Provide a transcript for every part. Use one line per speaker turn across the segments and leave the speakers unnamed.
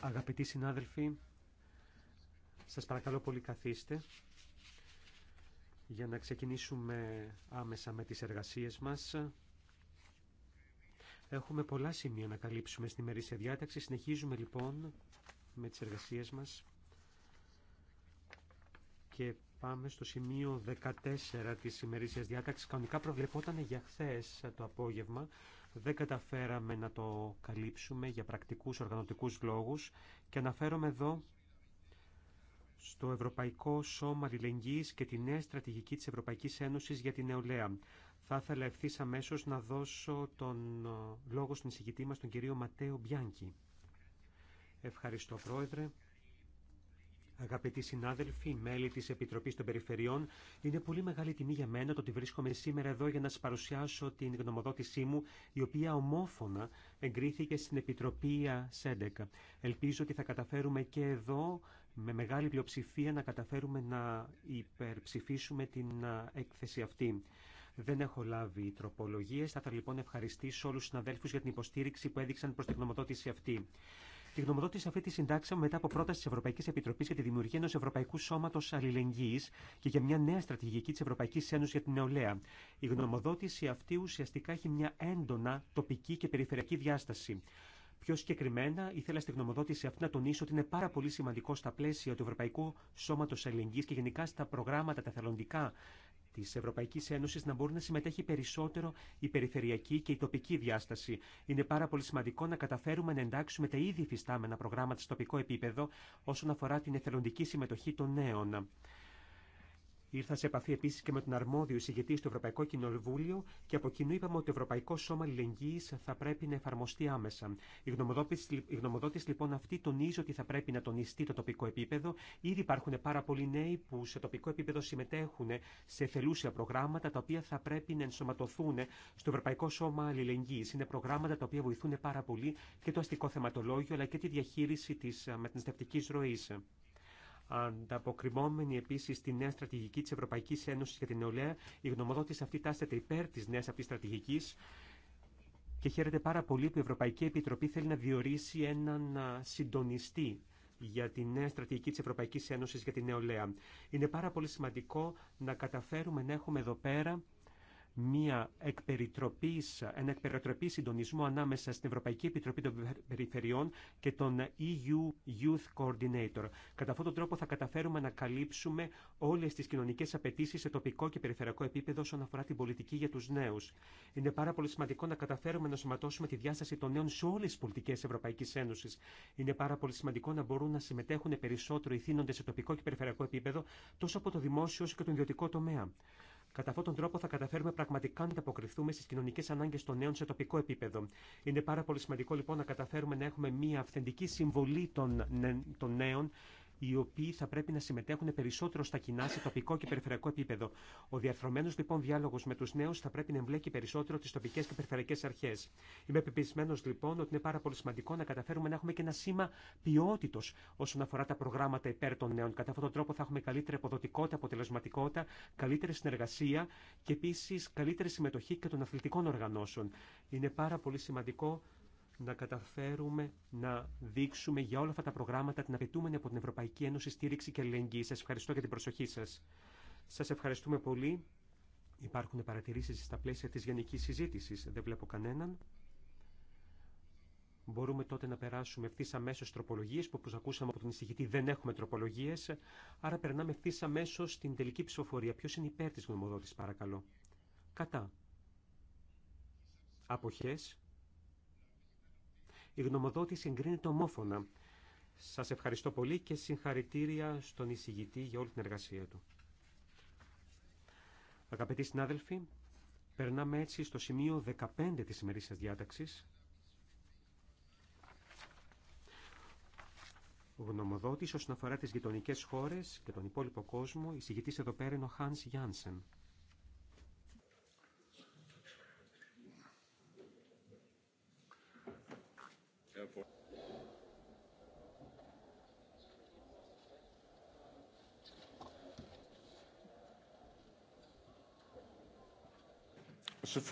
Αγαπητοί συνάδελφοι, σας παρακαλώ πολύ καθίστε για να ξεκινήσουμε άμεσα με τις εργασίες μας. Έχουμε πολλά σημεία να καλύψουμε στη μερίσια διάταξη. Συνεχίζουμε λοιπόν με τις εργασίες μας και Πάμε στο σημείο 14 της ημερήσιας διάταξης. Κανονικά προβλεπόταν για χθε το απόγευμα, δεν καταφέραμε να το καλύψουμε για πρακτικούς οργανωτικούς λόγους και αναφέρομαι εδώ στο Ευρωπαϊκό Σώμα Αλληλεγγύης και τη νέα στρατηγική της Ευρωπαϊκής Ένωσης για την νεολαία. Θα ήθελα ευθύ αμέσω να δώσω τον ε, λόγο στην εισηγητή μας, τον κύριο Ματέο Μπιάνκι. Ευχαριστώ, Πρόεδρε. Αγαπητοί συνάδελφοι, μέλη της Επιτροπής των Περιφερειών, είναι πολύ μεγάλη τιμή για μένα το ότι βρίσκομαι σήμερα εδώ για να σας παρουσιάσω την γνωμοδότησή μου, η οποία ομόφωνα εγκρίθηκε στην Επιτροπή ΣΕΝΤΕΚΑ. Ελπίζω ότι θα καταφέρουμε και εδώ με μεγάλη πλειοψηφία να καταφέρουμε να υπερψηφίσουμε την έκθεση αυτή. Δεν έχω λάβει τροπολογίε. Θα ήθελα λοιπόν να ευχαριστήσω όλου του συναδέλφου για την υποστήριξη που έδειξαν προ την γνωμοδότηση αυτή. Τη γνωμοδότηση αυτή τη συντάξαμε μετά από πρόταση τη Ευρωπαϊκή Επιτροπή για τη δημιουργία ενό Ευρωπαϊκού Σώματο Αλληλεγγύη και για μια νέα στρατηγική τη Ευρωπαϊκή Ένωση για την νεολαία. Η γνωμοδότηση αυτή ουσιαστικά έχει μια έντονα τοπική και περιφερειακή διάσταση. Πιο συγκεκριμένα, ήθελα στη γνωμοδότηση αυτή να τονίσω ότι είναι πάρα πολύ σημαντικό στα πλαίσια του Ευρωπαϊκού Σώματο Αλληλεγγύη και γενικά στα προγράμματα τα θελοντικά τη Ευρωπαϊκή Ένωση να μπορεί να συμμετέχει περισσότερο η περιφερειακή και η τοπική διάσταση. Είναι πάρα πολύ σημαντικό να καταφέρουμε να εντάξουμε τα ήδη φυστάμενα προγράμματα στο τοπικό επίπεδο όσον αφορά την εθελοντική συμμετοχή των νέων. Ήρθα σε επαφή επίση και με τον αρμόδιο εισηγητή στο Ευρωπαϊκό Κοινοβούλιο και από κοινού είπαμε ότι το Ευρωπαϊκό Σώμα Αλληλεγγύη θα πρέπει να εφαρμοστεί άμεσα. Η γνωμοδότηση, λοιπόν αυτή τονίζει ότι θα πρέπει να τονιστεί το τοπικό επίπεδο. Ήδη υπάρχουν πάρα πολλοί νέοι που σε τοπικό επίπεδο συμμετέχουν σε θελούσια προγράμματα τα οποία θα πρέπει να ενσωματωθούν στο Ευρωπαϊκό Σώμα Αλληλεγγύη. Είναι προγράμματα τα οποία βοηθούν πάρα πολύ και το αστικό θεματολόγιο αλλά και τη διαχείριση τη ε, μεταναστευτική ροή. Ανταποκριμόμενη επίση στη νέα στρατηγική τη Ευρωπαϊκή Ένωση για την νεολαία, η γνωμοδότηση αυτή τάσσεται υπέρ τη νέα αυτή στρατηγική και χαίρεται πάρα πολύ που η Ευρωπαϊκή Επιτροπή θέλει να διορίσει έναν συντονιστή για τη νέα στρατηγική της Ευρωπαϊκής Ένωσης για την νεολαία. Είναι πάρα πολύ σημαντικό να καταφέρουμε να έχουμε εδώ πέρα μία εκπεριτροπής, ένα εκπεριτροπή συντονισμό ανάμεσα στην Ευρωπαϊκή Επιτροπή των Περιφερειών και τον EU Youth Coordinator. Κατά αυτόν τον τρόπο θα καταφέρουμε να καλύψουμε όλε τι κοινωνικέ απαιτήσει σε τοπικό και περιφερειακό επίπεδο όσον αφορά την πολιτική για του νέου. Είναι πάρα πολύ σημαντικό να καταφέρουμε να σωματώσουμε τη διάσταση των νέων σε όλε τι πολιτικέ Ευρωπαϊκή Ένωση. Είναι πάρα πολύ σημαντικό να μπορούν να συμμετέχουν περισσότερο οι θύνοντε σε τοπικό και περιφερειακό επίπεδο τόσο από το δημόσιο όσο και τον ιδιωτικό τομέα. Κατά αυτόν τον τρόπο θα καταφέρουμε πραγματικά να ανταποκριθούμε στι κοινωνικέ ανάγκε των νέων σε τοπικό επίπεδο. Είναι πάρα πολύ σημαντικό λοιπόν να καταφέρουμε να έχουμε μια αυθεντική συμβολή των νέων οι οποίοι θα πρέπει να συμμετέχουν περισσότερο στα κοινά σε τοπικό και περιφερειακό επίπεδο. Ο διαρθρωμένο λοιπόν διάλογο με του νέου θα πρέπει να εμπλέκει περισσότερο τι τοπικέ και περιφερειακέ αρχέ. Είμαι πεπισμένο λοιπόν ότι είναι πάρα πολύ σημαντικό να καταφέρουμε να έχουμε και ένα σήμα ποιότητο όσον αφορά τα προγράμματα υπέρ των νέων. Κατά αυτόν τον τρόπο θα έχουμε καλύτερη αποδοτικότητα, αποτελεσματικότητα, καλύτερη συνεργασία και επίση καλύτερη συμμετοχή και των αθλητικών οργανώσεων. Είναι πάρα πολύ σημαντικό να καταφέρουμε να δείξουμε για όλα αυτά τα προγράμματα την απαιτούμενη από την Ευρωπαϊκή Ένωση στήριξη και ελεγγύη. Σα ευχαριστώ για την προσοχή σα. Σα ευχαριστούμε πολύ. Υπάρχουν παρατηρήσει στα πλαίσια τη γενική συζήτηση. Δεν βλέπω κανέναν. Μπορούμε τότε να περάσουμε ευθύ αμέσω τροπολογίε που, όπω ακούσαμε από τον εισηγητή, δεν έχουμε τροπολογίε. Άρα περνάμε ευθύ αμέσω στην τελική ψηφοφορία. Ποιο είναι υπέρ τη γνωμοδότηση, παρακαλώ. Κατά. Αποχές. Η γνωμοδότηση εγκρίνεται ομόφωνα. Σας ευχαριστώ πολύ και συγχαρητήρια στον εισηγητή για όλη την εργασία του. Αγαπητοί συνάδελφοι, περνάμε έτσι στο σημείο 15 της ημερήσιας διάταξης. Γνωμοδότης όσον αφορά τις γειτονικές χώρες και τον υπόλοιπο κόσμο, εισηγητής εδώ πέρα είναι ο Hans Janssen.
Κύριε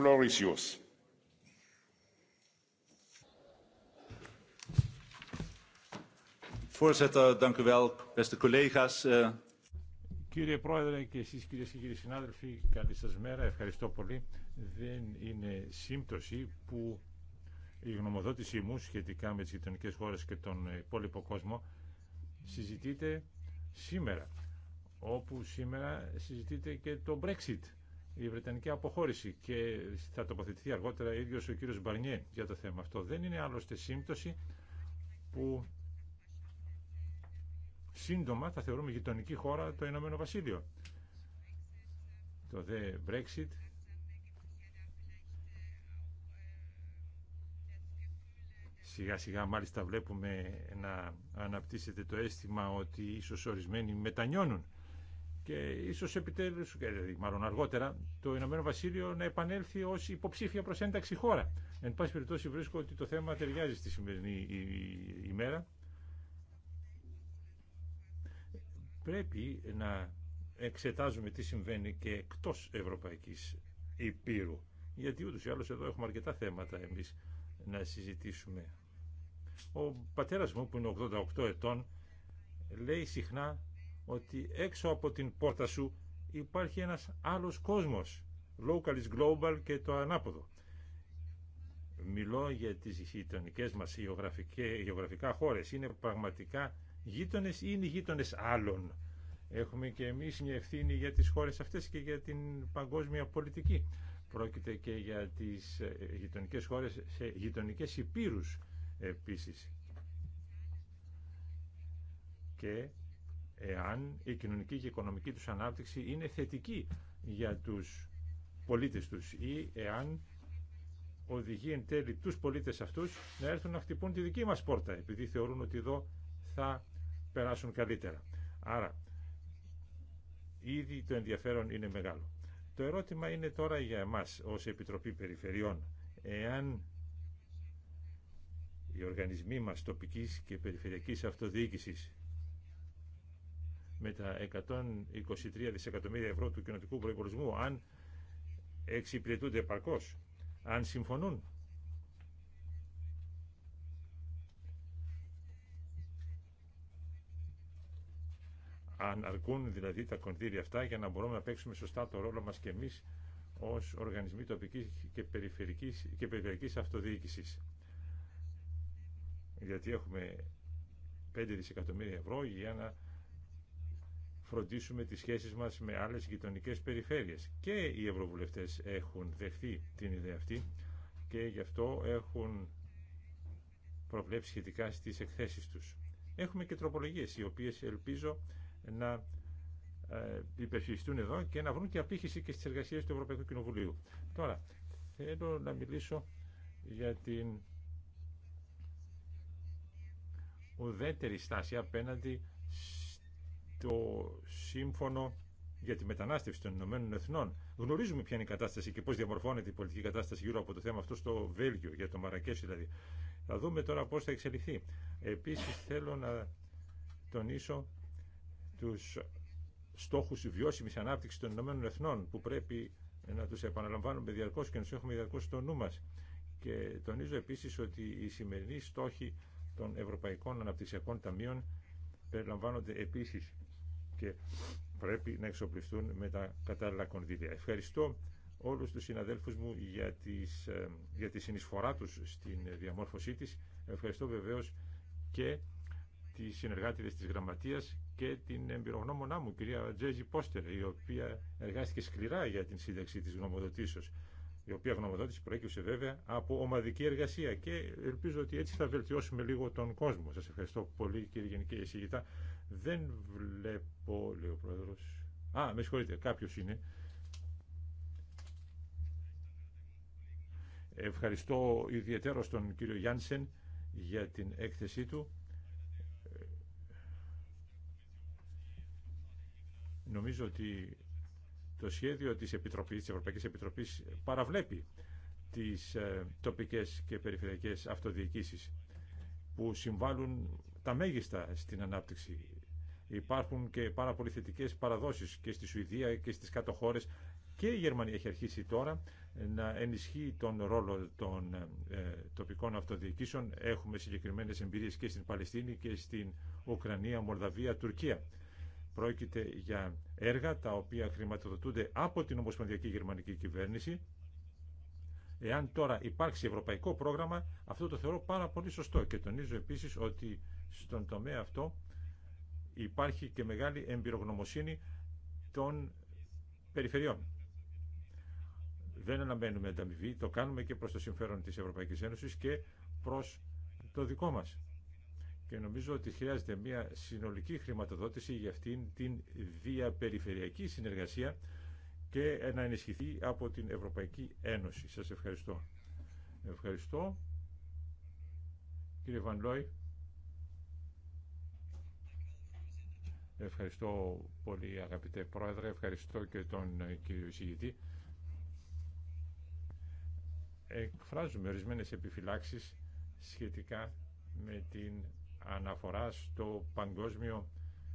Πρόεδρε και εσείς κυρίες και κύριοι συνάδελφοι, καλή σας μέρα, ευχαριστώ πολύ. Δεν είναι σύμπτωση που η γνωμοδότησή μου σχετικά με τις γειτονικές χώρες και τον υπόλοιπο κόσμο συζητείται σήμερα, όπου σήμερα συζητείται και το Brexit η Βρετανική αποχώρηση και θα τοποθετηθεί αργότερα ίδιος ο κύριος Μπαρνιέ για το θέμα αυτό. Δεν είναι άλλωστε σύμπτωση που σύντομα θα θεωρούμε γειτονική χώρα το Ηνωμένο Βασίλειο. Το δε Brexit σιγά σιγά μάλιστα βλέπουμε να αναπτύσσεται το αίσθημα ότι ίσως ορισμένοι μετανιώνουν και ίσω επιτέλους, ε, δηλαδή, μάλλον αργότερα, το Ηνωμένο Βασίλειο να επανέλθει ω υποψήφια προς ένταξη χώρα. Εν πάση περιπτώσει βρίσκω ότι το θέμα ταιριάζει στη σημερινή ημέρα. Πρέπει να εξετάζουμε τι συμβαίνει και εκτός Ευρωπαϊκής Υπήρου. Γιατί ούτω ή άλλω εδώ έχουμε αρκετά θέματα εμεί να συζητήσουμε. Ο πατέρας μου που είναι 88 ετών λέει συχνά ότι έξω από την πόρτα σου υπάρχει ένας άλλος κόσμος. Local is global και το ανάποδο. Μιλώ για τις γειτονικέ μας γεωγραφικά χώρες. Είναι πραγματικά γείτονες ή είναι γείτονες άλλων. Έχουμε και εμείς μια ευθύνη για τις χώρες αυτές και για την παγκόσμια πολιτική. Πρόκειται και για τις ε, γειτονικέ χώρες σε γειτονικές υπήρους επίσης. Και εάν η κοινωνική και οικονομική τους ανάπτυξη είναι θετική για τους πολίτες τους ή εάν οδηγεί εν τέλει τους πολίτες αυτούς να έρθουν να χτυπούν τη δική μας πόρτα επειδή θεωρούν ότι εδώ θα περάσουν καλύτερα. Άρα, ήδη το ενδιαφέρον είναι μεγάλο. Το ερώτημα είναι τώρα για εμάς ως Επιτροπή Περιφερειών. Εάν οι οργανισμοί μας τοπικής και περιφερειακής αυτοδιοίκησης με τα 123 δισεκατομμύρια ευρώ του κοινοτικού προϋπολογισμού αν εξυπηρετούνται επαρκώς, αν συμφωνούν. Αν αρκούν δηλαδή τα κονδύλια αυτά για να μπορούμε να παίξουμε σωστά το ρόλο μας και εμείς ως οργανισμοί τοπικής και περιφερικής, και περιφερικής αυτοδιοίκησης. Γιατί έχουμε 5 δισεκατομμύρια ευρώ για να φροντίσουμε τις σχέσεις μας με άλλες γειτονικέ περιφέρειες. Και οι ευρωβουλευτές έχουν δεχθεί την ιδέα αυτή και γι' αυτό έχουν προβλέψει σχετικά στις εκθέσεις τους. Έχουμε και τροπολογίες οι οποίες ελπίζω να ε, υπερχιστούν εδώ και να βρουν και απήχηση και στις εργασίες του Ευρωπαϊκού Κοινοβουλίου. Τώρα, θέλω να μιλήσω για την ουδέτερη στάση απέναντι το σύμφωνο για τη μετανάστευση των Ηνωμένων Εθνών. Γνωρίζουμε ποια είναι η κατάσταση και πώ διαμορφώνεται η πολιτική κατάσταση γύρω από το θέμα αυτό στο Βέλγιο, για το Μαρακέσι δηλαδή. Θα δούμε τώρα πώ θα εξελιχθεί. Επίση θέλω να τονίσω του στόχου βιώσιμη ανάπτυξη των Ηνωμένων Εθνών που πρέπει να του επαναλαμβάνουμε διαρκώ και να του έχουμε διαρκώ στο νου μα. Και τονίζω επίση ότι οι σημερινοί στόχοι των Ευρωπαϊκών Αναπτυξιακών Ταμείων περιλαμβάνονται επίσης και πρέπει να εξοπλιστούν με τα κατάλληλα κονδύλια. Ευχαριστώ όλους τους συναδέλφους μου για, τις, ε, για τη συνεισφορά τους στην διαμόρφωσή της. Ευχαριστώ βεβαίως και τις συνεργάτηδες της Γραμματείας και την εμπειρογνώμονά μου, κυρία Τζέζι Πόστερ, η οποία εργάστηκε σκληρά για την σύνταξη της γνωμοδοτήσεως, η οποία γνωμοδότηση προέκυψε βέβαια από ομαδική εργασία και ελπίζω ότι έτσι θα βελτιώσουμε λίγο τον κόσμο. Σας ευχαριστώ πολύ κύριε Γενική Εισηγητά. Δεν βλέπω, λέει ο πρόεδρο. Α, με συγχωρείτε, Κάποιο είναι. Ευχαριστώ ιδιαίτερα τον κύριο Γιάνσεν για την έκθεσή του. Νομίζω ότι το σχέδιο της, Επιτροπής, της Ευρωπαϊκής Επιτροπής παραβλέπει τις ε, τοπικές και περιφερειακές αυτοδιοικήσεις που συμβάλλουν τα μέγιστα στην ανάπτυξη Υπάρχουν και πάρα πολύ θετικέ παραδόσει και στη Σουηδία και στι κάτω χώρε. Και η Γερμανία έχει αρχίσει τώρα να ενισχύει τον ρόλο των ε, τοπικών αυτοδιοικήσεων. Έχουμε συγκεκριμένε εμπειρίε και στην Παλαιστίνη και στην Ουκρανία, Μολδαβία, Τουρκία. Πρόκειται για έργα τα οποία χρηματοδοτούνται από την Ομοσπονδιακή Γερμανική Κυβέρνηση. Εάν τώρα υπάρξει ευρωπαϊκό πρόγραμμα, αυτό το θεωρώ πάρα πολύ σωστό και τονίζω επίσης ότι στον τομέα αυτό υπάρχει και μεγάλη εμπειρογνωμοσύνη των περιφερειών. Δεν αναμένουμε ανταμοιβή, το κάνουμε και προς το συμφέρον της Ευρωπαϊκής Ένωσης και προς το δικό μας. Και νομίζω ότι χρειάζεται μια συνολική χρηματοδότηση για αυτήν την διαπεριφερειακή συνεργασία και να ενισχυθεί από την Ευρωπαϊκή Ένωση. Σας ευχαριστώ. Ευχαριστώ. Κύριε Ευχαριστώ πολύ αγαπητέ Πρόεδρε, ευχαριστώ και τον ε, κύριο Συγητή. Εκφράζουμε ορισμένε επιφυλάξεις σχετικά με την αναφορά στο Παγκόσμιο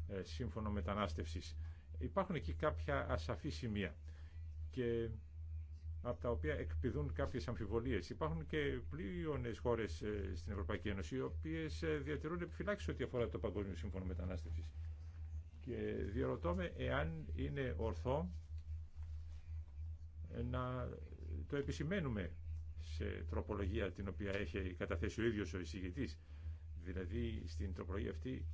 ε, Σύμφωνο Μετανάστευσης. Υπάρχουν εκεί κάποια ασαφή σημεία και από τα οποία εκπηδούν κάποιες αμφιβολίες. Υπάρχουν και πλήρες χώρες ε, στην Ευρωπαϊκή Ένωση, οι οποίες διατηρούν επιφυλάξεις ό,τι αφορά το Παγκόσμιο Σύμφωνο Μετανάστευσης. Και διαρωτώ με εάν είναι ορθό να το επισημαίνουμε σε τροπολογία την οποία έχει καταθέσει ο ίδιος ο εισηγητής. Δηλαδή στην τροπολογία αυτή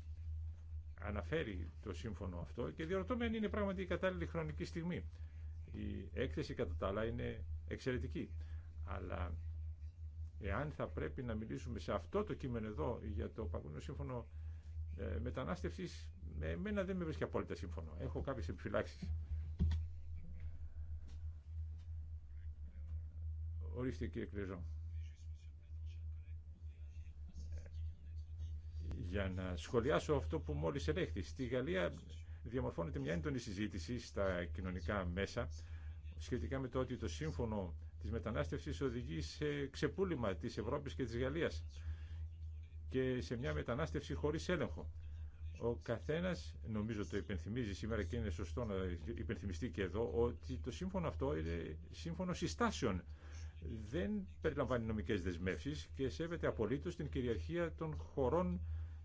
αναφέρει το σύμφωνο αυτό και διαρωτώ με αν είναι πράγματι η κατάλληλη χρονική στιγμή. Η έκθεση κατά τα άλλα είναι εξαιρετική. Αλλά εάν θα πρέπει να μιλήσουμε σε αυτό το κείμενο εδώ για το Παγκόσμιο Σύμφωνο ε, Μετανάστευσης εμένα δεν με βρίσκει απόλυτα σύμφωνο. Έχω κάποιες επιφυλάξει. Ορίστε κύριε Κλεζό. Για να σχολιάσω αυτό που μόλις ελέγχθη. Στη Γαλλία διαμορφώνεται μια έντονη συζήτηση στα κοινωνικά μέσα σχετικά με το ότι το σύμφωνο της μετανάστευσης οδηγεί σε ξεπούλημα της Ευρώπης και της Γαλλίας και σε μια μετανάστευση χωρίς έλεγχο. Ο καθένα, νομίζω το υπενθυμίζει σήμερα και είναι σωστό να υπενθυμιστεί και εδώ, ότι το σύμφωνο αυτό είναι σύμφωνο συστάσεων. Δεν περιλαμβάνει νομικές δεσμεύσεις και σέβεται απολύτως την κυριαρχία των χωρών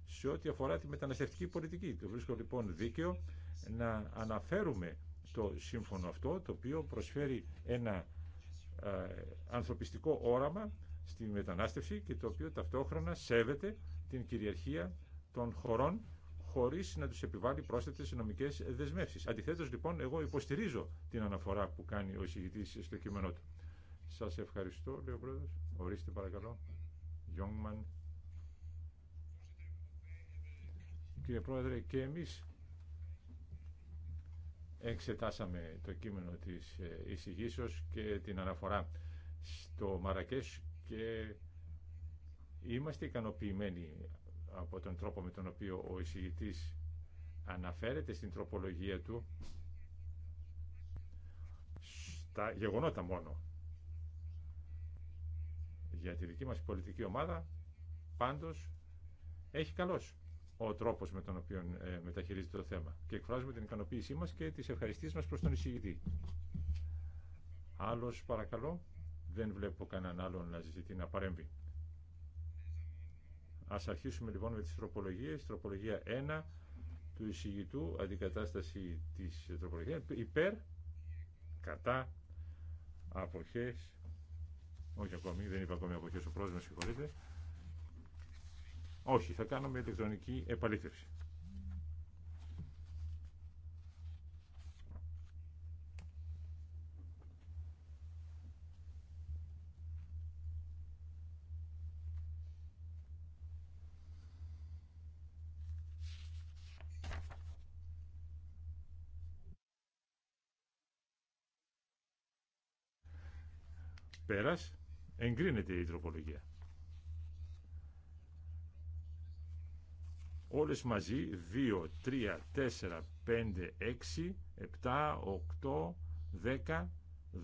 σε ό,τι αφορά τη μεταναστευτική πολιτική. Το βρίσκω λοιπόν δίκαιο να αναφέρουμε το σύμφωνο αυτό, το οποίο προσφέρει ένα ε, ανθρωπιστικό όραμα στη μετανάστευση και το οποίο ταυτόχρονα σέβεται την κυριαρχία των χωρών χωρίς να τους επιβάλλει πρόσθετες νομικέ δεσμεύσεις. Αντιθέτως λοιπόν εγώ υποστηρίζω την αναφορά που κάνει ο εισηγητή στο κείμενό του. Σας ευχαριστώ, λέει ο πρόεδρο. Ορίστε παρακαλώ. Γιόγκμαν. Κύριε Πρόεδρε, και εμεί εξετάσαμε το κείμενο της ε, εισηγήσεω και την αναφορά στο Μαρακέσου και είμαστε ικανοποιημένοι από τον τρόπο με τον οποίο ο εισηγητής αναφέρεται στην τροπολογία του στα γεγονότα μόνο. Για τη δική μας πολιτική ομάδα πάντως έχει καλός ο τρόπος με τον οποίο ε, μεταχειρίζεται το θέμα και εκφράζουμε την ικανοποίησή μας και τις ευχαριστήσεις μας προς τον εισηγητή. Άλλος παρακαλώ, δεν βλέπω κανέναν άλλον να ζητεί να παρέμβει. Ας αρχίσουμε λοιπόν με τι τροπολογίε. Τροπολογία 1 του εισηγητού, αντικατάσταση τη τροπολογία υπέρ, κατά, αποχέ. όχι ακόμη, δεν είπα ακόμη αποχέ ο πρόεδρος, με συγχωρείτε. Όχι, θα κάνουμε ηλεκτρονική επαλήθευση. Πέρας. Εγκρίνεται η τροπολογία. Όλες μαζί 2, 3, 4, 5, 6, 7, 8, 10,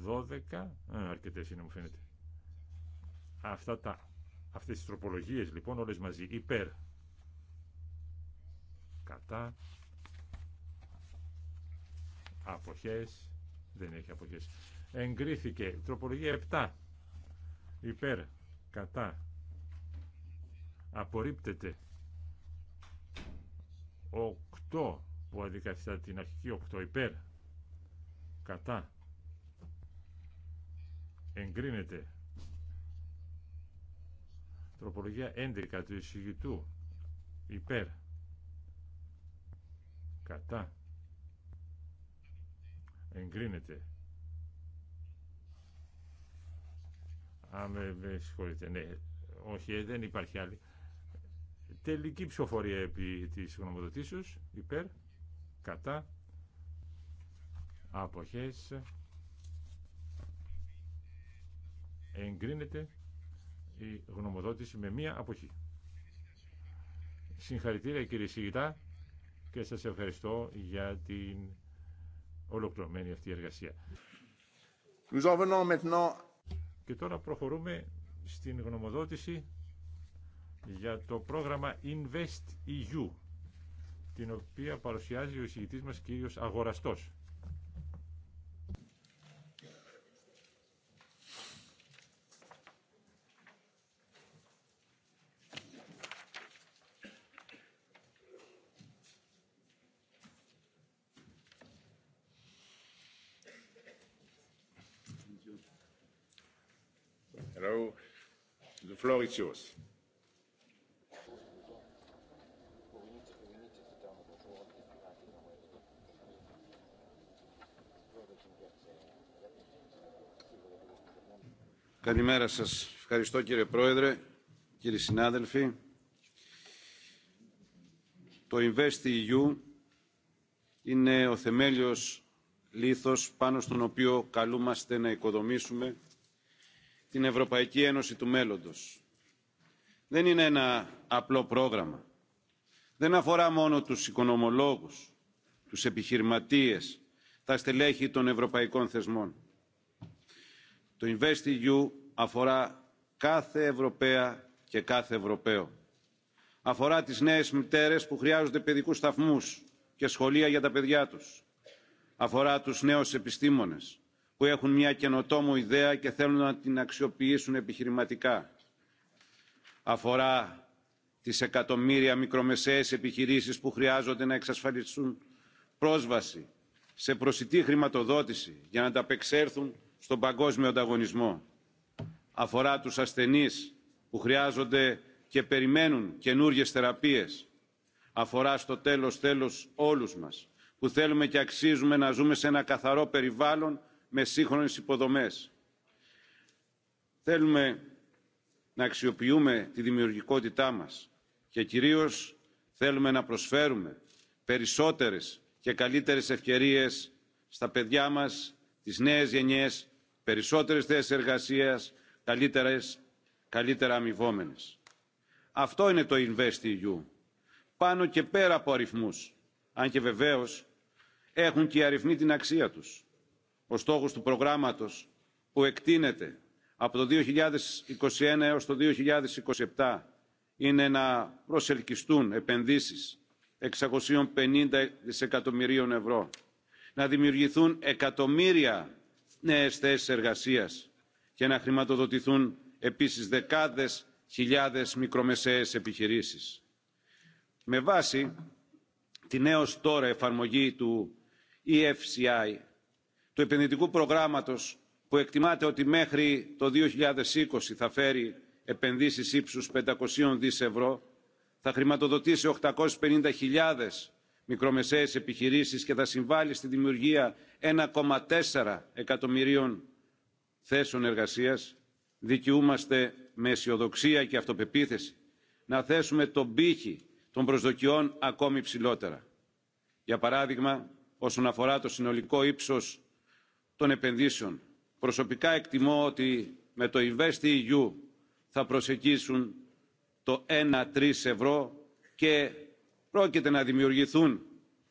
12, α, αρκετές είναι μου φαίνεται. Αυτά τα, αυτές τις τροπολογίες λοιπόν όλε μαζί υπέρ, κατά, Αποχέ. δεν έχει αποχέ εγκρίθηκε. Τροπολογία 7 υπέρ κατά απορρίπτεται 8 που αντικαθιστά την αρχική 8 υπέρ κατά εγκρίνεται τροπολογία 11 του εισηγητού υπέρ κατά εγκρίνεται Α, με, συγχωρείτε. Ναι, όχι, ε, δεν υπάρχει άλλη. Τελική ψηφοφορία επί της γνωμοδοτήσεως. Υπέρ, κατά, αποχές, εγκρίνεται η γνωμοδότηση με μία αποχή. Συγχαρητήρια κύριε Σιγητά και σας ευχαριστώ για την ολοκληρωμένη αυτή εργασία. Και τώρα προχωρούμε στην γνωμοδότηση για το πρόγραμμα Invest EU, την οποία παρουσιάζει ο εισηγητής μας κύριος Αγοραστός.
Καλημέρα σας. Ευχαριστώ κύριε Πρόεδρε, κύριοι συνάδελφοι. Το InvestEU είναι ο θεμέλιος λίθος πάνω στον οποίο καλούμαστε να οικοδομήσουμε την Ευρωπαϊκή Ένωση του μέλλοντος. Δεν είναι ένα απλό πρόγραμμα. Δεν αφορά μόνο τους οικονομολόγους, τους επιχειρηματίες, τα στελέχη των ευρωπαϊκών θεσμών. Το InvestEU αφορά κάθε Ευρωπαία και κάθε Ευρωπαίο. Αφορά τις νέες μητέρες που χρειάζονται παιδικούς σταθμούς και σχολεία για τα παιδιά τους. Αφορά τους νέους επιστήμονες που έχουν μια καινοτόμο ιδέα και θέλουν να την αξιοποιήσουν επιχειρηματικά. Αφορά τις εκατομμύρια μικρομεσαίες επιχειρήσεις που χρειάζονται να εξασφαλιστούν πρόσβαση σε προσιτή χρηματοδότηση για να ανταπεξέλθουν στον παγκόσμιο ανταγωνισμό. Αφορά τους ασθενείς που χρειάζονται και περιμένουν καινούριε θεραπείες. Αφορά στο τέλος τέλος όλους μας που θέλουμε και αξίζουμε να ζούμε σε ένα καθαρό περιβάλλον με σύγχρονες υποδομές. Θέλουμε να αξιοποιούμε τη δημιουργικότητά μας και κυρίως θέλουμε να προσφέρουμε περισσότερες και καλύτερες ευκαιρίες στα παιδιά μας, τις νέες γενιές, περισσότερες θέσεις εργασίας, καλύτερες, καλύτερα αμοιβόμενε. Αυτό είναι το InvestEU. Πάνω και πέρα από αριθμούς, αν και βεβαίως έχουν και οι αριθμοί την αξία τους. Ο στόχος του προγράμματος που εκτείνεται από το 2021 έως το 2027 είναι να προσελκυστούν επενδύσεις 650 δισεκατομμυρίων ευρώ, να δημιουργηθούν εκατομμύρια νέες θέσεις εργασίας και να χρηματοδοτηθούν επίσης δεκάδες χιλιάδες μικρομεσαίες επιχειρήσεις. Με βάση τη νέως τώρα εφαρμογή του EFCI του επενδυτικού προγράμματος που εκτιμάται ότι μέχρι το 2020 θα φέρει επενδύσεις ύψους 500 δις ευρώ, θα χρηματοδοτήσει 850.000 μικρομεσαίες επιχειρήσεις και θα συμβάλλει στη δημιουργία 1,4 εκατομμυρίων θέσεων εργασίας, δικαιούμαστε με αισιοδοξία και αυτοπεποίθηση να θέσουμε τον πύχη των προσδοκιών ακόμη ψηλότερα. Για παράδειγμα, όσον αφορά το συνολικό ύψος των επενδύσεων. Προσωπικά εκτιμώ ότι με το InvestEU θα προσεγγίσουν το 1-3 ευρώ και πρόκειται να δημιουργηθούν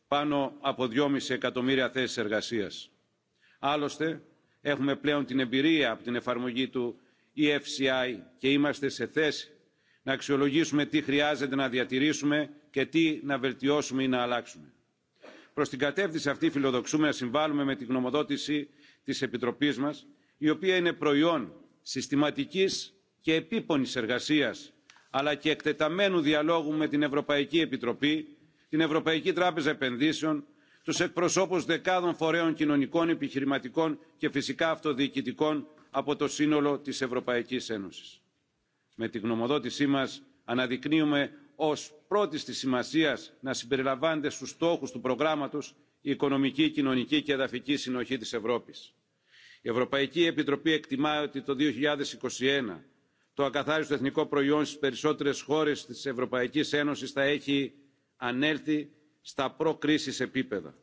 πάνω από 2,5 εκατομμύρια θέσεις εργασίας. Άλλωστε, έχουμε πλέον την εμπειρία από την εφαρμογή του EFCI και είμαστε σε θέση να αξιολογήσουμε τι χρειάζεται να διατηρήσουμε και τι να βελτιώσουμε ή να αλλάξουμε. Προς την κατεύθυνση αυτή φιλοδοξούμε να συμβάλλουμε με τη γνωμοδότηση της Επιτροπής μας, η οποία είναι προϊόν συστηματικής και επίπονης εργασίας, αλλά και εκτεταμένου διαλόγου με την Ευρωπαϊκή Επιτροπή, την Ευρωπαϊκή Τράπεζα Επενδύσεων, τους εκπροσώπους δεκάδων φορέων κοινωνικών, επιχειρηματικών και φυσικά αυτοδιοικητικών από το σύνολο της Ευρωπαϊκής Ένωσης. Με τη γνωμοδότησή μας αναδεικνύουμε ως πρώτη της σημασίας να συμπεριλαμβάνεται στους στόχους του προγράμματος η οικονομική, κοινωνική και εδαφική συνοχή της Ευρώπης η ευρωπαϊκή επιτροπή εκτιμά ότι το 2021 το ακαθάριστο εθνικό προϊόν στις περισσότερες χώρες της ευρωπαϊκής ένωσης θα έχει ανέλθει στα προκρίσης επίπεδα.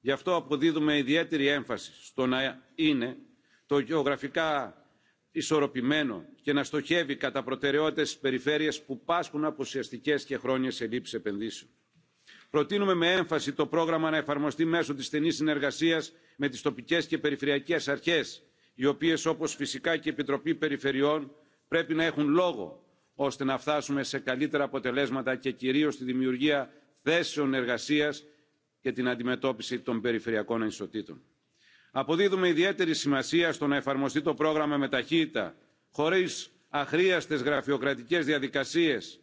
γι' αυτό αποδίδουμε ιδιαίτερη έμφαση στο να είναι το γεωγραφικά ισορροπημένο και να στοχεύει κατά προτεραιότητα στις περιφέρειες που πάσχουν από ουσιαστικέ και χρόνιες ελλείψεις επενδύσεων προτείνουμε με έμφαση το πρόγραμμα να εφαρμοστεί μέσω της στενής συνεργασίας με τις τοπικές και περιφερειακές αρχές οι οποίες όπως φυσικά και η επιτροπή περιφερειών πρέπει να έχουν λόγο ώστε να φτάσουμε σε καλύτερα αποτελέσματα και κυρίως στη δημιουργία θέσεων εργασίας και την αντιμετώπιση των περιφερειακών ανισοτήτων. Αποδίδουμε ιδιαίτερη σημασία στο να εφαρμοστεί το πρόγραμμα με ταχύτητα, χωρίς αχρίαστες γραφειοκρατικές διαδικασίες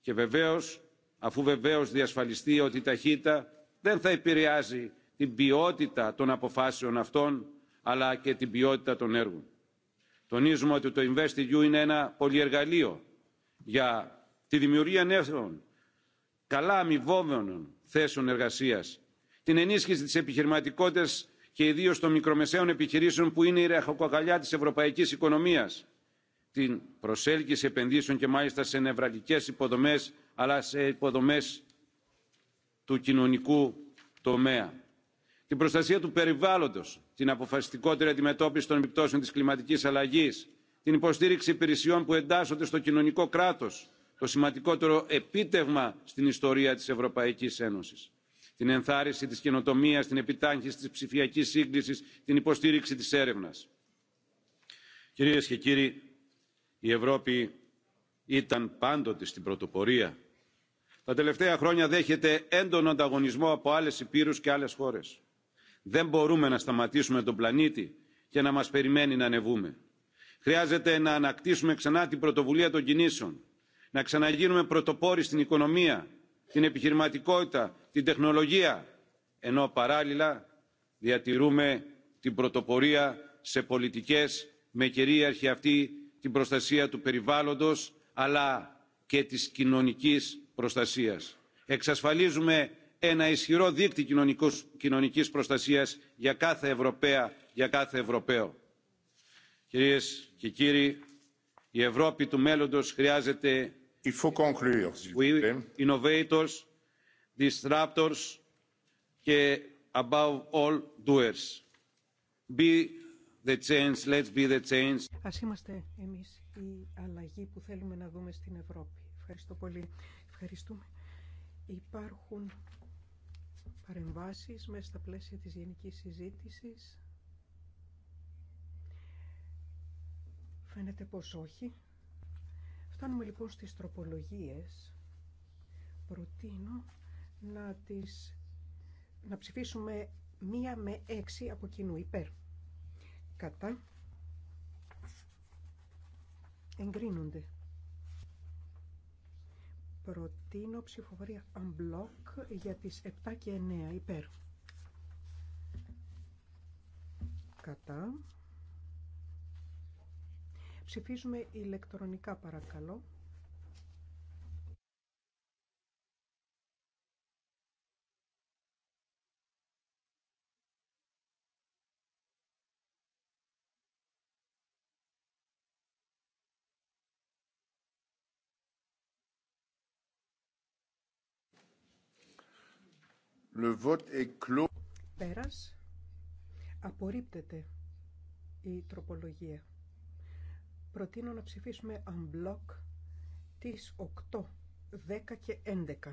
και βεβαίως αφού βεβαίως διασφαλιστεί ότι η ταχύτητα δεν θα επηρεάζει την ποιότητα των αποφάσεων αυτών, αλλά και την ποιότητα των έργων. Τονίζουμε ότι το InvestEU είναι ένα πολυεργαλείο για τη δημιουργία νέων, καλά αμοιβόμενων θέσεων εργασίας, την ενίσχυση της επιχειρηματικότητας και ιδίως των μικρομεσαίων επιχειρήσεων που είναι η ρεχοκοκαλιά της ευρωπαϊκής οικονομίας, την προσέλκυση επενδύσεων και μάλιστα σε νευραλικές υποδομές αλλά σε υποδομές του κοινωνικού τομέα. Την προστασία του περιβάλλοντος, την αποφασιστικότερη αντιμετώπιση των επιπτώσεων της κλιματικής αλλαγής, την υποστήριξη υπηρεσιών που εντάσσονται στο κοινωνικό κράτος, το σημαντικότερο επίτευγμα στην ιστορία της Ευρωπαϊκής Ένωσης. Την ενθάρρυνση της καινοτομίας, την επιτάχυνση της ψηφιακής σύγκλησης, την υποστήριξη της έρευνας. Κυρίες και κύριοι, η Ευρώπη ήταν πάντοτε στην πρωτοπορία. Τα τελευταία χρόνια δέχεται έντονο ανταγωνισμό από άλλες υπήρους και άλλες χώρες. Δεν μπορούμε να σταματήσουμε τον πλανήτη και να μας περιμένει να ανεβούμε. Χρειάζεται να ανακτήσουμε ξανά την πρωτοβουλία των κινήσεων, να ξαναγίνουμε πρωτοπόροι στην οικονομία, την επιχειρηματικότητα, την τεχνολογία, ενώ παράλληλα διατηρούμε την πρωτοπορία σε πολιτικές με κυρίαρχη αυτή την προστασία του περιβάλλοντος αλλά και της κοινωνικής προστασίας. Εξασφαλίζουμε ένα ισχυρό δίκτυο κοινωνικής προστασίας για κάθε Ευρωπαία, για κάθε Ευρωπαίο. Κυρίες και κύριοι, η Ευρώπη του μέλλοντος χρειάζεται innovators, disruptors και above all doers. Be the change, let's be the change.
Ας είμαστε εμείς η αλλαγή που θέλουμε να δούμε στην Ευρώπη. Ευχαριστώ πολύ. Ευχαριστούμε. Υπάρχουν παρεμβάσεις μέσα στα πλαίσια της γενικής συζήτησης. Φαίνεται πως όχι. Φτάνουμε λοιπόν στις τροπολογίες. Προτείνω να, τις, να ψηφίσουμε μία με έξι από κοινού υπέρ. Κατά εγκρίνονται. Προτείνω ψηφοφορία unblock για τις 7 και 9 υπέρ. Κατά. Ψηφίζουμε ηλεκτρονικά παρακαλώ.
Le vote est clos.
Πέρας. Απορρίπτεται η τροπολογία. Προτείνω να ψηφίσουμε unblock τις 8, 10 και 11.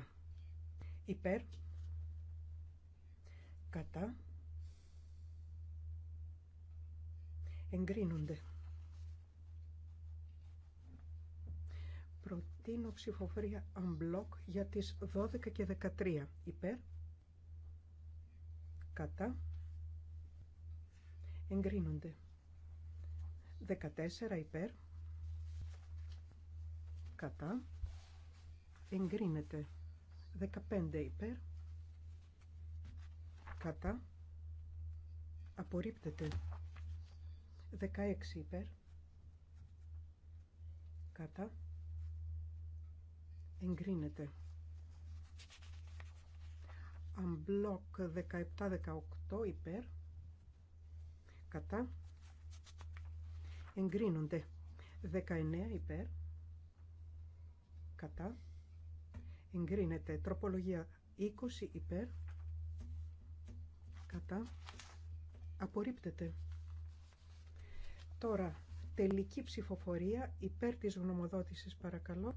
Υπέρ. Κατά. Εγκρίνονται. Προτείνω ψηφοφορία unblock για τις 12 και 13. Υπέρ κατά εγκρίνονται 14 υπέρ κατά εγκρίνεται 15 υπέρ κατά απορρίπτεται 16 υπέρ κατά εγκρίνεται unblock 17-18 υπέρ κατά εγκρίνονται 19 υπέρ κατά εγκρίνεται τροπολογία 20 υπέρ κατά απορρίπτεται τώρα τελική ψηφοφορία υπέρ της γνωμοδότησης παρακαλώ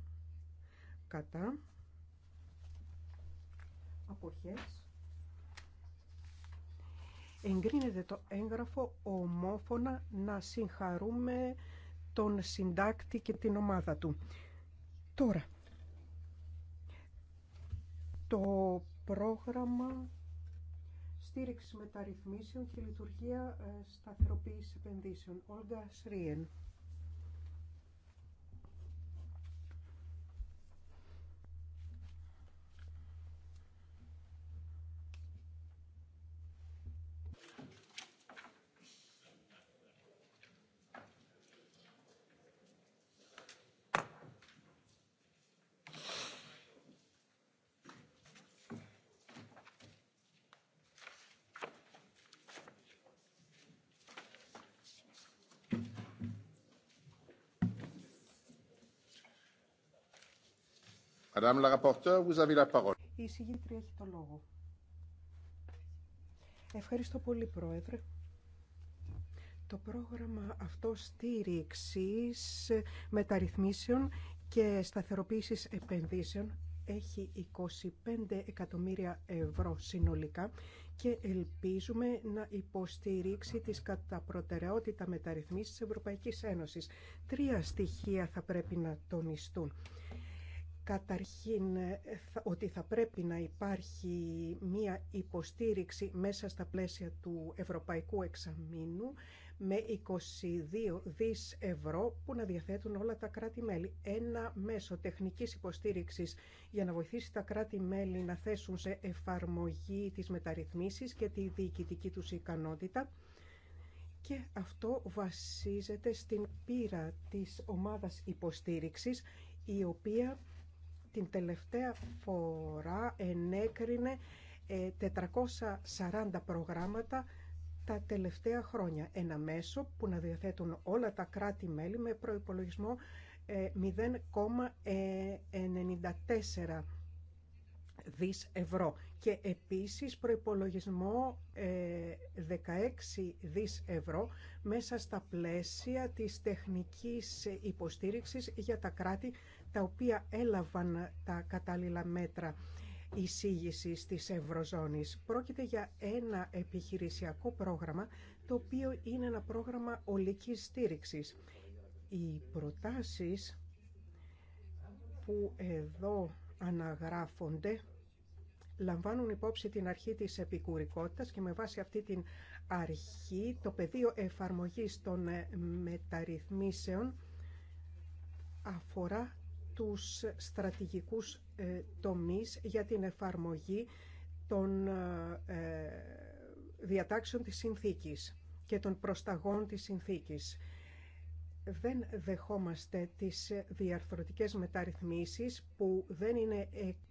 κατά αποχές εγκρίνεται το έγγραφο ομόφωνα να συγχαρούμε τον συντάκτη και την ομάδα του. Τώρα, το πρόγραμμα στήριξη μεταρρυθμίσεων και λειτουργία ε, σταθεροποίησης επενδύσεων. Όλγα Σρίεν. Η έχει το λόγο. Ευχαριστώ πολύ, Πρόεδρε. Το πρόγραμμα αυτό στήριξης μεταρρυθμίσεων και σταθεροποίησης επενδύσεων έχει 25 εκατομμύρια ευρώ συνολικά και ελπίζουμε να υποστηρίξει τις κατά προτεραιότητα μεταρρυθμίσεις της Ευρωπαϊκής Ένωσης. Τρία στοιχεία θα πρέπει να τονιστούν. Καταρχήν ε, ότι θα πρέπει να υπάρχει μία υποστήριξη μέσα στα πλαίσια του Ευρωπαϊκού Εξαμήνου με 22 δις ευρώ που να διαθέτουν όλα τα κράτη-μέλη. Ένα μέσο τεχνικής υποστήριξης για να βοηθήσει τα κράτη-μέλη να θέσουν σε εφαρμογή τις μεταρρυθμίσεις και τη διοικητική τους ικανότητα. Και αυτό βασίζεται στην πείρα της ομάδας υποστήριξης η οποία την τελευταία φορά ενέκρινε 440 ε, προγράμματα τα τελευταία χρόνια. Ένα μέσο που να διαθέτουν όλα τα κράτη-μέλη με προϋπολογισμό 0,94 ε, δις ευρώ και επίσης προϋπολογισμό 16 ε, δις ευρώ μέσα στα πλαίσια της τεχνικής υποστήριξης για τα κράτη τα οποία έλαβαν τα κατάλληλα μέτρα εισήγησης της Ευρωζώνης. Πρόκειται για ένα επιχειρησιακό πρόγραμμα, το οποίο είναι ένα πρόγραμμα ολικής στήριξης. Οι προτάσεις που εδώ αναγράφονται λαμβάνουν υπόψη την αρχή της επικουρικότητας και με βάση αυτή την αρχή το πεδίο εφαρμογής των μεταρρυθμίσεων αφορά τους στρατηγικούς ε, τομείς για την εφαρμογή των ε, ε, διατάξεων της συνθήκης και των προσταγών της συνθήκης. Δεν δεχόμαστε τις διαρθρωτικές μεταρρυθμίσεις που δεν είναι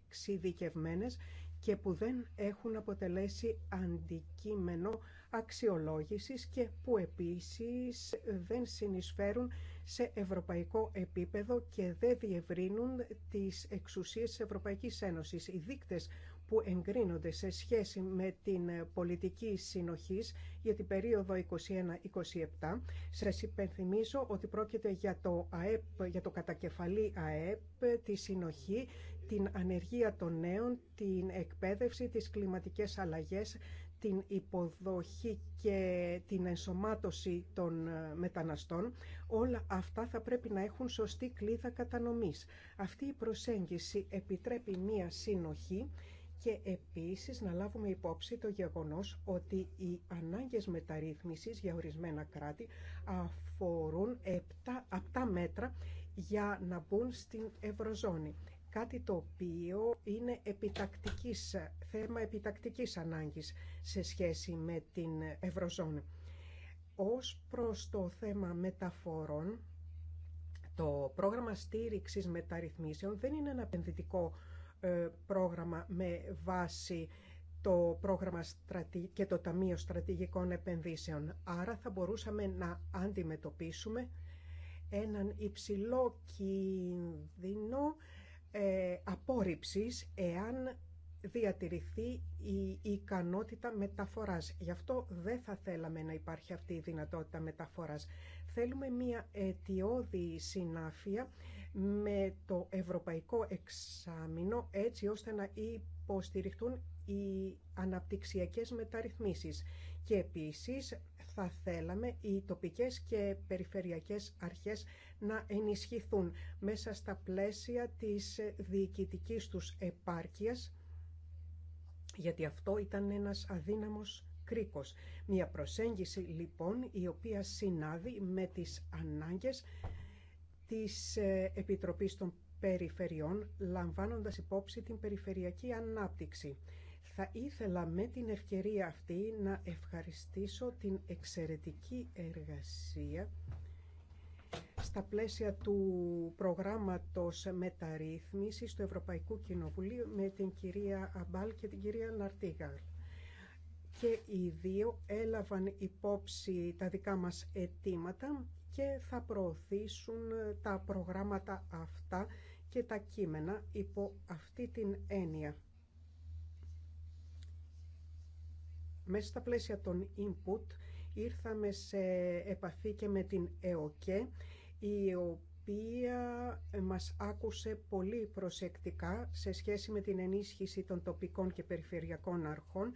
εξειδικευμένες και που δεν έχουν αποτελέσει αντικείμενο αξιολόγησης και που επίσης δεν συνεισφέρουν σε ευρωπαϊκό επίπεδο και δεν διευρύνουν τις εξουσίες της Ευρωπαϊκής Ένωσης. Οι δείκτες που εγκρίνονται σε σχέση με την πολιτική συνοχής για την περίοδο 21-27. Σας υπενθυμίζω ότι πρόκειται για το, ΑΕΠ, για το κατακεφαλή ΑΕΠ, τη συνοχή, την ανεργία των νέων, την εκπαίδευση, τις κλιματικές αλλαγές, την υποδοχή και την ενσωμάτωση των ε, μεταναστών, όλα αυτά θα πρέπει να έχουν σωστή κλίδα κατανομής. Αυτή η προσέγγιση επιτρέπει μία συνοχή και επίσης να λάβουμε υπόψη το γεγονός ότι οι ανάγκες μεταρρύθμισης για ορισμένα κράτη αφορούν 7 απτά μέτρα για να μπουν στην Ευρωζώνη κάτι το οποίο είναι επιτακτικής, θέμα επιτακτικής ανάγκης σε σχέση με την Ευρωζώνη. Ως προς το θέμα μεταφορών, το πρόγραμμα στήριξης μεταρρυθμίσεων δεν είναι ένα επενδυτικό ε, πρόγραμμα με βάση το πρόγραμμα και το Ταμείο Στρατηγικών Επενδύσεων. Άρα θα μπορούσαμε να αντιμετωπίσουμε έναν υψηλό κίνδυνο ε, απόρριψης εάν διατηρηθεί η ικανότητα μεταφοράς. Γι' αυτό δεν θα θέλαμε να υπάρχει αυτή η δυνατότητα μεταφοράς. Θέλουμε μια αιτιώδη συνάφεια με το ευρωπαϊκό εξάμεινο έτσι ώστε να υποστηριχτούν οι αναπτυξιακές μεταρρυθμίσεις. Και επίσης θα θέλαμε οι τοπικές και περιφερειακές αρχές να ενισχυθούν μέσα στα πλαίσια της διοικητικής τους επάρκειας, γιατί αυτό ήταν ένας αδύναμος κρίκος. Μια προσέγγιση λοιπόν η οποία συνάδει με τις ανάγκες της ε, Επιτροπής των Περιφερειών, λαμβάνοντας υπόψη την περιφερειακή ανάπτυξη. Θα ήθελα με την ευκαιρία αυτή να ευχαριστήσω την εξαιρετική εργασία στα πλαίσια του προγράμματος μεταρρύθμισης του Ευρωπαϊκού Κοινοβουλίου με την κυρία Αμπάλ και την κυρία Ναρτίγαλ. Και οι δύο έλαβαν υπόψη τα δικά μας αιτήματα και θα προωθήσουν τα προγράμματα αυτά και τα κείμενα υπό αυτή την έννοια. Μέσα στα πλαίσια των input ήρθαμε σε επαφή και με την ΕΟΚΕ, η οποία μας άκουσε πολύ προσεκτικά σε σχέση με την ενίσχυση των τοπικών και περιφερειακών αρχών.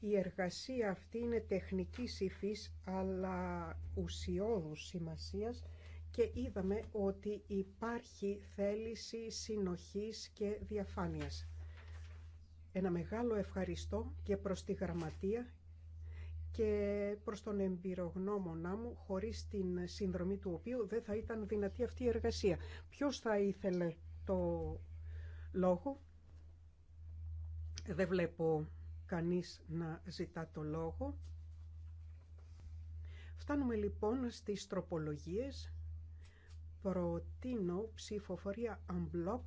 Η εργασία αυτή είναι τεχνική υφής, αλλά ουσιώδους σημασίας και είδαμε ότι υπάρχει θέληση συνοχής και διαφάνειας. Ένα μεγάλο ευχαριστώ και προς τη Γραμματεία και προς τον εμπειρογνώμονά μου, χωρίς την συνδρομή του οποίου δεν θα ήταν δυνατή αυτή η εργασία. Ποιος θα ήθελε το λόγο. Δεν βλέπω κανείς να ζητά το λόγο. Φτάνουμε λοιπόν στις τροπολογίες. Προτείνω ψηφοφορία unblock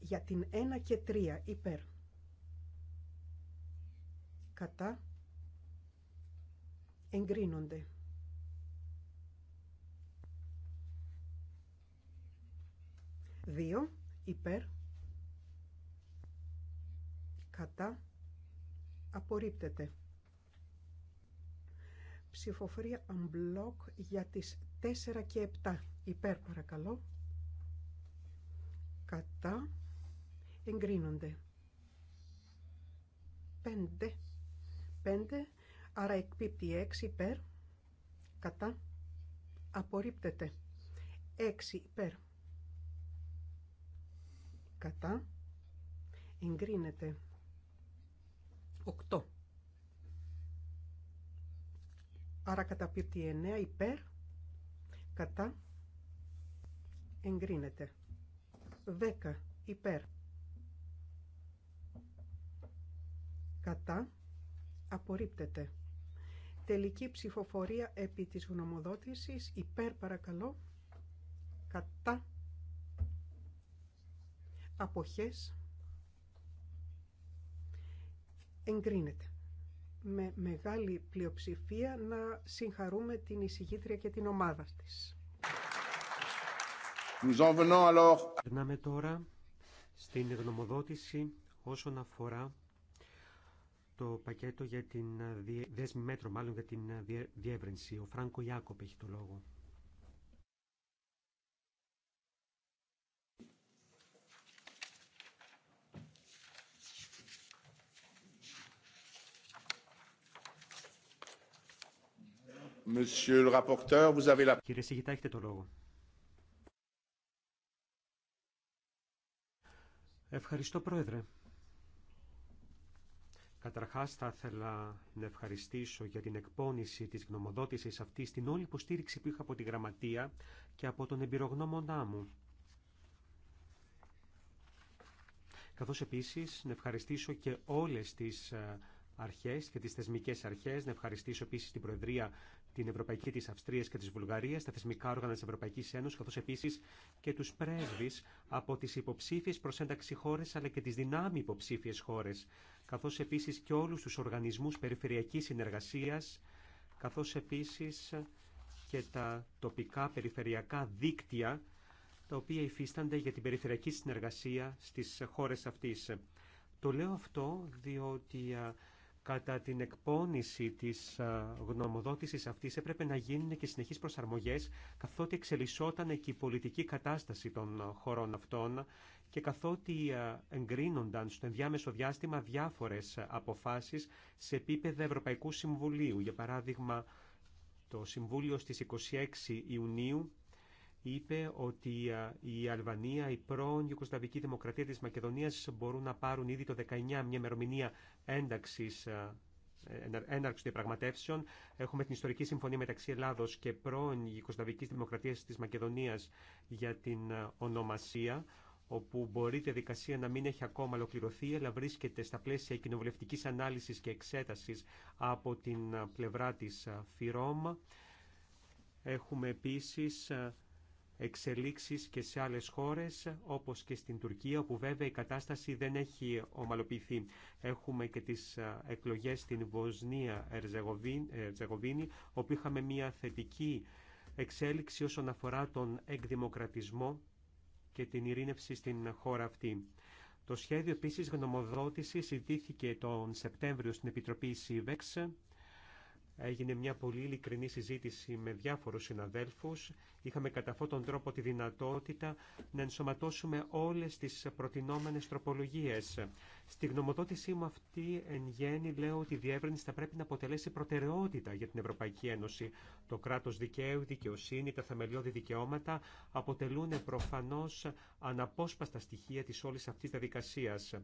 για την 1 και 3 υπέρ κατά εγκρίνονται. Δύο υπέρ κατά απορρίπτεται. Ψηφοφορία unblock για τις 4 και 7 υπέρ παρακαλώ κατά εγκρίνονται. 5. 5. Άρα εκπίπτει 6 υπέρ. Κατά. Απορρίπτεται. 6 υπέρ. Κατά. Εγκρίνεται. 8. Άρα καταπίπτει 9 υπέρ. Κατά. Εγκρίνεται. 10 υπέρ. κατά, απορρίπτεται. Τελική ψηφοφορία επί της γνωμοδότησης, υπέρ παρακαλώ, κατά, αποχές, εγκρίνεται. Με μεγάλη πλειοψηφία να συγχαρούμε την εισηγήτρια και την ομάδα της.
Περνάμε τώρα στην γνωμοδότηση όσον αφορά το πακέτο για την ε, δέσμη μέτρο, μάλλον για την ε, διεύρυνση. Ο Φράνκο Ιάκοπ έχει το λόγο.
Monsieur le rapporteur, vous avez la...
Κύριε Σιγητά, έχετε το λόγο. Ευχαριστώ, Πρόεδρε. Καταρχάς θα ήθελα να ευχαριστήσω για την εκπόνηση της γνωμοδότησης αυτής την όλη υποστήριξη που είχα από τη Γραμματεία και από τον εμπειρογνώμονά μου. Καθώς επίσης να ευχαριστήσω και όλες τις ε, αρχές και τις θεσμικές αρχές, να ευχαριστήσω επίσης την Προεδρία την Ευρωπαϊκή της Αυστρίας και της Βουλγαρίας, τα θεσμικά όργανα της Ευρωπαϊκής Ένωσης, καθώς επίσης και τους πρέσβει από τις υποψήφιες προσένταξη ένταξη χώρες, αλλά και τις δυνάμει υποψήφιες χώρες, καθώς επίσης και όλους τους οργανισμούς περιφερειακής συνεργασίας, καθώς επίσης και τα τοπικά περιφερειακά δίκτυα, τα οποία υφίστανται για την περιφερειακή συνεργασία στις χώρες αυτής. Το λέω αυτό διότι Κατά την εκπόνηση της γνωμοδότησης αυτής έπρεπε να γίνουν και συνεχείς προσαρμογές καθότι εξελισσόταν και η πολιτική κατάσταση των χωρών αυτών και καθότι εγκρίνονταν στο ενδιάμεσο διάστημα διάφορες αποφάσεις σε επίπεδο Ευρωπαϊκού Συμβουλίου. Για παράδειγμα, το Συμβούλιο στις 26 Ιουνίου είπε ότι η Αλβανία, η πρώην Ιουκοσλαβική Δημοκρατία της Μακεδονίας μπορούν να πάρουν ήδη το 19 μια μερομηνία ένταξης έναρξη διαπραγματεύσεων. Έχουμε την ιστορική συμφωνία μεταξύ Ελλάδος και πρώην Ιουκοσλαβικής Δημοκρατίας της Μακεδονίας για την ονομασία όπου μπορεί η διαδικασία να μην έχει ακόμα ολοκληρωθεί, αλλά βρίσκεται στα πλαίσια κοινοβουλευτική ανάλυση και εξέταση από την πλευρά τη ΦΥΡΟΜ. Έχουμε επίσης εξελίξεις και σε άλλες χώρες, όπως και στην Τουρκία, όπου βέβαια η κατάσταση δεν έχει ομαλοποιηθεί. Έχουμε και τις εκλογές στην Βοσνία Ερζεγοβίνη, όπου είχαμε μια θετική εξέλιξη όσον αφορά τον εκδημοκρατισμό και την ειρήνευση στην χώρα αυτή. Το σχέδιο επίσης γνωμοδότησης συζητήθηκε τον Σεπτέμβριο στην Επιτροπή ΣΥΒΕΞ Έγινε μια πολύ ειλικρινή συζήτηση με διάφορους συναδέλφους. Είχαμε κατά αυτόν τον τρόπο τη δυνατότητα να ενσωματώσουμε όλες τις προτινόμενες τροπολογίες. Στη γνωμοδότησή μου αυτή εν γέννη λέω ότι η διεύρυνση θα πρέπει να αποτελέσει προτεραιότητα για την Ευρωπαϊκή Ένωση. Το κράτος δικαίου, δικαιοσύνη, τα θεμελιώδη δικαιώματα αποτελούν προφανώς αναπόσπαστα στοιχεία της όλης αυτής διαδικασίας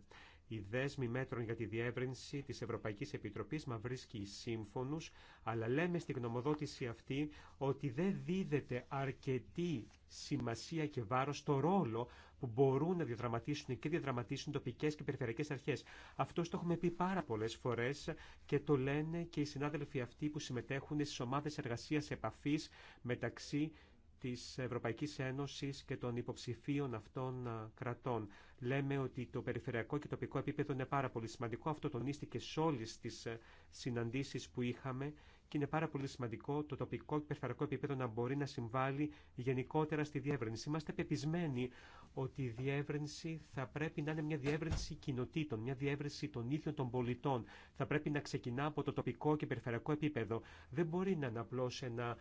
η δέσμοι μέτρων για τη διεύρυνση της Ευρωπαϊκής Επιτροπής μα βρίσκει σύμφωνους, αλλά λέμε στη γνωμοδότηση αυτή ότι δεν δίδεται αρκετή σημασία και βάρος στο ρόλο που μπορούν να διαδραματίσουν και διαδραματίσουν τοπικές και περιφερειακές αρχές. Αυτό το έχουμε πει πάρα πολλές φορές και το λένε και οι συνάδελφοι αυτοί που συμμετέχουν στις ομάδες εργασίας επαφής μεταξύ της Ευρωπαϊκής Ένωσης και των υποψηφίων αυτών κρατών. Λέμε ότι το περιφερειακό και τοπικό επίπεδο είναι πάρα πολύ σημαντικό. Αυτό τονίστηκε σε όλες τις ε, συναντήσεις που είχαμε και είναι πάρα πολύ σημαντικό το τοπικό και περιφερειακό επίπεδο να μπορεί να συμβάλλει γενικότερα στη διεύρυνση. Είμαστε πεπισμένοι ότι η διεύρυνση θα πρέπει να είναι μια διεύρυνση κοινοτήτων, μια διεύρυνση των ίδιων των πολιτών. Θα πρέπει να ξεκινά από το τοπικό και περιφερειακό επίπεδο. Δεν μπορεί να είναι απλώ ένα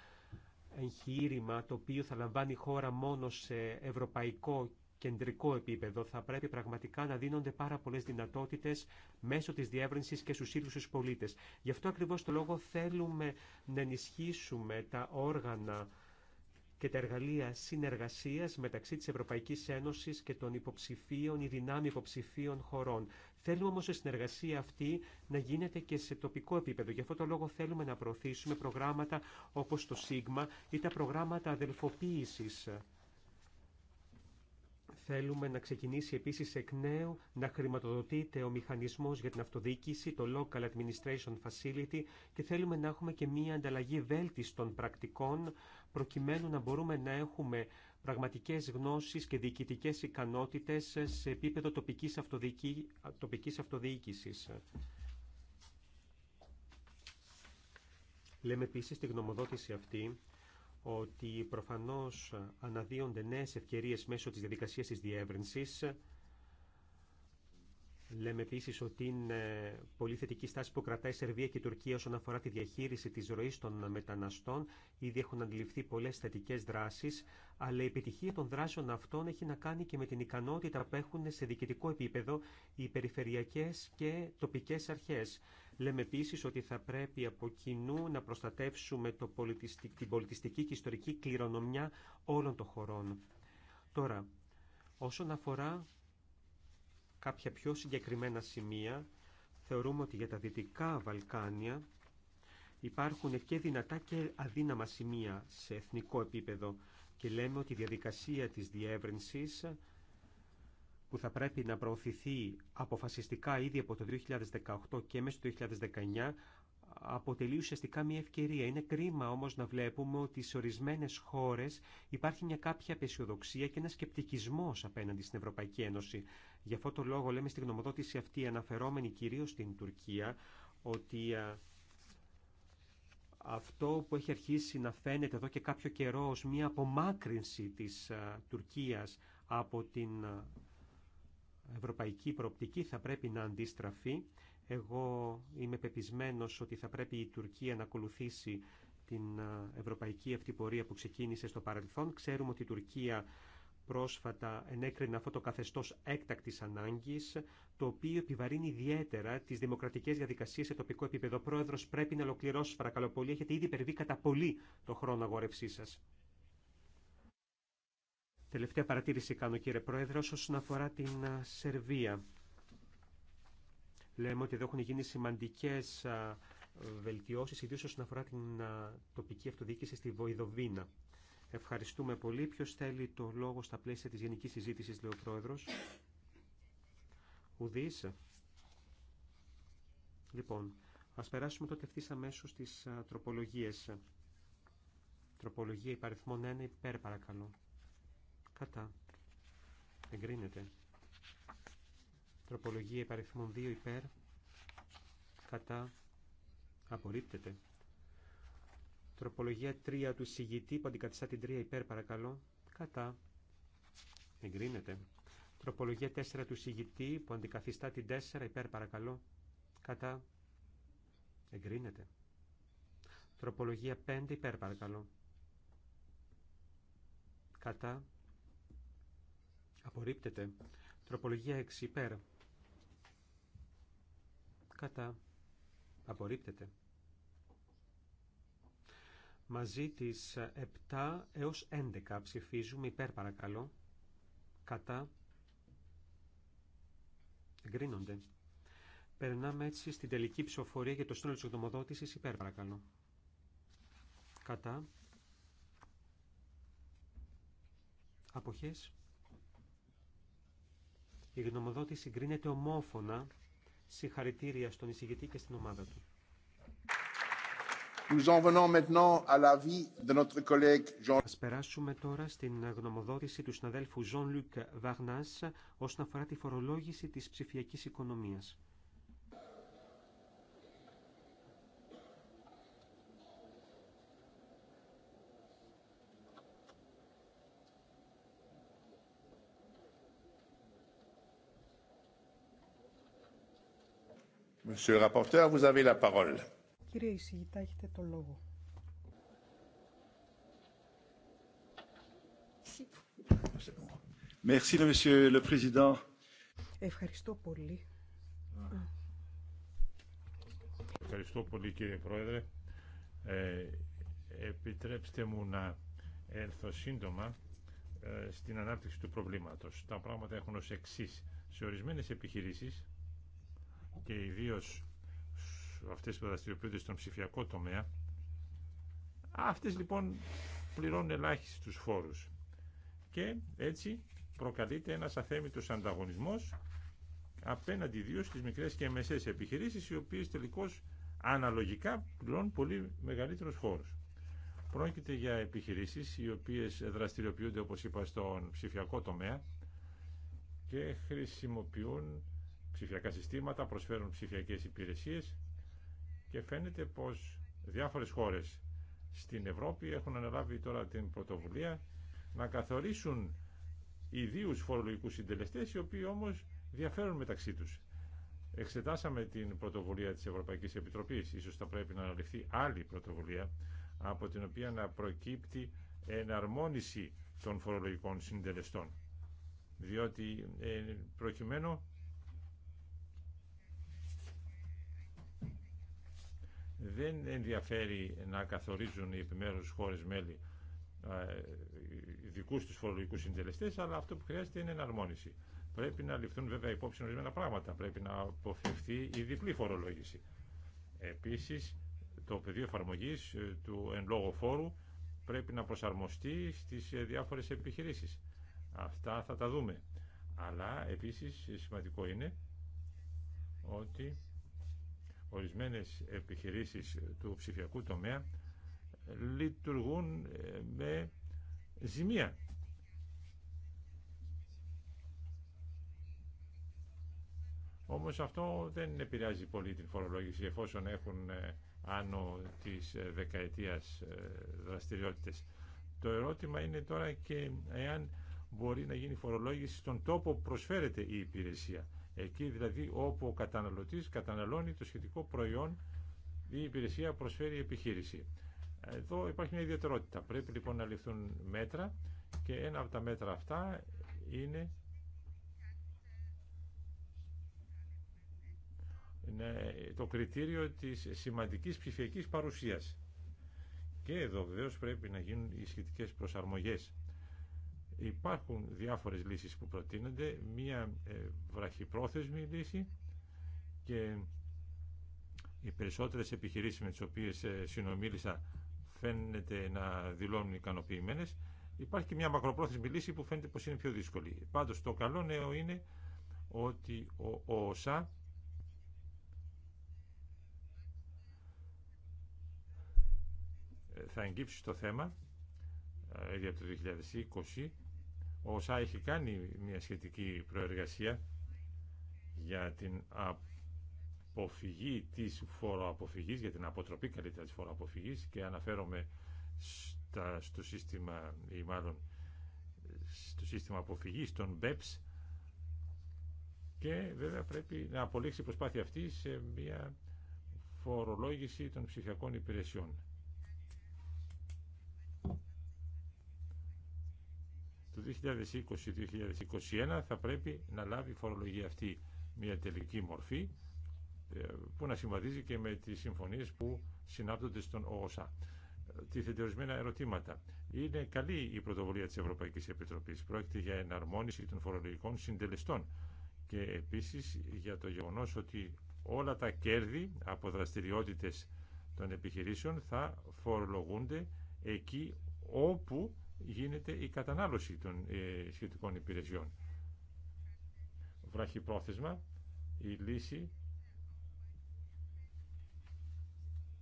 εγχείρημα το οποίο θα λαμβάνει η χώρα μόνο σε ευρωπαϊκό κεντρικό επίπεδο. Θα πρέπει πραγματικά να δίνονται πάρα πολλέ δυνατότητε μέσω τη διεύρυνση και στου ίδιου του πολίτε. Γι' αυτό ακριβώ το λόγο θέλουμε να ενισχύσουμε τα όργανα και τα εργαλεία συνεργασίας μεταξύ της Ευρωπαϊκής Ένωσης και των υποψηφίων ή δυνάμει υποψηφίων χωρών. Θέλουμε όμω η συνεργασία αυτή να γίνεται και σε τοπικό επίπεδο. Γι' αυτό το λόγο θέλουμε να προωθήσουμε προγράμματα όπως το ΣΥΓΜΑ ή τα προγράμματα αδελφοποίηση. Θέλουμε να ξεκινήσει επίσης εκ νέου να χρηματοδοτείται ο μηχανισμός για την αυτοδιοίκηση, το Local Administration Facility και θέλουμε να έχουμε και μία ανταλλαγή βέλτιστων πρακτικών προκειμένου να μπορούμε να έχουμε πραγματικές γνώσεις και διοικητικές ικανότητες σε επίπεδο τοπικής, αυτοδιοίκηση. τοπικής αυτοδιοίκησης. Λέμε επίσης στη γνωμοδότηση αυτή ότι προφανώς αναδύονται νέες ευκαιρίες μέσω της διαδικασίας της διεύρυνσης Λέμε επίση ότι είναι πολύ θετική στάση που κρατάει η Σερβία και η Τουρκία όσον αφορά τη διαχείριση τη ροή των μεταναστών. Ήδη έχουν αντιληφθεί πολλέ θετικέ δράσει, αλλά η επιτυχία των δράσεων αυτών έχει να κάνει και με την ικανότητα που έχουν σε διοικητικό επίπεδο οι περιφερειακέ και τοπικέ αρχέ. Λέμε επίση ότι θα πρέπει από κοινού να προστατεύσουμε το την πολιτιστική και ιστορική κληρονομιά όλων των χωρών. Τώρα, όσον αφορά κάποια πιο συγκεκριμένα σημεία, θεωρούμε ότι για τα Δυτικά Βαλκάνια υπάρχουν και δυνατά και αδύναμα σημεία σε εθνικό επίπεδο και λέμε ότι η διαδικασία της διεύρυνσης που θα πρέπει να προωθηθεί αποφασιστικά ήδη από το 2018 και μέσα στο 2019 αποτελεί ουσιαστικά μια ευκαιρία. Είναι κρίμα όμως να βλέπουμε ότι σε ορισμένες χώρες υπάρχει μια κάποια απεσιοδοξία και ένα σκεπτικισμός απέναντι στην Ευρωπαϊκή Ένωση. Γι' αυτό το λόγο λέμε στη γνωμοδότηση αυτή, αναφερόμενη κυρίως στην Τουρκία, ότι αυτό που έχει αρχίσει να φαίνεται εδώ και κάποιο καιρό ως μια απομάκρυνση της Τουρκίας από την ευρωπαϊκή προοπτική θα πρέπει να αντίστραφει εγώ είμαι πεπισμένος ότι θα πρέπει η Τουρκία να ακολουθήσει την ευρωπαϊκή αυτή πορεία που ξεκίνησε στο παρελθόν. Ξέρουμε ότι η Τουρκία πρόσφατα ενέκρινε αυτό το καθεστώς έκτακτης ανάγκης, το οποίο επιβαρύνει ιδιαίτερα τις δημοκρατικές διαδικασίες σε τοπικό επίπεδο. πρόεδρος πρέπει να ολοκληρώσει, παρακαλώ πολύ, έχετε ήδη υπερβεί κατά πολύ το χρόνο αγόρευσή σας. Τελευταία παρατήρηση κάνω, κύριε Πρόεδρε, όσον αφορά την Σερβία λέμε ότι εδώ έχουν γίνει σημαντικές βελτιώσεις, ιδίως όσον αφορά την τοπική αυτοδιοίκηση στη Βοηδοβίνα. Ευχαριστούμε πολύ. Ποιος θέλει το λόγο στα πλαίσια της γενικής συζήτησης, λέει ο Πρόεδρος. Ουδής. Λοιπόν, ας περάσουμε τότε ευθύ αμέσω στις τροπολογίες. Τροπολογία υπαριθμών 1 υπέρ παρακαλώ. Κατά. Εγκρίνεται. Τροπολογία υπαριθμών 2 υπέρ. Κατά. Απορρίπτεται. Τροπολογία 3 του συγητή που αντικαθιστά την 3 υπέρ παρακαλώ. Κατά. Εγκρίνεται. Τροπολογία 4 του συγητή που αντικαθιστά την 4 υπέρ παρακαλώ. Κατά. Εγκρίνεται. Τροπολογία 5 υπέρ παρακαλώ. Κατά. Απορρίπτεται. Τροπολογία 6 υπέρ κατά απορρίπτεται. Μαζί τις 7 έως 11 ψηφίζουμε υπέρ παρακαλώ, κατά εγκρίνονται. Περνάμε έτσι στην τελική ψηφοφορία για το στόλο της εκδομοδότησης υπέρ παρακαλώ. Κατά αποχές. Η γνωμοδότηση γκρίνεται ομόφωνα Συγχαρητήρια στον εισηγητή και στην ομάδα του.
Nous Ας
περάσουμε τώρα στην γνωμοδότηση του συναδέλφου Jean-Luc Varnas όσον αφορά τη φορολόγηση της ψηφιακής οικονομίας.
Monsieur le rapporteur,
Κύριε Ισηγητά, έχετε το λόγο. Ευχαριστώ πολύ.
Ευχαριστώ πολύ κύριε Πρόεδρε. Ε, επιτρέψτε μου να έρθω σύντομα ε, στην ανάπτυξη του προβλήματος. Τα πράγματα έχουν ως εξής. Σε ορισμένες επιχειρήσεις και ιδίω αυτές που δραστηριοποιούνται στον ψηφιακό τομέα αυτές λοιπόν πληρώνουν ελάχιστου φόρους και έτσι προκαλείται ένα αθέμητο ανταγωνισμό απέναντι ιδίω στις μικρές και μεσαίες επιχειρήσεις οι οποίες τελικώς αναλογικά πληρώνουν πολύ μεγαλύτερου φόρους. Πρόκειται για επιχειρήσεις οι οποίες δραστηριοποιούνται όπω είπα στον ψηφιακό τομέα και χρησιμοποιούν ψηφιακά συστήματα, προσφέρουν ψηφιακές υπηρεσίες και φαίνεται πως διάφορες χώρες στην Ευρώπη έχουν αναλάβει τώρα την πρωτοβουλία να καθορίσουν ιδίους φορολογικούς συντελεστές οι οποίοι όμως διαφέρουν μεταξύ τους. Εξετάσαμε την πρωτοβουλία της Ευρωπαϊκής Επιτροπής, ίσως θα πρέπει να αναλυφθεί άλλη πρωτοβουλία από την οποία να προκύπτει εναρμόνιση των φορολογικών συντελεστών. Διότι ε, προκειμένου δεν ενδιαφέρει να καθορίζουν οι επιμέρους χώρες μέλη δικούς τους φορολογικούς συντελεστές, αλλά αυτό που χρειάζεται είναι εναρμόνιση. Πρέπει να ληφθούν βέβαια υπόψη ορισμένα πράγματα. Πρέπει να αποφευθεί η διπλή φορολόγηση. Επίσης, το πεδίο εφαρμογή ε, του εν λόγω φόρου πρέπει να προσαρμοστεί στις ε, διάφορες επιχειρήσεις. Αυτά θα τα δούμε. Αλλά επίσης σημαντικό είναι ότι Ορισμένες επιχειρήσεις του ψηφιακού τομέα λειτουργούν ε, με ζημία. Όμως αυτό δεν επηρεάζει πολύ την φορολόγηση εφόσον έχουν ε, άνω της ε, δεκαετίας δραστηριότητες. Το ερώτημα είναι τώρα και εάν μπορεί να γίνει φορολόγηση στον τόπο που προσφέρεται η υπηρεσία. Εκεί δηλαδή όπου ο καταναλωτής καταναλώνει το σχετικό προϊόν ή υπηρεσία προσφέρει η επιχείρηση. επιχειρηση υπάρχει μια ιδιαιτερότητα. Πρέπει λοιπόν να ληφθούν μέτρα και ένα από τα μέτρα αυτά είναι ναι, το κριτήριο της σημαντικής ψηφιακής παρουσίας. Και εδώ βεβαίως πρέπει να γίνουν οι σχετικές προσαρμογές. Υπάρχουν διάφορες λύσεις που προτείνονται. Μία ε, βραχυπρόθεσμη λύση και οι περισσότερες επιχειρήσεις με τις οποίες ε, συνομίλησα φαίνεται να δηλώνουν ικανοποιημένες. Υπάρχει και μια μακροπρόθεσμη λύση που φαίνεται πως είναι πιο δύσκολη. Πάντως το καλό νέο είναι ότι ο ΩΣΑ θα εγκύψει το θέμα ε, ήδη από το 2020 ο ΣΑ έχει κάνει μια σχετική προεργασία για την αποφυγή της φοροαποφυγής, για την αποτροπή καλύτερα της φοροαποφυγής και αναφέρομαι στο σύστημα ή μάλλον στο σύστημα αποφυγής των BEPS και βέβαια πρέπει να απολύξει η προσπάθεια αυτή σε μια φορολόγηση των ψηφιακών υπηρεσιών. Το 2020-2021 θα πρέπει να λάβει η φορολογία αυτή μια τελική μορφή ε, που να συμβαδίζει και με τις συμφωνίες που συνάπτονται στον ΟΟΣΑ. Τίθεται ορισμένα ερωτήματα. Είναι καλή η πρωτοβουλία της Ευρωπαϊκής Επιτροπής. Πρόκειται για εναρμόνιση των φορολογικών συντελεστών και επίσης για το γεγονός ότι όλα τα κέρδη από δραστηριότητες των επιχειρήσεων θα φορολογούνται εκεί όπου γίνεται η κατανάλωση των ε, σχετικών υπηρεσιών. Βράχει πρόθεσμα, η λύση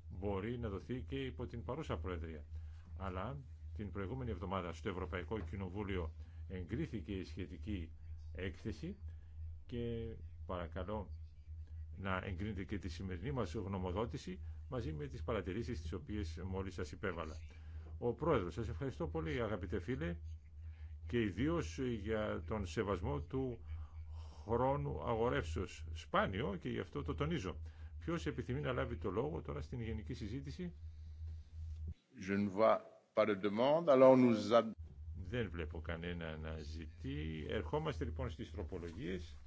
μπορεί να δοθεί και υπό την παρούσα Προεδρία. Αλλά την προηγούμενη εβδομάδα στο Ευρωπαϊκό Κοινοβούλιο εγκρίθηκε η σχετική έκθεση και παρακαλώ να εγκρίνετε και τη σημερινή μας γνωμοδότηση μαζί με τις παρατηρήσεις τις οποίες μόλις σας υπέβαλα ο Πρόεδρος. Σας ευχαριστώ πολύ αγαπητέ φίλε και ιδίω για τον σεβασμό του χρόνου αγορεύσεως σπάνιο και γι' αυτό το τονίζω. Ποιος επιθυμεί να λάβει το λόγο τώρα στην γενική συζήτηση. Je ne vois pas de demande, alors nous... Ε, δεν βλέπω κανένα να ζητεί. Ερχόμαστε λοιπόν στις τροπολογίες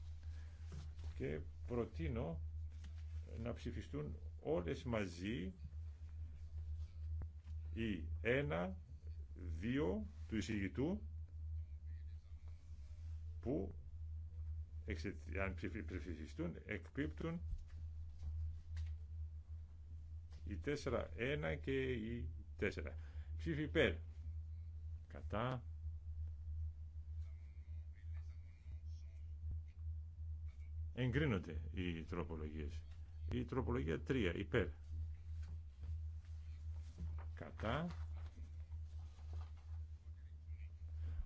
και προτείνω να ψηφιστούν όλες μαζί ή 1, 2 του εισηγητού που αν ψηφιστούν εκπίπτουν η 4, 1 και η 4. Ψήφι υπέρ. Κατά. Εγκρίνονται οι τροπολογίες. Η τροπολογία 3 υπέρ. Κατά.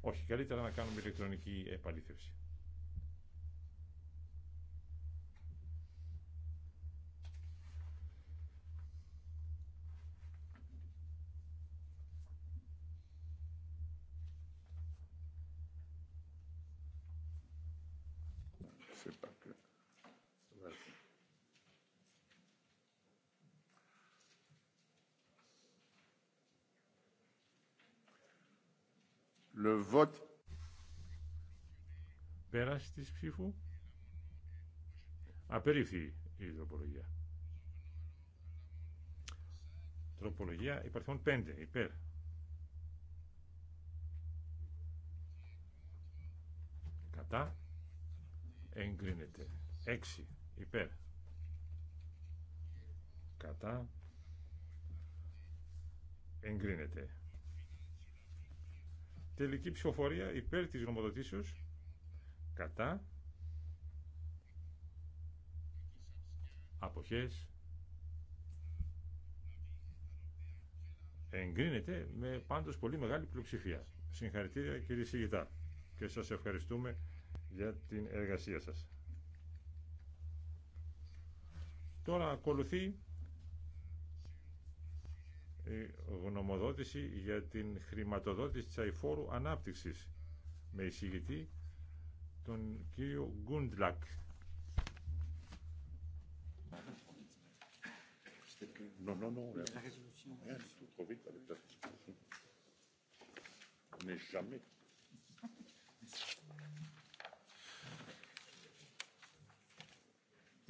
Όχι, καλύτερα να κάνουμε ηλεκτρονική επαλήθευση. vote. Πέρας της ψήφου. Απερίφθη η τροπολογία. Τροπολογία υπαρθών 5 υπέρ. Κατά. Εγκρίνεται. 6 υπέρ. Κατά. Εγκρίνεται. Τελική ψηφοφορία υπέρ της γνωμοδοτήσεως. Κατά. Αποχές. Εγκρίνεται με πάντως πολύ μεγάλη πλειοψηφία. Συγχαρητήρια κύριε Σιγητά και σας ευχαριστούμε για την εργασία σας. Τώρα ακολουθεί γνωμοδότηση για την χρηματοδότηση της αηφόρου ανάπτυξης με εισηγητή τον κύριο Γκούντλακ.
Non, non, non, la résolution. trop vite avec la résolution. jamais.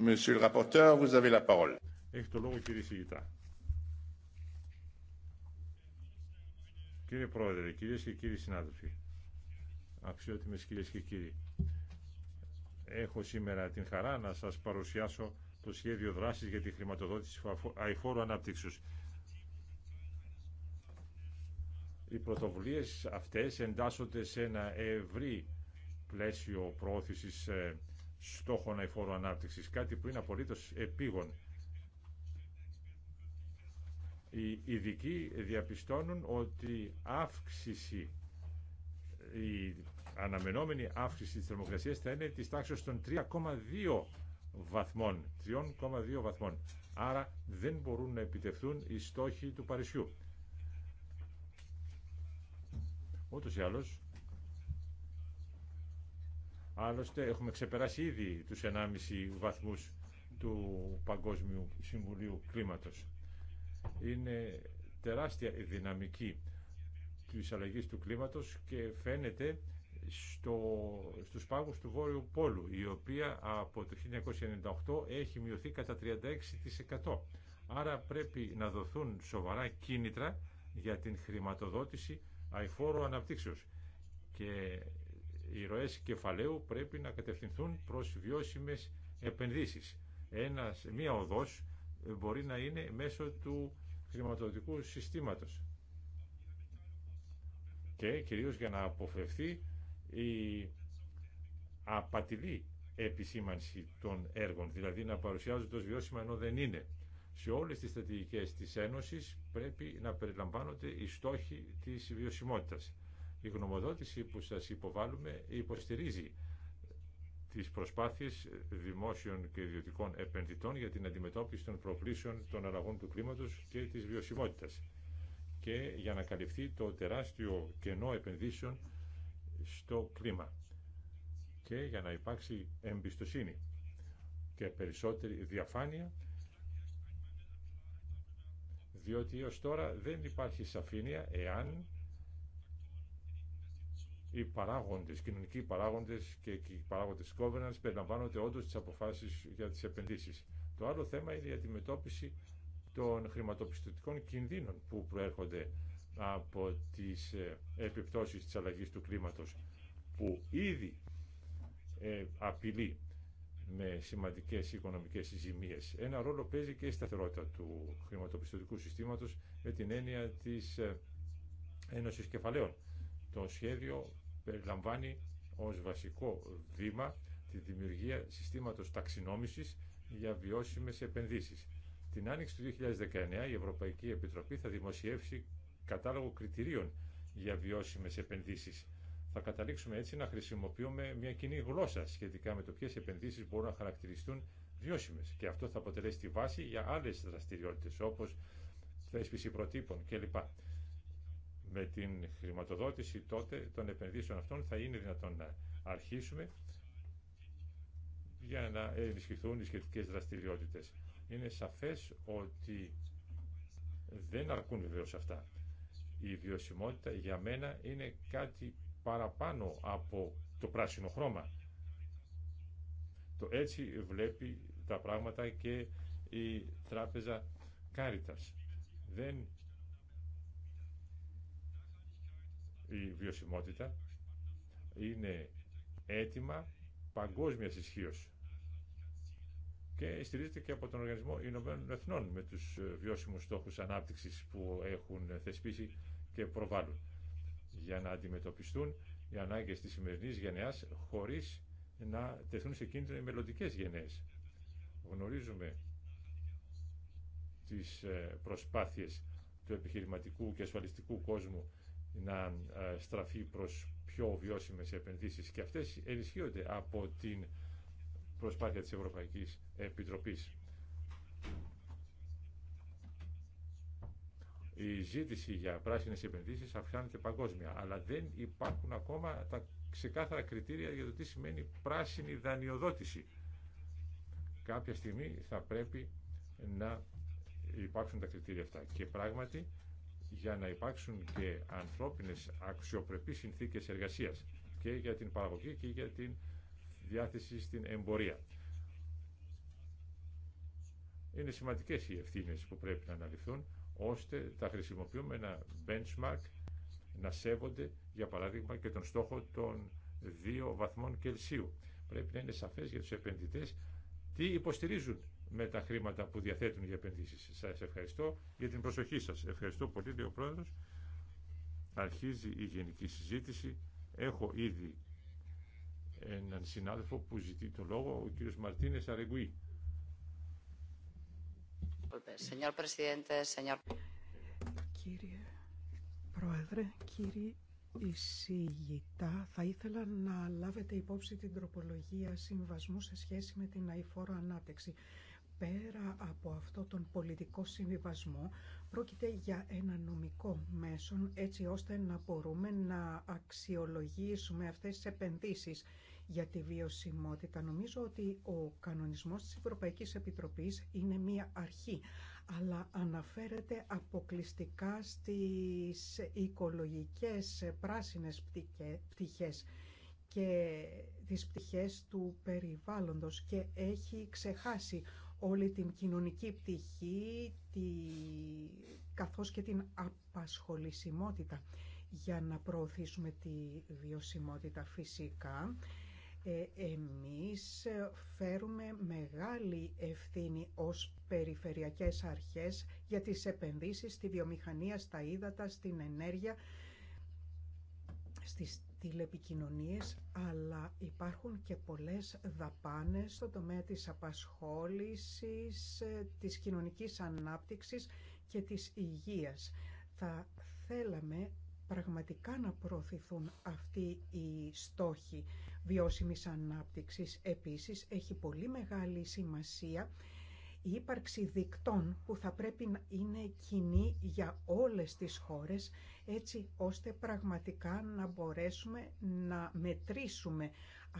Monsieur le rapporteur, vous avez la parole. Έχει το λόγο κύριε Σιγητά. Κύριε Πρόεδρε, κυρίες και κύριοι συνάδελφοι, αξιότιμες κύριε και κύριοι, έχω σήμερα την χαρά να σας παρουσιάσω το σχέδιο δράσης για τη χρηματοδότηση αηφόρου ανάπτυξη. Οι πρωτοβουλίε αυτές εντάσσονται σε ένα ευρύ πλαίσιο προώθησης ε, στόχων αηφόρου ανάπτυξη. κάτι που είναι απολύτω επίγον. Οι ειδικοί διαπιστώνουν ότι αύξηση, η αναμενόμενη αύξηση της θερμοκρασίας θα είναι της τάξης των 3,2 βαθμών, 3,2 βαθμών. Άρα δεν μπορούν να επιτευχθούν οι στόχοι του Παρισιού. Ούτως ή άλλως, άλλωστε έχουμε ξεπεράσει ήδη τους 1,5 βαθμούς του Παγκόσμιου Συμβουλίου Κλίματος είναι τεράστια η δυναμική της αλλαγής του κλίματος και φαίνεται στο, στους πάγους του Βόρειου Πόλου, η οποία από το 1998 έχει μειωθεί κατά 36%. Άρα πρέπει να δοθούν σοβαρά κίνητρα για την χρηματοδότηση αηφόρου αναπτύξεως και οι ροές κεφαλαίου πρέπει να κατευθυνθούν προς βιώσιμες επενδύσεις. Ένας, μία οδός μπορεί να είναι μέσω του χρηματοδοτικού συστήματος και κυρίως για να αποφευθεί η απατηλή επισήμανση των έργων, δηλαδή να παρουσιάζονται ως βιώσιμα ενώ δεν είναι. Σε όλες τις στρατηγικές της Ένωσης πρέπει να περιλαμβάνονται οι στόχοι της βιωσιμότητας. Η γνωμοδότηση που σας υποβάλλουμε υποστηρίζει τις προσπάθειες δημόσιων και ιδιωτικών επενδυτών για την αντιμετώπιση των προκλήσεων των αλλαγών του κλίματος και της βιωσιμότητας και για να καλυφθεί το τεράστιο κενό επενδύσεων στο κλίμα και για να υπάρξει εμπιστοσύνη και περισσότερη διαφάνεια διότι ως τώρα δεν υπάρχει σαφήνεια εάν οι παράγοντες, κοινωνικοί παράγοντες και οι παράγοντες governance περιλαμβάνονται όντως τις αποφάσεις για τις επενδύσεις. Το άλλο θέμα είναι η αντιμετώπιση των χρηματοπιστωτικών κινδύνων που προέρχονται από τις ε, επιπτώσεις της αλλαγής του κλίματος που ήδη ε, απειλεί με σημαντικές οικονομικές ζημίες. Ένα ρόλο παίζει και η σταθερότητα του χρηματοπιστωτικού συστήματος με την έννοια της ε, Ένωσης Κεφαλαίων. Το σχέδιο περιλαμβάνει ως βασικό βήμα τη δημιουργία συστήματος ταξινόμησης για βιώσιμες επενδύσεις. Την άνοιξη του 2019 η Ευρωπαϊκή Επιτροπή θα δημοσιεύσει κατάλογο κριτηρίων για βιώσιμες επενδύσεις. Θα καταλήξουμε έτσι να χρησιμοποιούμε μια κοινή γλώσσα σχετικά με το ποιε επενδύσει μπορούν να χαρακτηριστούν βιώσιμε. Και αυτό θα αποτελέσει τη βάση για άλλε δραστηριότητε όπω θέσπιση προτύπων κλπ με την χρηματοδότηση τότε των επενδύσεων αυτών θα είναι δυνατόν να αρχίσουμε για να ενισχυθούν οι σχετικές δραστηριότητες. Είναι σαφές ότι δεν αρκούν βεβαίω αυτά. Η βιωσιμότητα για μένα είναι κάτι παραπάνω από το πράσινο χρώμα. Το έτσι βλέπει τα πράγματα και η τράπεζα Κάριτας. Δεν η βιωσιμότητα είναι αίτημα παγκόσμια ισχύω και στηρίζεται και από τον Οργανισμό Ηνωμένων Εθνών με τους ε, βιώσιμους στόχους ανάπτυξης που έχουν θεσπίσει και προβάλλουν για να αντιμετωπιστούν οι ανάγκες της σημερινής γενεάς χωρίς να τεθούν σε κίνδυνο οι μελλοντικέ γενναίες. Γνωρίζουμε τις ε, προσπάθειες του επιχειρηματικού και ασφαλιστικού κόσμου να ε, στραφεί προς πιο βιώσιμες επενδύσεις και αυτές ενισχύονται από την προσπάθεια της Ευρωπαϊκής Επιτροπής. Η ζήτηση για πράσινες επενδύσεις αυξάνεται παγκόσμια, αλλά δεν υπάρχουν ακόμα τα ξεκάθαρα κριτήρια για το τι σημαίνει πράσινη δανειοδότηση. Κάποια στιγμή θα πρέπει να υπάρξουν τα κριτήρια αυτά. Και πράγματι για να υπάρξουν και ανθρώπινες αξιοπρεπείς συνθήκες εργασίας και για την παραγωγή και για την διάθεση στην εμπορία. Είναι σημαντικές οι ευθύνε που πρέπει να αναλυθούν ώστε τα χρησιμοποιούμενα benchmark να σέβονται, για παράδειγμα, και τον στόχο των δύο βαθμών Κελσίου. Πρέπει να είναι σαφές για τους επενδυτές τι υποστηρίζουν με τα χρήματα που διαθέτουν για επενδύσει. Σα ευχαριστώ για την προσοχή σας. Ευχαριστώ πολύ, λέει ο Πρόεδρος. Αρχίζει η γενική συζήτηση. Έχω ήδη έναν συνάδελφο που ζητεί το λόγο, ο κύριος Μαρτίνες Αρεγκουή.
Κύριε
Πρόεδρε, κύριε εισηγητά, θα ήθελα να λάβετε υπόψη την τροπολογία συμβασμού σε σχέση με την αηφόρο ανάπτυξη πέρα από αυτό τον πολιτικό συμβιβασμό πρόκειται για ένα νομικό μέσο έτσι ώστε να μπορούμε να αξιολογήσουμε αυτές τις επενδύσεις για τη βιωσιμότητα. Νομίζω ότι ο κανονισμός της Ευρωπαϊκής Επιτροπής είναι μία αρχή, αλλά αναφέρεται αποκλειστικά στις οικολογικές πράσινες πτυχές και τις πτυχές του περιβάλλοντος και έχει ξεχάσει όλη την κοινωνική πτυχή, τη... καθώς και την απασχολησιμότητα για να προωθήσουμε τη βιωσιμότητα φυσικά. Ε, εμείς φέρουμε μεγάλη ευθύνη ως περιφερειακές αρχές για τις επενδύσεις στη βιομηχανία, στα ύδατα, στην ενέργεια, στις τηλεπικοινωνίες, αλλά υπάρχουν και πολλές δαπάνες στο τομέα της απασχόλησης, ε, της κοινωνικής ανάπτυξης και της υγείας. Θα θέλαμε πραγματικά να προωθηθούν αυτοί οι στόχοι βιώσιμης ανάπτυξης. Επίσης, έχει πολύ μεγάλη σημασία η ύπαρξη δικτών που θα πρέπει να είναι κοινή για όλες τις χώρες έτσι ώστε πραγματικά να μπορέσουμε να μετρήσουμε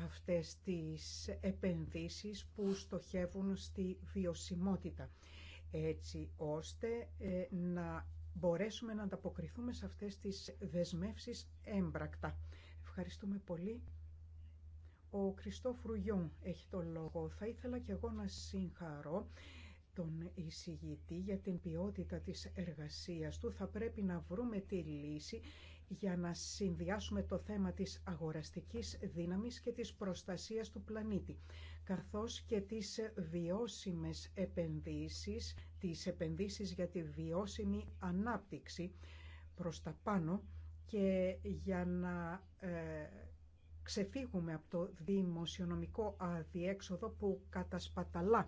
αυτές τις επενδύσεις που στοχεύουν στη βιωσιμότητα έτσι ώστε ε, να μπορέσουμε να ανταποκριθούμε σε αυτές τις δεσμεύσεις έμπρακτα. Ευχαριστούμε πολύ. Ο Κριστό Φρουγιόν έχει το λόγο. Θα ήθελα και εγώ να συγχαρώ τον εισηγητή για την ποιότητα της εργασίας του. Θα πρέπει να βρούμε τη λύση για να συνδυάσουμε το θέμα της αγοραστικής δύναμης και της προστασίας του πλανήτη, καθώς και τις βιώσιμες επενδύσεις, τις επενδύσεις για τη βιώσιμη ανάπτυξη προς τα πάνω και για να ε, ξεφύγουμε από το δημοσιονομικό αδιέξοδο που κατασπαταλά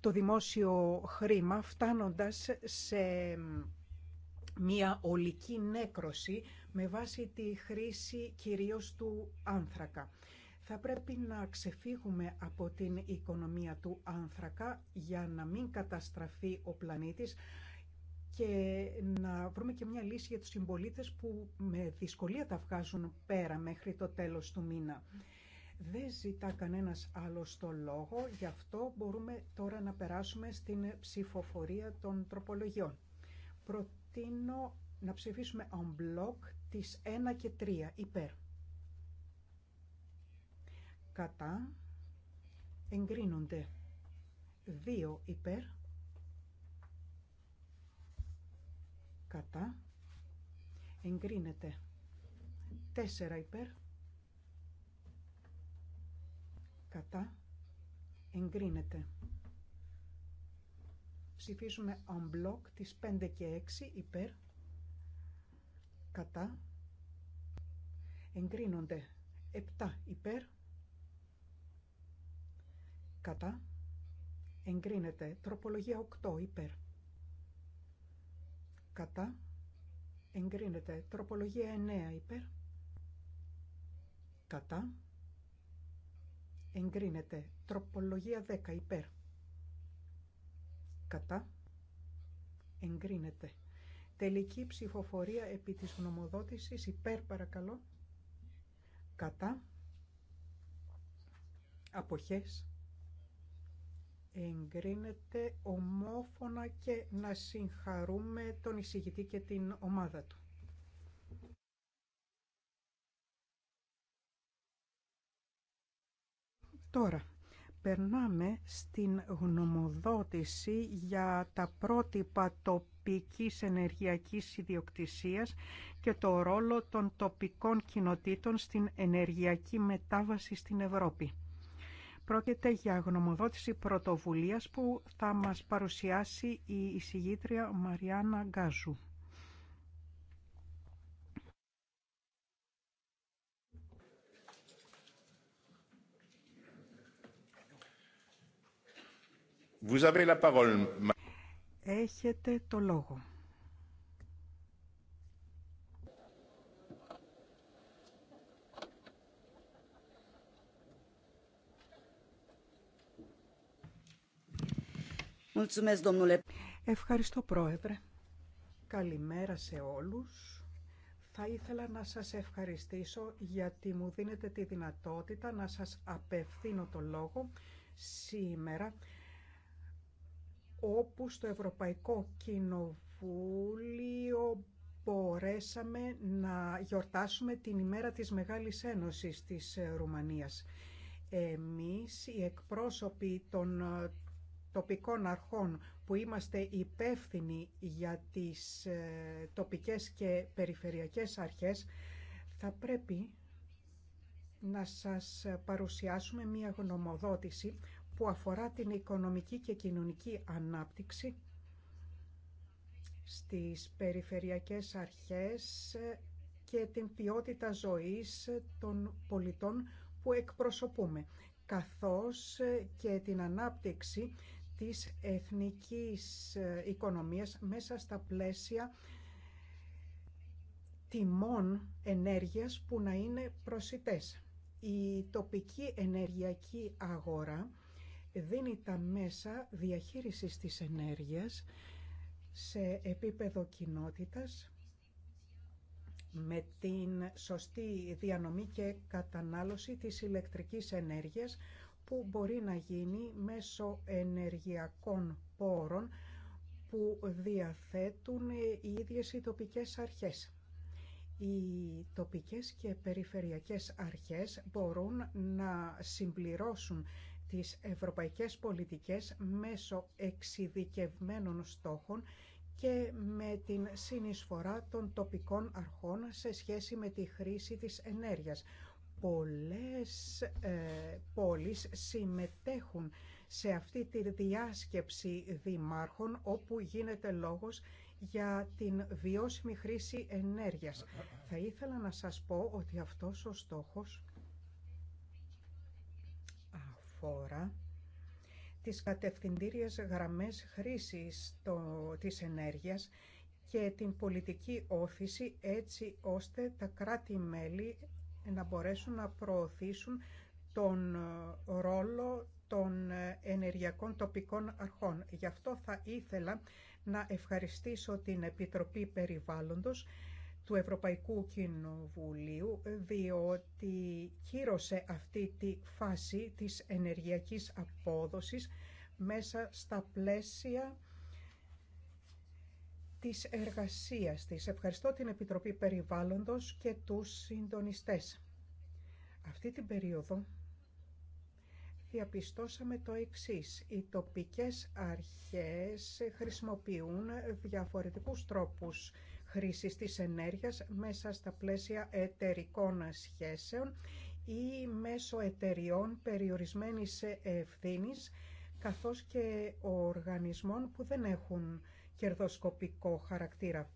το δημόσιο χρήμα φτάνοντας σε μια ολική νέκρωση με βάση τη χρήση κυρίως του άνθρακα. Θα πρέπει να ξεφύγουμε από την οικονομία του άνθρακα για να μην καταστραφεί ο πλανήτης, και να βρούμε και μια λύση για τους συμπολίτε που με δυσκολία τα βγάζουν πέρα μέχρι το τέλος του μήνα. Δεν ζητά κανένας άλλο το λόγο, γι' αυτό μπορούμε τώρα να περάσουμε στην ψηφοφορία των τροπολογιών. Προτείνω να ψηφίσουμε on block τις 1 και 3 υπέρ. Κατά εγκρίνονται 2 υπέρ κατά, εγκρίνεται. 4 υπέρ, κατά, εγκρίνεται. Ψηφίζουμε on block τις 5 και 6 υπέρ, κατά, εγκρίνονται. 7 υπέρ, κατά, εγκρίνεται. Τροπολογία 8 υπέρ κατά, εγκρίνεται. Τροπολογία 9 υπέρ, κατά, εγκρίνεται. Τροπολογία 10 υπέρ, κατά, εγκρίνεται. Τελική ψηφοφορία επί της γνωμοδότησης υπέρ παρακαλώ, κατά, αποχές, εγκρίνεται ομόφωνα και να συγχαρούμε τον εισηγητή και την ομάδα του. Τώρα, περνάμε στην γνωμοδότηση για τα πρότυπα τοπικής ενεργειακής ιδιοκτησίας και το ρόλο των τοπικών κοινοτήτων στην ενεργειακή μετάβαση στην Ευρώπη. Πρόκειται για γνωμοδότηση πρωτοβουλίας που θα μας παρουσιάσει η εισηγήτρια Μαριάννα Γκάζου. Έχετε το λόγο. Ευχαριστώ πρόεδρε. Καλημέρα σε όλους. Θα ήθελα να σας ευχαριστήσω γιατί μου δίνετε τη δυνατότητα να σας απευθύνω το λόγο σήμερα όπου στο Ευρωπαϊκό Κοινοβούλιο μπορέσαμε να γιορτάσουμε την ημέρα της Μεγάλης Ένωσης της Ρουμανίας. Εμείς, οι εκπρόσωποι των τοπικών αρχών που είμαστε υπεύθυνοι για τις ε, τοπικές και περιφερειακές αρχές, θα πρέπει να σας παρουσιάσουμε μία γνωμοδότηση που αφορά την οικονομική και κοινωνική ανάπτυξη στις περιφερειακές αρχές και την ποιότητα ζωής των πολιτών που εκπροσωπούμε, καθώς και την ανάπτυξη της εθνικής ε, οικονομίας μέσα στα πλαίσια τιμών ενέργειας που να είναι προσιτές. Η τοπική ενεργειακή αγορά δίνει τα μέσα διαχείρισης της ενέργειας σε επίπεδο κοινότητας με την σωστή διανομή και κατανάλωση της ηλεκτρικής ενέργειας που μπορεί να γίνει μέσω ενεργειακών πόρων που διαθέτουν οι ίδιες οι τοπικές αρχές. Οι τοπικές και περιφερειακές αρχές μπορούν να συμπληρώσουν τις ευρωπαϊκές πολιτικές μέσω εξειδικευμένων στόχων και με την συνεισφορά των τοπικών αρχών σε σχέση με τη χρήση της ενέργειας, πολλές ε, πόλεις συμμετέχουν σε αυτή τη διάσκεψη δημάρχων όπου γίνεται λόγος για την βιώσιμη χρήση ενέργειας. Θα ήθελα να σας πω ότι αυτός ο στόχος αφορά τις κατευθυντήριες γραμμές χρήσης το, της ενέργειας και την πολιτική όθηση έτσι ώστε τα κράτη-μέλη να μπορέσουν να προωθήσουν τον ε, ρόλο των ε, ενεργειακών τοπικών αρχών. Γι' αυτό θα ήθελα να ευχαριστήσω την Επιτροπή Περιβάλλοντος του Ευρωπαϊκού Κοινοβουλίου, ε, διότι κύρωσε αυτή τη φάση της ενεργειακής απόδοσης μέσα στα πλαίσια της εργασίας της. Ευχαριστώ την Επιτροπή Περιβάλλοντος και τους συντονιστές. Αυτή την περίοδο διαπιστώσαμε το εξής. Οι τοπικές αρχές χρησιμοποιούν διαφορετικούς τρόπους χρήσης της ενέργειας μέσα στα πλαίσια εταιρικών σχέσεων ή μέσω εταιριών περιορισμένης ευθύνης καθώς και οργανισμών που δεν έχουν κερδοσκοπικό χαρακτήρα.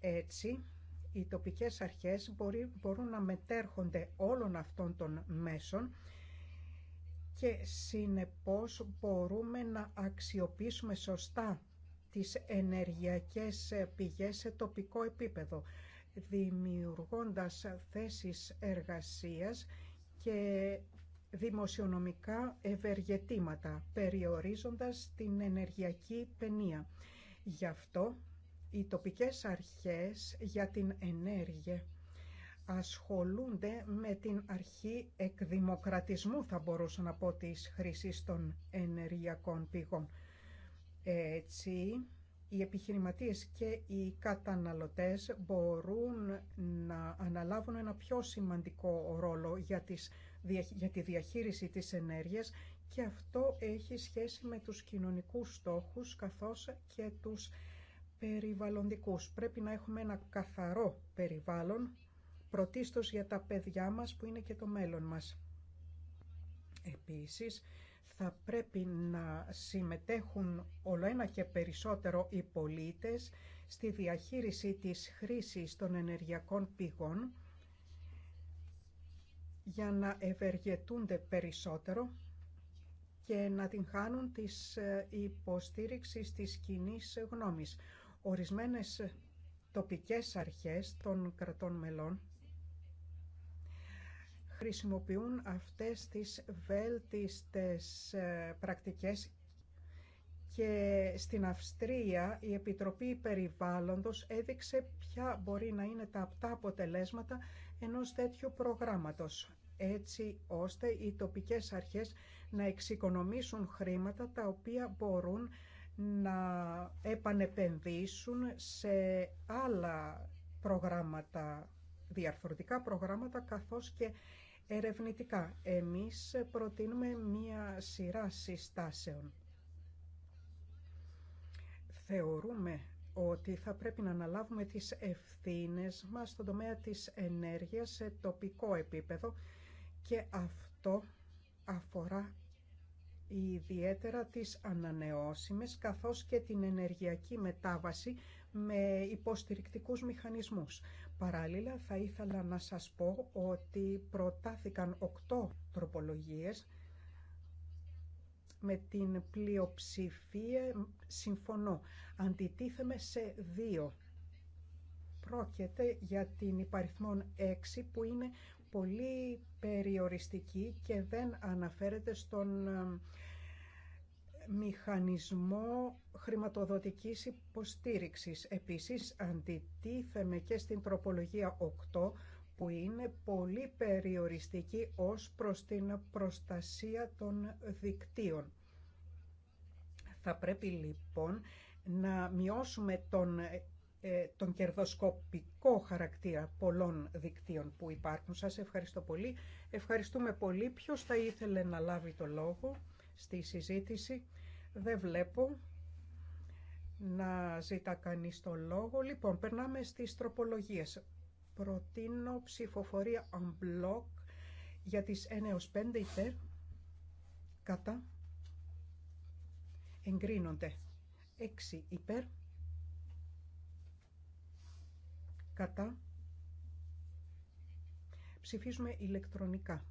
Έτσι, οι τοπικές αρχές μπορεί, μπορούν να μετέρχονται όλων αυτών των μέσων και συνεπώς μπορούμε να αξιοποιήσουμε σωστά τις ενεργειακές πηγές σε τοπικό επίπεδο, δημιουργώντας θέσεις εργασίας και δημοσιονομικά ευεργετήματα, περιορίζοντας την ενεργειακή παινία. Γι' αυτό οι τοπικές αρχές για την ενέργεια ασχολούνται με την αρχή εκδημοκρατισμού, θα μπορούσα να πω, της χρήσης των ενεργειακών πηγών. Έτσι, οι επιχειρηματίες και οι καταναλωτές μπορούν να αναλάβουν ένα πιο σημαντικό ρόλο για, για τη διαχείριση της ενέργειας και αυτό έχει σχέση με τους κοινωνικούς στόχους καθώς και τους περιβαλλοντικούς. Πρέπει να έχουμε ένα καθαρό περιβάλλον, πρωτίστως για τα παιδιά μας που είναι και το μέλλον μας. Επίσης, θα πρέπει να συμμετέχουν ένα και περισσότερο οι πολίτες στη διαχείριση της χρήσης των ενεργειακών πηγών για να ευεργετούνται περισσότερο και να την χάνουν της ε, υποστήριξης της κοινή γνώμης. Ορισμένες τοπικές αρχές των κρατών μελών χρησιμοποιούν αυτές τις βέλτιστες ε, πρακτικές και στην Αυστρία η Επιτροπή Περιβάλλοντος έδειξε ποια μπορεί να είναι τα απτά αποτελέσματα ενός τέτοιου προγράμματος έτσι ώστε οι τοπικές αρχές να εξοικονομήσουν χρήματα τα οποία μπορούν να επανεπενδύσουν σε άλλα προγράμματα, διαρθρωτικά προγράμματα καθώς και ερευνητικά. Εμείς προτείνουμε μία σειρά συστάσεων. Θεωρούμε ότι θα πρέπει να αναλάβουμε τις ευθύνες μας στον τομέα της ενέργειας σε τοπικό επίπεδο και αυτό αφορά ιδιαίτερα τις ανανεώσιμες καθώς και την ενεργειακή μετάβαση με υποστηρικτικούς μηχανισμούς. Παράλληλα θα ήθελα να σας πω ότι προτάθηκαν οκτώ τροπολογίες με την πλειοψηφία συμφωνώ. Αντιτίθεμαι σε δύο. Πρόκειται για την υπαριθμόν 6 που είναι πολύ περιοριστική και δεν αναφέρεται στον μηχανισμό χρηματοδοτικής υποστήριξης. Επίσης, αντιτίθεμε και στην τροπολογία 8, που είναι πολύ περιοριστική ως προς την προστασία των δικτύων. Θα πρέπει λοιπόν να μειώσουμε τον ε, τον κερδοσκοπικό χαρακτήρα πολλών δικτύων που υπάρχουν. Σας ευχαριστώ πολύ. Ευχαριστούμε πολύ. Ποιος θα ήθελε να λάβει το λόγο στη συζήτηση. Δεν βλέπω να ζητά κανείς το λόγο. Λοιπόν, περνάμε στις τροπολογίες. Προτείνω ψηφοφορία on block για τις 1 5 υπέρ. Κατά. Εγκρίνονται. 6 υπέρ κατά ψηφίζουμε ηλεκτρονικά.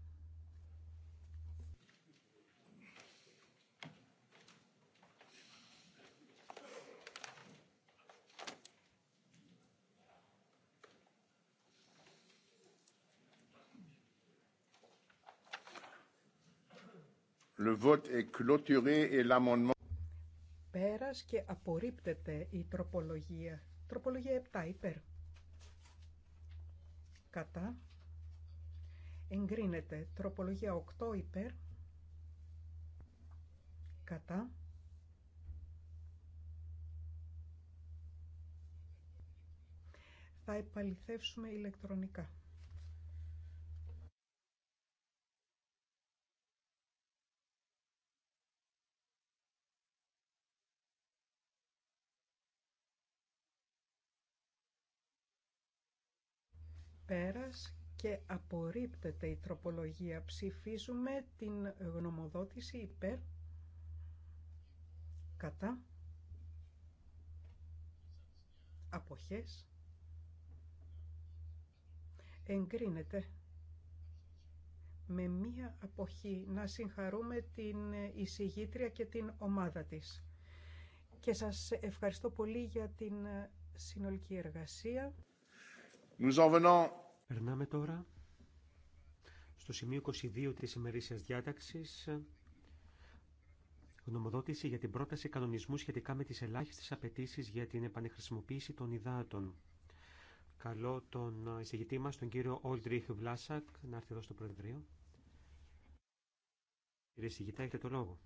Le vote est clôturé et l'amendement.
Πέρας και απορρίπτεται η τροπολογία. Τροπολογία 7 υπέρ κατά, εγκρίνεται. Τροπολογία 8 υπέρ, κατά, θα επαληθεύσουμε ηλεκτρονικά. Πέρας και απορρίπτεται η τροπολογία. Ψηφίζουμε την γνωμοδότηση υπέρ. Κατά. Αποχές. Εγκρίνεται με μία αποχή να συγχαρούμε την εισηγήτρια και την ομάδα της. Και σας ευχαριστώ πολύ για την συνολική εργασία.
Nous en venons... Περνάμε τώρα στο σημείο 22 της ημερήσιας διάταξης γνωμοδότηση για την πρόταση κανονισμού σχετικά με τις ελάχιστες απαιτήσει για την επανεχρησιμοποίηση των υδάτων. Καλώ τον εισηγητή μας, τον κύριο Όλτριχ Βλάσακ, να έρθει εδώ στο Προεδρείο. Κύριε εισηγητά, έχετε το λόγο.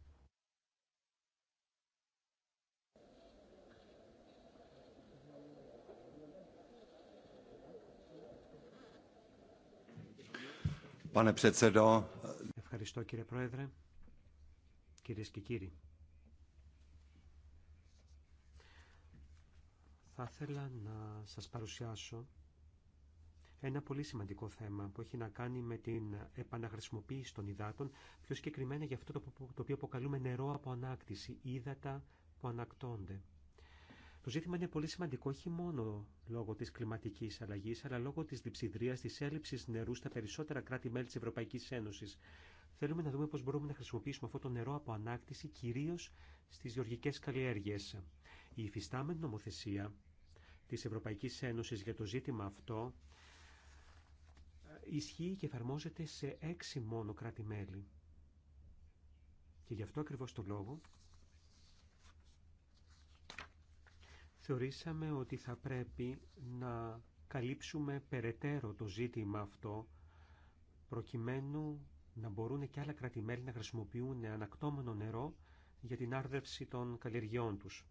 Ευχαριστώ κύριε Πρόεδρε, κύριε και κύριοι. Θα ήθελα να σας παρουσιάσω ένα πολύ σημαντικό θέμα που έχει να κάνει με την επαναχρησιμοποίηση των υδάτων, πιο συγκεκριμένα για αυτό το οποίο αποκαλούμε νερό από ανάκτηση, ύδατα που ανακτώνται. Το ζήτημα είναι πολύ σημαντικό όχι μόνο λόγω της κλιματικής αλλαγής, αλλά λόγω της διψιδρίας, της έλλειψης νερού στα περισσότερα κράτη-μέλη της Ευρωπαϊκής Ένωσης. Θέλουμε να δούμε πώς μπορούμε να χρησιμοποιήσουμε αυτό το νερό από ανάκτηση, κυρίως στις γεωργικές καλλιέργειες. Η υφιστάμενη νομοθεσία της Ευρωπαϊκής Ένωσης για το ζήτημα αυτό ισχύει και εφαρμόζεται σε έξι μόνο κράτη-μέλη. Και γι' αυτό ακριβώ το λόγο θεωρήσαμε ότι θα πρέπει να καλύψουμε περαιτέρω το ζήτημα αυτό, προκειμένου να μπορούν και άλλα κρατημέλη να χρησιμοποιούν ανακτώμενο νερό για την άρδευση των καλλιεργειών τους.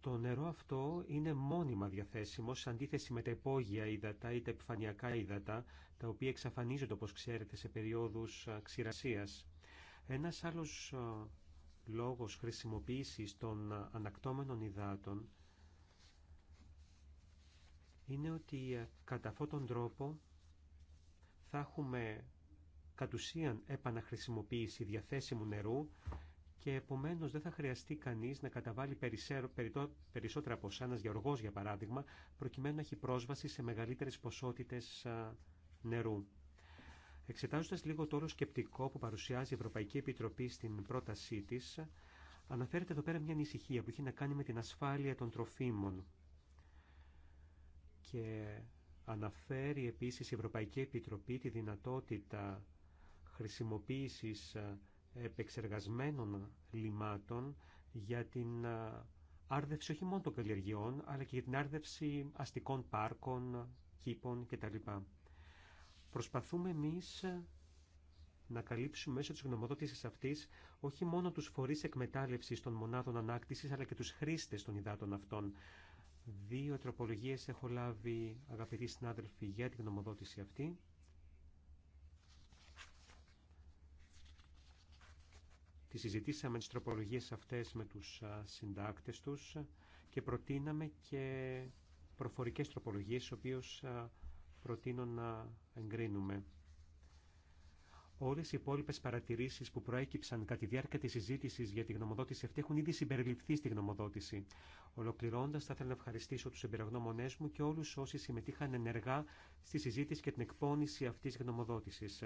Το νερό αυτό είναι μόνιμα διαθέσιμο σε αντίθεση με τα υπόγεια ύδατα ή τα επιφανειακά ύδατα, τα οποία εξαφανίζονται όπως ξέρετε σε περίοδους ξηρασίας. Ένας άλλος λόγος χρησιμοποίησης των ανακτώμενων υδάτων είναι ότι ε, κατά αυτόν τον τρόπο θα έχουμε κατ' ουσίαν επαναχρησιμοποίηση διαθέσιμου νερού και επομένως δεν θα χρειαστεί κανείς να καταβάλει περισσότερα από σένας γεωργός για παράδειγμα προκειμένου να έχει πρόσβαση σε μεγαλύτερες ποσότητες ε, νερού. Εξετάζοντας λίγο το όρο σκεπτικό που παρουσιάζει η Ευρωπαϊκή Επιτροπή στην πρότασή τη, αναφέρεται εδώ πέρα μια ανησυχία που έχει να κάνει με την ασφάλεια των τροφίμων. Και αναφέρει επίσης η Ευρωπαϊκή Επιτροπή τη δυνατότητα χρησιμοποίησης ε, επεξεργασμένων λιμάτων για την ε, άρδευση όχι μόνο των καλλιεργειών, αλλά και για την άρδευση αστικών πάρκων, κήπων κτλ. Προσπαθούμε εμείς να καλύψουμε μέσω της γνωμοδότησης αυτής όχι μόνο τους φορείς εκμετάλλευσης των μονάδων ανάκτησης, αλλά και τους χρήστες των υδάτων αυτών. Δύο τροπολογίες έχω λάβει, αγαπητοί συνάδελφοι, για την γνωμοδότηση αυτή. Τη συζητήσαμε τις τροπολογίες αυτές με τους συντάκτες τους και προτείναμε και προφορικές τροπολογίες, ο προτείνω να εγκρίνουμε. Όλες οι υπόλοιπε παρατηρήσεις που προέκυψαν κατά τη διάρκεια της συζήτησης για τη γνωμοδότηση αυτή έχουν ήδη συμπεριληφθεί στη γνωμοδότηση. Ολοκληρώντας, θα ήθελα να ευχαριστήσω τους εμπειρογνώμονές μου και όλους όσοι συμμετείχαν ενεργά στη συζήτηση και την εκπόνηση αυτής γνωμοδότησης.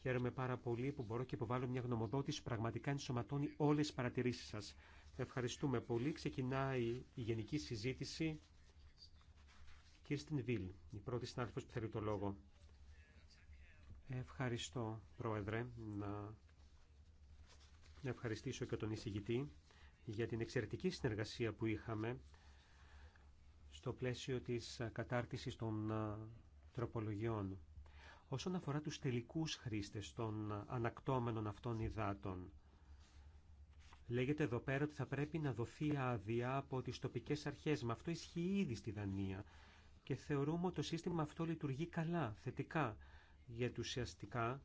Χαίρομαι πάρα πολύ που μπορώ και υποβάλλω μια γνωμοδότηση που πραγματικά ενσωματώνει όλες τις παρατηρήσεις σας. Ευχαριστούμε πολύ. Ξεκινάει η γενική συζήτηση. Κίρστιν Βίλ, η πρώτη συνάδελφος που θέλει το λόγο. Ευχαριστώ, Πρόεδρε, να ευχαριστήσω και τον εισηγητή για την εξαιρετική συνεργασία που είχαμε στο πλαίσιο της κατάρτισης των τροπολογιών. Όσον αφορά τους τελικούς χρήστες των ανακτώμενων αυτών υδάτων, λέγεται εδώ πέρα ότι θα πρέπει να δοθεί άδεια από τις τοπικές αρχές. Με αυτό ισχύει ήδη στη Δανία και θεωρούμε ότι το σύστημα αυτό λειτουργεί καλά, θετικά, γιατί ουσιαστικά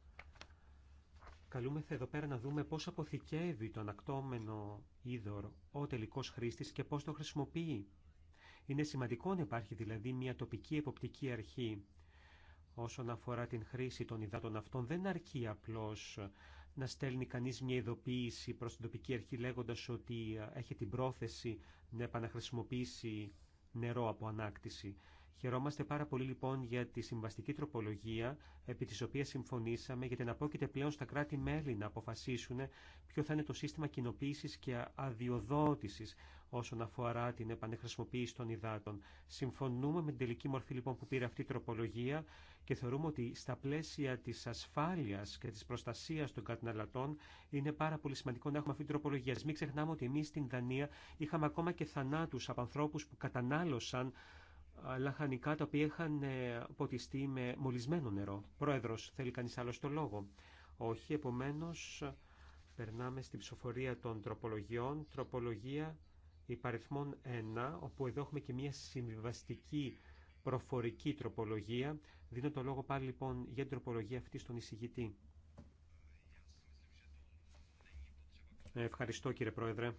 καλούμεθα εδώ πέρα να δούμε πώς αποθηκεύει το ανακτώμενο είδωρο ο τελικός χρήστης και πώς το χρησιμοποιεί. Είναι σημαντικό να υπάρχει δηλαδή μια τοπική εποπτική αρχή όσον αφορά την χρήση των υδάτων αυτών. Δεν αρκεί απλώς να στέλνει κανείς μια ειδοποίηση προς την τοπική αρχή λέγοντας ότι έχει την πρόθεση να επαναχρησιμοποιήσει νερό από ανάκτηση. Χαιρόμαστε πάρα πολύ λοιπόν για τη συμβαστική τροπολογία επί της οποίας συμφωνήσαμε για την απόκειται πλέον στα κράτη-μέλη να αποφασίσουν ποιο θα είναι το σύστημα κοινοποίηση και αδειοδότησης όσον αφορά την επανεχρησιμοποίηση των υδάτων. Συμφωνούμε με την τελική μορφή λοιπόν που πήρε αυτή η τροπολογία και θεωρούμε ότι στα πλαίσια της ασφάλειας και της προστασίας των καταναλωτών είναι πάρα πολύ σημαντικό να έχουμε αυτή την τροπολογία. Μην ξεχνάμε ότι εμείς στην Δανία είχαμε ακόμα και θανάτους από ανθρώπους που κατανάλωσαν λαχανικά τα οποία είχαν ε, ποτιστεί με μολυσμένο νερό. Πρόεδρος, θέλει κανείς άλλο το λόγο. Όχι, επομένως περνάμε στην ψηφοφορία των τροπολογιών. Τροπολογία υπαριθμών 1, όπου εδώ έχουμε και μια συμβιβαστική προφορική τροπολογία. Δίνω το λόγο πάλι λοιπόν για την τροπολογία αυτή στον εισηγητή. Ευχαριστώ κύριε Πρόεδρε.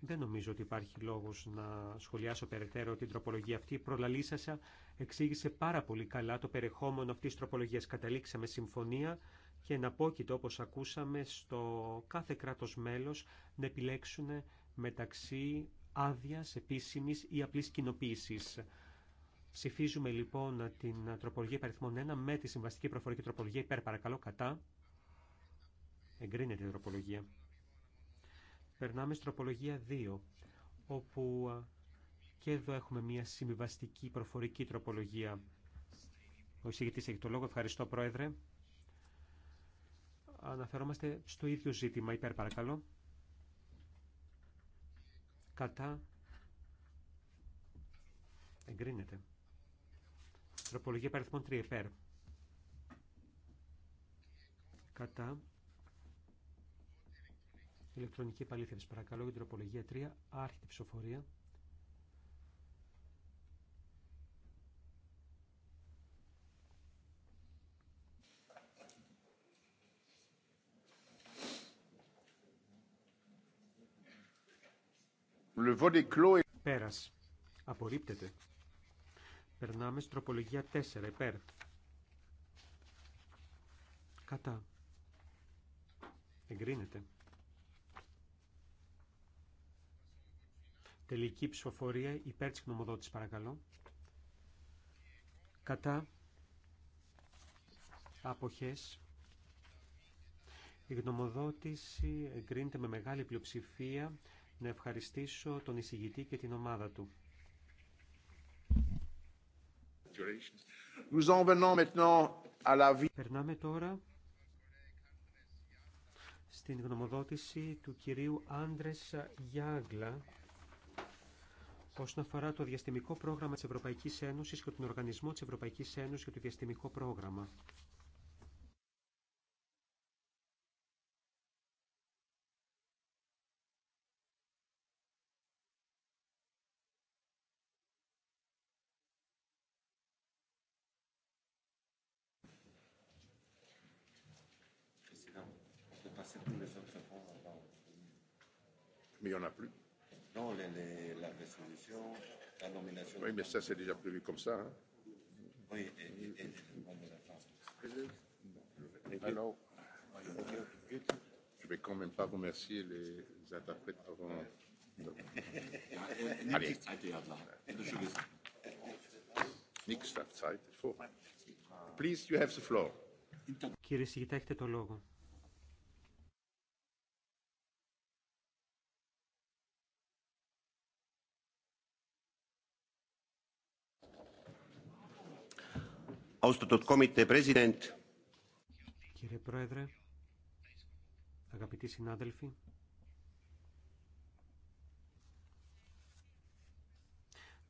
Δεν νομίζω ότι υπάρχει λόγο να σχολιάσω περαιτέρω την τροπολογία αυτή. Η προλαλήσασα εξήγησε πάρα πολύ καλά το περιεχόμενο αυτή τη τροπολογία. Καταλήξαμε συμφωνία και εναπόκειτο, όπω ακούσαμε, στο κάθε κράτο μέλο να επιλέξουν μεταξύ άδεια επίσημη ή απλή κοινοποίηση. Ψηφίζουμε λοιπόν την τροπολογία υπεριθμών 1 με τη συμβαστική προφορική τροπολογία υπέρ παρακαλώ κατά. Εγκρίνεται η τροπολογία. Περνάμε στην τροπολογία 2, όπου και εδώ έχουμε μια συμβιβαστική προφορική τροπολογία. Ο εισηγητής έχει το λόγο. Ευχαριστώ, Πρόεδρε. Αναφερόμαστε στο ίδιο ζήτημα. Υπέρ, παρακαλώ. Κατά. Εγκρίνεται. Τροπολογία παρελθόν 3 υπέρ. Κατά ηλεκτρονική επαλήθευση. Παρακαλώ για την τροπολογία 3, άρχιτη ψηφοφορία. Πέρας. Απορρίπτεται. Περνάμε στην τροπολογία 4, υπέρ. Κατά. Εγκρίνεται. Τελική ψηφοφορία υπέρ της γνωμοδότησης παρακαλώ. Κατά αποχές. Η γνωμοδότηση εγκρίνεται με μεγάλη πλειοψηφία. Να ευχαριστήσω τον εισηγητή και την ομάδα του. Περνάμε τώρα στην γνωμοδότηση του κυρίου Άντρες Γιάγκλα όσον αφορά το διαστημικό πρόγραμμα της Ευρωπαϊκής Ένωσης και τον οργανισμό της Ευρωπαϊκής Ένωσης για το διαστημικό πρόγραμμα.
Oui, mais ça, c'est
déjà prévu comme ça. Hein. Oui, et, et, Alors, je vais quand même pas remercier les interprètes avant. Allez. Nix Zeit. Please,
you have the floor. Κύριε Σιγητά, έχετε το λόγο.
austatud komitee president.
Κύριε Πρόεδρε, αγαπητοί συνάδελφοι,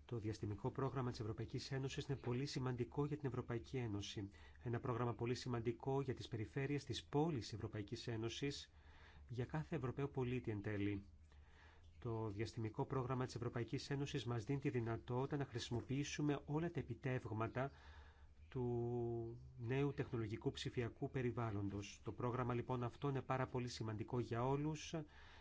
Το διαστημικό πρόγραμμα της Ευρωπαϊκής Ένωσης είναι πολύ σημαντικό για την Ευρωπαϊκή Ένωση. Ένα πρόγραμμα πολύ σημαντικό για τις περιφέρειες της πόλης Ευρωπαϊκής Ένωσης, για κάθε Ευρωπαίο πολίτη εν τέλει. Το διαστημικό πρόγραμμα της Ευρωπαϊκής Ένωσης μας δίνει τη δυνατότητα να χρησιμοποιήσουμε όλα τα επιτεύγματα του νέου τεχνολογικού ψηφιακού περιβάλλοντος. Το πρόγραμμα λοιπόν αυτό είναι πάρα πολύ σημαντικό για όλους.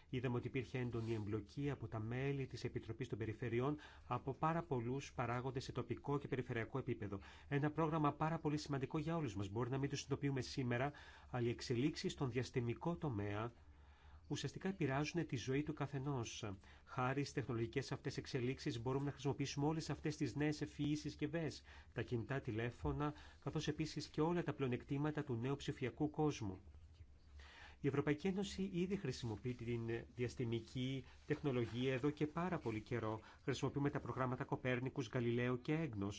Είδαμε ότι υπήρχε έντονη εμπλοκή από τα μέλη της Επιτροπής των Περιφερειών από πάρα πολλούς παράγοντες σε τοπικό και περιφερειακό επίπεδο. Ένα πρόγραμμα πάρα πολύ σημαντικό για όλους μας. Μπορεί να μην το συνειδητοποιούμε σήμερα, αλλά οι εξελίξεις στον διαστημικό τομέα ουσιαστικά επηρεάζουν τη ζωή του καθενό. Χάρη στι τεχνολογικέ αυτέ εξελίξει, μπορούμε να χρησιμοποιήσουμε όλε αυτέ τι νέε ευφυεί συσκευέ, τα κινητά τηλέφωνα, καθώ επίση και όλα τα πλεονεκτήματα του νέου ψηφιακού κόσμου. Η Ευρωπαϊκή Ένωση ήδη χρησιμοποιεί την διαστημική τεχνολογία εδώ και πάρα πολύ καιρό. Χρησιμοποιούμε τα προγράμματα Κοπέρνικου, Γαλιλαίου και Έγνο.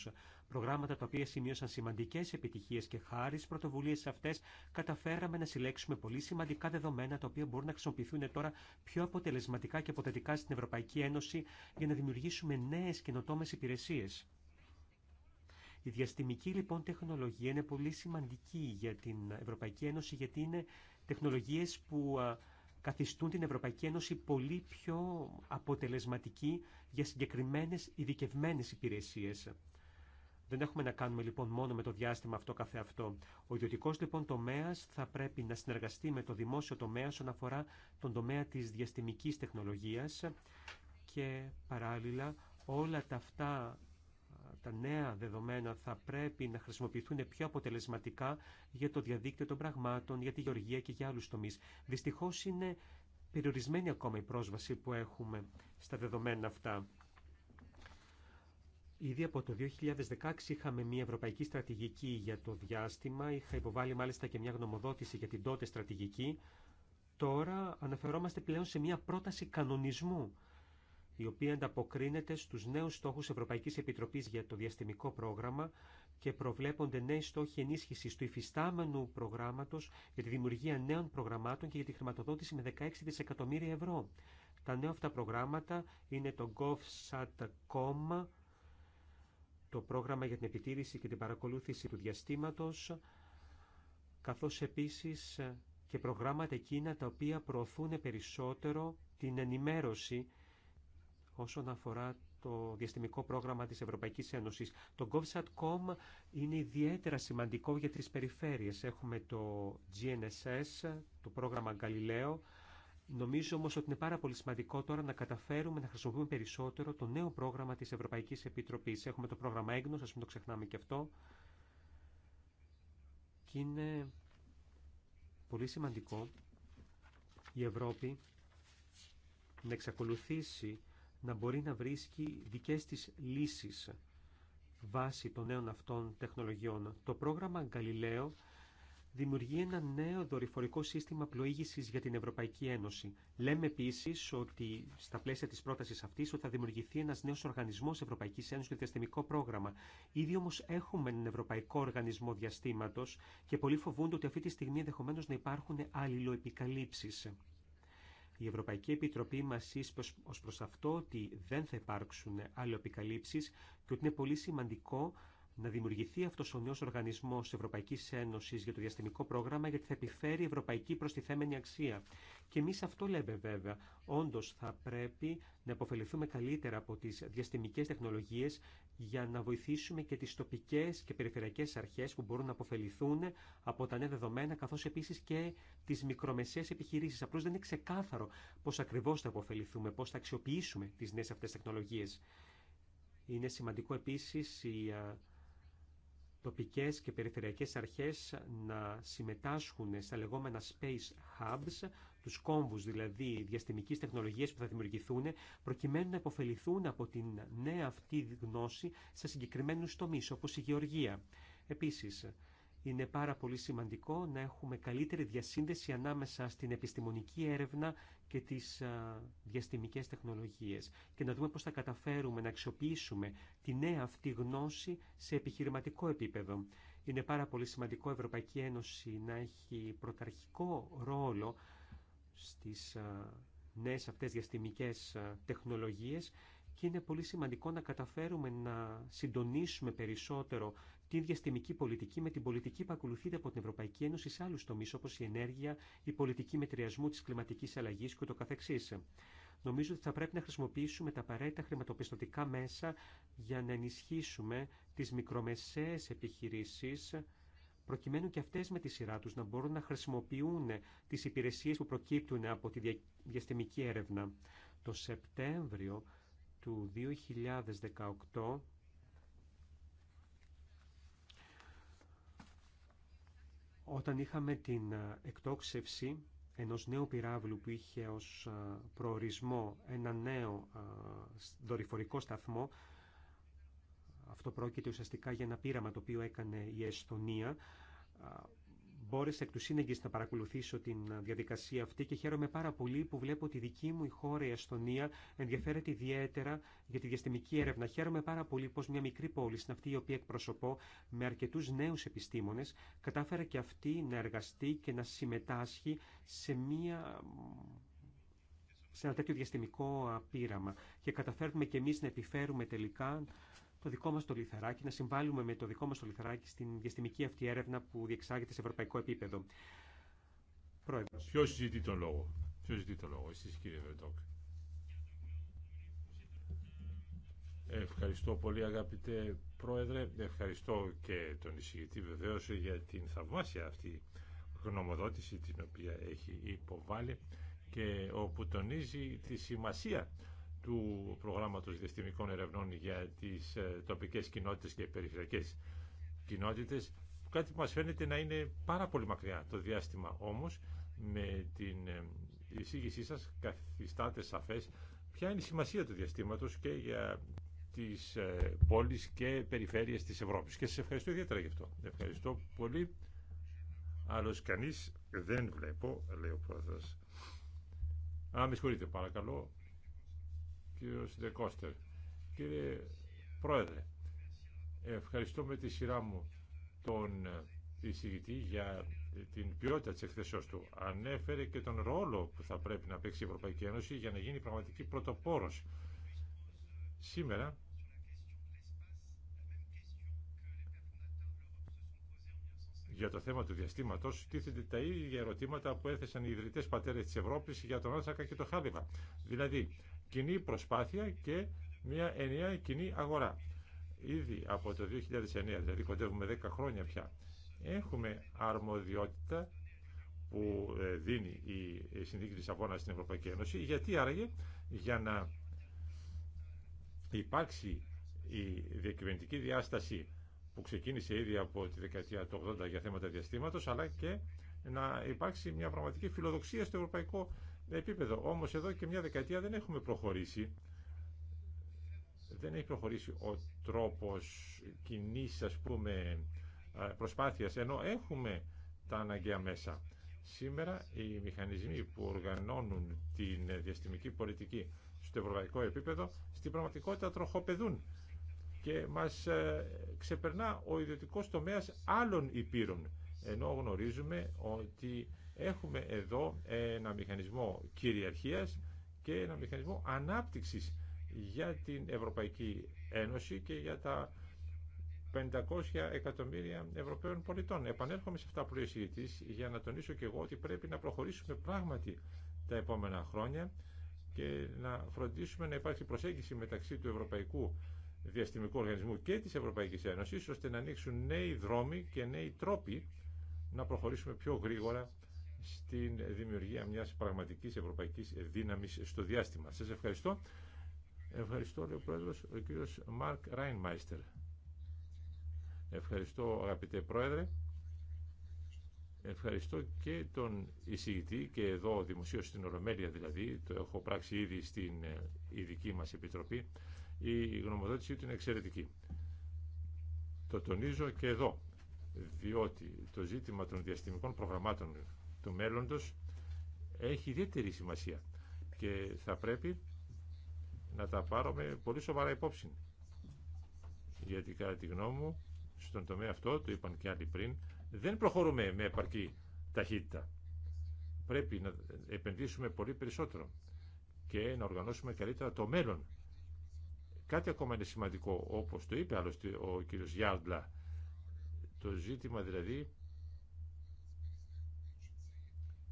Προγράμματα τα οποία σημείωσαν σημαντικέ επιτυχίε και χάρη στι πρωτοβουλίε αυτέ καταφέραμε να συλλέξουμε πολύ σημαντικά δεδομένα τα οποία μπορούν να χρησιμοποιηθούν τώρα πιο αποτελεσματικά και αποτετικά στην Ευρωπαϊκή Ένωση για να δημιουργήσουμε νέε καινοτόμε υπηρεσίε. Η διαστημική λοιπόν τεχνολογία είναι πολύ σημαντική για την Ευρωπαϊκή Ένωση γιατί είναι τεχνολογίες που ε, καθιστούν την Ευρωπαϊκή Ένωση πολύ πιο αποτελεσματική για συγκεκριμένες ειδικευμένε υπηρεσίες. Δεν έχουμε να κάνουμε λοιπόν μόνο με το διάστημα αυτό καθεαυτό. Ο ιδιωτικό λοιπόν τομέα θα πρέπει να συνεργαστεί με το δημόσιο τομέα όσον αφορά τον τομέα τη διαστημική τεχνολογία και παράλληλα όλα τα αυτά τα νέα δεδομένα θα πρέπει να χρησιμοποιηθούν πιο αποτελεσματικά για το διαδίκτυο των πραγμάτων, για τη γεωργία και για άλλους τομείς. Δυστυχώς είναι περιορισμένη ακόμα η πρόσβαση που έχουμε στα δεδομένα αυτά. Ήδη από το 2016 είχαμε μια ευρωπαϊκή στρατηγική για το διάστημα, είχα υποβάλει μάλιστα και μια γνωμοδότηση για την τότε στρατηγική. Τώρα αναφερόμαστε πλέον σε μια πρόταση κανονισμού η οποία ανταποκρίνεται στους νέους στόχους Ευρωπαϊκής Επιτροπής για το διαστημικό πρόγραμμα και προβλέπονται νέοι στόχοι ενίσχυσης του υφιστάμενου προγράμματος για τη δημιουργία νέων προγραμμάτων και για τη χρηματοδότηση με 16 δισεκατομμύρια ευρώ. Τα νέα αυτά προγράμματα είναι το GovSatCom, το πρόγραμμα για την επιτήρηση και την παρακολούθηση του διαστήματος, καθώς επίσης και προγράμματα εκείνα τα οποία προωθούν περισσότερο την ενημέρωση όσον αφορά το διαστημικό πρόγραμμα της Ευρωπαϊκής Ένωσης. Το GovSat.com είναι ιδιαίτερα σημαντικό για τις περιφέρειες. Έχουμε το GNSS, το πρόγραμμα Galileo. Νομίζω όμως ότι είναι πάρα πολύ σημαντικό τώρα να καταφέρουμε να χρησιμοποιούμε περισσότερο το νέο πρόγραμμα της Ευρωπαϊκής Επιτροπής. Έχουμε το πρόγραμμα Έγνος, ας μην το ξεχνάμε και αυτό. Και είναι πολύ σημαντικό η Ευρώπη να εξακολουθήσει να μπορεί να βρίσκει δικές της λύσεις βάσει των νέων αυτών τεχνολογιών. Το πρόγραμμα Galileo δημιουργεί ένα νέο δορυφορικό σύστημα πλοήγησης για την Ευρωπαϊκή Ένωση. Λέμε επίσης ότι στα πλαίσια της πρότασης αυτής θα δημιουργηθεί ένας νέος οργανισμός Ευρωπαϊκής Ένωσης για το διαστημικό πρόγραμμα. Ήδη όμως έχουμε έναν Ευρωπαϊκό Οργανισμό Διαστήματος και πολλοί φοβούνται ότι αυτή τη στιγμή ενδεχομένω να υπάρχουν αλληλοεπικαλύψεις. Η Ευρωπαϊκή Επιτροπή μα είπε ω προ αυτό ότι δεν θα υπάρξουν επικαλύψει και ότι είναι πολύ σημαντικό να δημιουργηθεί αυτό ο νέο οργανισμό τη Ευρωπαϊκή Ένωση για το διαστημικό πρόγραμμα, γιατί θα επιφέρει ευρωπαϊκή προστιθέμενη αξία. Και εμεί αυτό λέμε βέβαια. Όντω θα πρέπει να αποφεληθούμε καλύτερα από τι διαστημικέ τεχνολογίε για να βοηθήσουμε και τι τοπικέ και περιφερειακέ αρχέ που μπορούν να αποφεληθούν από τα νέα δεδομένα, καθώ επίση και τι μικρομεσαίε επιχειρήσει. Απλώ δεν είναι ξεκάθαρο πώ ακριβώ θα αποφεληθούμε, πώ θα αξιοποιήσουμε τι νέε αυτέ τεχνολογίε. Είναι σημαντικό επίσης η τοπικές και περιφερειακές αρχές να συμμετάσχουν στα λεγόμενα space hubs, τους κόμβους δηλαδή διαστημικής τεχνολογίας που θα δημιουργηθούν, προκειμένου να υποφεληθούν από την νέα αυτή γνώση σε συγκεκριμένους τομείς, όπως η γεωργία. Επίσης, είναι πάρα πολύ σημαντικό να έχουμε καλύτερη διασύνδεση ανάμεσα στην επιστημονική έρευνα και τις διαστημικές τεχνολογίες και να δούμε πώς θα καταφέρουμε να αξιοποιήσουμε τη νέα αυτή γνώση σε επιχειρηματικό επίπεδο. Είναι πάρα πολύ σημαντικό η Ευρωπαϊκή Ένωση να έχει πρωταρχικό ρόλο στις νέες αυτές διαστημικές τεχνολογίες και είναι πολύ σημαντικό να καταφέρουμε να συντονίσουμε περισσότερο την διαστημική πολιτική με την πολιτική που ακολουθείται από την Ευρωπαϊκή Ένωση σε άλλου τομεί όπω η ενέργεια, η πολιτική μετριασμού τη κλιματική αλλαγή κ.ο.κ. Νομίζω ότι θα πρέπει να χρησιμοποιήσουμε τα απαραίτητα χρηματοπιστωτικά μέσα για να ενισχύσουμε τι μικρομεσαίε επιχειρήσει προκειμένου και αυτές με τη σειρά τους να μπορούν να χρησιμοποιούν τις υπηρεσίες που προκύπτουν από τη διαστημική έρευνα. Το Σεπτέμβριο του 2018 Όταν είχαμε την ε, εκτόξευση ενός νέου πυράβλου που είχε ως ε, προορισμό ένα νέο ε, δορυφορικό σταθμό, αυτό πρόκειται ουσιαστικά για ένα πείραμα το οποίο έκανε η Εστονία, μπόρεσα εκ του σύνεγγυς να παρακολουθήσω την διαδικασία αυτή και χαίρομαι πάρα πολύ που βλέπω ότι η δική μου η χώρα, η Αστονία, ενδιαφέρεται ιδιαίτερα για τη διαστημική έρευνα. Χαίρομαι πάρα πολύ πως μια μικρή πόλη, στην αυτή η οποία εκπροσωπώ, με αρκετού νέους επιστήμονες, κατάφερε και αυτή να εργαστεί και να συμμετάσχει σε μια σε ένα τέτοιο διαστημικό πείραμα και καταφέρνουμε και εμείς να επιφέρουμε τελικά το δικό μας το λιθαράκι, να συμβάλλουμε με το δικό μας το λιθαράκι στην διαστημική αυτή έρευνα που διεξάγεται σε ευρωπαϊκό επίπεδο.
Πρόεδρε. Ποιος ζητεί τον λόγο. ποιο ζητεί τον λόγο. Εσείς κύριε Βερντόκ. Ευχαριστώ πολύ αγαπητέ Πρόεδρε. Ευχαριστώ και τον εισηγητή βεβαίω για την θαυμάσια αυτή γνωμοδότηση την οποία έχει υποβάλει και όπου τονίζει τη σημασία του προγράμματος διαστημικών ερευνών για τις ε, τοπικές κοινότητες και περιφερειακές κοινότητες, κάτι που μας φαίνεται να είναι πάρα πολύ μακριά το διάστημα. Όμως, με την ε, εισήγησή σας καθιστάτε σαφές ποια είναι η σημασία του διαστήματος και για τις ε, πόλεις και περιφέρειες της Ευρώπης. Και σας ευχαριστώ ιδιαίτερα γι' αυτό. Ευχαριστώ πολύ. Αλλο κανείς δεν βλέπω, λέει ο πρόεδρος. Α, με συγχωρείτε παρακαλώ κύριος Δεκόστερ. Κύριε Πρόεδρε, ευχαριστώ με τη σειρά μου τον εισηγητή για την ποιότητα της εκθέσεως του. Ανέφερε και τον ρόλο που θα πρέπει να παίξει η Ευρωπαϊκή Ένωση για να γίνει πραγματική πρωτοπόρος. Σήμερα για το θέμα του διαστήματο τίθενται τα ίδια ερωτήματα που έθεσαν οι ιδρυτέ πατέρες της Ευρώπη για τον Άνθρακα και το Χάλιβα. Δηλαδή, κοινή προσπάθεια και μια ενιαία κοινή αγορά. Ήδη από το 2009, δηλαδή κοντεύουμε 10 χρόνια πια, έχουμε αρμοδιότητα που ε, δίνει η Συνθήκη της Αβώνας στην Ευρωπαϊκή Ένωση. Γιατί άραγε για να υπάρξει η διακυβερνητική διάσταση που ξεκίνησε ήδη από τη δεκαετία του 80 για θέματα διαστήματος, αλλά και να υπάρξει μια πραγματική φιλοδοξία στο ευρωπαϊκό επίπεδο. Όμως εδώ και μια δεκαετία δεν έχουμε προχωρήσει. Δεν έχει προχωρήσει ο τρόπος κοινή ας πούμε προσπάθειας, ενώ έχουμε τα αναγκαία μέσα. Σήμερα οι μηχανισμοί που οργανώνουν την διαστημική πολιτική στο ευρωπαϊκό επίπεδο στην πραγματικότητα τροχοπεδούν και μας ε, ξεπερνά ο ιδιωτικός τομέας άλλων υπήρων ενώ γνωρίζουμε ότι Έχουμε εδώ ένα μηχανισμό κυριαρχίας και ένα μηχανισμό ανάπτυξης για την Ευρωπαϊκή Ένωση και για τα 500 εκατομμύρια Ευρωπαίων πολιτών. Επανέρχομαι σε αυτά που λέει ο για να τονίσω και εγώ ότι πρέπει να προχωρήσουμε πράγματι τα επόμενα χρόνια και να φροντίσουμε να υπάρξει προσέγγιση μεταξύ του Ευρωπαϊκού Διαστημικού Οργανισμού και της Ευρωπαϊκής Ένωσης ώστε να ανοίξουν νέοι δρόμοι και νέοι τρόποι να προχωρήσουμε πιο γρήγορα στην δημιουργία μιας πραγματικής ευρωπαϊκής δύναμης στο διάστημα. Σας ευχαριστώ. Ευχαριστώ, λέει ο Πρόεδρος, ο κύριος Μάρκ Ράινμαϊστερ. Ευχαριστώ, αγαπητέ Πρόεδρε. Ευχαριστώ και τον εισηγητή και εδώ δημοσίως στην Ολομέλεια δηλαδή, το έχω πράξει ήδη στην ειδική μας επιτροπή, η γνωμοδότησή του είναι εξαιρετική. Το τονίζω και εδώ, διότι το ζήτημα των διαστημικών προγραμμάτων του μέλλοντος έχει ιδιαίτερη σημασία και θα πρέπει να τα πάρουμε πολύ σοβαρά υπόψη. Γιατί κατά τη γνώμη μου, στον τομέα αυτό, το είπαν και άλλοι πριν, δεν προχωρούμε με επαρκή ταχύτητα. Πρέπει να επενδύσουμε πολύ περισσότερο και να οργανώσουμε καλύτερα το μέλλον. Κάτι ακόμα είναι σημαντικό, όπως το είπε άλλωστε ο κύριος Γιάντλα, το ζήτημα δηλαδή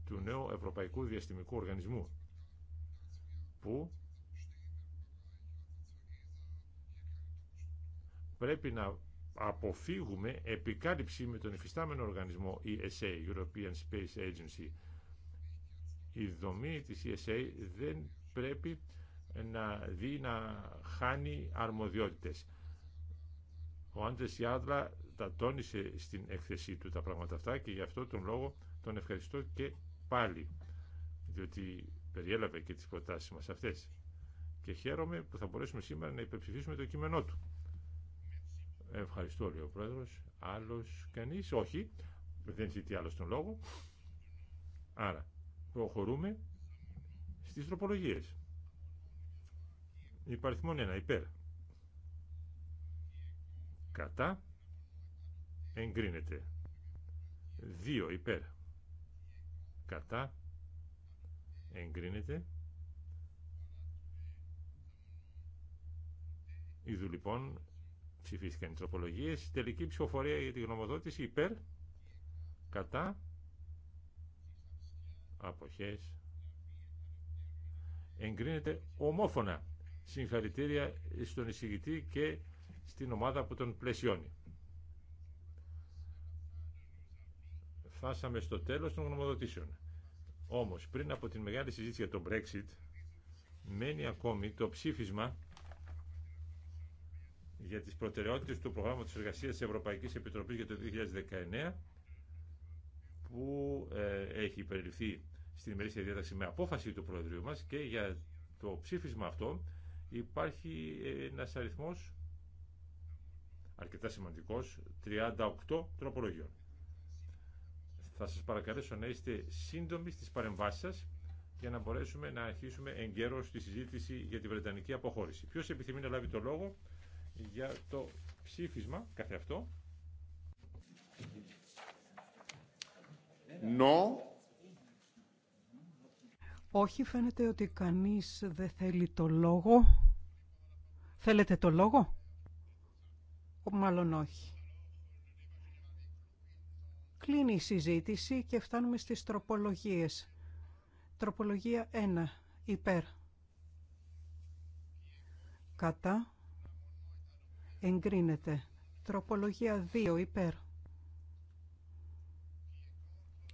του νέου Ευρωπαϊκού Διαστημικού Οργανισμού που πρέπει να αποφύγουμε επικάλυψη με τον υφιστάμενο οργανισμό ESA, European Space Agency. Η δομή της ESA δεν πρέπει να δει να χάνει αρμοδιότητες. Ο Άντρες Ιάδλα τα τόνισε στην έκθεσή του τα πράγματα αυτά και γι' αυτό τον λόγο τον ευχαριστώ και πάλι, διότι περιέλαβε και τις προτάσεις μας αυτές. Και χαίρομαι που θα μπορέσουμε σήμερα να υπερψηφίσουμε το κείμενό του. Ευχαριστώ, λέει ο Πρόεδρος. Άλλος κανείς, όχι, δεν ζητεί άλλο τον λόγο. Άρα, προχωρούμε στις τροπολογίες. μόνο ένα υπέρ. Κατά, εγκρίνεται. δύο υπέρ κατά εγκρίνεται Είδου λοιπόν ψηφίστηκαν οι τροπολογίες τελική ψηφοφορία για τη γνωμοδότηση υπέρ κατά αποχές εγκρίνεται ομόφωνα συγχαρητήρια στον εισηγητή και στην ομάδα που τον πλαισιώνει Φτάσαμε στο τέλος των γνωμοδοτήσεων. Όμως, πριν από την μεγάλη συζήτηση για το Brexit, μένει ακόμη το ψήφισμα για τις προτεραιότητες του προγράμματος εργασίας της Ευρωπαϊκής Επιτροπής για το 2019 που ε, έχει περιληφθεί στην ημερήσια διάταξη με απόφαση του Προεδρείου μας και για το ψήφισμα αυτό υπάρχει ένας αριθμός αρκετά σημαντικός 38 τροπολογιών. Θα σας παρακαλέσω να είστε σύντομοι στις παρεμβάσεις σας για να μπορέσουμε να αρχίσουμε εγκαίρως τη συζήτηση για τη Βρετανική αποχώρηση. Ποιο επιθυμεί να λάβει το λόγο για το ψήφισμα καθεαυτό. No.
Όχι, φαίνεται ότι κανείς δεν θέλει το λόγο. Θέλετε το λόγο? Μάλλον όχι κλείνει η συζήτηση και φτάνουμε στις τροπολογίες. Τροπολογία 1. Υπέρ. Κατά. Εγκρίνεται. Τροπολογία 2. Υπέρ.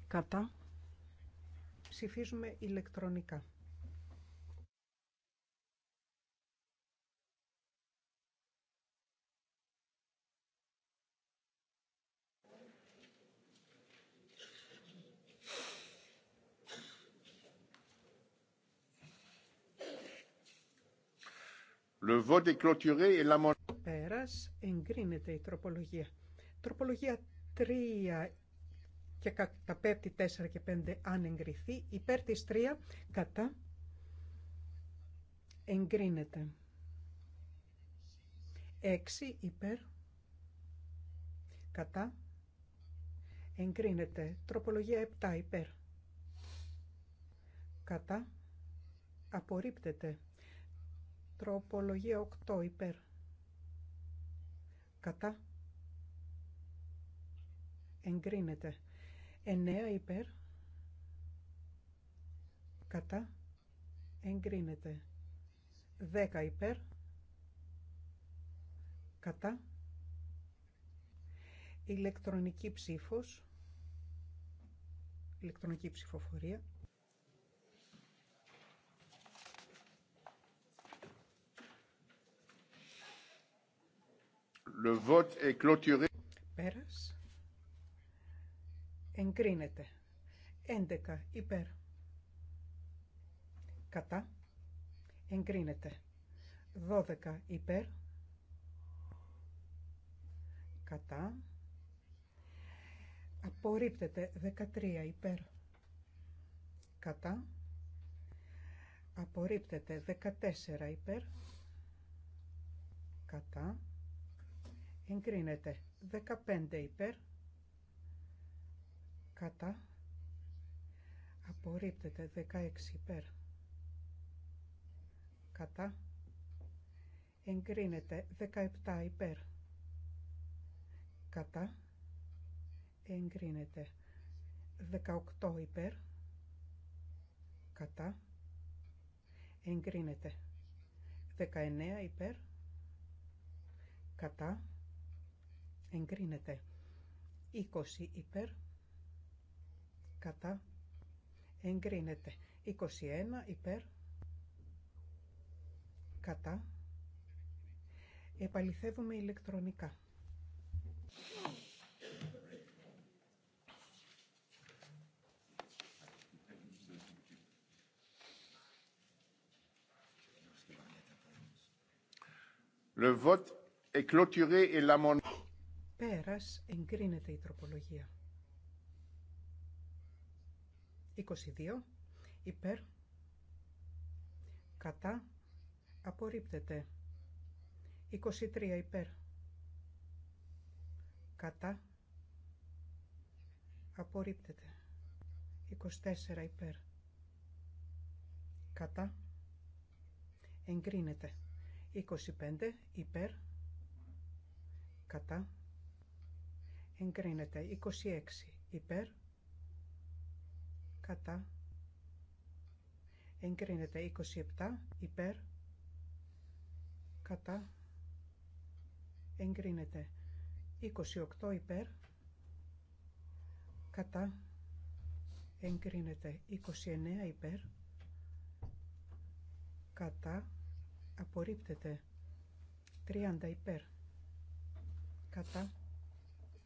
Κατά. Ψηφίζουμε ηλεκτρονικά.
Le vote est clôturé et
Πέρας, εγκρίνεται η τροπολογία. Τροπολογία 3 και καταπέπτει 4 και 5 αν εγκριθεί. Υπέρ της 3 κατά εγκρίνεται. 6 υπέρ κατά εγκρίνεται. Τροπολογία 7 υπέρ κατά απορρίπτεται. Τροπολογία 8 υπέρ. Κατά. Εγκρίνεται. 9 υπέρ. Κατά. Εγκρίνεται. 10 υπέρ. Κατά. Ηλεκτρονική ψήφος. Ηλεκτρονική ψηφοφορία.
Le vote est clôturé.
Πέρας. Εγκρίνεται. 11 υπέρ. Κατά. Εγκρίνεται. 12 υπέρ. Κατά. Απορρίπτεται. 13 υπέρ. Κατά. Απορρίπτεται. 14 υπέρ. Κατά εγκρίνεται 15 υπέρ κατά απορρίπτεται 16 υπέρ κατά εγκρίνεται 17 υπέρ κατά εγκρίνεται 18 υπέρ κατά εγκρίνεται 19 υπέρ κατά εγκρίνεται 20 υπέρ κατά εγκρίνεται 21 υπέρ κατά επαληθεύουμε ηλεκτρονικά
Le vote est clôturé et l'amendement
Πέρας εγκρίνεται η τροπολογία. 22. Υπέρ. Κατά. Απορρίπτεται. 23. Υπέρ. Κατά. Απορρίπτεται. 24. Υπέρ. Κατά. Εγκρίνεται. 25. Υπέρ. Κατά εγκρίνεται 26 υπέρ κατά εγκρίνεται 27 υπέρ κατά εγκρίνεται 28 υπέρ κατά εγκρίνεται 29 υπέρ κατά απορρίπτεται 30 υπέρ κατά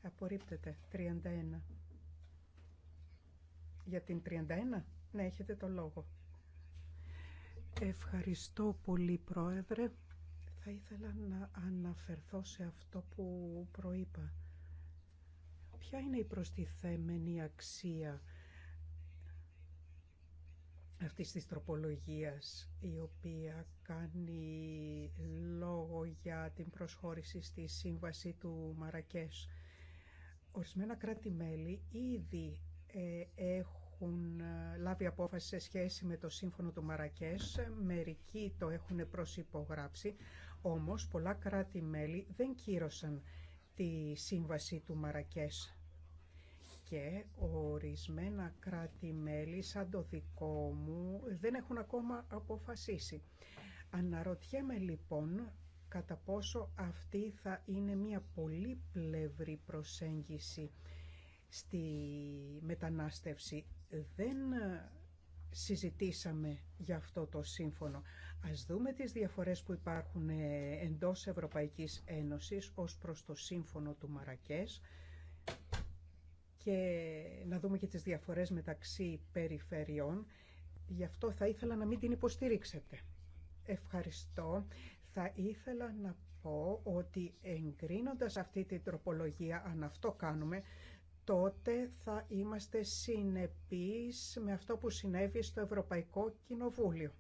Απορρίπτεται. 31. Για την 31. να έχετε το λόγο. Ευχαριστώ πολύ, Πρόεδρε. Θα ήθελα να αναφερθώ σε αυτό που προείπα. Ποια είναι η προστιθέμενη αξία αυτής της τροπολογίας η οποία κάνει λόγο για την προσχώρηση στη σύμβαση του Μαρακές Ορισμένα κράτη-μέλη ήδη ε, έχουν ε, λάβει απόφαση σε σχέση με το σύμφωνο του Μαρακές, μερικοί το έχουν προσυπογράψει, όμως πολλά κράτη-μέλη δεν κύρωσαν τη σύμβαση του Μαρακές. Και ορισμένα κράτη-μέλη σαν το δικό μου δεν έχουν ακόμα αποφασίσει. Αναρωτιέμαι λοιπόν κατά πόσο αυτή θα είναι μια πολύπλευρη προσέγγιση στη μετανάστευση. Δεν ε, συζητήσαμε για αυτό το σύμφωνο. Ας δούμε τις διαφορές που υπάρχουν ε, εντός Ευρωπαϊκής Ένωσης ως προς το σύμφωνο του Μαρακές και να δούμε και τις διαφορές μεταξύ περιφερειών. Γι' αυτό θα ήθελα να μην την υποστηρίξετε. Ευχαριστώ. Θα ήθελα να πω ότι εγκρίνοντας αυτή την τροπολογία, αν αυτό κάνουμε, τότε θα είμαστε συνεπείς με αυτό που συνέβη στο Ευρωπαϊκό Κοινοβούλιο.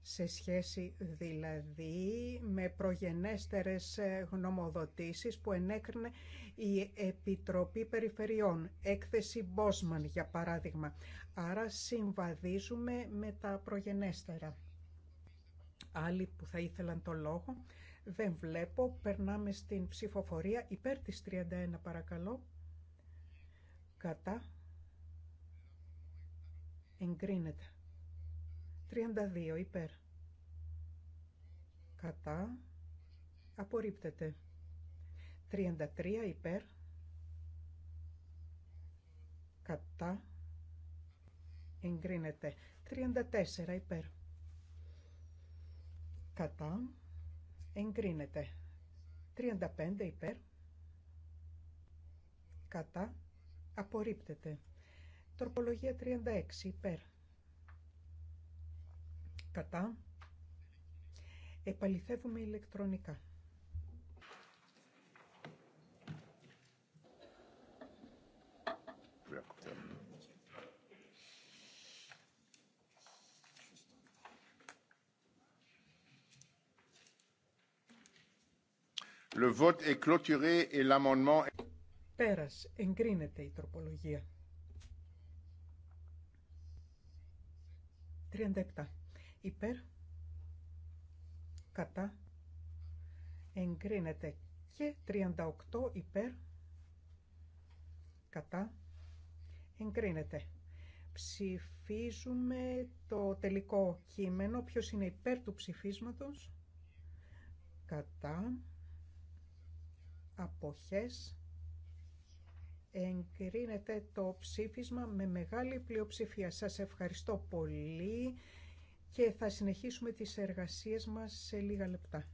Σε σχέση δηλαδή με προγενέστερες γνωμοδοτήσεις που ενέκρινε η Επιτροπή Περιφερειών, έκθεση Μπόσμαν για παράδειγμα. Άρα συμβαδίζουμε με τα προγενέστερα άλλοι που θα ήθελαν το λόγο. Δεν βλέπω. Περνάμε στην ψηφοφορία. Υπέρ της 31 παρακαλώ. Κατά. Εγκρίνεται. 32 υπέρ. Κατά. Απορρίπτεται. 33 υπέρ. Κατά. Εγκρίνεται. 34 υπέρ κατά, εγκρίνεται. 35 υπέρ, κατά, απορρίπτεται. Τροπολογία 36 υπέρ, κατά, επαληθεύουμε ηλεκτρονικά.
Le vote est clôturé et l'amendement...
Πέρας, εγκρίνεται η τροπολογία. 37. Υπέρ, κατά, εγκρίνεται και 38 υπέρ, κατά, εγκρίνεται. Ψηφίζουμε το τελικό κείμενο. Ποιος είναι υπέρ του ψηφίσματος. Κατά αποχές εγκρίνεται το ψήφισμα με μεγάλη πλειοψηφία. Σας ευχαριστώ πολύ και θα συνεχίσουμε τις εργασίες μας σε λίγα λεπτά.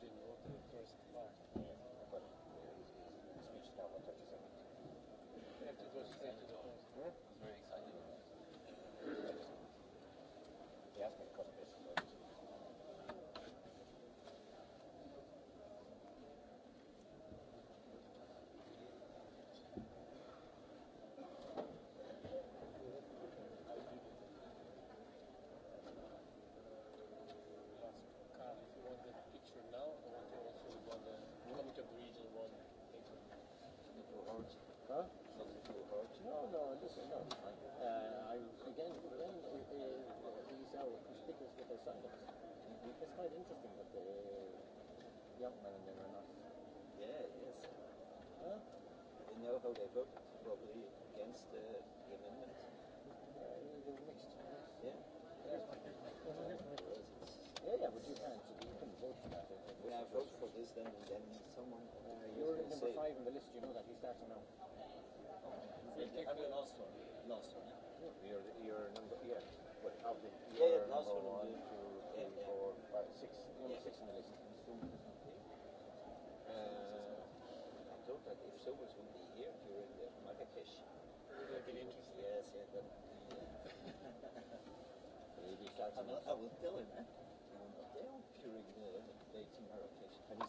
Thank you. they voted probably against the amendment. Yeah. Yeah, yeah, but you can't.
You can vote for that. When I vote for this, then then someone. Uh, you're number five on the list. You know that he starts now.
I will, tell him,
And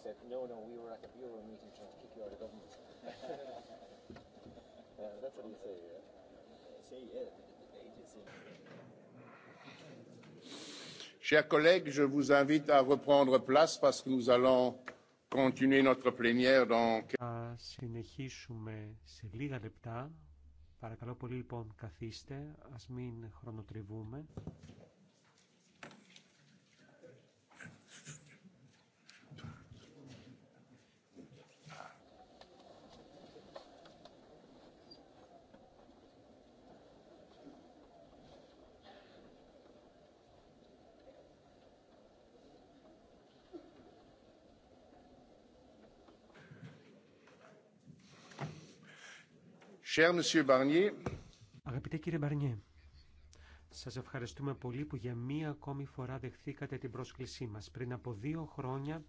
he no, no, we were at meeting trying to kick you government.
Chers collègues, je vous invite à reprendre place parce que nous allons continuer notre plénière dans...
Θα συνεχίσουμε σε λίγα Αγαπητέ κύριε Μπαρνιέ, σας ευχαριστούμε πολύ που για μία ακόμη φορά δεχθήκατε την πρόσκλησή μας. Πριν από δύο χρόνια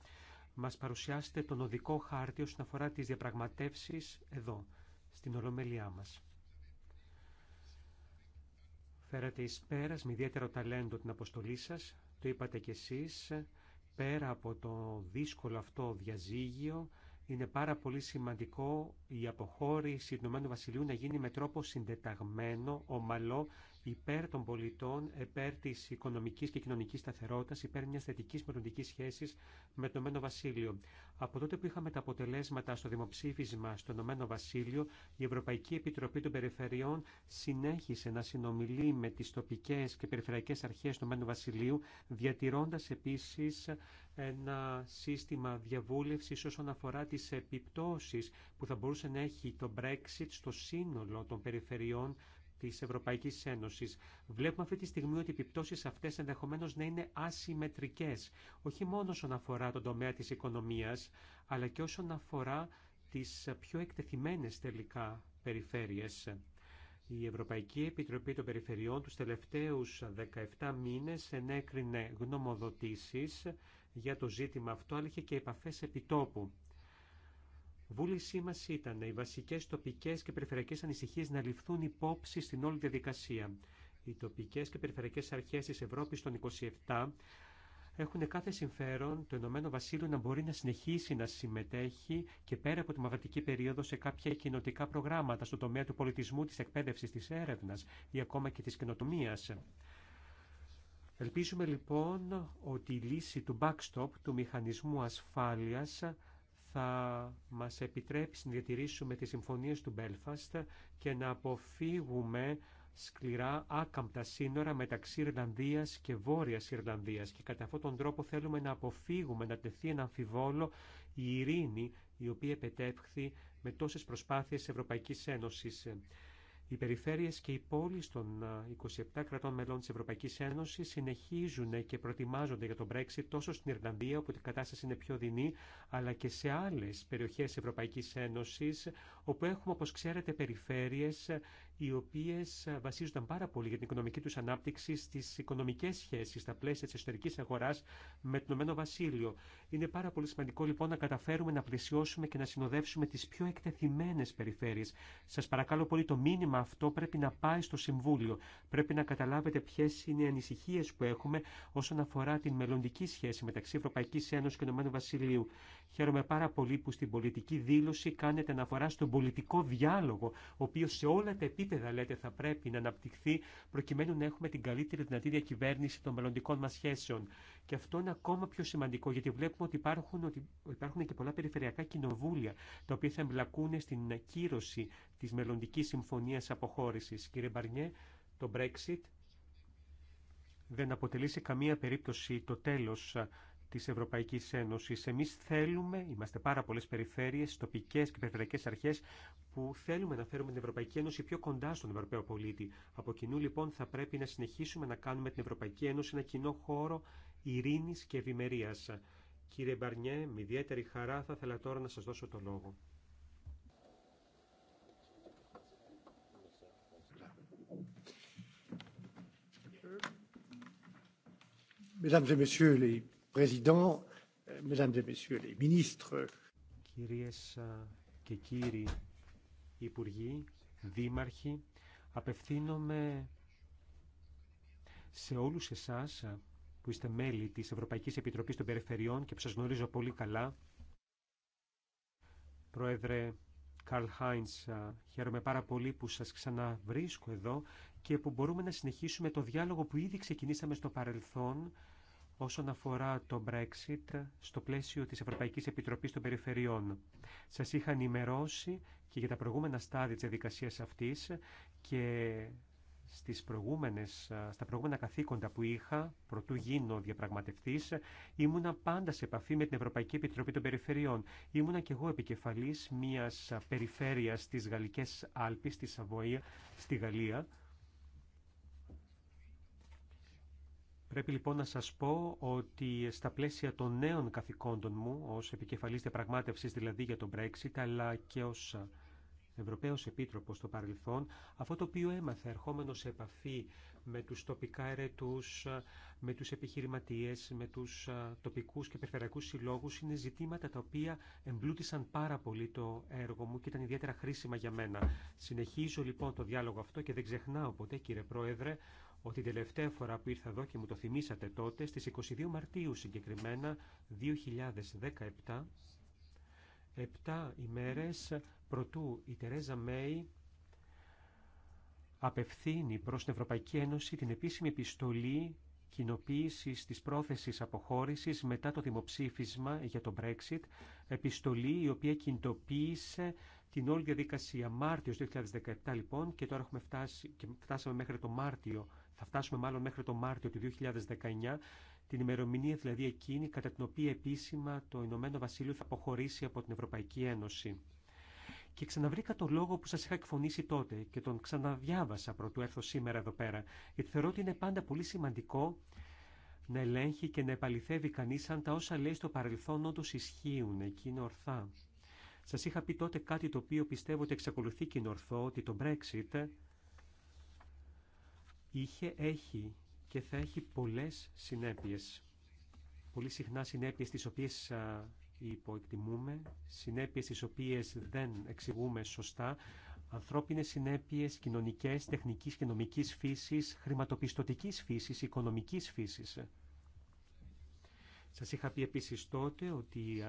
μας παρουσιάσετε τον οδικό χάρτη όσον αφορά τις διαπραγματεύσεις εδώ, στην Ολομελιά μας. Φέρατε εις πέρας με ιδιαίτερο ταλέντο την αποστολή σας, το είπατε κι εσείς, πέρα από το δύσκολο αυτό διαζύγιο, είναι πάρα πολύ σημαντικό η αποχώρηση του Ηνωμένου Βασιλείου να γίνει με τρόπο συντεταγμένο, ομαλό υπέρ των πολιτών, υπέρ τη οικονομική και κοινωνική σταθερότητα, υπέρ μια θετική μελλοντική σχέση με το Ηνωμένο Βασίλειο. Από τότε που είχαμε τα αποτελέσματα στο δημοψήφισμα στο Ηνωμένο Βασίλειο, η Ευρωπαϊκή Επιτροπή των Περιφερειών συνέχισε να συνομιλεί με τι τοπικέ και περιφερειακέ αρχέ του Ηνωμένου Βασιλείου, διατηρώντα επίση ένα σύστημα διαβούλευση όσον αφορά τι επιπτώσει που θα μπορούσε να έχει το Brexit στο σύνολο των περιφερειών τη Ευρωπαϊκή Ένωση. Βλέπουμε αυτή τη στιγμή ότι οι επιπτώσει αυτέ ενδεχομένω να είναι ασυμμετρικέ, όχι μόνο όσον αφορά τον τομέα τη οικονομία, αλλά και όσον αφορά τι πιο εκτεθειμένε τελικά περιφέρειε. Η Ευρωπαϊκή Επιτροπή των Περιφερειών τους τελευταίους 17 μήνες ενέκρινε γνωμοδοτήσεις για το ζήτημα αυτό, αλλά είχε και επαφές επιτόπου Βούλησή μα ήταν οι βασικέ τοπικέ και περιφερειακέ ανησυχίε να ληφθούν υπόψη στην όλη διαδικασία. Οι τοπικέ και περιφερειακέ αρχέ τη Ευρώπη των 27 έχουν κάθε συμφέρον το Ηνωμένο Βασίλειο να μπορεί να συνεχίσει να συμμετέχει και πέρα από τη μαυρατική περίοδο σε κάποια κοινοτικά προγράμματα στο τομέα του πολιτισμού, τη εκπαίδευση, τη έρευνα ή ακόμα και τη καινοτομία. Ελπίζουμε λοιπόν ότι η λύση του backstop, του μηχανισμού ασφάλειας, θα μας επιτρέψει να διατηρήσουμε τις συμφωνίες του Μπέλφαστ και να αποφύγουμε σκληρά άκαμπτα σύνορα μεταξύ Ιρλανδίας και Βόρειας Ιρλανδίας και κατά αυτόν τον τρόπο θέλουμε να αποφύγουμε να τεθεί ένα αμφιβόλο η ειρήνη η οποία επετεύχθη με τόσες προσπάθειες Ευρωπαϊκής Ένωσης. Οι περιφέρειες και οι πόλεις των 27 κρατών μελών της Ευρωπαϊκής Ένωσης συνεχίζουν και προετοιμάζονται για τον Brexit τόσο στην Ιρλανδία, όπου η κατάσταση είναι πιο δεινή, αλλά και σε άλλες περιοχές της Ευρωπαϊκής Ένωσης, όπου έχουμε, όπως ξέρετε, περιφέρειες ε, οι οποίες ε, βασίζονταν πάρα πολύ για την οικονομική τους ανάπτυξη στις οικονομικές σχέσεις, στα πλαίσια της εσωτερικής αγοράς με το Ηνωμένο Βασίλειο. Είναι πάρα πολύ σημαντικό, λοιπόν, να καταφέρουμε να πλησιώσουμε και να συνοδεύσουμε τις πιο εκτεθειμένες περιφέρειες. Σας παρακαλώ πολύ, το μήνυμα αυτό πρέπει να πάει στο Συμβούλιο. Πρέπει να καταλάβετε ποιε είναι οι ανησυχίε που έχουμε όσον αφορά την μελλοντική σχέση μεταξύ Ευρωπαϊκή Ένωση και Ηνωμένου Βασιλείου. Χαίρομαι πάρα πολύ που στην πολιτική δήλωση κάνετε αναφορά στον πολιτικό διάλογο, ο οποίο σε όλα τα επίπεδα, λέτε, θα πρέπει να αναπτυχθεί, προκειμένου να έχουμε την καλύτερη δυνατή διακυβέρνηση των μελλοντικών μα σχέσεων. Και αυτό είναι ακόμα πιο σημαντικό, γιατί βλέπουμε ότι υπάρχουν, ότι υπάρχουν και πολλά περιφερειακά κοινοβούλια, τα οποία θα εμπλακούν στην ακύρωση τη μελλοντική συμφωνία αποχώρηση. Κύριε Μπαρνιέ, το Brexit δεν αποτελεί σε καμία περίπτωση το τέλος της Ευρωπαϊκής Ένωσης. Εμείς θέλουμε, είμαστε πάρα πολλές περιφέρειες, τοπικές και περιφερειακές αρχές που θέλουμε να φέρουμε την Ευρωπαϊκή Ένωση πιο κοντά στον Ευρωπαίο πολίτη. Από κοινού λοιπόν θα πρέπει να συνεχίσουμε να κάνουμε την Ευρωπαϊκή Ένωση ένα κοινό χώρο ειρήνης και ευημερία. Κύριε Μπαρνιέ, με ιδιαίτερη χαρά θα ήθελα τώρα να σας δώσω το λόγο. Mesdames
et les Président,
Κυρίες ε, και κύριοι Υπουργοί, Δήμαρχοι, απευθύνομαι σε όλους εσάς ε, που είστε μέλη της Ευρωπαϊκής Επιτροπής των Περιφερειών και που σας γνωρίζω πολύ καλά. Πρόεδρε Καρλ Χάιντς, ε, χαίρομαι πάρα πολύ που σας ξαναβρίσκω εδώ και που μπορούμε να συνεχίσουμε το διάλογο που ήδη ξεκινήσαμε στο παρελθόν όσον αφορά το Brexit στο πλαίσιο της Ευρωπαϊκής Επιτροπής των Περιφερειών. Σας είχα ενημερώσει και για τα προηγούμενα στάδια της διαδικασίας αυτής και στις προηγούμενες, στα προηγούμενα καθήκοντα που είχα, προτού γίνω διαπραγματευτής, ήμουνα πάντα σε επαφή με την Ευρωπαϊκή Επιτροπή των Περιφερειών. Ήμουνα και εγώ επικεφαλής μιας περιφέρειας της Γαλλικές Άλπης, στη Σαββοία, στη Γαλλία, Πρέπει λοιπόν να σας πω ότι στα πλαίσια των νέων καθηκόντων μου, ως επικεφαλής διαπραγμάτευσης δηλαδή για τον Brexit, αλλά και ως Ευρωπαίος Επίτροπος στο παρελθόν, αυτό το οποίο έμαθα ερχόμενο σε επαφή με τους τοπικά ερετούς, με τους επιχειρηματίες, με τους τοπικούς και περιφερειακούς συλλόγους, είναι ζητήματα τα οποία εμπλούτησαν πάρα πολύ το έργο μου και ήταν ιδιαίτερα χρήσιμα για μένα. Συνεχίζω λοιπόν το διάλογο αυτό και δεν ξεχνάω ποτέ, κύριε Πρόεδρε, ότι την τελευταία φορά που ήρθα εδώ και μου το θυμήσατε τότε, στις 22 Μαρτίου συγκεκριμένα 2017, επτά ημέρες προτού η Τερέζα Μέη απευθύνει προς την Ευρωπαϊκή Ένωση την επίσημη επιστολή κοινοποίηση της πρόθεσης αποχώρησης μετά το δημοψήφισμα για το Brexit, επιστολή η οποία κινητοποίησε την όλη διαδικασία Μάρτιος 2017 λοιπόν και τώρα έχουμε φτάσει, φτάσαμε μέχρι το Μάρτιο θα φτάσουμε μάλλον μέχρι το Μάρτιο του 2019, την ημερομηνία δηλαδή εκείνη κατά την οποία επίσημα το Ηνωμένο Βασίλειο θα αποχωρήσει από την Ευρωπαϊκή Ένωση. Και ξαναβρήκα το λόγο που σας είχα εκφωνήσει τότε και τον ξαναδιάβασα πρωτού έρθω σήμερα εδώ πέρα, γιατί θεωρώ ότι είναι πάντα πολύ σημαντικό να ελέγχει και να επαληθεύει κανείς αν τα όσα λέει στο παρελθόν όντω ισχύουν και είναι ορθά. Σας είχα πει τότε κάτι το οποίο πιστεύω ότι εξακολουθεί και είναι ορθό, ότι το Brexit είχε, έχει και θα έχει πολλές συνέπειες. Πολύ συχνά συνέπειες τις οποίες υποεκτιμούμε, συνέπειες τις οποίες δεν εξηγούμε σωστά, ανθρώπινες συνέπειες κοινωνικές, τεχνικής και νομικής φύσης, χρηματοπιστωτικής φύσης, οικονομικής φύσης. Σας είχα πει επίσης τότε ότι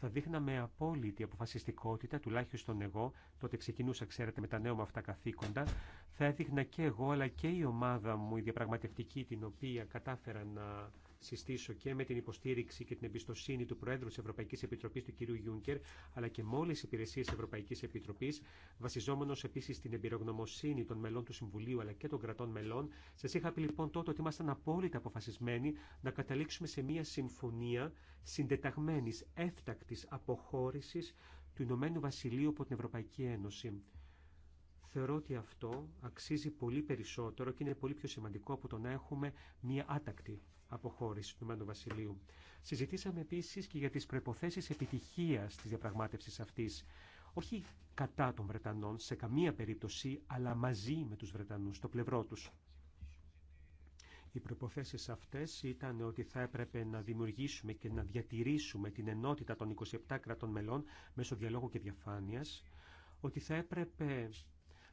θα δείχναμε απόλυτη αποφασιστικότητα, τουλάχιστον εγώ, τότε ξεκινούσα, ξέρετε, με τα νέα μου αυτά καθήκοντα, θα έδειχνα και εγώ, αλλά και η ομάδα μου, η διαπραγματευτική, την οποία κατάφερα να συστήσω και με την υποστήριξη και την εμπιστοσύνη του Προέδρου τη Ευρωπαϊκή Επιτροπή, του κ. Γιούνκερ, αλλά και με όλε τι υπηρεσίε Ευρωπαϊκή Επιτροπή, βασιζόμενο επίση στην εμπειρογνωμοσύνη των μελών του Συμβουλίου αλλά και των κρατών μελών. Σα είχα πει λοιπόν τότε ότι ήμασταν απόλυτα αποφασισμένοι να καταλήξουμε σε μια συμφωνία συντεταγμένη έφτακτη αποχώρηση του Ηνωμένου Βασιλείου από την Ευρωπαϊκή Ένωση. Θεωρώ ότι αυτό αξίζει πολύ περισσότερο και είναι πολύ πιο σημαντικό από το να έχουμε μία άτακτη αποχώρηση του Μέντου Βασιλείου. Συζητήσαμε επίσης και για τις προποθέσει επιτυχίας τη διαπραγμάτευσης αυτή, Όχι κατά των Βρετανών σε καμία περίπτωση, αλλά μαζί με τους Βρετανούς, στο πλευρό τους. Οι προποθέσει αυτές ήταν ότι θα έπρεπε να δημιουργήσουμε και να διατηρήσουμε την ενότητα των 27 κρατών μελών μέσω διαλόγου και διαφάνεια, ότι θα έπρεπε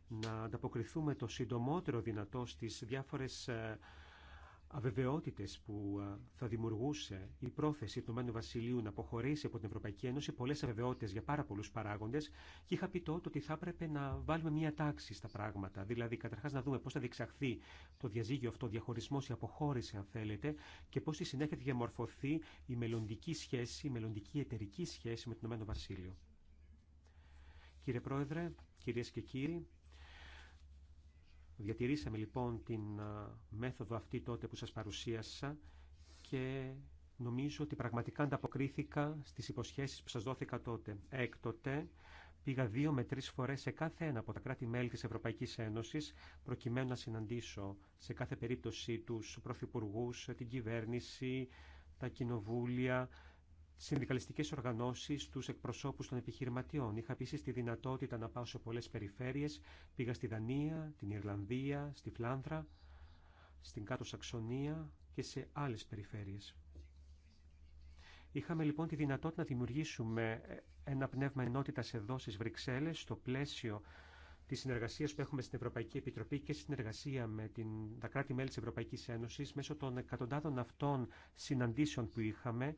να ανταποκριθούμε το συντομότερο δυνατό στις διάφορες ε, αβεβαιότητες που θα δημιουργούσε η πρόθεση του Μένου Βασιλείου να αποχωρήσει από την Ευρωπαϊκή Ένωση, πολλές αβεβαιότητες για πάρα πολλούς παράγοντες και είχα πει τότε ότι θα έπρεπε να βάλουμε μια τάξη στα πράγματα. Δηλαδή, καταρχάς να δούμε πώς θα διεξαχθεί το διαζύγιο αυτό, διαχωρισμός ή αποχώρηση, αν θέλετε, και πώς στη συνέχεια θα διαμορφωθεί η μελλοντική σχέση, η μελλοντική εταιρική σχέση με το Ηνωμένο Βασίλειο. Κύριε Πρόεδρε, κυρίες και κύριοι, Διατηρήσαμε λοιπόν την μέθοδο αυτή τότε που σας παρουσίασα και νομίζω ότι πραγματικά ανταποκρίθηκα στις υποσχέσεις που σας δόθηκα τότε. Έκτοτε πήγα δύο με τρεις φορές σε κάθε ένα από τα κράτη-μέλη της Ευρωπαϊκής Ένωσης προκειμένου να συναντήσω σε κάθε περίπτωση τους πρωθυπουργού, την κυβέρνηση, τα κοινοβούλια, Συνδικαλιστικέ οργανώσει του εκπροσώπου των επιχειρηματιών. Είχα επίση τη δυνατότητα να πάω σε πολλέ περιφέρειε. Πήγα στη Δανία, την Ιρλανδία, στη Φλάνδρα, στην Κάτω Σαξονία και σε άλλε περιφέρειε. Είχαμε λοιπόν τη δυνατότητα να δημιουργήσουμε ένα πνεύμα ενότητα εδώ στι Βρυξέλλε, στο πλαίσιο τη συνεργασία που έχουμε στην Ευρωπαϊκή Επιτροπή και συνεργασία με την, τα κράτη-μέλη τη Ευρωπαϊκή Ένωση μέσω των εκατοντάδων αυτών συναντήσεων που είχαμε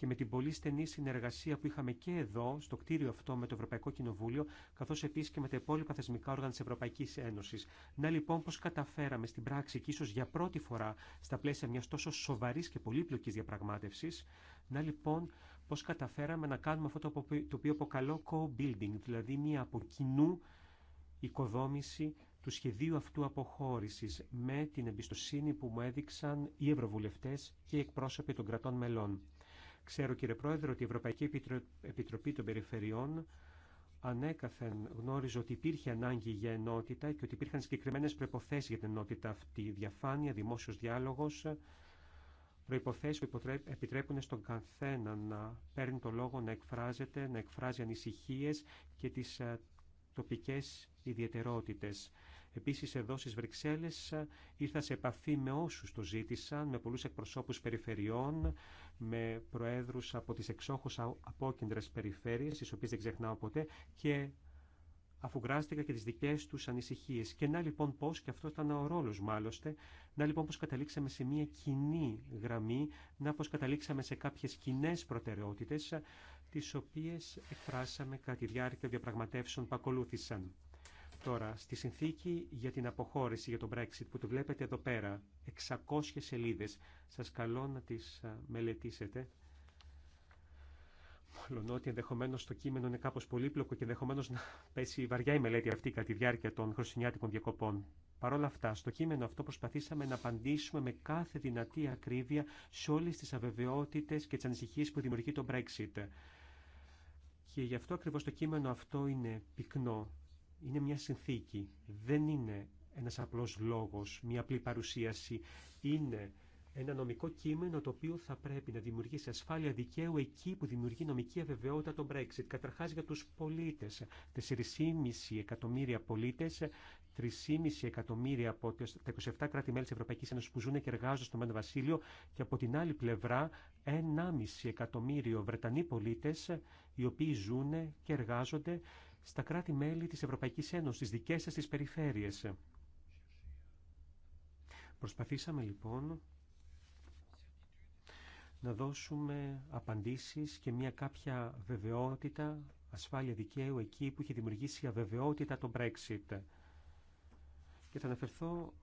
και με την πολύ στενή συνεργασία που είχαμε και εδώ, στο κτίριο αυτό με το Ευρωπαϊκό Κοινοβούλιο, καθώ επίση και με τα υπόλοιπα θεσμικά όργανα τη Ευρωπαϊκή Ένωση. Να λοιπόν πώ καταφέραμε στην πράξη και ίσω για πρώτη φορά στα πλαίσια μια τόσο σοβαρή και πολύπλοκη διαπραγμάτευση, να λοιπόν πώ καταφέραμε να κάνουμε αυτό το οποίο αποκαλώ co-building, δηλαδή μια από κοινού οικοδόμηση του σχεδίου αυτού αποχώρησης με την εμπιστοσύνη που μου έδειξαν οι ευρωβουλευτές και οι εκπρόσωποι των κρατών μελών. Ξέρω κύριε Πρόεδρε ότι η Ευρωπαϊκή Επιτροπή των Περιφερειών ανέκαθεν γνώριζε ότι υπήρχε ανάγκη για ενότητα και ότι υπήρχαν συγκεκριμένες προποθέσει για την ενότητα αυτή. Διαφάνεια, Δημόσιο διάλογο, προποθέσει που επιτρέπουν στον καθένα να παίρνει το λόγο, να εκφράζεται, να εκφράζει ανησυχίε και τι ε, τοπικέ ιδιαίτερότητε. Επίσης εδώ στις Βρυξέλλες ε, ήρθα σε επαφή με όσους το ζήτησαν, με πολλούς εκπροσώπους περιφερειών, με προέδρους από τις εξόχως απόκεντρες περιφέρειες, τις οποίες δεν ξεχνάω ποτέ, και αφουγκράστηκα και τις δικές τους ανησυχίες. Και να λοιπόν πώς, και αυτό ήταν ο ρόλος μάλωστε, να λοιπόν πώς καταλήξαμε σε μια κοινή γραμμή, να πώς καταλήξαμε σε κάποιες κοινέ προτεραιότητες, ε, τις οποίες εκφράσαμε κατά τη διάρκεια διαπραγματεύσεων που ακολούθησαν. Τώρα, στη συνθήκη για την αποχώρηση για τον Brexit που το βλέπετε εδώ πέρα, 600 σελίδες, σας καλώ να τις μελετήσετε. Μόλον ότι ενδεχομένω το κείμενο είναι κάπως πολύπλοκο και ενδεχομένω να πέσει βαριά η μελέτη αυτή κατά τη διάρκεια των χρωστινιάτικων διακοπών. Παρ' όλα αυτά, στο κείμενο αυτό προσπαθήσαμε να απαντήσουμε με κάθε δυνατή ακρίβεια σε όλες τις αβεβαιότητες και τις ανησυχίε που δημιουργεί το Brexit. Και γι' αυτό ακριβώς το κείμενο αυτό είναι πυκνό είναι μια συνθήκη, δεν είναι ένας απλός λόγος, μια απλή παρουσίαση. Είναι ένα νομικό κείμενο το οποίο θα πρέπει να δημιουργήσει ασφάλεια δικαίου εκεί που δημιουργεί νομική αβεβαιότητα το Brexit. Καταρχάς για τους πολίτες. 4,5 εκατομμύρια πολίτες 3,5 εκατομμύρια από τα 27 κράτη-μέλη τη Ευρωπαϊκή Ένωση που ζουν και εργάζονται στο Μένο Βασίλειο και από την άλλη πλευρά 1,5 εκατομμύριο Βρετανοί πολίτε οι οποίοι ζουν και εργάζονται στα κράτη-μέλη της Ευρωπαϊκής Ένωσης, στις δικές σας τις περιφέρειες. Προσπαθήσαμε λοιπόν να δώσουμε απαντήσεις και μια κάποια βεβαιότητα, ασφάλεια δικαίου εκεί που είχε δημιουργήσει η αβεβαιότητα το Brexit. Και θα αναφερθώ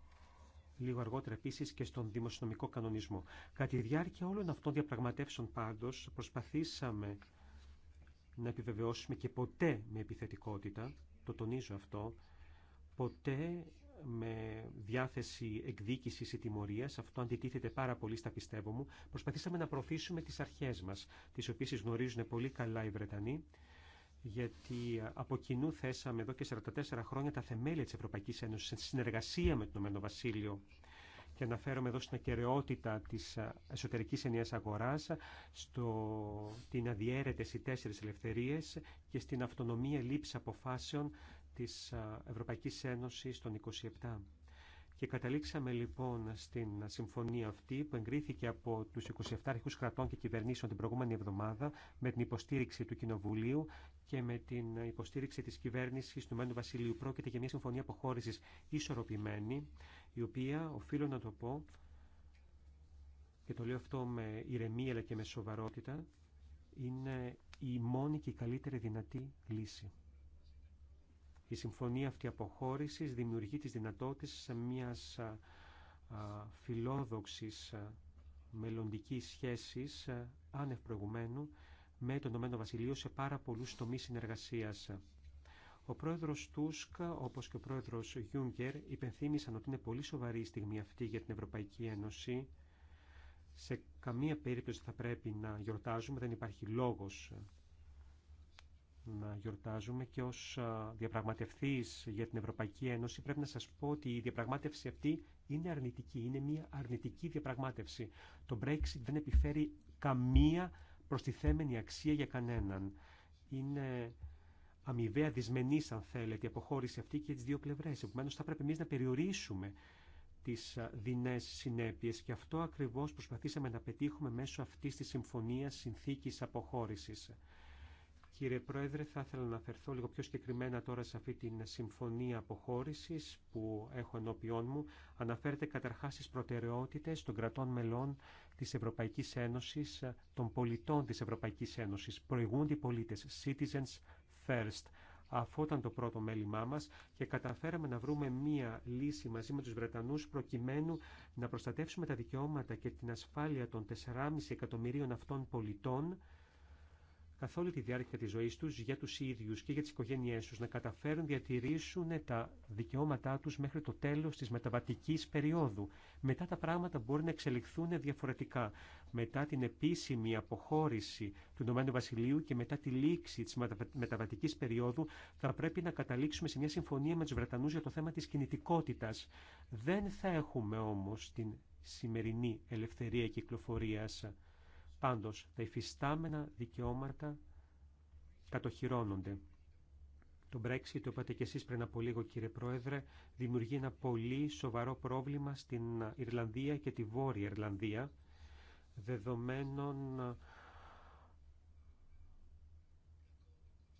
λίγο αργότερα επίση και στον δημοσιονομικό κανονισμό. Κατά τη διάρκεια όλων αυτών διαπραγματεύσεων πάντως προσπαθήσαμε να επιβεβαιώσουμε και ποτέ με επιθετικότητα, το τονίζω αυτό, ποτέ με διάθεση εκδίκηση ή τιμωρία. Αυτό αντιτίθεται πάρα πολύ στα πιστεύω μου. Προσπαθήσαμε να προωθήσουμε τι αρχέ μα, τι οποίε γνωρίζουν πολύ καλά οι Βρετανοί, γιατί ε, από κοινού θέσαμε εδώ και 44 χρόνια τα θεμέλια τη Ευρωπαϊκή Ένωση σε συνεργασία με το Ηνωμένο Βασίλειο και αναφέρομαι εδώ στην ακαιρεότητα της εσωτερικής ενιαίας αγοράς, στο, την αδιέρετες οι τέσσερις ελευθερίες και στην αυτονομία λήψη αποφάσεων της Ευρωπαϊκής Ένωσης των 27. Και καταλήξαμε λοιπόν στην συμφωνία αυτή που εγκρίθηκε από τους 27 αρχικούς κρατών και κυβερνήσεων την προηγούμενη εβδομάδα με την υποστήριξη του Κοινοβουλίου και με την υποστήριξη της κυβέρνησης του Μένου Βασιλείου. Πρόκειται για μια συμφωνία αποχώρησης ισορροπημένη η οποία, οφείλω να το πω, και το λέω αυτό με ηρεμία αλλά και με σοβαρότητα, είναι η μόνη και η καλύτερη δυνατή λύση. Η συμφωνία αυτή αποχώρησης δημιουργεί τις δυνατότητες μιας φιλόδοξης μελλοντικής σχέσης άνευ προηγουμένου με το Ηνωμένο Βασιλείο σε πάρα πολλούς τομείς συνεργασίας. Ο πρόεδρο Τούσκα, όπω και ο πρόεδρο Γιούγκερ, υπενθύμησαν ότι είναι πολύ σοβαρή η στιγμή αυτή για την Ευρωπαϊκή Ένωση. Σε καμία περίπτωση θα πρέπει να γιορτάζουμε, δεν υπάρχει λόγο να γιορτάζουμε και ως διαπραγματευτή για την Ευρωπαϊκή Ένωση πρέπει να σας πω ότι η διαπραγμάτευση αυτή είναι αρνητική, είναι μια αρνητική διαπραγμάτευση. Το Brexit δεν επιφέρει καμία προστιθέμενη αξία για κανέναν. Είναι αμοιβαία δυσμενή, αν θέλετε, η αποχώρηση αυτή και τι δύο πλευρέ. Επομένω, θα πρέπει εμεί να περιορίσουμε τι δεινέ συνέπειε και αυτό ακριβώ προσπαθήσαμε να πετύχουμε μέσω αυτή τη συμφωνία συνθήκη αποχώρηση. Κύριε Πρόεδρε, θα ήθελα να αναφερθώ λίγο πιο συγκεκριμένα τώρα σε αυτή την συμφωνία αποχώρηση που έχω ενώπιόν μου. Αναφέρεται καταρχά στι προτεραιότητε των κρατών μελών τη Ευρωπαϊκή Ένωση, των πολιτών τη Ευρωπαϊκή Ένωση. Προηγούνται οι πολίτε, citizens First. Αυτό ήταν το πρώτο μέλημά μας και καταφέραμε να βρούμε μία λύση μαζί με τους Βρετανούς προκειμένου να προστατεύσουμε τα δικαιώματα και την ασφάλεια των 4,5 εκατομμυρίων αυτών πολιτών καθ' όλη τη διάρκεια της ζωής τους για τους ίδιους και για τις οικογένειές τους να καταφέρουν να διατηρήσουν τα δικαιώματά τους μέχρι το τέλος της μεταβατικής περίοδου. Μετά τα πράγματα μπορεί να εξελιχθούν διαφορετικά. Μετά την επίσημη αποχώρηση του Ηνωμένου Βασιλείου και μετά τη λήξη της μεταβατικής περίοδου θα πρέπει να καταλήξουμε σε μια συμφωνία με τους Βρετανούς για το θέμα της κινητικότητας. Δεν θα έχουμε όμως την σημερινή ελευθερία κυκλοφορίας. Πάντως, τα υφιστάμενα δικαιώματα κατοχυρώνονται. Το Brexit, το είπατε και εσείς πριν από λίγο κύριε Πρόεδρε, δημιουργεί ένα πολύ σοβαρό πρόβλημα στην Ιρλανδία και τη Βόρεια Ιρλανδία, δεδομένων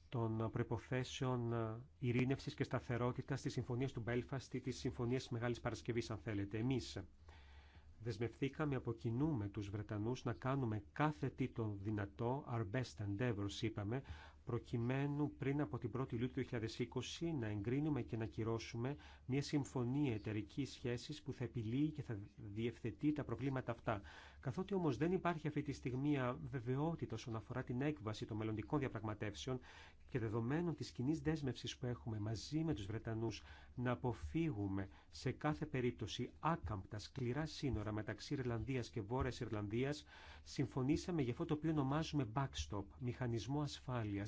των προϋποθέσεων ειρήνευσης και σταθερότητας της Συμφωνίας του Μπέλφαστη, της Συμφωνίας της Μεγάλης Παρασκευής, αν θέλετε. Εμείς Δεσμευθήκαμε από κοινού με τους Βρετανούς να κάνουμε κάθε τι το δυνατό, our best endeavors είπαμε, προκειμένου πριν από την 1η Ιουλίου του 2020 να εγκρίνουμε και να κυρώσουμε μια συμφωνία εταιρική σχέσης που θα επιλύει και θα διευθετεί τα προβλήματα αυτά. Καθότι όμω δεν υπάρχει αυτή τη στιγμή βεβαιότητα όσον αφορά την έκβαση των μελλοντικών διαπραγματεύσεων και δεδομένων τη κοινή δέσμευση που έχουμε μαζί με του Βρετανού να αποφύγουμε σε κάθε περίπτωση άκαμπτα σκληρά σύνορα μεταξύ Ιρλανδία και Βόρεια Ιρλανδία, συμφωνήσαμε για αυτό το οποίο ονομάζουμε backstop, μηχανισμό ασφάλεια.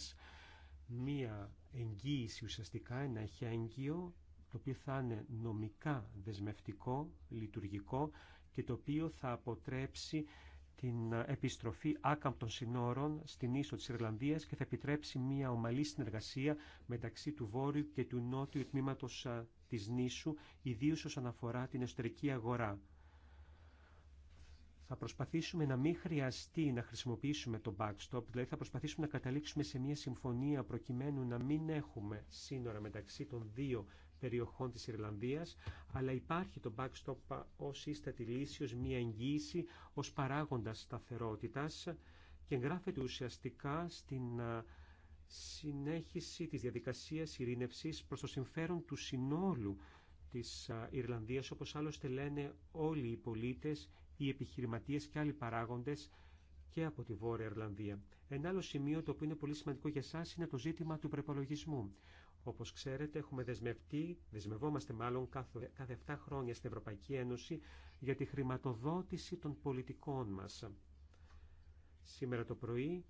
Μία εγγύηση ουσιαστικά, ένα εχέγγυο το οποίο θα είναι νομικά δεσμευτικό, λειτουργικό και το οποίο θα αποτρέψει την επιστροφή άκαμπτων συνόρων στην ίσο της Ιρλανδίας και θα επιτρέψει μια ομαλή συνεργασία μεταξύ του βόρειου και του νότιου τμήματος της νήσου, ιδίως όσον αφορά την εσωτερική αγορά. Θα προσπαθήσουμε να μην χρειαστεί να χρησιμοποιήσουμε το backstop, δηλαδή θα προσπαθήσουμε να καταλήξουμε σε μια συμφωνία προκειμένου να μην έχουμε σύνορα μεταξύ των δύο περιοχών της Ιρλανδίας, αλλά υπάρχει το backstop ως ίστατη λύση, ως μια εγγύηση, ως παράγοντας σταθερότητας και εγγράφεται ουσιαστικά στην συνέχιση της διαδικασίας ειρήνευσης προς το συμφέρον του συνόλου της Ιρλανδίας, όπως άλλωστε λένε όλοι οι πολίτες, οι επιχειρηματίες και άλλοι παράγοντες και από τη Βόρεια Ιρλανδία. Ένα άλλο σημείο το οποίο είναι πολύ σημαντικό για εσά είναι το ζήτημα του προπολογισμού. Όπως ξέρετε, έχουμε δεσμευτεί, δεσμευόμαστε μάλλον κάθε, 7 χρόνια στην Ευρωπαϊκή Ένωση για τη χρηματοδότηση των πολιτικών μας. Σήμερα το πρωί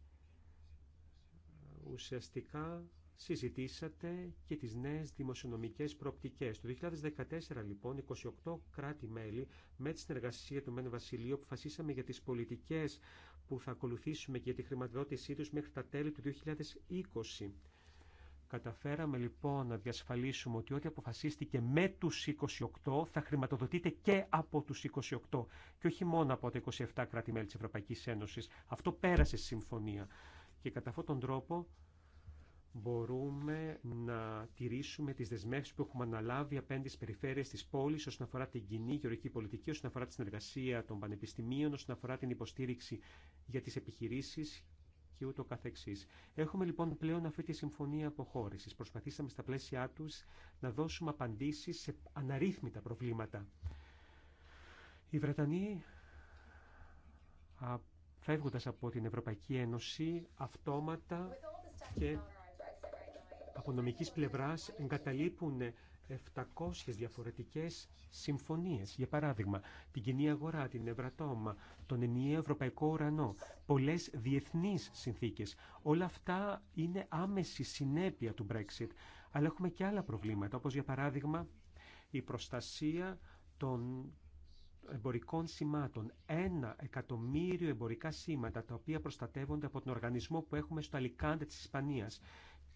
ουσιαστικά συζητήσατε και τις νέες δημοσιονομικές προοπτικές. Το 2014 λοιπόν 28 κράτη-μέλη με τη συνεργασία του Μένου Βασιλείου αποφασίσαμε για τις πολιτικές που θα ακολουθήσουμε και για τη χρηματοδότησή τους μέχρι τα τέλη του 2020. Καταφέραμε λοιπόν να διασφαλίσουμε ότι ό,τι αποφασίστηκε με τους 28 θα χρηματοδοτείται και από τους 28 και όχι μόνο από τα 27 κράτη-μέλη της Ευρωπαϊκής Ένωσης. Αυτό πέρασε στη συμφωνία και κατά αυτόν τον τρόπο μπορούμε να τηρήσουμε τις δεσμεύσεις που έχουμε αναλάβει απέναντι στις περιφέρειες της πόλης όσον αφορά την κοινή γεωργική πολιτική, όσον αφορά τη συνεργασία των πανεπιστημίων, όσον αφορά την υποστήριξη για τις επιχειρήσεις και ούτω καθεξής. Έχουμε λοιπόν πλέον αυτή τη συμφωνία αποχώρησης. Προσπαθήσαμε στα πλαίσια τους να δώσουμε απαντήσεις σε αναρρύθμιτα προβλήματα. Οι Βρετανοί φεύγοντας από την Ευρωπαϊκή Ένωση αυτόματα και από νομικής πλευράς εγκαταλείπουν 700 διαφορετικές συμφωνίες. Για παράδειγμα, την κοινή αγορά, την Ευρατόμα, τον ενιαίο ευρωπαϊκό ουρανό, πολλές διεθνείς συνθήκες. Όλα αυτά είναι άμεση συνέπεια του Brexit. Αλλά έχουμε και άλλα προβλήματα, όπως για παράδειγμα η προστασία των εμπορικών σημάτων. Ένα εκατομμύριο εμπορικά σήματα τα οποία προστατεύονται από τον οργανισμό που έχουμε στο Αλικάντε της Ισπανίας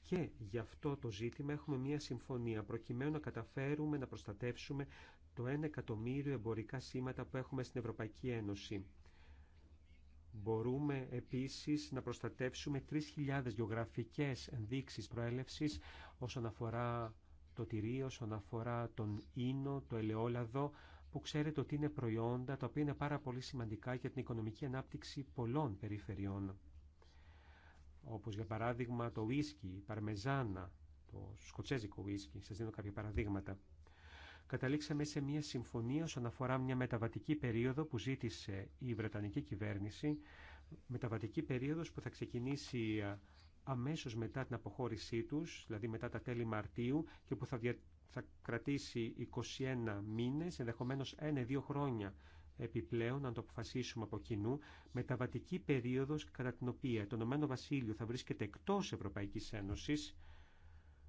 και γι' αυτό το ζήτημα έχουμε μια συμφωνία προκειμένου να καταφέρουμε να προστατεύσουμε το 1 εκατομμύριο εμπορικά σήματα που έχουμε στην Ευρωπαϊκή Ένωση. Μπορούμε επίσης να προστατεύσουμε 3.000 γεωγραφικές ενδείξεις προέλευσης όσον αφορά το τυρί, όσον αφορά τον ίνο, το ελαιόλαδο, που ξέρετε ότι είναι προϊόντα τα οποία είναι πάρα πολύ σημαντικά για την οικονομική ανάπτυξη πολλών περιφερειών όπως για παράδειγμα το ουίσκι, η παρμεζάνα, το σκοτσέζικο ουίσκι, σας δίνω κάποια παραδείγματα. Καταλήξαμε σε μια συμφωνία όσον αφορά μια μεταβατική περίοδο που ζήτησε η Βρετανική κυβέρνηση, μεταβατική περίοδος που θα ξεκινήσει αμέσως μετά την αποχώρησή τους, δηλαδή μετά τα τέλη Μαρτίου και που θα, θα κρατήσει 21 μήνες, ενδεχομένως 1-2 χρόνια Επιπλέον, αν το αποφασίσουμε από κοινού, μεταβατική περίοδος κατά την οποία το Ηνωμένο Βασίλειο θα βρίσκεται εκτός Ευρωπαϊκής Ένωσης,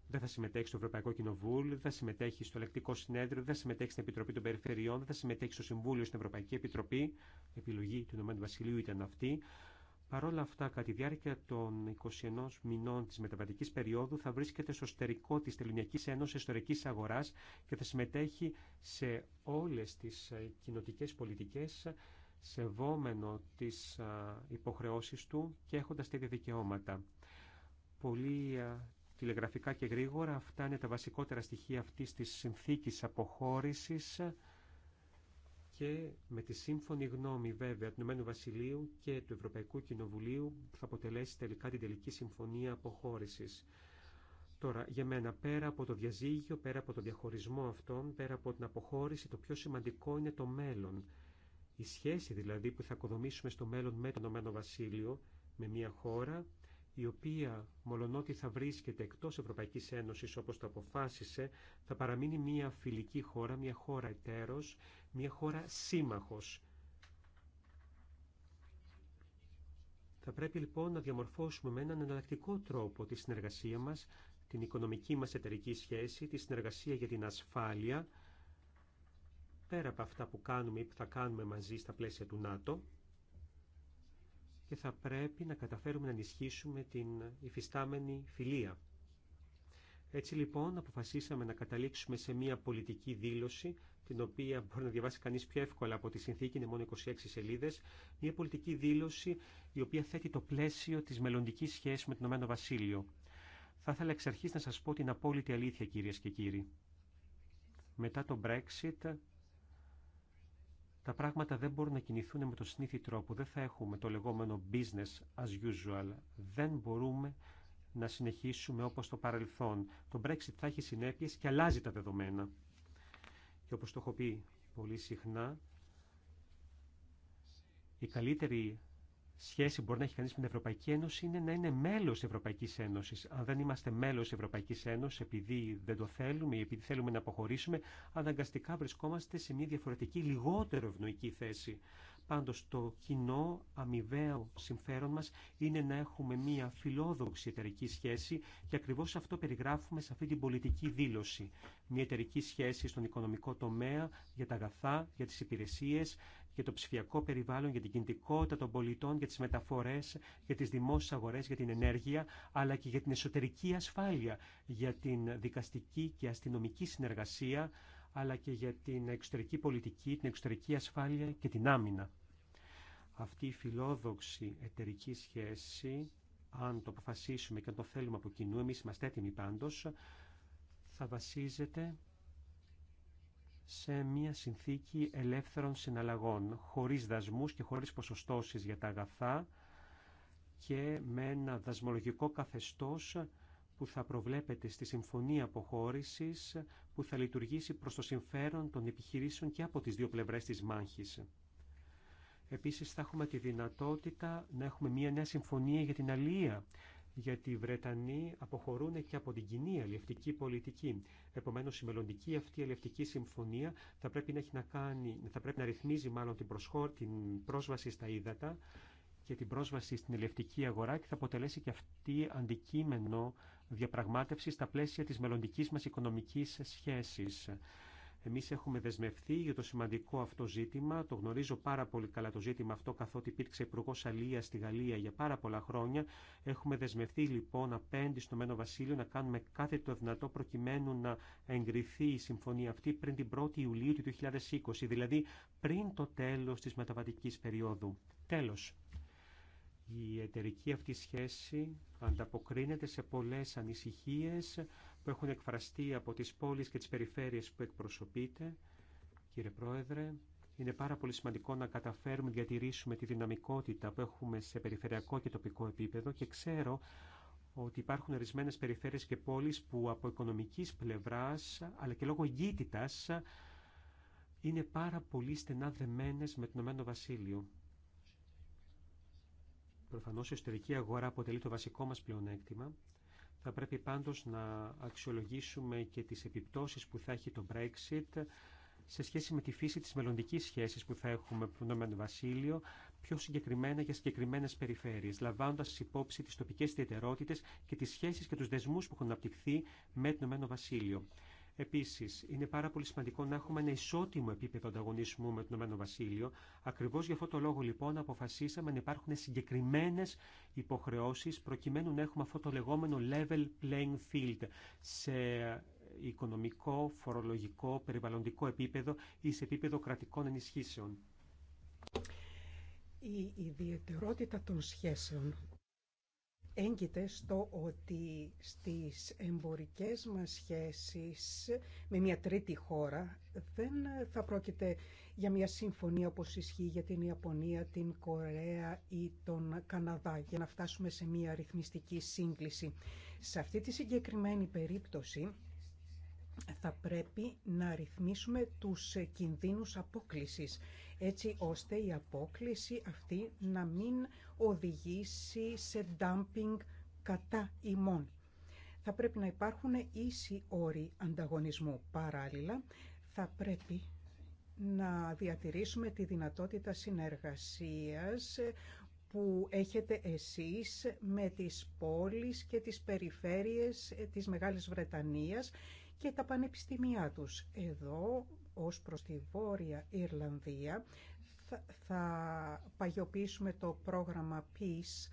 δεν θα συμμετέχει στο Ευρωπαϊκό Κοινοβούλιο, δεν θα συμμετέχει στο Ελεκτικό Συνέδριο, δεν θα συμμετέχει στην Επιτροπή των Περιφερειών, δεν θα συμμετέχει στο Συμβούλιο, στην Ευρωπαϊκή Επιτροπή. επιλογή του Ηνωμένου ήταν αυτή. Παρ' όλα αυτά, κατά τη διάρκεια των 21 μηνών τη μεταβατική περίοδου θα βρίσκεται στο στερικό τη Τελωνιακή Ένωση Ιστορική Αγορά και θα συμμετέχει σε όλε τι ε, κοινοτικέ πολιτικέ σεβόμενο τις ε, υποχρεώσεις του και έχοντας τέτοια δικαιώματα. Πολύ ε, τηλεγραφικά και γρήγορα αυτά είναι τα βασικότερα στοιχεία αυτής της συνθήκης αποχώρησης και με τη σύμφωνη γνώμη βέβαια του Ηνωμένου Βασιλείου και του Ευρωπαϊκού Κοινοβουλίου θα αποτελέσει τελικά την τελική συμφωνία αποχώρησης. Τώρα, για μένα, πέρα από το διαζύγιο, πέρα από τον διαχωρισμό αυτών, πέρα από την αποχώρηση, το πιο σημαντικό είναι το μέλλον. Η σχέση δηλαδή που θα οικοδομήσουμε στο μέλλον με το Ηνωμένο Βασίλειο, με μια χώρα η οποία μολονότι θα βρίσκεται εκτός Ευρωπαϊκής Ένωσης όπως το αποφάσισε, θα παραμείνει μια φιλική χώρα, μια χώρα εταίρος, μια χώρα σύμμαχος. Θα πρέπει λοιπόν να διαμορφώσουμε με έναν εναλλακτικό τρόπο τη συνεργασία μας, την οικονομική μας εταιρική σχέση, τη συνεργασία για την ασφάλεια, πέρα από αυτά που κάνουμε ή που θα κάνουμε μαζί στα πλαίσια του ΝΑΤΟ, και θα πρέπει να καταφέρουμε να ενισχύσουμε την υφιστάμενη φιλία. Έτσι λοιπόν αποφασίσαμε να καταλήξουμε σε μια πολιτική δήλωση, την οποία μπορεί να διαβάσει κανείς πιο εύκολα από τη συνθήκη, είναι μόνο 26 σελίδες, μια πολιτική δήλωση η οποία θέτει το πλαίσιο της μελλοντικής σχέσης με τον Ομένο Βασίλειο. Θα ήθελα εξ αρχής να σας πω την απόλυτη αλήθεια κυρίες και κύριοι. Μετά το Brexit τα πράγματα δεν μπορούν να κινηθούν με το συνήθι τρόπο. Δεν θα έχουμε το λεγόμενο business as usual. Δεν μπορούμε να συνεχίσουμε όπως το παρελθόν. Το Brexit θα έχει συνέπειες και αλλάζει τα δεδομένα. Και όπως το έχω πει πολύ συχνά, η καλύτερη σχέση που μπορεί να έχει κανεί με την Ευρωπαϊκή Ένωση είναι να είναι μέλο της Ευρωπαϊκή Ένωση. Αν δεν είμαστε μέλο της Ευρωπαϊκή Ένωση επειδή δεν το θέλουμε ή επειδή θέλουμε να αποχωρήσουμε, αναγκαστικά βρισκόμαστε σε μια διαφορετική, λιγότερο ευνοϊκή θέση. Πάντω, το κοινό αμοιβαίο συμφέρον μα είναι να έχουμε μια φιλόδοξη εταιρική σχέση και ακριβώ αυτό περιγράφουμε σε αυτή την πολιτική δήλωση. Μια εταιρική σχέση στον οικονομικό τομέα, για τα αγαθά, για τι υπηρεσίε, για το ψηφιακό περιβάλλον, για την κινητικότητα των πολιτών, για τις μεταφορές, για τις δημόσιες αγορές, για την ενέργεια, αλλά και για την εσωτερική ασφάλεια, για την δικαστική και αστυνομική συνεργασία, αλλά και για την εξωτερική πολιτική, την εξωτερική ασφάλεια και την άμυνα. Αυτή η φιλόδοξη εταιρική σχέση, αν το αποφασίσουμε και αν το θέλουμε από κοινού, εμείς είμαστε έτοιμοι πάντως, θα βασίζεται σε μια συνθήκη ελεύθερων συναλλαγών, χωρίς δασμούς και χωρίς ποσοστώσεις για τα αγαθά και με ένα δασμολογικό καθεστώς που θα προβλέπεται στη Συμφωνία Αποχώρησης που θα λειτουργήσει προς το συμφέρον των επιχειρήσεων και από τις δύο πλευρές της μάχης. Επίσης θα έχουμε τη δυνατότητα να έχουμε μια νέα συμφωνία για την αλία γιατί οι Βρετανοί αποχωρούν και από την κοινή αλληλευτική πολιτική. Επομένω, η μελλοντική αυτή αλληλευτική συμφωνία θα πρέπει να, έχει να, κάνει, θα πρέπει να ρυθμίζει μάλλον την, προσχώ, την πρόσβαση στα ύδατα και την πρόσβαση στην ελευτική αγορά και θα αποτελέσει και αυτή αντικείμενο διαπραγμάτευση στα πλαίσια της μελλοντική μας οικονομικής σχέσης. Εμείς έχουμε δεσμευτεί για το σημαντικό αυτό ζήτημα. Το γνωρίζω πάρα πολύ καλά το ζήτημα αυτό, καθότι υπήρξε υπουργό Αλία στη Γαλλία για πάρα πολλά χρόνια. Έχουμε δεσμευτεί, λοιπόν απέντη στο Μένο Βασίλειο να κάνουμε κάθε το δυνατό προκειμένου να εγκριθεί η συμφωνία αυτή πριν την 1η Ιουλίου του 2020, δηλαδή πριν το τέλος της μεταβατικής περίοδου. Τέλος. Η εταιρική αυτή σχέση ανταποκρίνεται σε πολλές ανησυχίες, που έχουν εκφραστεί από τις πόλεις και τις περιφέρειες που εκπροσωπείτε. Κύριε Πρόεδρε, είναι πάρα πολύ σημαντικό να καταφέρουμε να διατηρήσουμε τη δυναμικότητα που έχουμε σε περιφερειακό και τοπικό επίπεδο και ξέρω ότι υπάρχουν ορισμένε περιφέρειες και πόλεις που από οικονομικής πλευράς αλλά και λόγω εγκύτητας είναι πάρα πολύ στενά δεμένες με τον Ηνωμένο Βασίλειο. Προφανώς η εσωτερική αγορά αποτελεί το βασικό μας πλεονέκτημα θα πρέπει πάντως να αξιολογήσουμε και τις επιπτώσεις που θα έχει το Brexit σε σχέση με τη φύση της μελλοντική σχέσης που θα έχουμε με το Νομένο Βασίλειο, πιο συγκεκριμένα για συγκεκριμένε περιφέρειες, λαμβάνοντας υπόψη τις τοπικές ιδιαιτερότητες και τις σχέσεις και τους δεσμούς που έχουν αναπτυχθεί με το Νομένο Βασίλειο. Επίση, είναι πάρα πολύ σημαντικό να έχουμε ένα ισότιμο επίπεδο ανταγωνισμού με το Ηνωμένο Βασίλειο. Ακριβώ για αυτό το λόγο, λοιπόν, αποφασίσαμε να υπάρχουν συγκεκριμένε υποχρεώσει προκειμένου να έχουμε αυτό το λεγόμενο level playing field σε οικονομικό, φορολογικό, περιβαλλοντικό επίπεδο ή σε επίπεδο κρατικών ενισχύσεων.
Η ιδιαιτερότητα των σχέσεων έγκυται στο ότι στις εμπορικές μας σχέσεις με μια τρίτη χώρα δεν θα πρόκειται για μια συμφωνία όπως ισχύει για την Ιαπωνία, την Κορέα ή τον Καναδά για να φτάσουμε σε μια αριθμιστική σύγκληση. Σε αυτή τη συγκεκριμένη περίπτωση θα πρέπει να ρυθμίσουμε τους κινδύνους απόκλησης, έτσι ώστε η απόκληση αυτή να μην οδηγήσει σε dumping κατά ημών. Θα πρέπει να υπάρχουν ίσοι όροι ανταγωνισμού. Παράλληλα, θα πρέπει να διατηρήσουμε τη δυνατότητα συνεργασίας που έχετε εσείς με τις πόλεις και τις περιφέρειες ε, της Μεγάλης Βρετανίας και τα πανεπιστήμια τους. Εδώ, ως προς τη Βόρεια Ιρλανδία, θα παγιοποιήσουμε το πρόγραμμα Peace.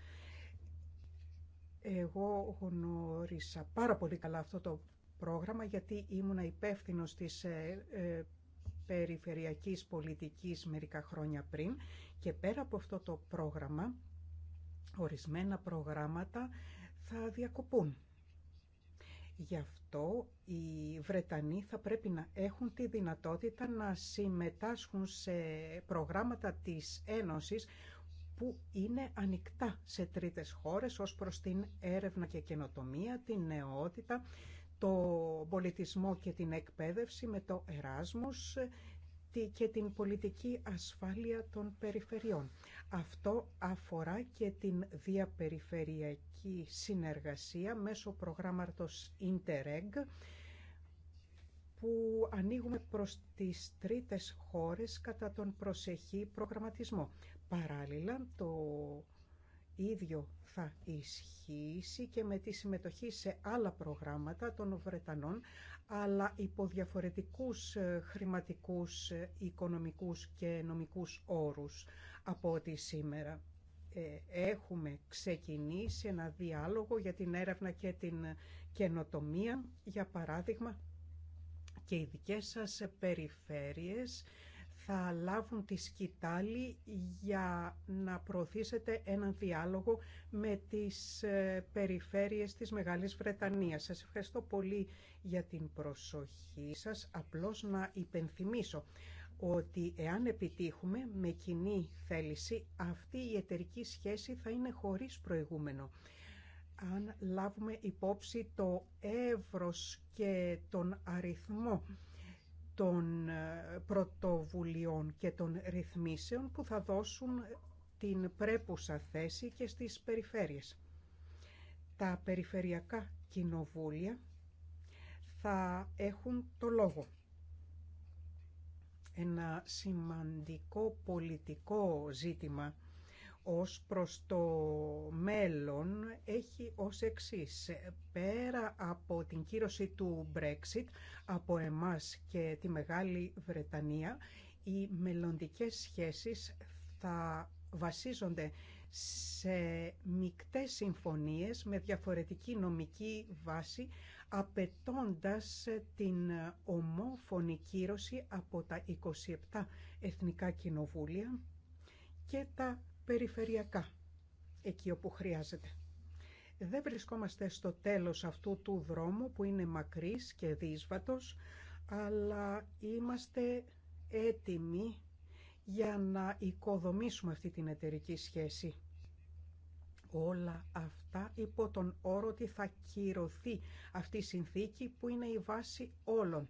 Εγώ γνώρισα πάρα πολύ καλά αυτό το πρόγραμμα γιατί ήμουνα υπεύθυνο της ε, ε, περιφερειακής πολιτικής μερικά χρόνια πριν και πέρα από αυτό το πρόγραμμα, ορισμένα προγράμματα θα διακοπούν Γι' αυτό οι Βρετανοί θα πρέπει να έχουν τη δυνατότητα να συμμετάσχουν σε προγράμματα της Ένωσης που είναι ανοιχτά σε τρίτες χώρες ως προς την έρευνα και καινοτομία, την νεότητα, το πολιτισμό και την εκπαίδευση με το Εράσμους και την πολιτική ασφάλεια των περιφερειών. Αυτό αφορά και την διαπεριφερειακή συνεργασία μέσω προγράμματος Interreg που ανοίγουμε προς τις τρίτες χώρες κατά τον προσεχή προγραμματισμό. Παράλληλα, το ίδιο θα ισχύσει και με τη συμμετοχή σε άλλα προγράμματα των Βρετανών, αλλά υπό διαφορετικούς ε, χρηματικούς, ε, οικονομικούς και νομικούς όρους από ό,τι σήμερα. Ε, έχουμε ξεκινήσει ένα διάλογο για την έρευνα και την καινοτομία, για παράδειγμα, και οι δικές σας περιφέρειες θα λάβουν τη σκητάλη για να προωθήσετε έναν διάλογο με τις ε, περιφέρειες της Μεγάλης Βρετανίας. Σας ευχαριστώ πολύ για την προσοχή σας. Απλώς να υπενθυμίσω ότι εάν επιτύχουμε με κοινή θέληση, αυτή η εταιρική σχέση θα είναι χωρίς προηγούμενο. Αν λάβουμε υπόψη το εύρος και τον αριθμό των ε, πρωτοβουλειών και των ρυθμίσεων που θα δώσουν την πρέπουσα θέση και στις περιφέρειες. Τα περιφερειακά κοινοβούλια θα έχουν το λόγο ένα σημαντικό πολιτικό ζήτημα ως προς το μέλλον έχει ως εξής. Πέρα από την κύρωση του Brexit από εμάς και τη Μεγάλη Βρετανία, οι μελλοντικές σχέσεις θα βασίζονται σε μικτές συμφωνίες με διαφορετική νομική βάση απαιτώντας ε, την ε, ομόφωνη κύρωση από τα 27 Εθνικά Κοινοβούλια και τα περιφερειακά, εκεί όπου χρειάζεται. Δεν βρισκόμαστε στο τέλος αυτού του δρόμου που είναι μακρύς και δύσβατος, αλλά είμαστε έτοιμοι για να οικοδομήσουμε αυτή την εταιρική σχέση όλα αυτά υπό τον όρο ότι θα κυρωθεί αυτή η συνθήκη που είναι η βάση όλων.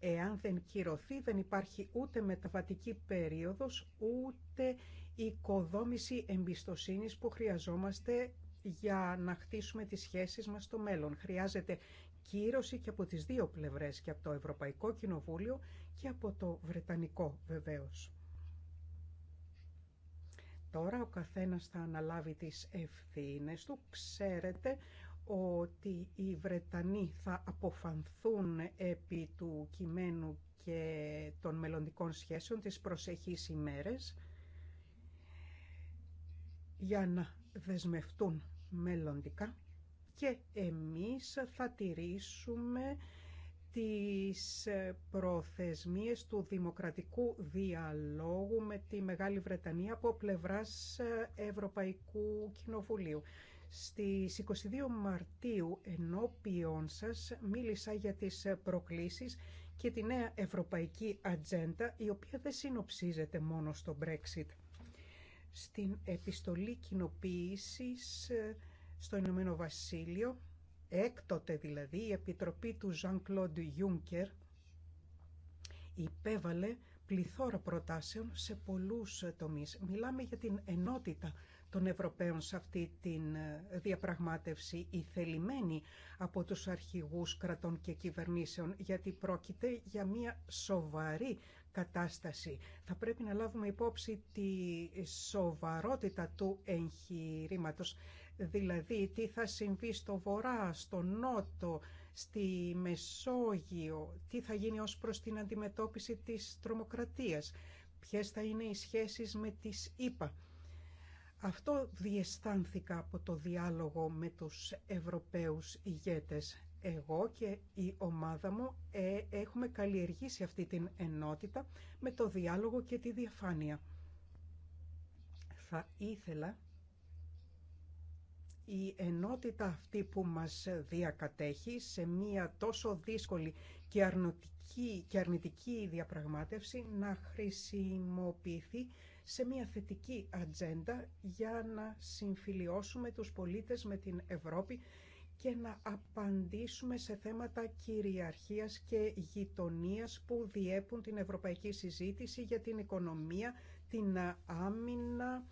Εάν δεν κυρωθεί δεν υπάρχει ούτε μεταβατική περίοδος ούτε οικοδόμηση εμπιστοσύνης που χρειαζόμαστε για να χτίσουμε τις σχέσεις μας στο μέλλον. Χρειάζεται κύρωση και από τις δύο πλευρές, και από το Ευρωπαϊκό Κοινοβούλιο και από το Βρετανικό βεβαίως. Τώρα ο καθένας θα αναλάβει τις ευθύνες του. Ξέρετε ότι οι Βρετανοί θα αποφανθούν επί του κειμένου και των μελλοντικών σχέσεων τις προσεχείς ημέρες για να δεσμευτούν μελλοντικά και εμείς θα τηρήσουμε τις ε, προθεσμίες του δημοκρατικού διαλόγου με τη Μεγάλη Βρετανία από πλευράς ε, Ευρωπαϊκού Κοινοβουλίου. Στις 22 Μαρτίου ενώπιον σας μίλησα για τις ε, προκλήσεις και τη νέα ευρωπαϊκή ατζέντα, η οποία δεν συνοψίζεται μόνο στο Brexit. Στην επιστολή κοινοποίησης στο Ηνωμένο Βασίλειο Έκτοτε δηλαδή η Επιτροπή του Jean-Claude Juncker υπέβαλε πληθώρα προτάσεων σε πολλούς ε, τομείς. Μιλάμε για την ενότητα των Ευρωπαίων σε αυτή τη ε, διαπραγμάτευση η θελημένη από τους αρχηγούς κρατών και κυβερνήσεων γιατί πρόκειται για μια σοβαρή κατάσταση. Θα πρέπει να λάβουμε υπόψη τη σοβαρότητα του εγχειρήματος δηλαδή τι θα συμβεί στο βορρά, στο νότο, στη Μεσόγειο, τι θα γίνει ως προς την αντιμετώπιση της τρομοκρατίας, ποιες θα είναι οι σχέσεις με τις ΗΠΑ. Αυτό διαισθάνθηκα από το διάλογο με τους Ευρωπαίους ηγέτες. Εγώ και η ομάδα μου ε, έχουμε καλλιεργήσει αυτή την ενότητα με το διάλογο και τη διαφάνεια. Θα ήθελα η ενότητα αυτή που μας διακατέχει σε μία τόσο δύσκολη και αρνητική, και αρνητική διαπραγμάτευση να χρησιμοποιηθεί σε μία θετική ατζέντα για να συμφιλιώσουμε τους πολίτες με την Ευρώπη και να απαντήσουμε σε θέματα κυριαρχίας και γειτονίας που διέπουν την ευρωπαϊκή συζήτηση για την οικονομία, την άμυνα,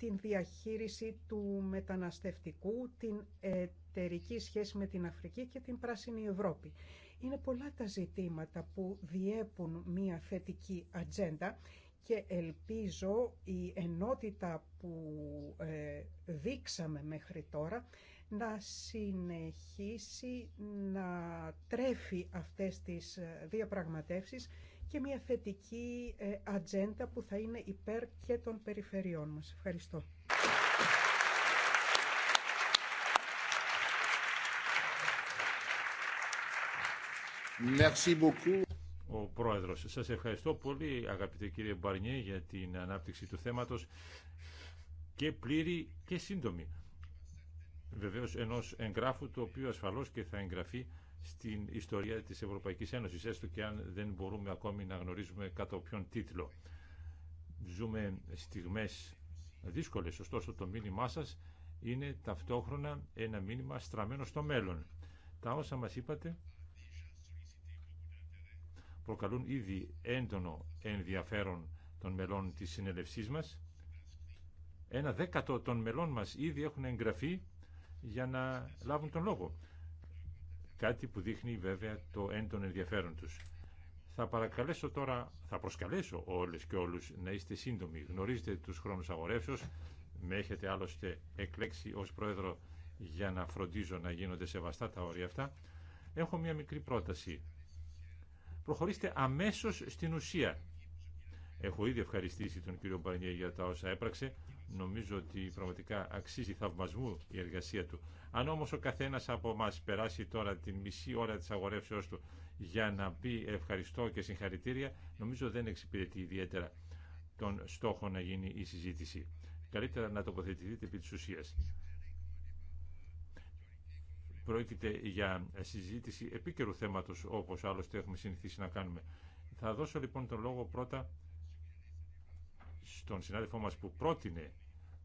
την διαχείριση του μεταναστευτικού, την εταιρική σχέση με την Αφρική και την Πράσινη Ευρώπη. Είναι πολλά τα ζητήματα που διέπουν μια θετική ατζέντα και ελπίζω η ενότητα που ε, δείξαμε μέχρι τώρα να συνεχίσει να τρέφει αυτές τις ε, διαπραγματεύσεις και μια θετική ε, ατζέντα που θα είναι υπέρ και των περιφερειών μας. Ευχαριστώ.
Merci beaucoup. Ο Πρόεδρος, σας ευχαριστώ πολύ αγαπητέ κύριε Μπαρνιέ για την ανάπτυξη του θέματος και πλήρη και σύντομη. Βεβαίως ενός εγγράφου το οποίο ασφαλώς και θα εγγραφεί στην ιστορία της Ευρωπαϊκής Ένωσης, έστω και αν δεν μπορούμε ακόμη να γνωρίζουμε κατά ποιον τίτλο. Ζούμε στιγμές δύσκολες, ωστόσο το μήνυμά σας είναι ταυτόχρονα ένα μήνυμα στραμμένο στο μέλλον. Τα όσα μας είπατε προκαλούν ήδη έντονο ενδιαφέρον των μελών της συνελευσής μας. Ένα δέκατο των μελών μας ήδη έχουν εγγραφεί για να λάβουν τον λόγο. Κάτι που δείχνει βέβαια το έντονο ενδιαφέρον τους. Θα παρακαλέσω τώρα, θα προσκαλέσω όλες και όλους να είστε σύντομοι. Γνωρίζετε τους χρόνους αγορεύσεως, με έχετε άλλωστε εκλέξει ως πρόεδρο για να φροντίζω να γίνονται σεβαστά τα όρια αυτά. Έχω μια μικρή πρόταση. Προχωρήστε αμέσως στην ουσία. Έχω ήδη ευχαριστήσει τον κύριο Μπαρνιέ για τα όσα έπραξε. Νομίζω ότι πραγματικά αξίζει θαυμασμού η εργασία του. Αν όμως ο καθένας από μας περάσει τώρα την μισή ώρα της αγορεύσεώ του για να πει ευχαριστώ και συγχαρητήρια, νομίζω δεν εξυπηρετεί ιδιαίτερα τον στόχο να γίνει η συζήτηση. Καλύτερα να τοποθετηθείτε επί τη ουσία. Πρόκειται για συζήτηση επίκαιρου θέματος, όπως άλλωστε έχουμε συνηθίσει να κάνουμε. Θα δώσω λοιπόν τον λόγο πρώτα στον συνάδελφό μας που πρότεινε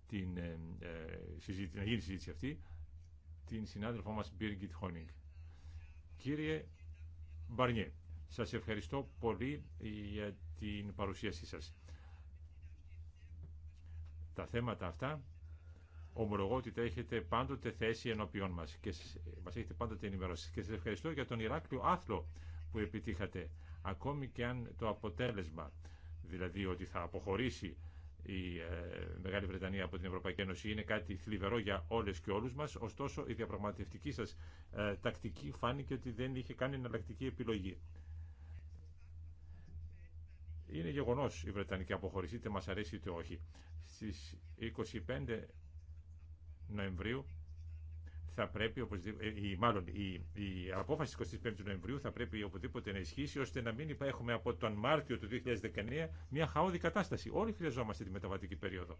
την, ε, ε συζήτηση, να γίνει η συζήτηση αυτή, την συνάδελφό μας Birgit Χόνιγκ. Κύριε Μπαρνιέ, σας ευχαριστώ πολύ για την παρουσίασή σας. Τα θέματα αυτά ομολογώ ότι τα έχετε πάντοτε θέσει ενώπιόν μας και μας έχετε πάντοτε ενημερώσει. Και σας ευχαριστώ για τον Ηράκλειο άθλο που επιτύχατε, ακόμη και αν το αποτέλεσμα δηλαδή ότι θα αποχωρήσει η ε, Μεγάλη Βρετανία από την Ευρωπαϊκή Ένωση είναι κάτι θλιβερό για όλες και όλου μας, ωστόσο η διαπραγματευτική σας ε, τακτική φάνηκε ότι δεν είχε κάνει εναλλακτική επιλογή. Είναι γεγονός η Βρετανική αποχωρήση, είτε μα αρέσει είτε όχι. Στις 25 Νοεμβρίου θα πρέπει, ή, ε, μάλλον η, η απόφαση της 25 Νοεμβρίου θα πρέπει οπωσδήποτε να ισχύσει ώστε να μην έχουμε από τον Μάρτιο του 2019 μια χαόδη κατάσταση. Όλοι χρειαζόμαστε τη μεταβατική περίοδο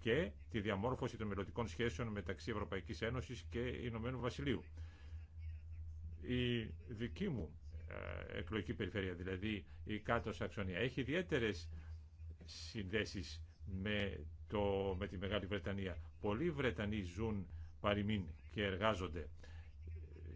και τη διαμόρφωση των μελλοντικών σχέσεων μεταξύ Ευρωπαϊκής Ένωσης και Ηνωμένου Βασιλείου. Η δική μου ε, εκλογική περιφέρεια, δηλαδή η κάτω Σαξονία, έχει ιδιαίτερε συνδέσει με, με τη Μεγάλη Βρετανία. Πολλοί Βρετανοί ζουν παροιμήν και εργάζονται.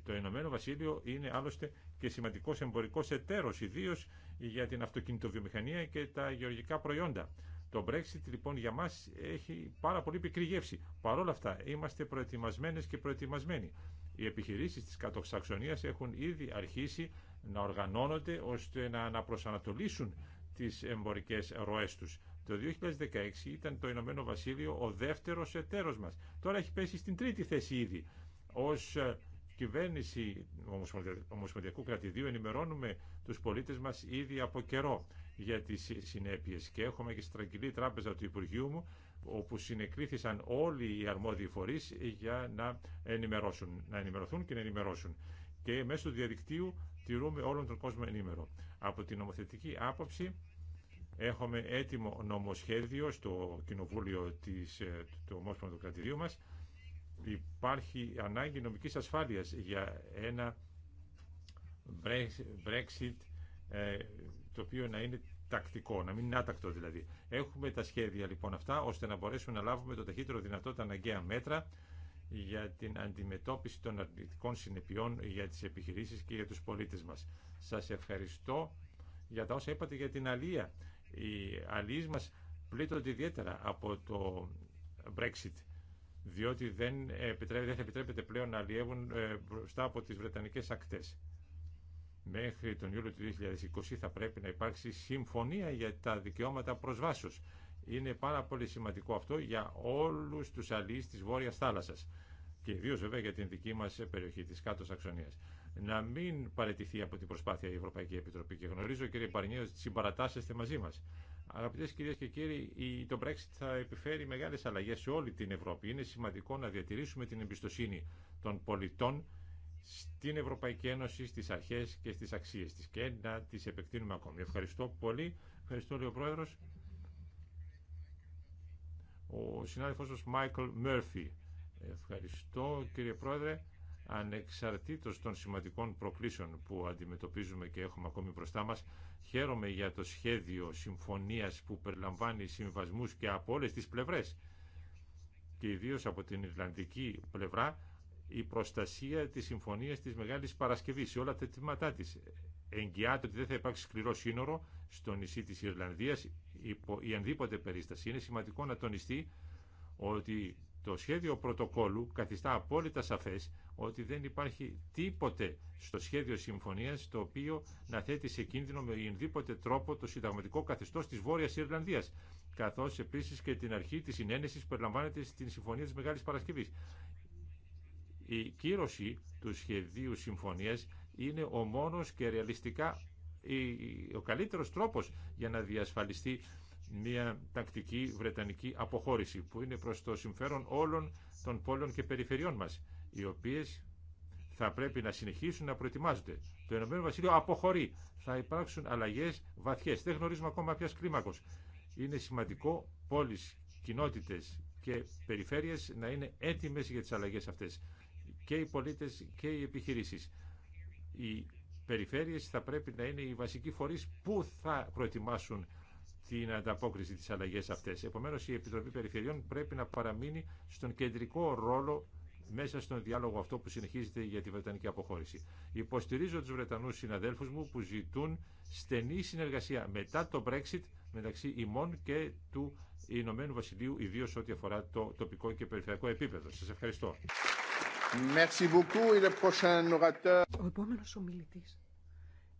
Το Ηνωμένο Βασίλειο είναι άλλωστε και σημαντικός εμπορικός εταίρος, ιδίως για την αυτοκινητοβιομηχανία και τα γεωργικά προϊόντα. Το Brexit λοιπόν για μας έχει πάρα πολύ πικρή γεύση. Παρ' όλα αυτά είμαστε προετοιμασμένες και προετοιμασμένοι. Οι επιχειρήσεις της κατοξαξονίας έχουν ήδη αρχίσει να οργανώνονται ώστε να αναπροσανατολίσουν τις εμπορικές ροές τους. Το 2016 ήταν το Ηνωμένο Βασίλειο ο δεύτερο εταίρο μα. Τώρα έχει πέσει στην τρίτη θέση ήδη. Ω ε, κυβέρνηση Ομοσπονδιακού Κρατηδίου ενημερώνουμε τους πολίτες μας ήδη από καιρό για τις συνέπειες και έχουμε και στραγγυλή τράπεζα του Υπουργείου μου όπου συνεκρίθησαν όλοι οι αρμόδιοι φορείς για να ενημερώσουν, να ενημερωθούν και να ενημερώσουν. Και μέσω του διαδικτύου τηρούμε όλον τον κόσμο ενήμερο. Από την νομοθετική άποψη Έχουμε έτοιμο νομοσχέδιο στο Κοινοβούλιο της, ε, του Ομόσπονδου Κρατηρίου μας. Υπάρχει ανάγκη νομικής ασφάλειας για ένα Brexit ε, το οποίο να είναι τακτικό, να μην είναι άτακτο δηλαδή. Έχουμε τα σχέδια λοιπόν αυτά ώστε να μπορέσουμε να λάβουμε το ταχύτερο δυνατό τα αναγκαία μέτρα για την αντιμετώπιση των αρνητικών συνεπειών για τις επιχειρήσεις και για τους πολίτες μας. Σας ευχαριστώ για τα όσα είπατε για την αλία οι αλληλείς μας πλήττονται ιδιαίτερα από το Brexit διότι δεν, δεν θα επιτρέπεται πλέον να αλλιεύουν ε, μπροστά από τις Βρετανικές ακτές. Μέχρι τον Ιούλιο του 2020 θα πρέπει να υπάρξει συμφωνία για τα δικαιώματα προσβάσεως. Είναι πάρα πολύ σημαντικό αυτό για όλους τους αλληλείς της Βόρειας Θάλασσας και ιδίω βέβαια για την δική μας περιοχή της Κάτω Σαξονίας να μην παραιτηθεί από την προσπάθεια η Ευρωπαϊκή Επιτροπή. Και γνωρίζω, κύριε Παρνιέ, ότι συμπαρατάσσεστε μαζί μα. Αγαπητέ κυρίε και κύριοι, το Brexit θα επιφέρει μεγάλε αλλαγέ σε όλη την Ευρώπη. Είναι σημαντικό να διατηρήσουμε την εμπιστοσύνη των πολιτών στην Ευρωπαϊκή Ένωση, στις αρχέ και στι αξίε τη και να τι επεκτείνουμε ακόμη. Ευχαριστώ πολύ. Ευχαριστώ, λέει ο Πρόεδρος. Ο συνάδελφό Μάικλ Μέρφυ. Ευχαριστώ, κύριε Πρόεδρε ανεξαρτήτως των σημαντικών προκλήσεων που αντιμετωπίζουμε και έχουμε ακόμη μπροστά μας, χαίρομαι για το σχέδιο συμφωνίας που περιλαμβάνει συμβασμούς και από όλες τις πλευρές και ιδίω από την Ιρλανδική πλευρά η προστασία της συμφωνίας της Μεγάλης Παρασκευής σε όλα τα τμήματά της. Εγγυάται ότι δεν θα υπάρξει σκληρό σύνορο στο νησί της Ιρλανδίας η ανδήποτε περίσταση. Είναι σημαντικό να τονιστεί ότι το σχέδιο πρωτοκόλλου καθιστά απόλυτα σαφές ότι δεν υπάρχει τίποτε στο σχέδιο συμφωνίας το οποίο να θέτει σε κίνδυνο με ενδίποτε τρόπο το συνταγματικό καθεστώς της Βόρειας Ιρλανδίας καθώς επίσης και την αρχή της συνένεσης που περιλαμβάνεται στην Συμφωνία της Μεγάλης Παρασκευής. Η κύρωση του σχεδίου συμφωνίας είναι ο μόνος και ρεαλιστικά ο καλύτερος τρόπος για να διασφαλιστεί μια τακτική βρετανική αποχώρηση που είναι προς το συμφέρον όλων των πόλεων και περιφερειών μας οι οποίες θα πρέπει να συνεχίσουν να προετοιμάζονται. Το Ηνωμένο Βασίλειο αποχωρεί. Θα υπάρξουν αλλαγές βαθιές. Δεν γνωρίζουμε ακόμα ποιας κλίμακος. Είναι σημαντικό πόλεις, κοινότητες και περιφέρειες να είναι έτοιμες για τις αλλαγές αυτές. Και οι πολίτες και οι επιχειρήσεις. Οι περιφέρειες θα πρέπει να είναι οι βασικοί φορείς που θα προετοιμάσουν την ανταπόκριση της αλλαγές αυτές. Επομένως, η Επιτροπή Περιφερειών πρέπει να παραμείνει στον κεντρικό ρόλο μέσα στον διάλογο αυτό που συνεχίζεται για τη Βρετανική αποχώρηση. Υποστηρίζω τους Βρετανούς συναδέλφους μου που ζητούν στενή συνεργασία μετά το Brexit μεταξύ ημών και του Ηνωμένου Βασιλείου, ιδίω ό,τι αφορά το τοπικό και περιφερειακό επίπεδο. Σας ευχαριστώ.
Ο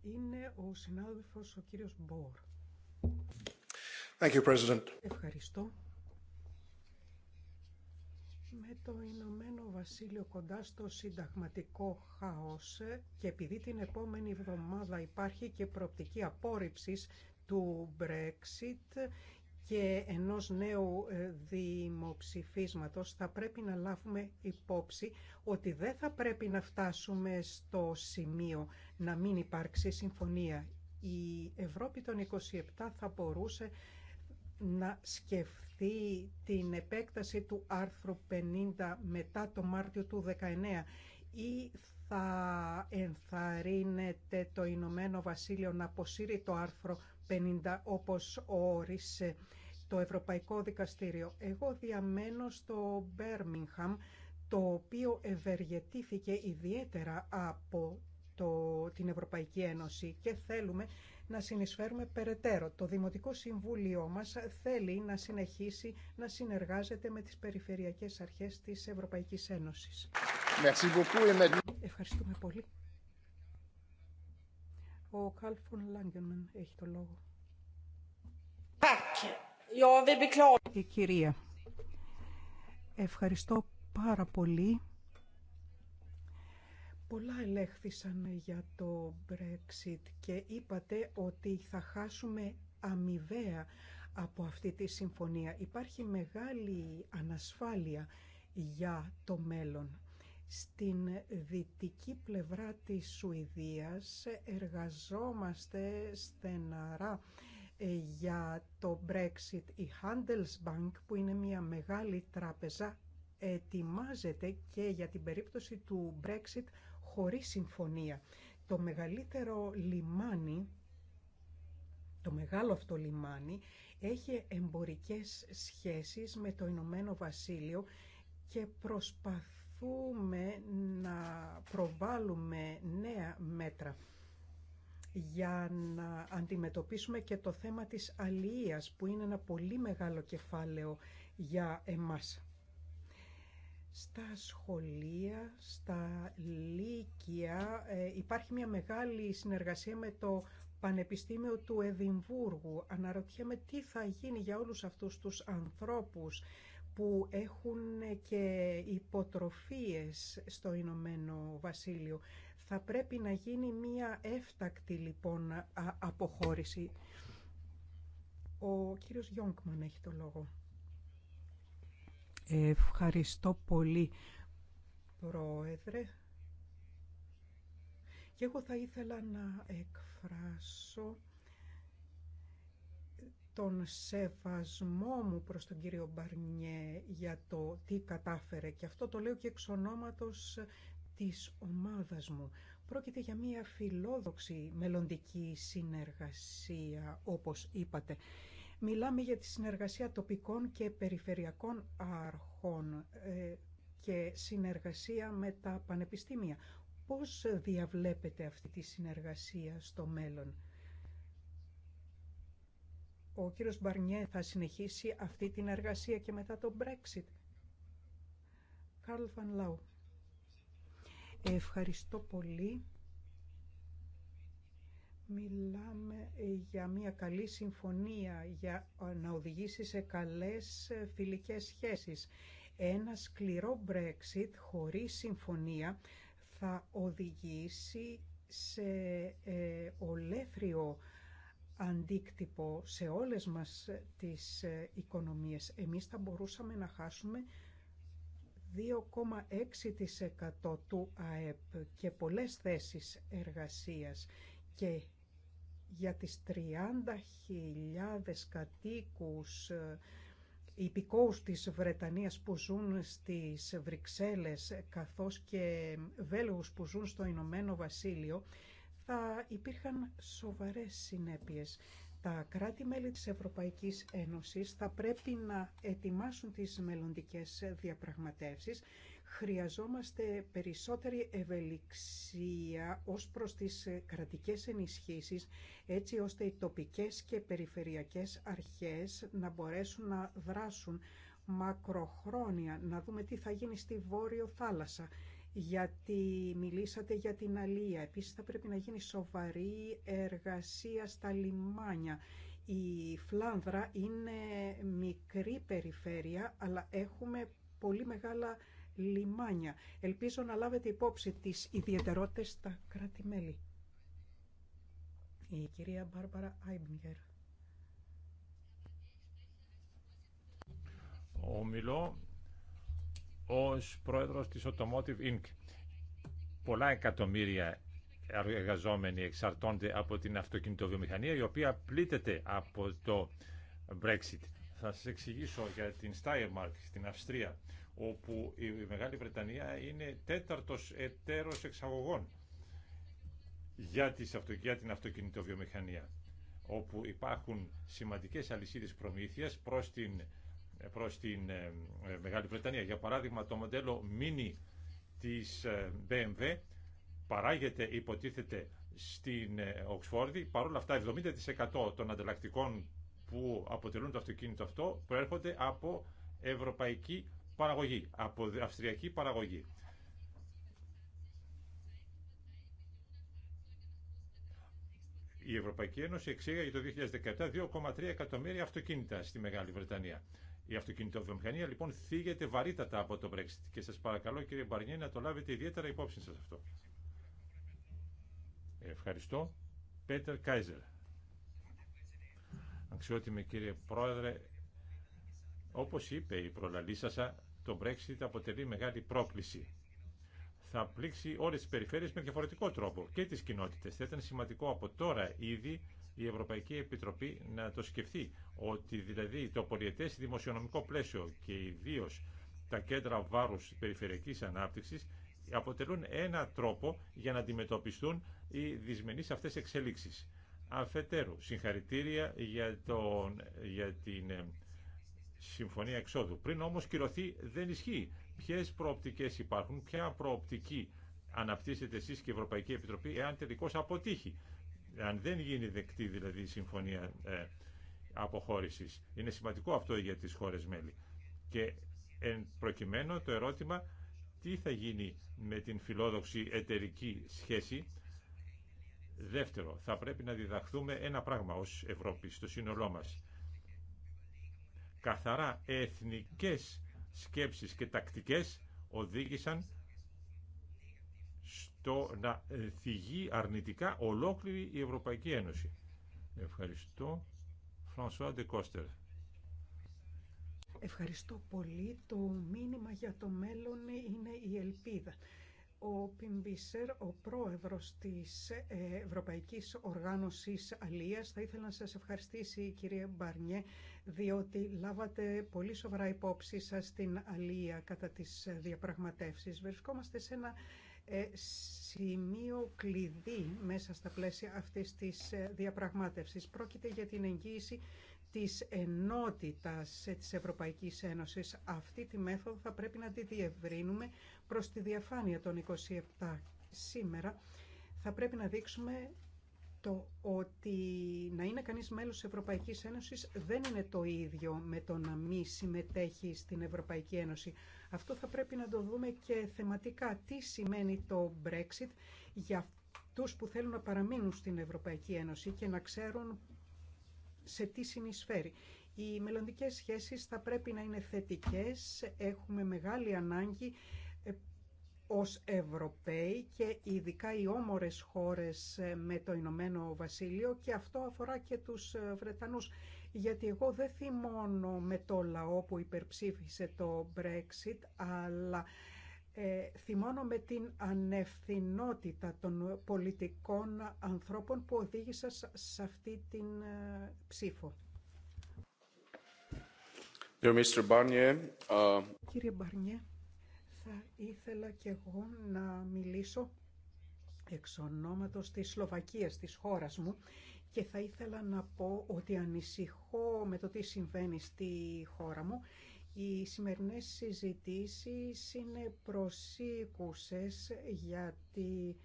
είναι ο Thank you, President. Ευχαριστώ. Με το Ηνωμένο Βασίλειο κοντά στο συνταγματικό χαός και επειδή την επόμενη εβδομάδα υπάρχει και προοπτική απόρριψης του Brexit και ενός νέου ε, δημοψηφίσματος θα πρέπει να λάβουμε υπόψη ότι δεν θα πρέπει να φτάσουμε στο σημείο να μην υπάρξει συμφωνία. Η Ευρώπη των 27 θα μπορούσε να σκεφτεί την επέκταση του άρθρου 50 μετά το Μάρτιο του 19 ή θα ενθαρρύνεται το Ηνωμένο Βασίλειο να αποσύρει το άρθρο 50 όπως όρισε το Ευρωπαϊκό Δικαστήριο. Εγώ διαμένω στο Μπέρμιγχαμ, το οποίο ευεργετήθηκε ιδιαίτερα από το, την Ευρωπαϊκή Ένωση και θέλουμε να συνεισφέρουμε περαιτέρω. Το Δημοτικό Συμβούλιο μας θέλει να συνεχίσει να συνεργάζεται με τις περιφερειακές αρχές της Ευρωπαϊκής Ένωσης. Ευχαριστούμε πολύ. Ο Κάλφον Λάγκερμαν έχει το λόγο. Η κυρία. Ευχαριστώ πάρα πολύ Πολλά ελέγχθησαν για το Brexit και είπατε ότι θα χάσουμε αμοιβαία από αυτή τη συμφωνία. Υπάρχει μεγάλη ανασφάλεια για το μέλλον. Στην δυτική πλευρά της Σουηδίας εργαζόμαστε στεναρά ε, για το Brexit. Η Handelsbank που είναι μια μεγάλη τράπεζα ετοιμάζεται και για την περίπτωση του Brexit χωρίς συμφωνία. Το μεγαλύτερο λιμάνι, το μεγάλο αυτό λιμάνι, έχει εμπορικές σχέσεις με το Ηνωμένο Βασίλειο και προσπαθούμε να προβάλλουμε νέα μέτρα για να αντιμετωπίσουμε και το θέμα της αλίας που είναι ένα πολύ μεγάλο κεφάλαιο για εμάς. Στα σχολεία, στα λύκεια ε, υπάρχει μια μεγάλη συνεργασία με το Πανεπιστήμιο του Εδιμβούργου. Αναρωτιέμαι τι θα γίνει για όλους αυτούς τους ανθρώπους που έχουν και υποτροφίες στο Ηνωμένο Βασίλειο. Θα πρέπει να γίνει μία έφτακτη λοιπόν αποχώρηση. Ο κύριος Γιόγκμαν έχει το λόγο. Ευχαριστώ πολύ, Πρόεδρε. Και εγώ θα ήθελα να εκφράσω τον σεβασμό μου προς τον κύριο Μπαρνιέ για το τι κατάφερε. Και αυτό το λέω και εξ ονόματος της ομάδας μου. Πρόκειται για μια φιλόδοξη μελλοντική συνεργασία, όπως είπατε. Μιλάμε για τη συνεργασία τοπικών και περιφερειακών αρχών ε, και συνεργασία με τα πανεπιστήμια. Πώς διαβλέπετε αυτή τη συνεργασία στο μέλλον. Ο κύριος Μπαρνιέ θα συνεχίσει αυτή την εργασία και μετά το Brexit. Καρλ Ευχαριστώ πολύ. Μιλάμε ε, για μια καλή συμφωνία για ε, να οδηγήσει σε καλές ε, φιλικές σχέσεις. Ένα σκληρό Brexit χωρίς συμφωνία θα οδηγήσει σε ολέθριο αντίκτυπο σε όλες μας τις οικονομίες. Εμείς θα μπορούσαμε να χάσουμε 2,6% του ΑΕΠ και πολλές θέσεις εργασίας και για τις 30.000 κατοίκους ε, υπηκόους της Βρετανίας που ζουν στις Βρυξέλλες καθώς και Βέλγους που ζουν στο Ηνωμένο Βασίλειο θα υπήρχαν σοβαρές συνέπειες. Τα κράτη-μέλη της Ευρωπαϊκής Ένωσης θα πρέπει να ετοιμάσουν τις μελλοντικές διαπραγματεύσεις Χρειαζόμαστε περισσότερη ευελιξία ως προς τις ε, κρατικές ενισχύσεις, έτσι ώστε οι τοπικές και περιφερειακές αρχές να μπορέσουν να δράσουν μακροχρόνια, να δούμε τι θα γίνει στη Βόρειο Θάλασσα, γιατί μιλήσατε για την αλία. Επίσης θα πρέπει να γίνει σοβαρή εργασία στα λιμάνια. Η Φλάνδρα είναι μικρή περιφέρεια, αλλά έχουμε πολύ μεγάλα λιμάνια. Ελπίζω να λάβετε υπόψη τις ιδιαιτερότητες στα κράτη-μέλη. Η κυρία Μπάρμπαρα Άιμπιγκερ.
Ομιλώ ως πρόεδρος της Automotive Inc. Πολλά εκατομμύρια εργαζόμενοι εξαρτώνται από την αυτοκινητοβιομηχανία η οποία πλήττεται από το Brexit. Θα σας εξηγήσω για την Steiermark στην Αυστρία όπου η Μεγάλη Βρετανία είναι τέταρτος εταίρος εξαγωγών για, την αυτοκινητοβιομηχανία, όπου υπάρχουν σημαντικές αλυσίδες προμήθειας προς την, προς την ε, ε, Μεγάλη Βρετανία. Για παράδειγμα, το μοντέλο Mini της ε, BMW παράγεται, υποτίθεται, στην Οξφόρδη. Παρ' όλα αυτά, 70% των ανταλλακτικών που αποτελούν το αυτοκίνητο αυτό προέρχονται από ευρωπαϊκή παραγωγή, από αυστριακή παραγωγή. Η Ευρωπαϊκή Ένωση εξήγαγε το 2017 2,3 εκατομμύρια αυτοκίνητα στη Μεγάλη Βρετανία. Η αυτοκινητοβιομηχανία λοιπόν θίγεται βαρύτατα από το Brexit και σας παρακαλώ κύριε Μπαρνιέ να το λάβετε ιδιαίτερα υπόψη σας αυτό. Ευχαριστώ. Πέτερ Κάιζερ. Αξιότιμε κύριε Πρόεδρε, όπως είπε η προλαλήσασα, το Brexit αποτελεί μεγάλη πρόκληση. Θα πλήξει όλε τι περιφέρειες με διαφορετικό τρόπο και τι κοινότητε. Θα ήταν σημαντικό από τώρα ήδη η Ευρωπαϊκή Επιτροπή να το σκεφτεί ότι δηλαδή το πολιετέ δημοσιονομικό πλαίσιο και ιδίω τα κέντρα βάρους περιφερειακής ανάπτυξη αποτελούν ένα τρόπο για να αντιμετωπιστούν οι δυσμενεί αυτέ εξελίξει. Αφετέρου, συγχαρητήρια για, τον, για την ε, συμφωνία εξόδου. Πριν όμω κυρωθεί δεν ισχύει. ποιε προοπτικέ υπάρχουν, ποια προοπτική αναπτύσσετε εσεί και η Ευρωπαϊκή Επιτροπή εάν τελικώ αποτύχει. Αν δεν γίνει δεκτή δηλαδή η συμφωνία ε, αποχώρησης. Είναι σημαντικό αυτό για τι χώρε μέλη. Και εν προκειμένου το ερώτημα τι θα γίνει με την φιλόδοξη εταιρική σχέση. Δεύτερο, θα πρέπει να διδαχθούμε ένα πράγμα ως Ευρώπη στο σύνολό μας καθαρά εθνικές σκέψεις και τακτικές οδήγησαν στο να θυγεί αρνητικά ολόκληρη η Ευρωπαϊκή Ένωση. Ευχαριστώ. Φρανσουά Ντεκόστερ.
Ευχαριστώ πολύ. Το μήνυμα για το μέλλον είναι η ελπίδα. Ο Πιμπίσερ, ο πρόεδρος της Ευρωπαϊκής Οργάνωσης Αλίας, θα ήθελα να σας ευχαριστήσει, κυρία Μπαρνιέ, διότι λάβατε πολύ σοβαρά υπόψη σας την αλία κατά τις διαπραγματεύσεις. Βρισκόμαστε σε ένα ε, σημείο κλειδί μέσα στα πλαίσια αυτής της ε, διαπραγμάτευσης. Πρόκειται για την εγγύηση της ενότητας ε, της Ευρωπαϊκής Ένωσης. Αυτή τη μέθοδο θα πρέπει να τη διευρύνουμε προς τη διαφάνεια των 27 σήμερα. Θα πρέπει να δείξουμε το ότι να είναι κανείς μέλος της Ευρωπαϊκής Ένωσης δεν είναι το ίδιο με το να μη συμμετέχει στην Ευρωπαϊκή Ένωση. Αυτό θα πρέπει να το δούμε και θεματικά. Τι σημαίνει το Brexit για τους που θέλουν να παραμείνουν στην Ευρωπαϊκή Ένωση και να ξέρουν σε τι συνεισφέρει. Οι μελλοντικές σχέσεις θα πρέπει να είναι θετικές. Έχουμε μεγάλη ανάγκη ως Ευρωπαίοι και ειδικά οι όμορες χώρες ε, με το Ηνωμένο Βασίλειο και αυτό αφορά και τους ε, Βρετανούς. Γιατί εγώ δεν θυμώνω με το λαό που υπερψήφισε το Brexit, αλλά ε, θυμώνω με την ανευθυνότητα των πολιτικών ανθρώπων που οδήγησαν σε αυτή την ε, ψήφο.
Mr. Barnier, uh,
Κύριε Μπαρνιέ, θα ήθελα και εγώ να μιλήσω εξ ονόματος της Σλοβακίας, της χώρας μου και θα ήθελα να πω ότι ανησυχώ με το τι συμβαίνει στη χώρα μου. Οι σημερινές συζητήσεις είναι προσήκουσες γιατί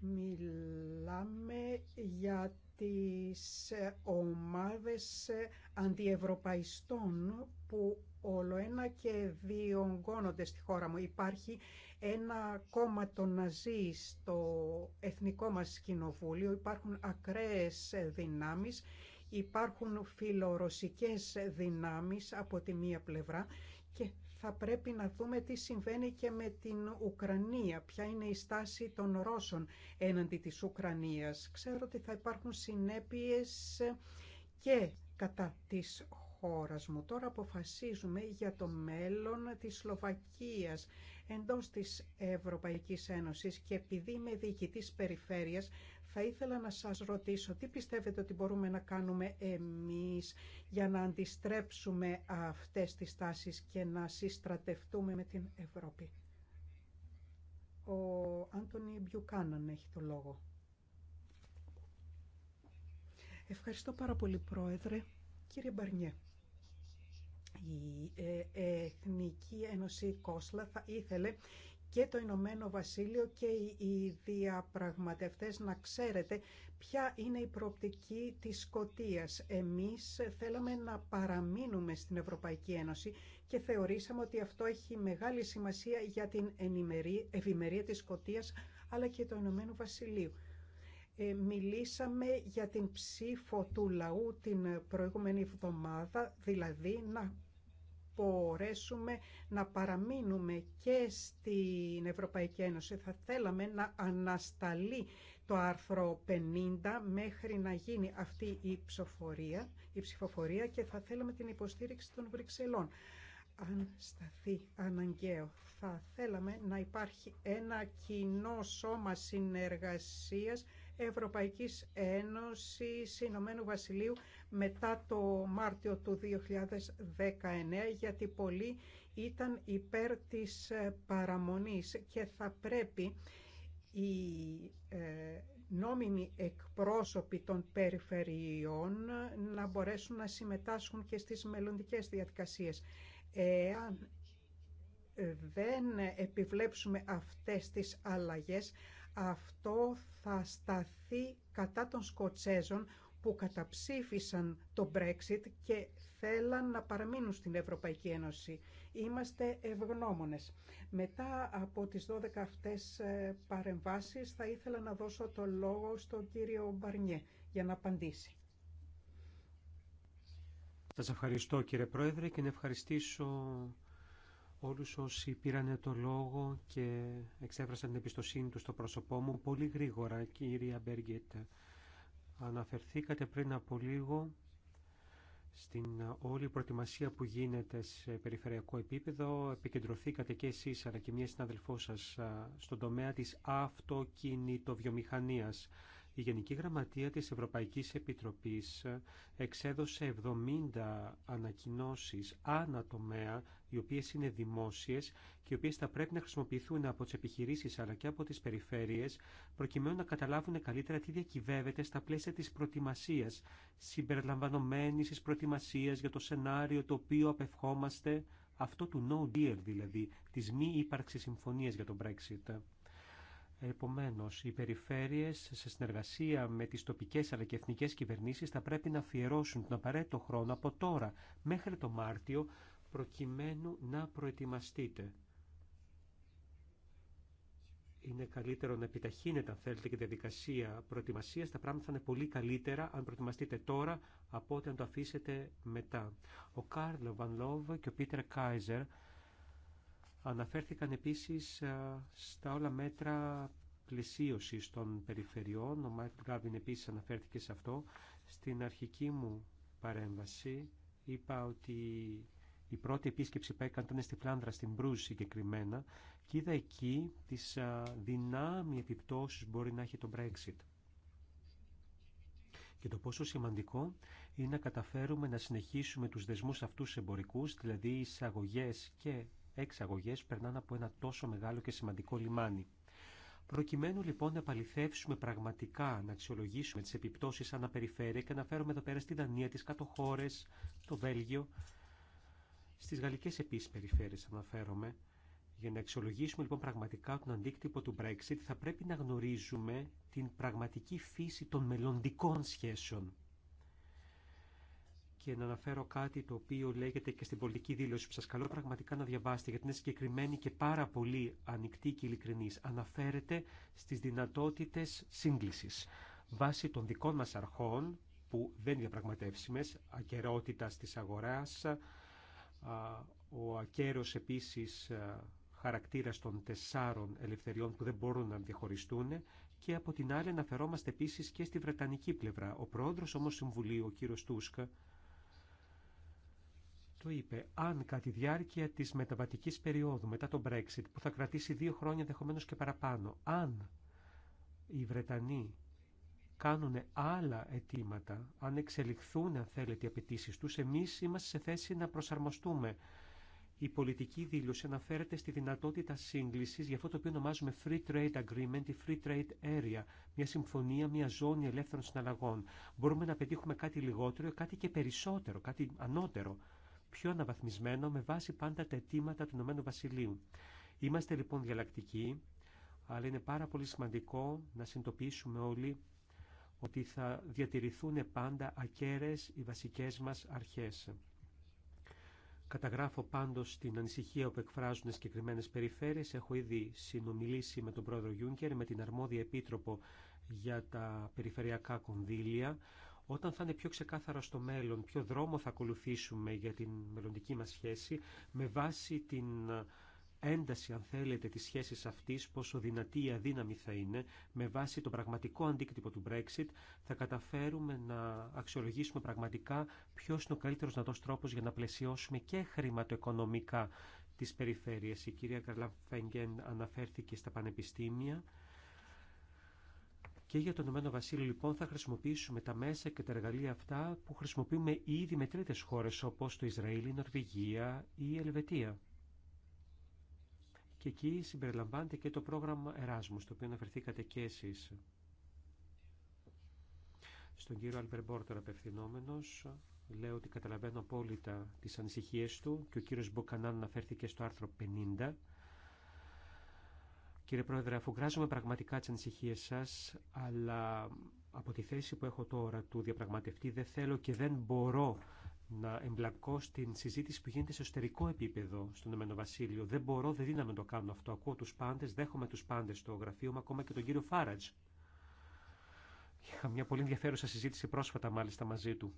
μιλάμε για τις ομάδες αντιευρωπαϊστών που όλο ένα και διονγκώνονται στη χώρα μου. Υπάρχει ένα κόμμα των Ναζί στο Εθνικό μας Κοινοβούλιο, υπάρχουν ακραίες δυνάμεις, υπάρχουν φιλορωσικές δυνάμεις από τη μία πλευρά και θα πρέπει να δούμε τι συμβαίνει και με την Ουκρανία, ποια είναι η στάση των Ρώσων έναντι της Ουκρανίας. Ξέρω ότι θα υπάρχουν συνέπειες και κατά της χώρας μου. Τώρα αποφασίζουμε για το μέλλον της Σλοβακίας εντός της Ευρωπαϊκής Ένωσης και επειδή είμαι διοικητής περιφέρειας θα ήθελα να σας ρωτήσω τι πιστεύετε ότι μπορούμε να κάνουμε εμείς για να αντιστρέψουμε αυτές τις τάσεις και να συστρατευτούμε με την Ευρώπη. Ο Άντωνι Μπιουκάναν έχει το λόγο. Ευχαριστώ πάρα πολύ, Πρόεδρε. Κύριε Μπαρνιέ, η ε, Εθνική Ένωση Κόσλα θα ήθελε και το Ηνωμένο Βασίλειο και οι διαπραγματευτές να ξέρετε ποια είναι η προοπτική της Σκοτίας. Εμείς θέλαμε να παραμείνουμε στην Ευρωπαϊκή Ένωση και θεωρήσαμε ότι αυτό έχει μεγάλη σημασία για την ευημερία της Σκοτίας αλλά και του Ηνωμένου Βασιλείου. Ε, μιλήσαμε για την ψήφο του λαού την προηγούμενη εβδομάδα, δηλαδή να μπορέσουμε να παραμείνουμε και στην Ευρωπαϊκή Ένωση. Θα θέλαμε να ανασταλεί το άρθρο 50 μέχρι να γίνει αυτή η ψηφοφορία, η ψηφοφορία και θα θέλαμε την υποστήριξη των Βρυξελών. Αν σταθεί αναγκαίο, θα θέλαμε να υπάρχει ένα κοινό σώμα συνεργασίας Ευρωπαϊκής Ένωσης Ηνωμένου Βασιλείου μετά το Μάρτιο του 2019 γιατί πολλοί ήταν υπέρ της ε, παραμονής και θα πρέπει οι ε, νόμιμοι εκπρόσωποι των περιφερειών να μπορέσουν να συμμετάσχουν και στις μελλοντικές διαδικασίες. Εάν ε, δεν επιβλέψουμε αυτές τις αλλαγές, αυτό θα σταθεί κατά των Σκοτσέζων που καταψήφισαν το Brexit και θέλαν να παραμείνουν στην Ευρωπαϊκή Ένωση. Είμαστε ευγνώμονες. Μετά από τις 12 αυτές ε, παρεμβάσεις θα ήθελα να δώσω το λόγο στον κύριο Μπαρνιέ για να απαντήσει.
Σας ευχαριστώ κύριε Πρόεδρε και να ευχαριστήσω όλους όσοι πήραν το λόγο και εξέφρασαν την εμπιστοσύνη τους στο πρόσωπό μου πολύ γρήγορα, κυρία Μπέργκετ. Αναφερθήκατε πριν από λίγο στην όλη προετοιμασία που γίνεται σε περιφερειακό επίπεδο. Επικεντρωθήκατε και εσείς αλλά και μια συναδελφό σας στον τομέα της αυτοκινητοβιομηχανίας η Γενική Γραμματεία της Ευρωπαϊκής Επιτροπής εξέδωσε 70 ανακοινώσεις ανά τομέα, οι οποίες είναι δημόσιες και οι οποίες θα πρέπει να χρησιμοποιηθούν από τις επιχειρήσεις αλλά και από τις περιφέρειες, προκειμένου να καταλάβουν καλύτερα τι διακυβεύεται στα πλαίσια της προετοιμασίας, συμπεριλαμβανομένης της προετοιμασίας για το σενάριο το οποίο απευχόμαστε, αυτό του no deal δηλαδή, της μη ύπαρξης συμφωνίας για τον Brexit. Επομένως, οι περιφέρειες σε συνεργασία με τις τοπικές αλλά και εθνικές κυβερνήσεις θα πρέπει να αφιερώσουν τον απαραίτητο χρόνο από τώρα μέχρι το Μάρτιο προκειμένου να προετοιμαστείτε. Είναι καλύτερο να επιταχύνετε, αν θέλετε, και τη διαδικασία προετοιμασία. Τα πράγματα θα είναι πολύ καλύτερα αν προετοιμαστείτε τώρα από ό,τι αν το αφήσετε μετά. Ο Κάρλο Βαν και ο Πίτερ Κάιζερ Αναφέρθηκαν επίσης στα όλα μέτρα πλησίωσης των περιφερειών. Ο Μάικλ Γκάβιν επίσης αναφέρθηκε σε αυτό. Στην αρχική μου παρέμβαση είπα ότι η πρώτη επίσκεψη που έκανε ήταν στη Φλάνδρα, στην Μπρούζ συγκεκριμένα και είδα εκεί τις δυνάμει επιπτώσεις που μπορεί να έχει το Brexit και το πόσο σημαντικό είναι να καταφέρουμε να συνεχίσουμε τους δεσμούς αυτούς εμπορικούς, δηλαδή εισαγωγέ και Εξαγωγέ περνάνε από ένα τόσο μεγάλο και σημαντικό λιμάνι. Προκειμένου λοιπόν να παληθεύσουμε πραγματικά, να αξιολογήσουμε τις επιπτώσεις αναπεριφέρεια και να φέρουμε εδώ πέρα στη Δανία, τι Κατοχώρε, το Βέλγιο, στις γαλλικέ επίση περιφέρειε αναφέρομαι, για να αξιολογήσουμε λοιπόν πραγματικά τον αντίκτυπο του Brexit θα πρέπει να γνωρίζουμε την πραγματική φύση των μελλοντικών σχέσεων και να αναφέρω κάτι το οποίο λέγεται και στην πολιτική δήλωση που σας καλώ πραγματικά να διαβάσετε γιατί είναι συγκεκριμένη και πάρα πολύ ανοιχτή και ειλικρινής. Αναφέρεται στις δυνατότητες σύγκλησης. Βάσει των δικών μας αρχών που δεν είναι διαπραγματεύσιμες, ακερότητα της αγοράς, ο ακέρος επίσης χαρακτήρας των τεσσάρων ελευθεριών που δεν μπορούν να διαχωριστούν και από την άλλη αναφερόμαστε επίσης και στη Βρετανική πλευρά. Ο πρόεδρος όμως Συμβουλίου, ο κύριος Τούσκα, του είπε αν κατά τη διάρκεια τη μεταβατική περίοδου μετά τον Brexit που θα κρατήσει δύο χρόνια ενδεχομένω και παραπάνω αν οι Βρετανοί κάνουν άλλα αιτήματα, αν εξελιχθούν αν θέλετε οι απαιτήσει του, εμεί είμαστε σε θέση να προσαρμοστούμε. Η πολιτική δήλωση αναφέρεται στη δυνατότητα σύγκληση για αυτό το οποίο ονομάζουμε Free Trade Agreement ή Free Trade Area, μια συμφωνία, μια ζώνη ελεύθερων συναλλαγών. Μπορούμε να πετύχουμε κάτι λιγότερο, κάτι και περισσότερο, κάτι ανώτερο πιο αναβαθμισμένο με βάση πάντα τα αιτήματα του Ηνωμένου Βασιλείου. Είμαστε λοιπόν διαλλακτικοί, αλλά είναι πάρα πολύ σημαντικό να συνειδητοποιήσουμε όλοι ότι θα διατηρηθούν πάντα ακέρες οι βασικές μας αρχές. Καταγράφω πάντως την ανησυχία που εκφράζουν συγκεκριμένε περιφέρειες. Έχω ήδη συνομιλήσει με τον πρόεδρο Γιούνκερ, με την αρμόδια επίτροπο για τα περιφερειακά κονδύλια. Όταν θα είναι πιο ξεκάθαρο στο μέλλον ποιο δρόμο θα ακολουθήσουμε για την μελλοντική μας σχέση με βάση την ένταση, αν θέλετε, της σχέσης αυτής, πόσο δυνατή ή αδύναμη θα είναι, με βάση τον πραγματικό αντίκτυπο του Brexit, θα καταφέρουμε να αξιολογήσουμε πραγματικά ποιος είναι ο καλύτερος δώσει τρόπος για να πλαισιώσουμε και χρηματοοικονομικά τις περιφέρειες. Η κυρία Καρλαφέγγεν αναφέρθηκε στα πανεπιστήμια. Και για τον Ηνωμένο Βασίλειο λοιπόν θα χρησιμοποιήσουμε τα μέσα και τα εργαλεία αυτά που χρησιμοποιούμε ήδη με τρίτες χώρες όπως το Ισραήλ, η Νορβηγία ή η Ελβετία. Και εκεί συμπεριλαμβάνεται και το πρόγραμμα Εράσμου, το οποίο αναφερθήκατε και εσείς. Στον κύριο Μπόρτερ απευθυνόμενος, λέω ότι καταλαβαίνω απόλυτα τις ανησυχίες του και ο κύριος Μποκανάν αναφέρθηκε στο άρθρο 50 Κύριε Πρόεδρε, αφού γράζομαι πραγματικά τι ανησυχίε σα, αλλά από τη θέση που έχω τώρα του διαπραγματευτή δεν θέλω και δεν μπορώ να εμπλακώ στην συζήτηση που γίνεται σε εσωτερικό επίπεδο στον Εμένο Βασίλειο. Δεν μπορώ, δεν δύναμαι να το κάνω αυτό. Ακούω του πάντε, δέχομαι του πάντε στο γραφείο μου, ακόμα και τον κύριο Φάρατζ. Είχα μια πολύ ενδιαφέρουσα συζήτηση πρόσφατα μάλιστα μαζί του.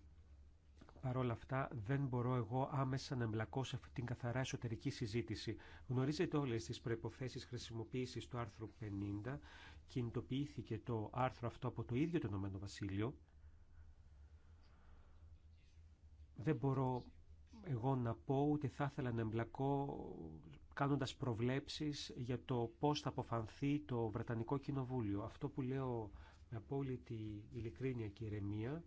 Παρ' όλα αυτά, δεν μπορώ εγώ άμεσα να εμπλακώ σε αυτή την καθαρά εσωτερική συζήτηση. Γνωρίζετε όλε τι προποθέσει χρησιμοποίηση του άρθρου 50. Κινητοποιήθηκε το άρθρο αυτό από το ίδιο το Ηνωμένο Βασίλειο. Δεν μπορώ εγώ να πω ούτε θα ήθελα να εμπλακώ κάνοντας προβλέψεις για το πώς θα αποφανθεί το Βρετανικό Κοινοβούλιο. Αυτό που λέω με απόλυτη ειλικρίνεια και ηρεμία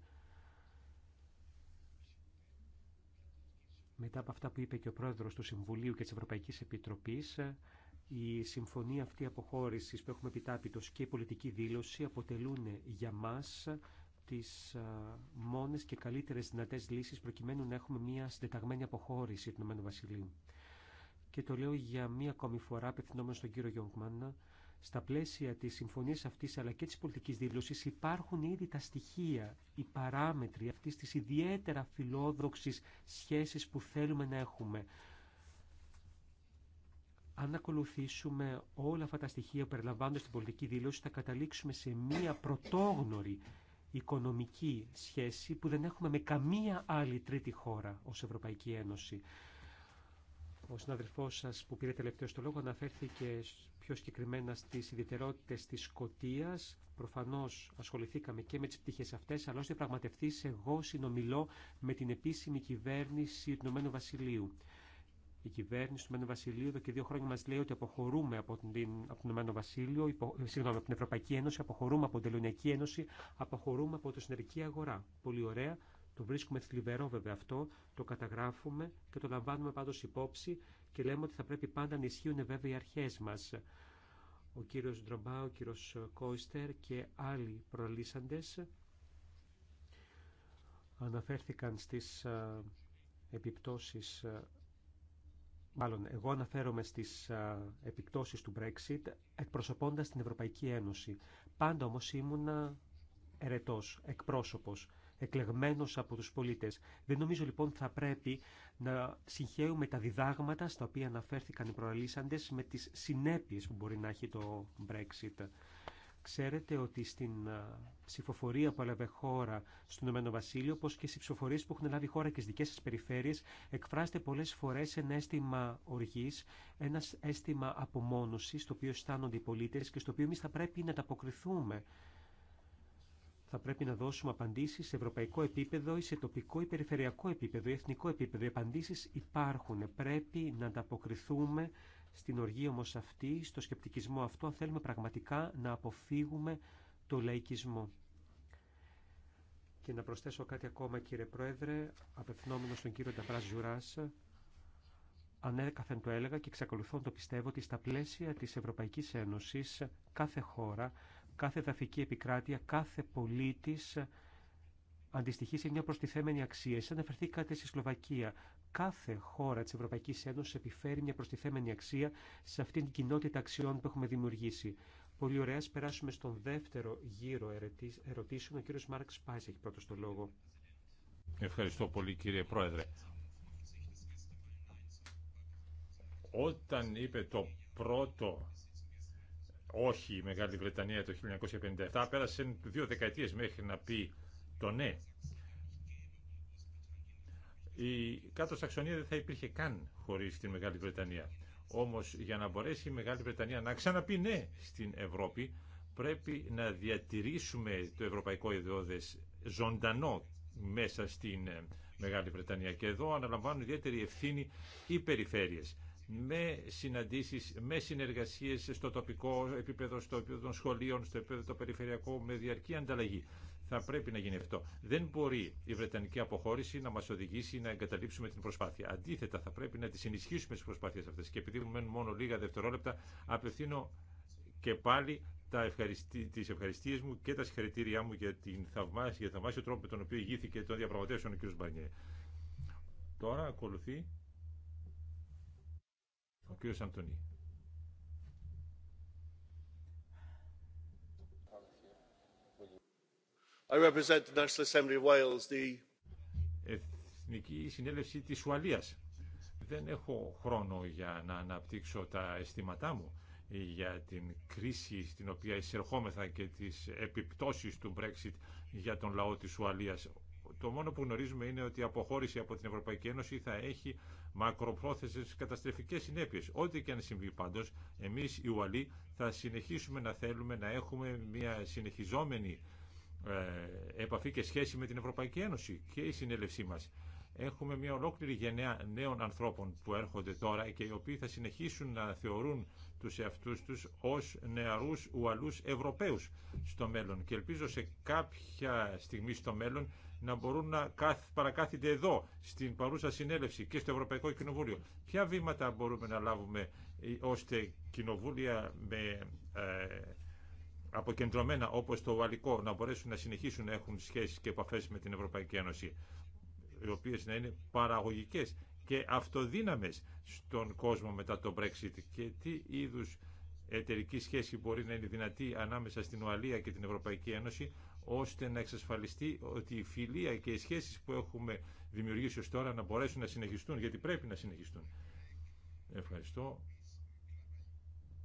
μετά από αυτά που είπε και ο πρόεδρος του Συμβουλίου και της Ευρωπαϊκής Επιτροπής, η συμφωνία αυτή αποχώρησης που έχουμε επιτάπητος και η πολιτική δήλωση αποτελούν για μας τις μόνες και καλύτερες δυνατές λύσεις προκειμένου να έχουμε μια συντεταγμένη αποχώρηση του Ηνωμένου Βασιλείου. Και το λέω για μία ακόμη φορά απευθυνόμενο στον κύριο Γιόγκμαν στα πλαίσια της συμφωνία αυτής αλλά και τη πολιτικής δήλωση, υπάρχουν ήδη τα στοιχεία, οι παράμετροι αυτής της ιδιαίτερα φιλόδοξη σχέσης που θέλουμε να έχουμε. Αν ακολουθήσουμε όλα αυτά τα στοιχεία που περιλαμβάνονται στην πολιτική δήλωση θα καταλήξουμε σε μία πρωτόγνωρη οικονομική σχέση που δεν έχουμε με καμία άλλη τρίτη χώρα ως Ευρωπαϊκή Ένωση. Ο συναδελφό σα που πήρε τελευταίο το λόγο αναφέρθηκε πιο συγκεκριμένα στι ιδιαιτερότητε τη Σκοτία. Προφανώ ασχοληθήκαμε και με τι πτυχέ αυτέ, αλλά ω διαπραγματευτή, εγώ συνομιλώ με την επίσημη κυβέρνηση του Ηνωμένου Βασιλείου. Η κυβέρνηση του Ηνωμένου Βασιλείου εδώ και δύο χρόνια μα λέει ότι αποχωρούμε από, την, από το Ηνωμένο Βασίλειο, υπο, από την Ευρωπαϊκή Ένωση, αποχωρούμε από την Τελωνιακή Ένωση, αποχωρούμε από την εσωτερική αγορά. Πολύ ωραία. Το βρίσκουμε θλιβερό βέβαια αυτό, το καταγράφουμε και το λαμβάνουμε πάντως υπόψη και λέμε ότι θα πρέπει πάντα να ισχύουν βέβαια οι αρχές μας. Ο κύριος Ντρομπά, ο κύριος Κόιστερ και άλλοι προλύσαντες αναφέρθηκαν στις επιπτώσεις Μάλλον, εγώ αναφέρομαι στις επιπτώσεις του Brexit εκπροσωπώντας την Ευρωπαϊκή Ένωση. Πάντα όμως ήμουνα ερετός, εκπρόσωπος εκλεγμένος από τους πολίτες. Δεν νομίζω λοιπόν θα πρέπει να συγχαίουμε τα διδάγματα στα οποία αναφέρθηκαν οι προαλήσαντες με τις συνέπειες που μπορεί να έχει το Brexit. Ξέρετε ότι στην ψηφοφορία που έλαβε χώρα στον Ηνωμένο Βασίλειο, όπω και στι ψηφοφορίε που έχουν λάβει χώρα και στι δικέ σα περιφέρειες, εκφράζεται πολλέ φορέ ένα αίσθημα οργή, ένα αίσθημα απομόνωση, το οποίο αισθάνονται οι πολίτε και στο οποίο εμεί θα πρέπει να ανταποκριθούμε θα πρέπει να δώσουμε απαντήσεις σε ευρωπαϊκό επίπεδο ή σε τοπικό ή περιφερειακό επίπεδο ή εθνικό επίπεδο. Οι απαντήσεις υπάρχουν. Πρέπει να ανταποκριθούμε στην οργή όμως αυτή, στο σκεπτικισμό αυτό, αν θέλουμε πραγματικά να αποφύγουμε το λαϊκισμό. Και να προσθέσω κάτι ακόμα κύριε Πρόεδρε, απευθυνόμενο στον κύριο Νταμπράς Ζουράς, ανέκαθεν το έλεγα και εξακολουθώ να το πιστεύω ότι στα πλαίσια της Ευρωπαϊκής Ένωσης κάθε χώρα κάθε εδαφική επικράτεια, κάθε πολίτης αντιστοιχεί σε μια προστιθέμενη αξία. Εσείς αναφερθήκατε στη Σλοβακία. Κάθε χώρα της Ευρωπαϊκής Ένωσης επιφέρει μια προστιθέμενη αξία σε αυτήν την κοινότητα αξιών που έχουμε δημιουργήσει. Πολύ ωραία. Ας περάσουμε στον δεύτερο γύρο ερωτήσεων. Ο κύριος Μάρκ Σπάις
έχει πρώτο το λόγο. Ευχαριστώ πολύ κύριε Πρόεδρε. Όταν είπε το πρώτο όχι η Μεγάλη Βρετανία το 1957, πέρασαν δύο δεκαετίες μέχρι να πει το ναι. Η κάτω Σαξονία δεν θα υπήρχε καν χωρίς τη Μεγάλη Βρετανία. Όμως για να μπορέσει η Μεγάλη Βρετανία να ξαναπεί ναι στην Ευρώπη, πρέπει να διατηρήσουμε το ευρωπαϊκό ιδεώδες ζωντανό μέσα στην ε, Μεγάλη Βρετανία. Και εδώ αναλαμβάνουν ιδιαίτερη ευθύνη οι περιφέρειες με συναντήσεις, με συνεργασίες στο τοπικό επίπεδο, στο επίπεδο των σχολείων, στο επίπεδο το περιφερειακό, με διαρκή ανταλλαγή. Θα πρέπει να γίνει αυτό. Δεν μπορεί η Βρετανική αποχώρηση να μας οδηγήσει να εγκαταλείψουμε την προσπάθεια. Αντίθετα, θα πρέπει να τις ενισχύσουμε τις προσπάθειες αυτές. Και επειδή μου μένουν μόνο λίγα δευτερόλεπτα, απευθύνω και πάλι τα ευχαριστή, τις ευχαριστίες μου και τα συγχαρητήριά μου για, την θαυμάσια για τον θαυμάσιο τρόπο με τον οποίο ηγήθηκε των διαπραγματεύσεων ο κ. Μπαρνιέ. Τώρα ακολουθεί ο κύριος Εθνική Συνέλευση της Ουαλίας. Δεν έχω χρόνο για να αναπτύξω τα αισθήματά μου για την κρίση στην οποία εισερχόμεθα και τις επιπτώσεις του Brexit για τον λαό της Ουαλίας. Το μόνο που γνωρίζουμε είναι ότι η αποχώρηση από την Ευρωπαϊκή Ένωση θα έχει μακροπρόθεσε καταστρεφικές συνέπειε, Ό,τι και αν συμβεί πάντως, εμείς οι Ουαλοί θα συνεχίσουμε να θέλουμε να έχουμε μια συνεχιζόμενη ε, επαφή και σχέση με την Ευρωπαϊκή Ένωση και η συνέλευσή μας. Έχουμε μια ολόκληρη γενιά νέων ανθρώπων που έρχονται τώρα και οι οποίοι θα συνεχίσουν να θεωρούν τους εαυτού τους ως νεαρούς Ουαλού Ευρωπαίου στο μέλλον. Και ελπίζω σε κάποια στιγμή στο μέλλον να μπορούν να παρακάθεται εδώ, στην παρούσα συνέλευση και στο Ευρωπαϊκό Κοινοβούλιο. Ποια βήματα μπορούμε να λάβουμε ε, ώστε κοινοβούλια με ε, αποκεντρωμένα όπως το Ουαλικό να μπορέσουν να συνεχίσουν να έχουν σχέσεις και επαφές με την Ευρωπαϊκή Ένωση οι οποίες να είναι παραγωγικές και αυτοδύναμες στον κόσμο μετά το Brexit και τι είδους εταιρική σχέση μπορεί να είναι δυνατή ανάμεσα στην Ουαλία και την Ευρωπαϊκή Ένωση ώστε να εξασφαλιστεί ότι η φιλία και οι σχέσεις που έχουμε δημιουργήσει ως τώρα να μπορέσουν να συνεχιστούν, γιατί πρέπει να συνεχιστούν. Ευχαριστώ.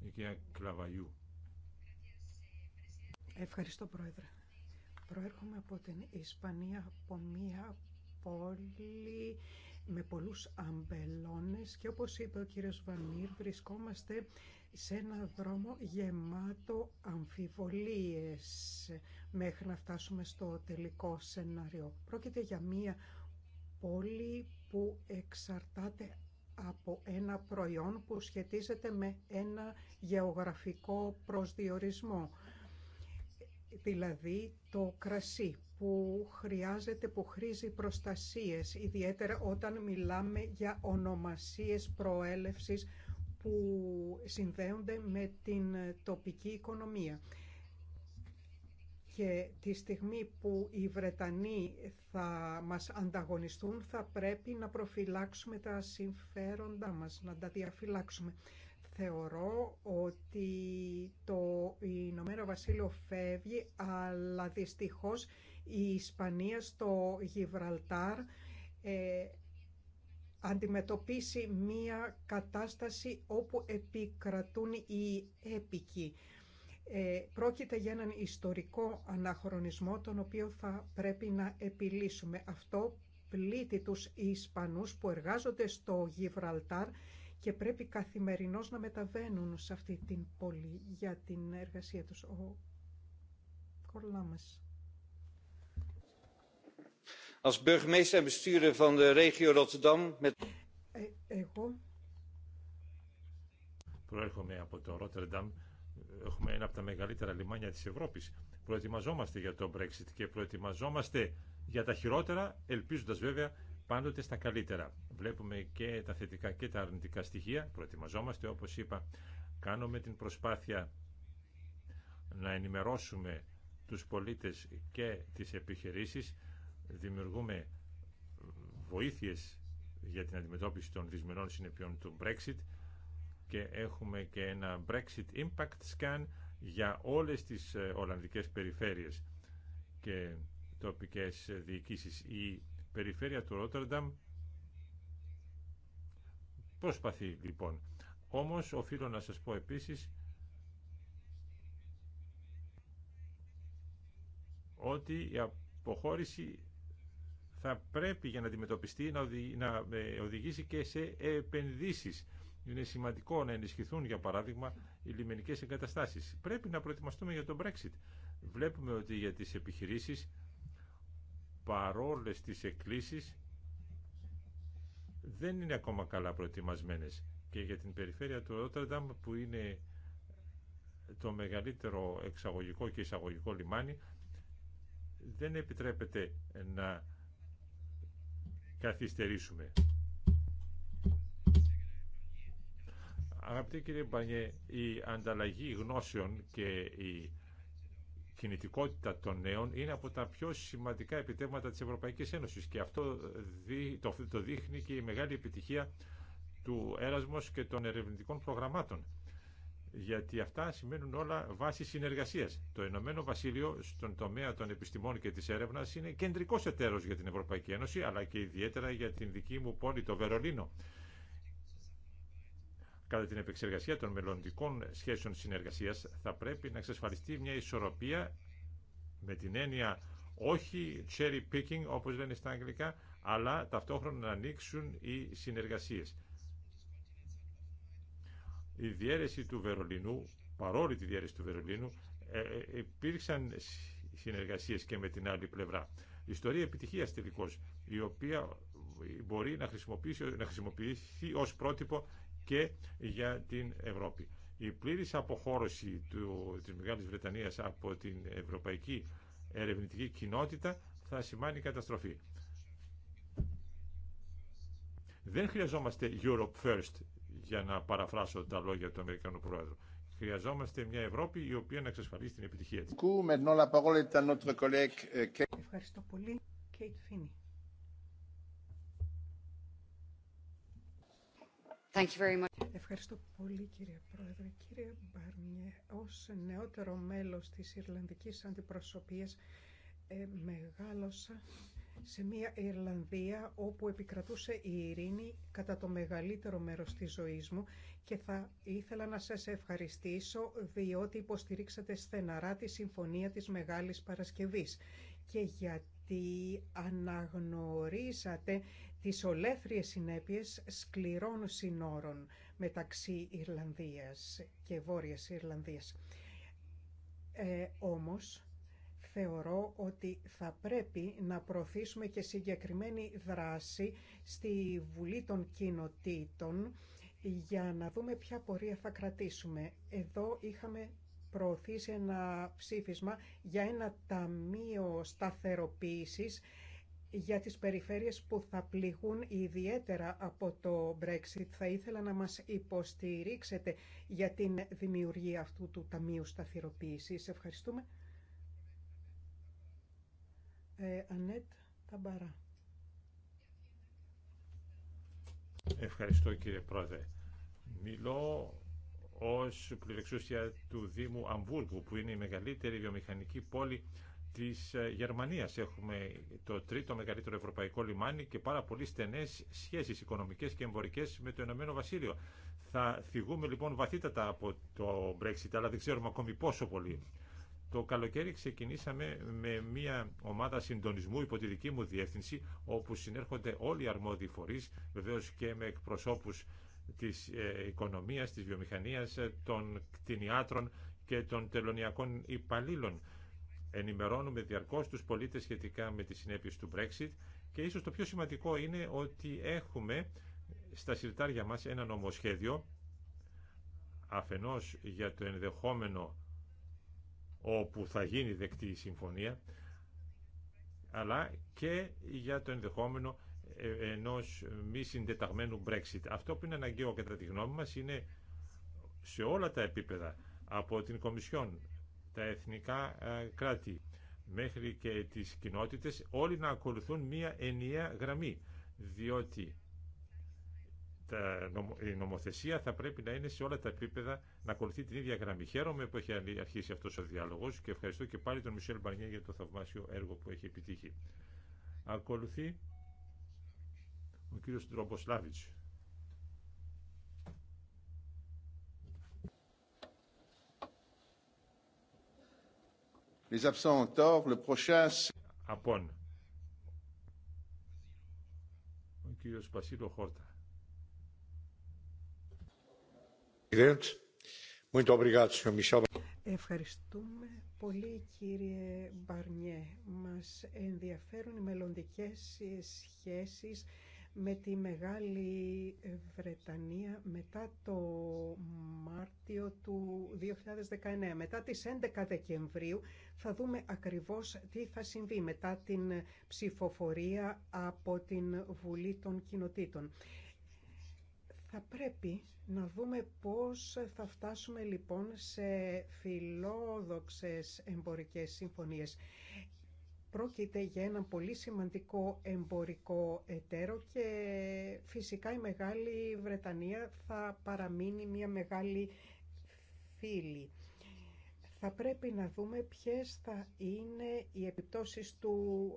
Η κυρία Κλαβαγιού.
Ευχαριστώ, Πρόεδρε. Προέρχομαι από την Ισπανία, από μία πόλη με πολλούς αμπελώνες και όπως είπε ο κύριος Βανίρ βρισκόμαστε σε ένα δρόμο γεμάτο αμφιβολίες μέχρι να φτάσουμε στο τελικό σενάριο. Πρόκειται για μία πόλη που εξαρτάται από ένα προϊόν που σχετίζεται με ένα γεωγραφικό προσδιορισμό, δηλαδή το κρασί που χρειάζεται, που χρήζει προστασίες, ιδιαίτερα όταν μιλάμε για ονομασίες προέλευσης που συνδέονται με την ε, τοπική οικονομία. Και τη στιγμή που οι Βρετανοί θα μας ανταγωνιστούν θα πρέπει να προφυλάξουμε τα συμφέροντά μας, να τα διαφυλάξουμε. Θεωρώ ότι το Ηνωμένο Βασίλειο φεύγει, αλλά δυστυχώς η Ισπανία στο Γιβραλτάρ ε, αντιμετωπίσει μία κατάσταση όπου επικρατούν οι έπικοι. Ε, πρόκειται για έναν ιστορικό αναχρονισμό τον οποίο θα πρέπει να επιλύσουμε. Αυτό πλήττει τους Ισπανούς που εργάζονται στο Γιβραλτάρ και πρέπει καθημερινώς να μεταβαίνουν σε αυτή την πόλη για την εργασία τους. Ο Κορλάμας
als burgemeester en bestuurder van de regio
ε,
Προέρχομαι από το Ρότερνταμ. Έχουμε ένα από τα μεγαλύτερα λιμάνια της Ευρώπης. Προετοιμαζόμαστε για το Brexit και προετοιμαζόμαστε για τα χειρότερα, ελπίζοντας βέβαια πάντοτε στα καλύτερα. Βλέπουμε και τα θετικά και τα αρνητικά στοιχεία. Προετοιμαζόμαστε, όπως είπα, κάνουμε την προσπάθεια να ενημερώσουμε τους πολίτες και τις επιχειρήσεις δημιουργούμε βοήθειες για την αντιμετώπιση των δυσμενών συνεπειών του Brexit και έχουμε και ένα Brexit Impact Scan για όλες τις ε, Ολλανδικές περιφέρειες και τοπικές διοικήσεις. Η περιφέρεια του Ρότερνταμ προσπαθεί λοιπόν. Όμως οφείλω να σας πω επίσης ότι η αποχώρηση θα πρέπει για να αντιμετωπιστεί να ε, οδηγήσει και σε επενδύσεις. Είναι σημαντικό να ενισχυθούν, για παράδειγμα, οι λιμενικές εγκαταστάσεις. Πρέπει να προετοιμαστούμε για τον Brexit. Βλέπουμε ότι για τις επιχειρήσεις, παρόλες τις εκκλήσεις, δεν είναι ακόμα καλά προετοιμασμένες. Και για την περιφέρεια του Ρότερνταμ, που είναι το μεγαλύτερο εξαγωγικό και εισαγωγικό λιμάνι, δεν επιτρέπεται να καθυστερήσουμε. Αγαπητέ κύριε Μπανιέ, η ανταλλαγή γνώσεων και η κινητικότητα των νέων είναι από τα πιο σημαντικά επιτεύγματα της Ευρωπαϊκής Ένωσης και αυτό το δείχνει και η μεγάλη επιτυχία του έρασμος και των ερευνητικών προγραμμάτων γιατί αυτά σημαίνουν όλα βάση συνεργασίας. Το Ηνωμένο Βασίλειο στον τομέα των επιστημών και της έρευνας είναι κεντρικός εταίρο για την Ευρωπαϊκή Ένωση, αλλά και ιδιαίτερα για την δική μου πόλη, το Βερολίνο. Κατά την επεξεργασία των μελλοντικών σχέσεων συνεργασίας θα πρέπει να εξασφαλιστεί μια ισορροπία με την έννοια όχι cherry picking όπως λένε στα αγγλικά, αλλά ταυτόχρονα να ανοίξουν οι συνεργασίες η διαίρεση του Βερολίνου, παρόλη τη διαίρεση του Βερολίνου, ε, ε, υπήρξαν συνεργασίες και με την άλλη πλευρά. Η Ιστορία επιτυχία τελικώς, η οποία μπορεί να, χρησιμοποιήσει, να χρησιμοποιηθεί ως πρότυπο και για την Ευρώπη. Η πλήρης αποχώρωση του, της Μεγάλης Βρετανίας από την Ευρωπαϊκή Ερευνητική Κοινότητα θα σημάνει καταστροφή. Δεν χρειαζόμαστε Europe first για να παραφράσω τα λόγια του Αμερικανού Πρόεδρου. Χρειαζόμαστε μια Ευρώπη η οποία να εξασφαλίσει την επιτυχία τη.
Ε,
Ευχαριστώ πολύ. Ευχαριστώ πολύ κύριε Πρόεδρε. Κύριε Μπαρνιέ, ως νεότερο μέλος της Ιρλανδικής Αντιπροσωπείας ε, μεγάλωσα σε μια Ιρλανδία όπου επικρατούσε η ειρήνη κατά το μεγαλύτερο μέρος της ζωής μου και θα ήθελα να σας ευχαριστήσω διότι υποστηρίξατε στεναρά τη Συμφωνία της Μεγάλης Παρασκευής και γιατί αναγνωρίσατε τις ολέθριες συνέπειες σκληρών συνόρων μεταξύ Ιρλανδίας και Βόρειας Ιρλανδίας. Ε, όμως, θεωρώ ότι θα πρέπει να προωθήσουμε και συγκεκριμένη δράση στη Βουλή των Κοινοτήτων για να δούμε ποια πορεία θα κρατήσουμε. Εδώ είχαμε προωθήσει ένα ψήφισμα για ένα ταμείο σταθεροποίησης για τις περιφέρειες που θα πληγούν ιδιαίτερα από το Brexit. Θα ήθελα να μας υποστηρίξετε για την δημιουργία αυτού του Ταμείου Σταθεροποίησης. Ευχαριστούμε. Ε, Ανέτ Ταμπαρά.
Ευχαριστώ κύριε Πρόεδρε. Μιλώ ως πληρεξούσια του Δήμου Αμβούργου που είναι η μεγαλύτερη βιομηχανική πόλη της ε, Γερμανίας. Έχουμε το τρίτο μεγαλύτερο ευρωπαϊκό λιμάνι και πάρα πολύ στενές σχέσεις οικονομικές και εμπορικές με το Ηνωμένο Βασίλειο. Θα φυγούμε λοιπόν βαθύτατα από το Brexit αλλά δεν ξέρουμε ακόμη πόσο πολύ. Το καλοκαίρι ξεκινήσαμε με μια ομάδα συντονισμού υπό τη δική μου διεύθυνση, όπου συνέρχονται όλοι οι αρμόδιοι φορείς, βεβαίως και με εκπροσώπους της ε, οικονομίας, της βιομηχανίας, των κτηνιάτρων και των τελωνιακών υπαλλήλων. Ενημερώνουμε διαρκώς τους πολίτες σχετικά με τις συνέπειες του Brexit και ίσως το πιο σημαντικό είναι ότι έχουμε στα συρτάρια μας ένα νομοσχέδιο αφενός για το ενδεχόμενο όπου θα γίνει δεκτή η συμφωνία, αλλά και για το ενδεχόμενο ε, ενός μη συντεταγμένου Brexit. Αυτό που είναι αναγκαίο κατά τη γνώμη μας είναι σε όλα τα επίπεδα, από την Κομισιόν, τα εθνικά ε, κράτη, μέχρι και τις κοινότητες, όλοι να ακολουθούν μία ενιαία γραμμή, διότι η νομοθεσία θα πρέπει να είναι σε όλα τα επίπεδα να ακολουθεί την ίδια γραμμή. Χαίρομαι που έχει αρχίσει αυτός ο διάλογος και ευχαριστώ και πάλι τον Μισελ Μπαρνιέ για το θαυμάσιο έργο που έχει επιτύχει. Ακολουθεί ο κύριος Ντρομποσλάβιτ.
Les absents ont le prochain... Απόν.
Ο κύριος Πασίλο Χόρτα.
Ευχαριστούμε πολύ κύριε Μπαρνιέ. Μας ενδιαφέρουν οι μελλοντικές σχέσεις με τη Μεγάλη Βρετανία μετά το Μάρτιο του 2019. Μετά τις 11 Δεκεμβρίου θα δούμε ακριβώς τι θα συμβεί μετά την ψηφοφορία από την Βουλή των Κοινοτήτων. Θα πρέπει να δούμε πώς θα φτάσουμε λοιπόν σε φιλόδοξες εμπορικές συμφωνίες. Πρόκειται για ένα πολύ σημαντικό εμπορικό εταίρο και φυσικά η Μεγάλη Βρετανία θα παραμείνει μια μεγάλη φίλη. Θα πρέπει να δούμε ποιες θα είναι οι επιπτώσεις του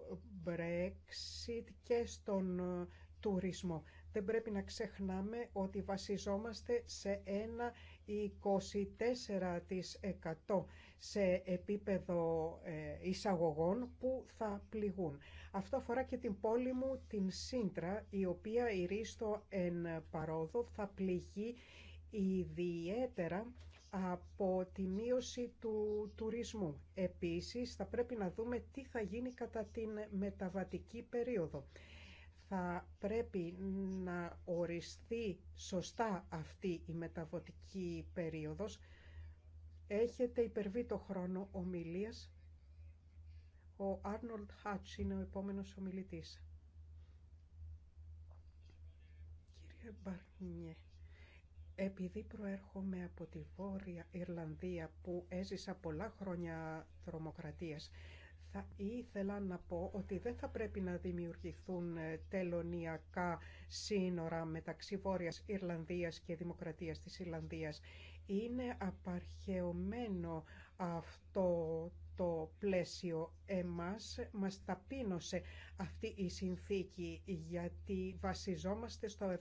Brexit και στον τουρισμό δεν πρέπει να ξεχνάμε ότι βασιζόμαστε σε ένα 24% σε επίπεδο ε, εισαγωγών που θα πληγούν. Αυτό αφορά και την πόλη μου, την Σύντρα, η οποία η Ρίστο εν παρόδο θα πληγεί ιδιαίτερα από τη μείωση του τουρισμού. Επίσης, θα πρέπει να δούμε τι θα γίνει κατά την μεταβατική περίοδο θα πρέπει να οριστεί σωστά αυτή η μεταβοτική περίοδος. Έχετε υπερβεί το χρόνο ομιλίας. Ο Άρνολτ Χάτς είναι ο επόμενος ομιλητής. Κύριε Μπαρνιέ, επειδή προέρχομαι από τη Βόρεια Ιρλανδία που έζησα πολλά χρόνια τρομοκρατίας, θα ήθελα να πω ότι δεν θα πρέπει να δημιουργηθούν ε, τελωνιακά σύνορα μεταξύ Βόρειας Ιρλανδίας και Δημοκρατίας της Ιρλανδίας. Είναι απαρχαιωμένο αυτό το πλαίσιο εμάς μας ταπείνωσε αυτή η συνθήκη γιατί βασιζόμαστε στο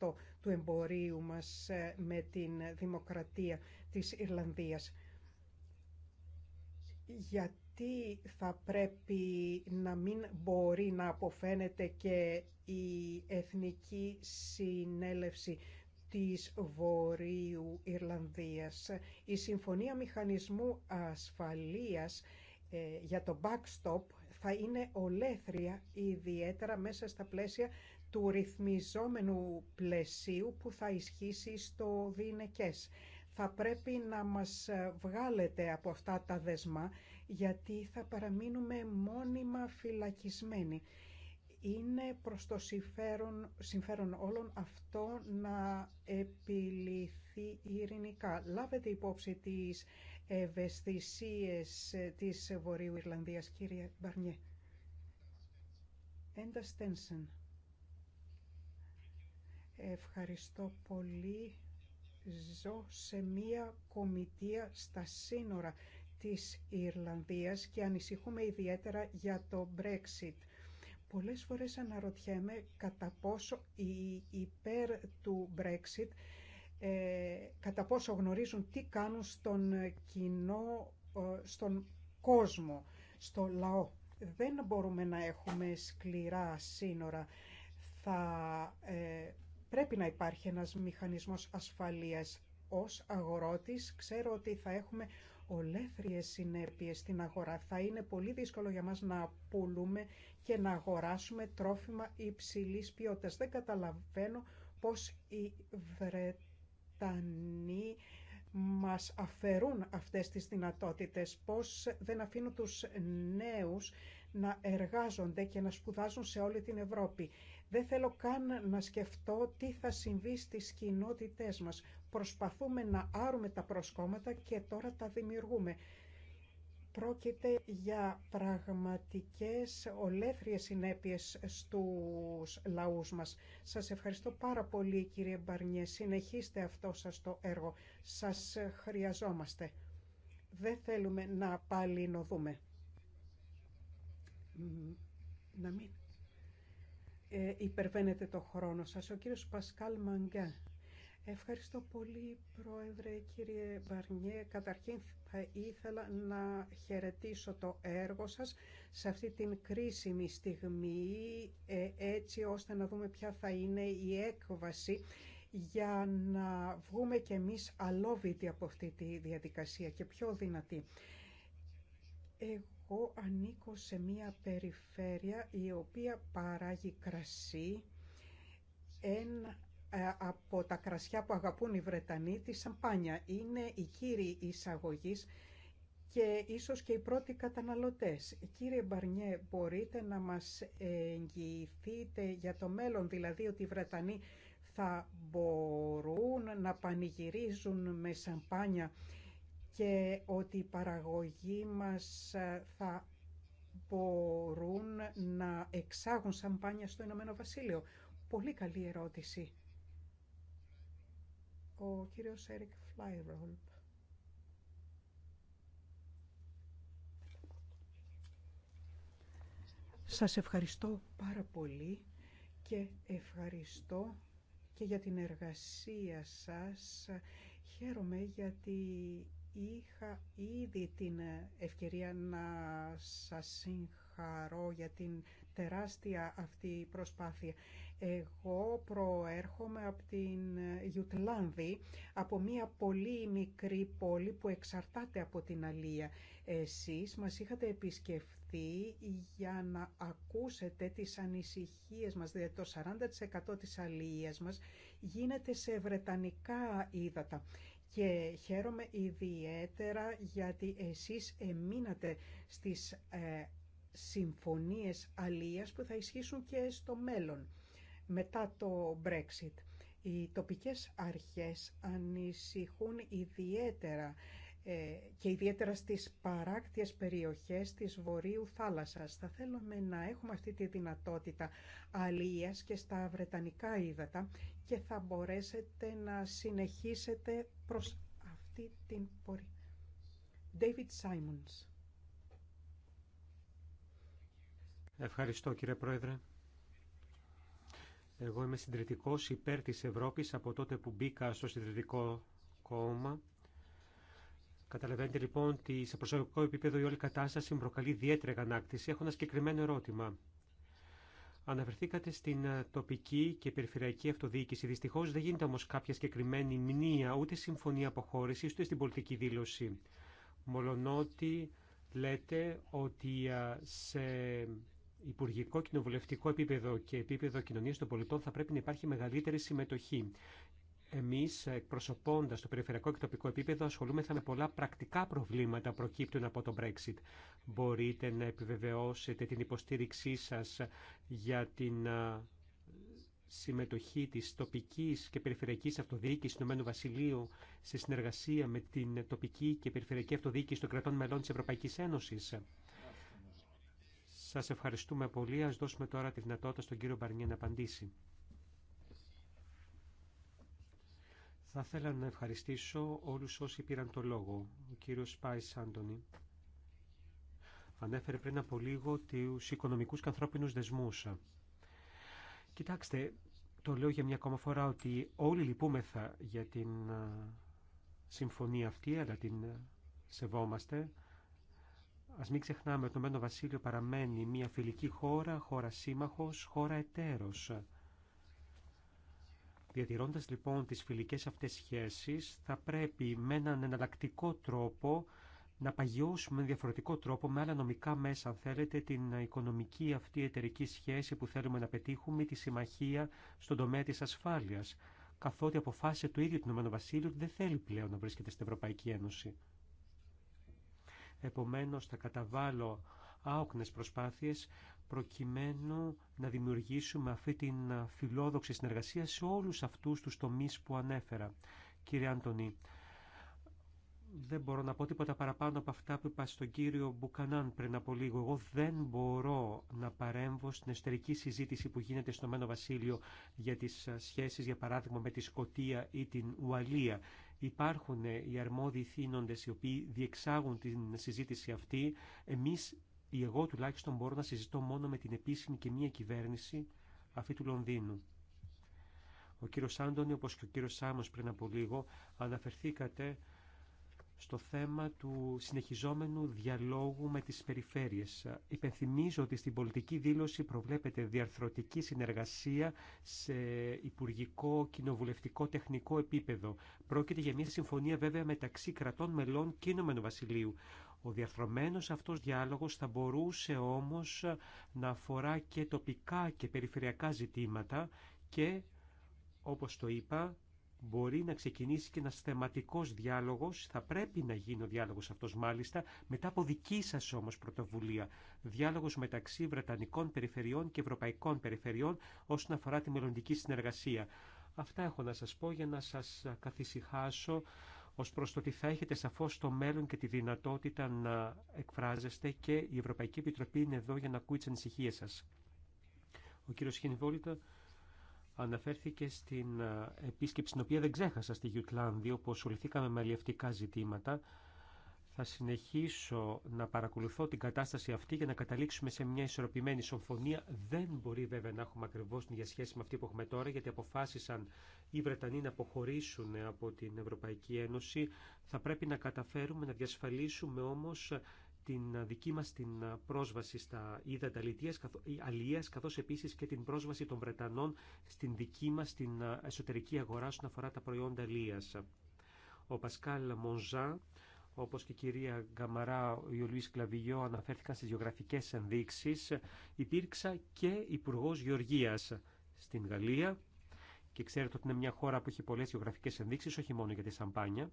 70% του εμπορίου μας ε, με την δημοκρατία της Ιρλανδίας. Γιατί τι θα πρέπει να μην μπορεί να αποφαίνεται και η Εθνική Συνέλευση της Βορείου Ιρλανδίας. Η Συμφωνία Μηχανισμού Ασφαλείας ε, για το backstop θα είναι ολέθρια ιδιαίτερα μέσα στα πλαίσια του ρυθμιζόμενου πλαισίου που θα ισχύσει στο Δινεκές. Θα πρέπει να μας ε, βγάλετε από αυτά τα δεσμά γιατί θα παραμείνουμε μόνιμα φυλακισμένοι. Είναι προς το συμφέρον, όλων αυτό να επιληθεί ειρηνικά. Λάβετε υπόψη τις ευαισθησίες ε, της Βορείου Ιρλανδίας, κύριε Μπαρνιέ. Έντα Ευχαριστώ πολύ. Ζω σε μία κομιτεία στα σύνορα της Ιρλανδίας και ανησυχούμε ιδιαίτερα για το Brexit. Πολλές φορές αναρωτιέμαι κατά πόσο οι υπέρ του Brexit, ε, κατά πόσο γνωρίζουν τι κάνουν στον κοινό, ε, στον κόσμο, στο λαό. Δεν μπορούμε να έχουμε σκληρά σύνορα. Θα ε, πρέπει να υπάρχει ένας μηχανισμός ασφαλείας. Ως αγορότης ξέρω ότι θα έχουμε ολέθριες συνέπειες στην αγορά. Θα είναι πολύ δύσκολο για μας να πουλούμε και να αγοράσουμε τρόφιμα υψηλής ποιότητας. Δεν καταλαβαίνω πώς οι Βρετανοί μας αφαιρούν αυτές τις δυνατότητες, πώς δεν αφήνουν τους νέους να εργάζονται και να σπουδάζουν σε όλη την Ευρώπη. Δεν θέλω καν να σκεφτώ τι θα συμβεί στις κοινότητές μας, προσπαθούμε να άρουμε τα προσκόμματα και τώρα τα δημιουργούμε. Πρόκειται για πραγματικές ολέθριες συνέπειες στους λαούς μας. Σας ευχαριστώ πάρα πολύ κύριε Μπαρνιέ. Συνεχίστε αυτό σας το έργο. Σας χρειαζόμαστε. Δεν θέλουμε να νοδούμε. Να μην ε, υπερβαίνετε το χρόνο σας. Ο κύριος Πασκάλ Μαγκά. Ευχαριστώ πολύ, Πρόεδρε, κύριε Μπαρνιέ. Καταρχήν θα ήθελα να χαιρετήσω το έργο σας σε αυτή την κρίσιμη στιγμή, ε, έτσι ώστε να δούμε ποια θα είναι η έκβαση για να βγούμε κι εμείς αλόβητοι από αυτή τη διαδικασία και πιο δυνατοί. Εγώ ανήκω σε μία περιφέρεια η οποία παράγει κρασί, ένα ε, από τα κρασιά που αγαπούν οι Βρετανοί, τη σαμπάνια. Είναι οι κύριοι εισαγωγής και ίσως και οι πρώτοι καταναλωτές. Κύριε Μπαρνιέ, μπορείτε να μας εγγυηθείτε για το μέλλον, δηλαδή ότι οι Βρετανοί θα μπορούν να πανηγυρίζουν με σαμπάνια και ότι η παραγωγή μας θα μπορούν να εξάγουν σαμπάνια στο Ηνωμένο Βασίλειο. Πολύ καλή ερώτηση ο κύριος Έρικ Σας ευχαριστώ πάρα πολύ και ευχαριστώ και για την εργασία σας. Χαίρομαι γιατί είχα ήδη την ευκαιρία να σας συγχαρώ για την τεράστια αυτή προσπάθεια. Εγώ προέρχομαι από την Ιουτλάνδη, ε, από μια πολύ μικρή πόλη που εξαρτάται από την Αλία. Εσείς μας είχατε επισκεφθεί για να ακούσετε τις ανησυχίες μας, δηλαδή το 40% της αλίας μας γίνεται σε βρετανικά ύδατα. Και χαίρομαι ιδιαίτερα γιατί εσείς εμείνατε στις ε, συμφωνίες αλίας που θα ισχύσουν και στο μέλλον μετά το Brexit. Οι τοπικές αρχές ανησυχούν ιδιαίτερα ε, και ιδιαίτερα στις παράκτιες περιοχές της Βορείου Θάλασσας. Θα θέλουμε να έχουμε αυτή τη δυνατότητα αλίας και στα Βρετανικά ύδατα και θα μπορέσετε να συνεχίσετε προς αυτή την πορεία. David Simons.
Ευχαριστώ κύριε Πρόεδρε. Εγώ είμαι συντηρητικό υπέρ της Ευρώπης από τότε που μπήκα στο συντηρητικό κόμμα. Καταλαβαίνετε λοιπόν ότι σε προσωπικό επίπεδο η όλη κατάσταση μου προκαλεί ιδιαίτερη αγανάκτηση. Έχω ένα συγκεκριμένο ερώτημα. Αναφερθήκατε στην ε, τοπική και περιφερειακή αυτοδιοίκηση. Δυστυχώ δεν γίνεται όμω κάποια συγκεκριμένη μνήμα ούτε συμφωνία αποχώρηση ούτε στην πολιτική δήλωση. Μολονότι λέτε ότι ε, σε υπουργικό, κοινοβουλευτικό επίπεδο και επίπεδο κοινωνίας των πολιτών θα πρέπει να υπάρχει μεγαλύτερη συμμετοχή. Εμεί, εκπροσωπώντα το περιφερειακό και τοπικό επίπεδο, ασχολούμεθα με πολλά πρακτικά προβλήματα προκύπτουν από το Brexit. Μπορείτε να επιβεβαιώσετε την υποστήριξή σα για την συμμετοχή της τοπικής και περιφερειακής αυτοδιοίκησης του Ηνωμένου Βασιλείου σε συνεργασία με την τοπική και περιφερειακή αυτοδιοίκηση των κρατών μελών της Ευρωπαϊκής Ένωσης. Σας ευχαριστούμε πολύ. Ας δώσουμε τώρα τη δυνατότητα στον κύριο Μπαρνιέ να απαντήσει. Θα ήθελα να ευχαριστήσω όλους όσοι πήραν το λόγο. Ο κύριος Πάης Άντωνη ανέφερε πριν από λίγο τους οικονομικούς και ανθρώπινους δεσμούς. Κοιτάξτε, το λέω για μια ακόμα φορά ότι όλοι λυπούμεθα για την συμφωνία αυτή, αλλά την σεβόμαστε ας μην ξεχνάμε ότι το Μένο Βασίλειο παραμένει μια φιλική χώρα, χώρα σύμμαχος, χώρα εταίρος. Διατηρώντας λοιπόν τις φιλικές αυτές σχέσεις, θα πρέπει με έναν εναλλακτικό τρόπο να παγιώσουμε με διαφορετικό τρόπο, με άλλα νομικά μέσα, αν θέλετε, την οικονομική αυτή εταιρική σχέση που θέλουμε να πετύχουμε, τη συμμαχία στον τομέα της ασφάλειας, καθότι αποφάσισε το ίδιο το Ηνωμένο Βασίλειο ότι δεν θέλει πλέον να βρίσκεται στην Ευρωπαϊκή Ένωση. Επομένως θα καταβάλω άοκνες προσπάθειες προκειμένου να δημιουργήσουμε αυτή την φιλόδοξη συνεργασία σε όλους αυτούς τους τομείς που ανέφερα. Κύριε Άντωνη, δεν μπορώ να πω τίποτα παραπάνω από αυτά που είπα στον κύριο Μπουκανάν πριν από λίγο. Εγώ δεν μπορώ να παρέμβω στην εσωτερική συζήτηση που γίνεται στο Μένο Βασίλειο για τις ε, σχέσεις, για παράδειγμα, με τη Σκοτία ή την Ουαλία. Υπάρχουν ε, οι αρμόδιοι θύνοντες οι οποίοι διεξάγουν την συζήτηση αυτή. Εμείς ή εγώ τουλάχιστον μπορώ να συζητώ μόνο με την επίσημη και μία κυβέρνηση αυτή του Λονδίνου. Ο κύριος Άντωνη, όπως και ο κύριος Σάμος πριν από λίγο, αναφερθήκατε στο θέμα του συνεχιζόμενου διαλόγου με τις περιφέρειες. Υπενθυμίζω ότι στην πολιτική δήλωση προβλέπεται διαρθρωτική συνεργασία σε υπουργικό, κοινοβουλευτικό, τεχνικό επίπεδο. Πρόκειται για μια συμφωνία βέβαια μεταξύ κρατών μελών και Ηνωμένου Βασιλείου. Ο διαρθρωμένος αυτός διάλογος θα μπορούσε όμως να αφορά και τοπικά και περιφερειακά ζητήματα και, όπως το είπα, μπορεί να ξεκινήσει και ένας θεματικός διάλογος, θα πρέπει να γίνει ο διάλογος αυτός μάλιστα, μετά από δική σας όμως πρωτοβουλία, διάλογος μεταξύ Βρετανικών περιφερειών και Ευρωπαϊκών περιφερειών όσον αφορά τη μελλοντική συνεργασία. Αυτά έχω να σας πω για να σας καθησυχάσω ως προς το ότι θα έχετε σαφώς το μέλλον και τη δυνατότητα να εκφράζεστε και η Ευρωπαϊκή Επιτροπή είναι εδώ για να ακούει τις ανησυχίες σας. Ο κύριος Χινβόλητα αναφέρθηκε στην ε, επίσκεψη την οποία δεν ξέχασα στη Γιουτλάνδη όπου ασχοληθήκαμε με αλλιευτικά ζητήματα. Θα συνεχίσω να παρακολουθώ την κατάσταση αυτή για να καταλήξουμε σε μια ισορροπημένη συμφωνία. Δεν μπορεί βέβαια να έχουμε ακριβώ την διασχέση με αυτή που έχουμε τώρα, γιατί αποφάσισαν οι Βρετανοί να αποχωρήσουν από την Ευρωπαϊκή Ένωση. Θα πρέπει να καταφέρουμε να διασφαλίσουμε όμω την δική μας την πρόσβαση στα είδα αλίας καθώς επίσης και την πρόσβαση των Βρετανών στην δική μας την εσωτερική αγορά όσον αφορά τα προϊόντα αλλίας. Ο Πασκάλ Μονζά, όπως και η κυρία Γκαμαρά, ο Κλαβιγιό αναφέρθηκαν στις γεωγραφικές ενδείξεις, υπήρξα και υπουργό Γεωργίας στην Γαλλία και ξέρετε ότι είναι μια χώρα που έχει πολλές γεωγραφικές ενδείξεις, όχι μόνο για τη Σαμπάνια,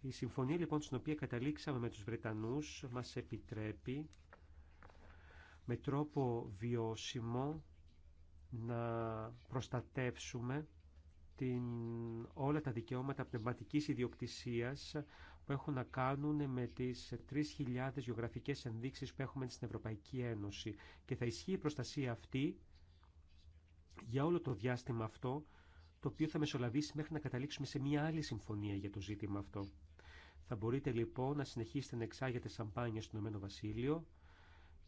η συμφωνία λοιπόν στην οποία καταλήξαμε με τους Βρετανούς μας επιτρέπει με τρόπο βιώσιμο να προστατεύσουμε την, όλα τα δικαιώματα πνευματικής ιδιοκτησίας που έχουν να κάνουν με τις 3.000 γεωγραφικές ενδείξεις που έχουμε στην Ευρωπαϊκή Ένωση και θα ισχύει η προστασία αυτή για όλο το διάστημα αυτό το οποίο θα μεσολαβήσει μέχρι να καταλήξουμε σε μια άλλη συμφωνία για το ζήτημα αυτό. Θα μπορείτε λοιπόν να συνεχίσετε να εξάγετε σαμπάνια στον Ηνωμένο Βασίλειο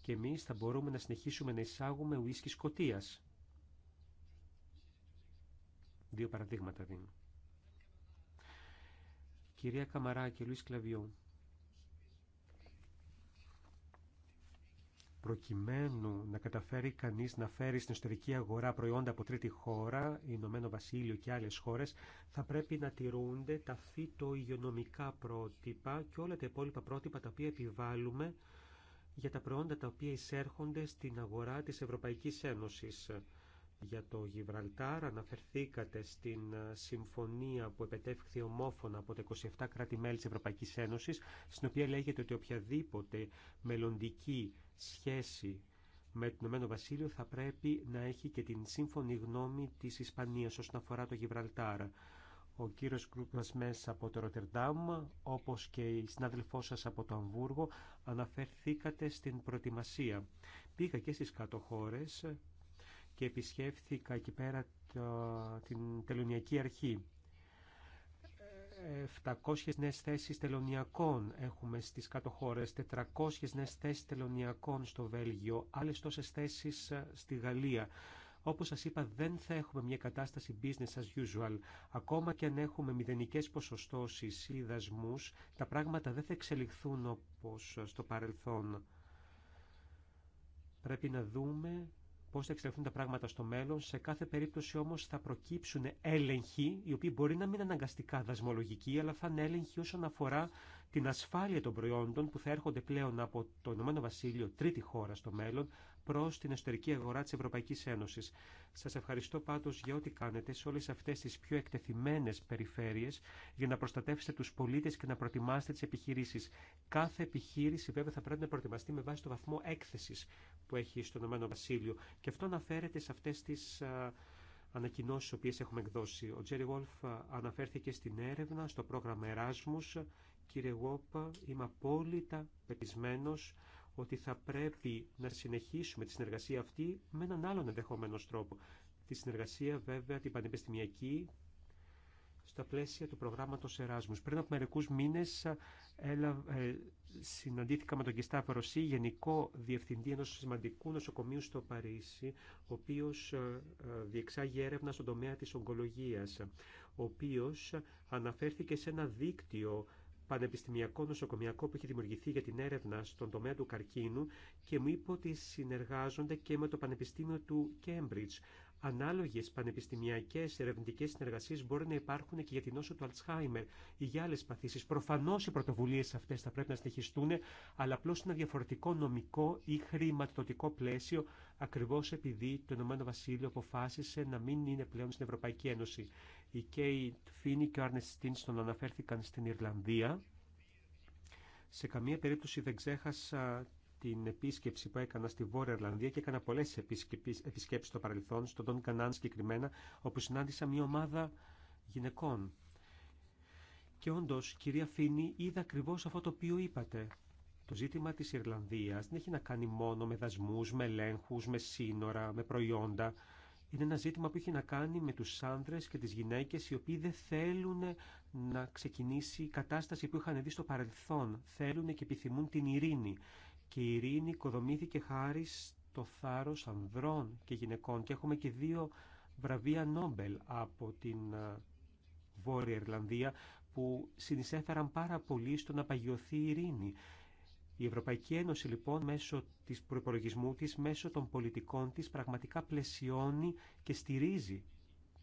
και εμείς θα μπορούμε να συνεχίσουμε να εισάγουμε ουίσκι σκοτίας. Δύο παραδείγματα δίνω. Κυρία Καμαρά και Λουίς Κλαβιού, προκειμένου να καταφέρει κανείς να φέρει στην εσωτερική αγορά προϊόντα από τρίτη χώρα, Ηνωμένο Βασίλειο και άλλες χώρες, θα πρέπει να τηρούνται τα φυτο πρότυπα και όλα τα υπόλοιπα πρότυπα τα οποία επιβάλλουμε για τα προϊόντα τα οποία εισέρχονται στην αγορά της Ευρωπαϊκής Ένωσης. Για το Γιβραλτάρ αναφερθήκατε στην ε, συμφωνία που επετεύχθη ομόφωνα από τα 27 κράτη-μέλη της Ευρωπαϊκής Ένωσης, στην οποία λέγεται ότι οποιαδήποτε μελλοντική σχέση με το Ηνωμένο Βασίλειο θα πρέπει να έχει και την σύμφωνη γνώμη της Ισπανίας όσον αφορά το Γιβραλτάρ. Ο κύριος Γκρουπ μας από το Ροτερντάμ, όπως και η συνάδελφό σας από το Αμβούργο, αναφερθήκατε στην προετοιμασία. Πήγα και στις κάτω χώρες και επισκέφθηκα εκεί πέρα το, την τελωνιακή αρχή. 700 νέες θέσεις τελωνιακών έχουμε στις κάτω χώρες, 400 νέες θέσεις τελωνιακών στο Βέλγιο, άλλες τόσες θέσεις ε, στη Γαλλία. Όπως σας είπα, δεν θα έχουμε μια κατάσταση business as usual. Ακόμα και αν έχουμε μηδενικές ποσοστώσεις ή δασμούς, τα πράγματα δεν θα εξελιχθούν όπως στο παρελθόν. Πρέπει να δούμε πώς θα εξελιχθούν τα πράγματα στο μέλλον. Σε κάθε περίπτωση όμως θα προκύψουν έλεγχοι, οι οποίοι μπορεί να μην είναι αναγκαστικά δασμολογικοί, αλλά θα είναι έλεγχοι όσον αφορά την ασφάλεια των προϊόντων που θα έρχονται πλέον από το Ηνωμένο Βασίλειο, τρίτη χώρα στο μέλλον, προ την εσωτερική αγορά τη Ευρωπαϊκή Ένωση. Σα ευχαριστώ πάντω για ό,τι κάνετε σε όλε αυτέ τι πιο εκτεθειμένε περιφέρειε για να προστατεύσετε του πολίτε και να προετοιμάσετε τι επιχειρήσει. Κάθε επιχείρηση βέβαια θα πρέπει να προετοιμαστεί με βάση το βαθμό έκθεση που έχει στο Ηνωμένο Βασίλειο. Και αυτό αναφέρεται σε αυτέ τι ανακοινώσει τι οποίε έχουμε εκδώσει. Ο Τζέρι Γολφ αναφέρθηκε στην έρευνα, στο πρόγραμμα Εράσμου. Κύριε Γόπα, είμαι απόλυτα πεπισμένος ότι θα πρέπει να συνεχίσουμε τη συνεργασία αυτή με έναν άλλον ενδεχόμενο τρόπο. Τη συνεργασία βέβαια την πανεπιστημιακή στα πλαίσια του προγράμματος Εράσμους. Πριν από μερικού μήνε, ε, ε, συναντήθηκα με τον Κιστάφα Ρωσή, γενικό διευθυντή ενό σημαντικού νοσοκομείου στο Παρίσι, ο οποίος ε, ε, διεξάγει έρευνα στον τομέα της ογκολογίας, ο οποίος ε, αναφέρθηκε σε ένα δίκτυο πανεπιστημιακό νοσοκομιακό που έχει δημιουργηθεί για την έρευνα στον τομέα του καρκίνου και μου είπε ότι συνεργάζονται και με το Πανεπιστήμιο του Κέμπριτζ. Ανάλογες πανεπιστημιακές ερευνητικέ συνεργασίες μπορεί να υπάρχουν και για την νόσο του Αλτσχάιμερ ή για άλλε παθήσεις. Προφανώς οι πρωτοβουλίες αυτές θα πρέπει να στοιχιστούν, αλλά απλώ ένα διαφορετικό νομικό ή χρηματοδοτικό πλαίσιο, ακριβώς επειδή το Ηνωμένο Βασίλειο αποφάσισε να μην είναι πλέον στην Ευρωπαϊκή Ένωση. Η Κέιτ Φίνι και ο Άρνε Στίνστον αναφέρθηκαν στην Ιρλανδία. Σε καμία περίπτωση δεν ξέχασα την επίσκεψη που έκανα στη Βόρεια Ιρλανδία και έκανα πολλέ επισκέψει στο παρελθόν, στον Τον Κανάν συγκεκριμένα, όπου συνάντησα μια ομάδα γυναικών. Και όντω, κυρία Φίνη, είδα ακριβώ αυτό το οποίο είπατε. Το ζήτημα της Ιρλανδίας δεν έχει να κάνει μόνο με δασμούς, με ελέγχου, με σύνορα, με προϊόντα είναι ένα ζήτημα που έχει να κάνει με τους άνδρες και τις γυναίκες οι οποίοι δεν θέλουν να ξεκινήσει η κατάσταση που είχαν δει στο παρελθόν. Θέλουν και επιθυμούν την ειρήνη. Και η ειρήνη οικοδομήθηκε χάρη στο θάρρος ανδρών και γυναικών. Και έχουμε και δύο βραβεία Νόμπελ από την Βόρεια Ιρλανδία που συνεισέφεραν πάρα πολύ στο να παγιωθεί η ειρήνη. Η Ευρωπαϊκή Ένωση λοιπόν μέσω της προπολογισμού της, μέσω των πολιτικών της πραγματικά πλαισιώνει και στηρίζει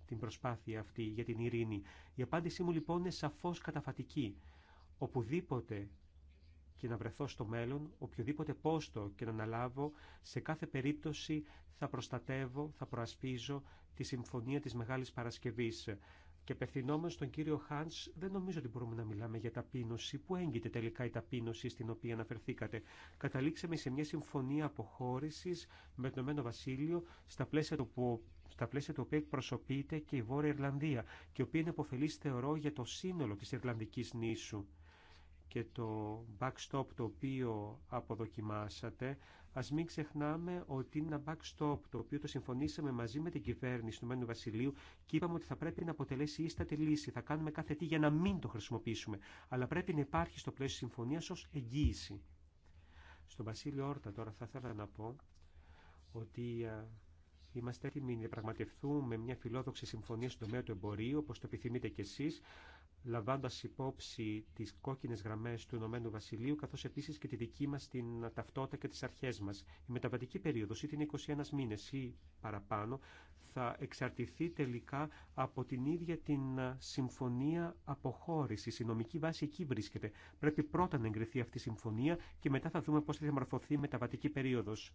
την προσπάθεια αυτή για την ειρήνη. Η απάντησή μου λοιπόν είναι σαφώς καταφατική. Οπουδήποτε και να βρεθώ στο μέλλον, οποιοδήποτε πόστο και να αναλάβω, σε κάθε περίπτωση θα προστατεύω, θα προασπίζω τη Συμφωνία της Μεγάλης Παρασκευής. Και απευθυνόμενο στον κύριο Χάν, δεν νομίζω ότι μπορούμε να μιλάμε για ταπείνωση. Πού έγκυται τελικά η ταπείνωση στην οποία αναφερθήκατε. Καταλήξαμε σε μια συμφωνία αποχώρηση με το Ηνωμένο Βασίλειο στα πλαίσια του που στα πλαίσια του οποίου εκπροσωπείται και η Βόρεια Ιρλανδία, και η οποία είναι αποφελής, θεωρώ, για το σύνολο της Ιρλανδικής νήσου. Και το backstop το οποίο αποδοκιμάσατε Ας μην ξεχνάμε ότι είναι ένα backstop το οποίο το συμφωνήσαμε μαζί με την κυβέρνηση του Μένου Βασιλείου και είπαμε ότι θα πρέπει να αποτελέσει ίστατη λύση. Θα κάνουμε κάθε τι για να μην το χρησιμοποιήσουμε. Αλλά πρέπει να υπάρχει στο πλαίσιο συμφωνίας ω εγγύηση. Στον Βασίλειο Όρτα τώρα θα ήθελα να πω ότι Είμαστε έτοιμοι να πραγματευτούμε μια φιλόδοξη συμφωνία στον τομέα του εμπορίου, όπω το επιθυμείτε κι εσεί, λαμβάνοντα υπόψη τι κόκκινε γραμμέ του Ηνωμένου Βασιλείου, καθώ επίση και τη δική μα την ταυτότητα και τι αρχέ μα. Η μεταβατική περίοδο είτε είναι 21 μήνε ή παραπάνω, θα εξαρτηθεί τελικά από την ίδια την συμφωνία αποχώρηση. Η νομική βάση εκεί βρίσκεται. Πρέπει πρώτα να εγκριθεί αυτή η συμφωνία και μετά θα δούμε πώς θα συμφωνια αποχωρηση η μεταβατική περίοδος.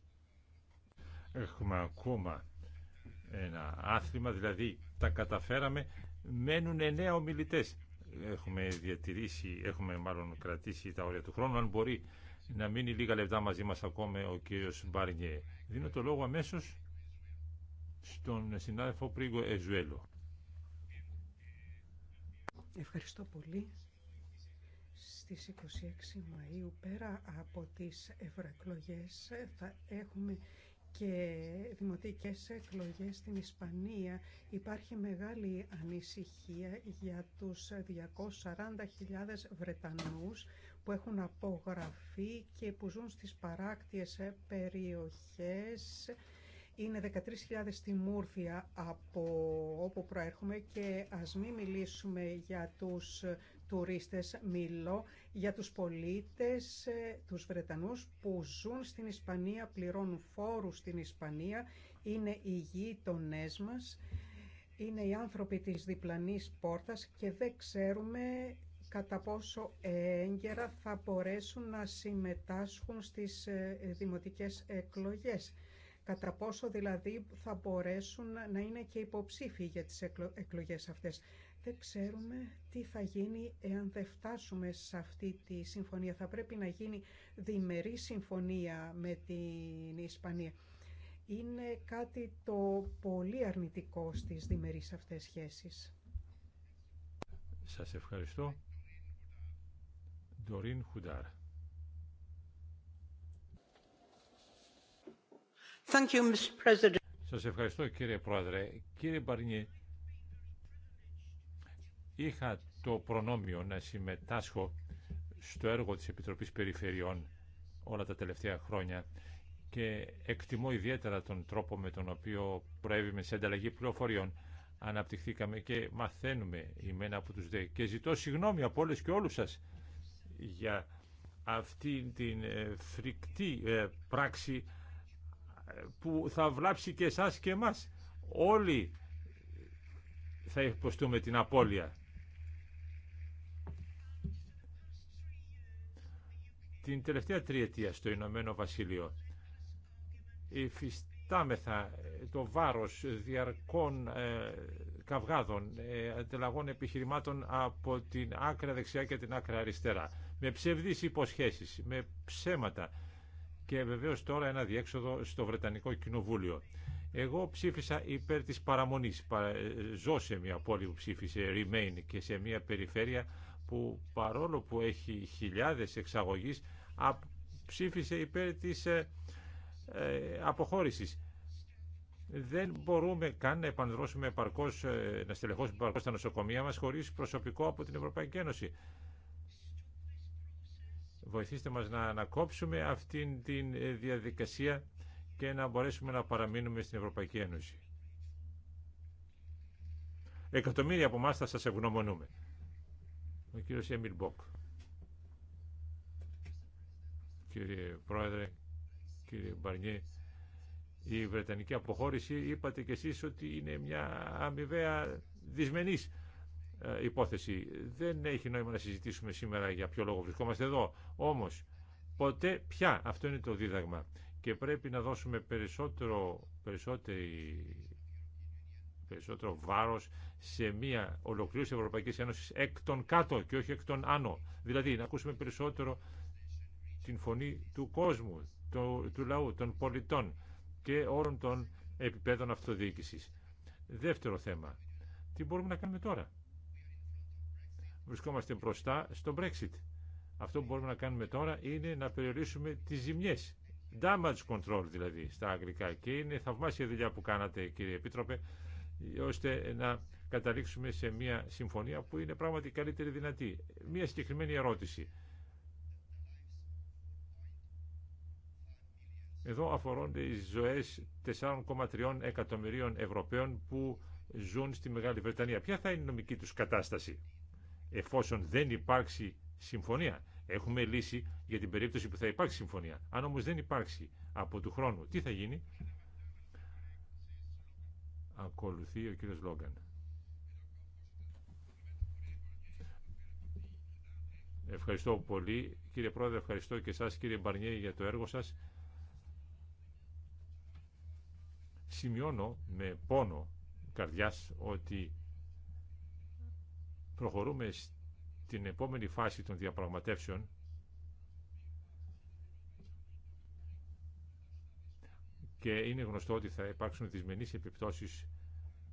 Έχουμε ακόμα πω θα διαμορφωθει η μεταβατικη περιοδο εχουμε ακομα δηλαδή τα καταφέραμε, μένουν εννέα ομιλητές έχουμε διατηρήσει, έχουμε μάλλον κρατήσει τα όρια του χρόνου. Αν μπορεί να μείνει λίγα λεπτά μαζί μας ακόμα ο κύριος Μπαρνιέ. Δίνω το λόγο αμέσως στον συνάδελφο Πρίγκο Εζουέλο.
Ευχαριστώ πολύ. Στις 26 Μαΐου, πέρα από τις ευρωεκλογέ θα έχουμε και δημοτικές εκλογές στην Ισπανία υπάρχει μεγάλη ανησυχία για τους 240.000 Βρετανούς που έχουν απογραφεί και που ζουν στις παράκτιες περιοχές. Είναι 13.000 στη Μούρφια από όπου προέρχομαι και ας μην μιλήσουμε για τους τουρίστες, μιλώ για τους πολίτες, ε, τους Βρετανούς που ζουν στην Ισπανία, πληρώνουν φόρους στην Ισπανία, είναι οι γείτονέ μας, είναι οι άνθρωποι της διπλανής πόρτας και δεν ξέρουμε κατά πόσο έγκαιρα θα μπορέσουν να συμμετάσχουν στις ε, δημοτικές εκλογές. Κατά πόσο δηλαδή θα μπορέσουν να είναι και υποψήφοι για τις εκλογές αυτές δεν ξέρουμε τι θα γίνει εάν δεν φτάσουμε σε αυτή τη συμφωνία. Θα πρέπει να γίνει διμερή συμφωνία με την Ισπανία. Είναι κάτι το πολύ αρνητικό στις διμερείς αυτές σχέσεις.
Σας ευχαριστώ. Ντορίν Χουντάρ. Σας ευχαριστώ κύριε Πρόεδρε. Κύριε Μπαρνιέ, είχα το προνόμιο να συμμετάσχω στο έργο της Επιτροπής Περιφερειών όλα τα τελευταία χρόνια και εκτιμώ ιδιαίτερα τον τρόπο με τον οποίο προέβημε σε ανταλλαγή πληροφοριών. Αναπτυχθήκαμε και μαθαίνουμε ημένα από τους ΔΕ. Και ζητώ συγγνώμη από όλες και όλους σας για αυτή την ε, φρικτή ε, πράξη ε, που θα βλάψει και εσάς και εμάς. Όλοι θα υποστούμε την απώλεια την τελευταία τριετία στο Ηνωμένο Βασίλειο. Υφιστάμεθα ε, το βάρος διαρκών ε, καυγάδων, ε, επιχειρημάτων από την άκρα δεξιά και την άκρα αριστερά, με ψευδείς υποσχέσεις, με ψέματα και βεβαίως τώρα ένα διέξοδο στο Βρετανικό Κοινοβούλιο. Εγώ ψήφισα υπέρ της παραμονής. Ε, ζω σε μια πόλη που ψήφισε Remain και σε μια περιφέρεια που παρόλο που έχει χιλιάδες εξαγωγής ψήφισε υπέρ της ε, ε, αποχώρησης. Δεν μπορούμε καν να επανδρώσουμε ε, να στελεχώσουμε επαρκώς τα νοσοκομεία μας χωρίς προσωπικό από την Ευρωπαϊκή Ένωση. Βοηθήστε μας να ανακόψουμε αυτήν την διαδικασία και να μπορέσουμε να παραμείνουμε στην Ευρωπαϊκή Ένωση. Εκατομμύρια από εμά θα σας ευγνωμονούμε. Ο κύριος Έμιλ Μποκ. Κύριε Πρόεδρε, κύριε Μπαρνιέ, η Βρετανική αποχώρηση είπατε κι εσείς ότι είναι μια αμοιβαία δυσμενής ε, υπόθεση. Δεν έχει νόημα να συζητήσουμε σήμερα για ποιο λόγο βρισκόμαστε εδώ. Όμως, ποτέ πια. Αυτό είναι το δίδαγμα. Και πρέπει να δώσουμε περισσότερο, περισσότερη περισσότερο βάρος σε μια ολοκλήρωση ευρωπαϊκή Ένωση εκ των κάτω και όχι εκ των άνω. Δηλαδή να ακούσουμε περισσότερο την φωνή του κόσμου, του, λαού, των πολιτών και όλων των επιπέδων αυτοδιοίκηση. Δεύτερο θέμα. Τι μπορούμε να κάνουμε τώρα. Βρισκόμαστε μπροστά στο Brexit. Αυτό που μπορούμε να κάνουμε τώρα είναι να περιορίσουμε τις ζημιές. Damage control δηλαδή στα αγγλικά. Και είναι θαυμάσια δουλειά που κάνατε κύριε Επίτροπε ώστε να καταλήξουμε σε μια συμφωνία που είναι πράγματι καλύτερη δυνατή. Μια συγκεκριμένη ερώτηση. Εδώ αφορώνται οι ζωές 4,3 εκατομμυρίων Ευρωπαίων που ζουν στη Μεγάλη Βρετανία. Ποια θα είναι η νομική τους κατάσταση εφόσον δεν υπάρξει συμφωνία. Έχουμε λύση για την περίπτωση που θα υπάρξει συμφωνία. Αν όμως δεν υπάρξει από του χρόνου, τι θα γίνει. Ακολουθεί ο κύριος Λόγκαν. Ευχαριστώ πολύ. Κύριε Πρόεδρε, ευχαριστώ και εσάς κύριε Μπαρνιέ για το έργο σας. Σημειώνω με πόνο καρδιάς ότι προχωρούμε στην επόμενη φάση των διαπραγματεύσεων και είναι γνωστό ότι θα υπάρξουν δυσμενείς επιπτώσεις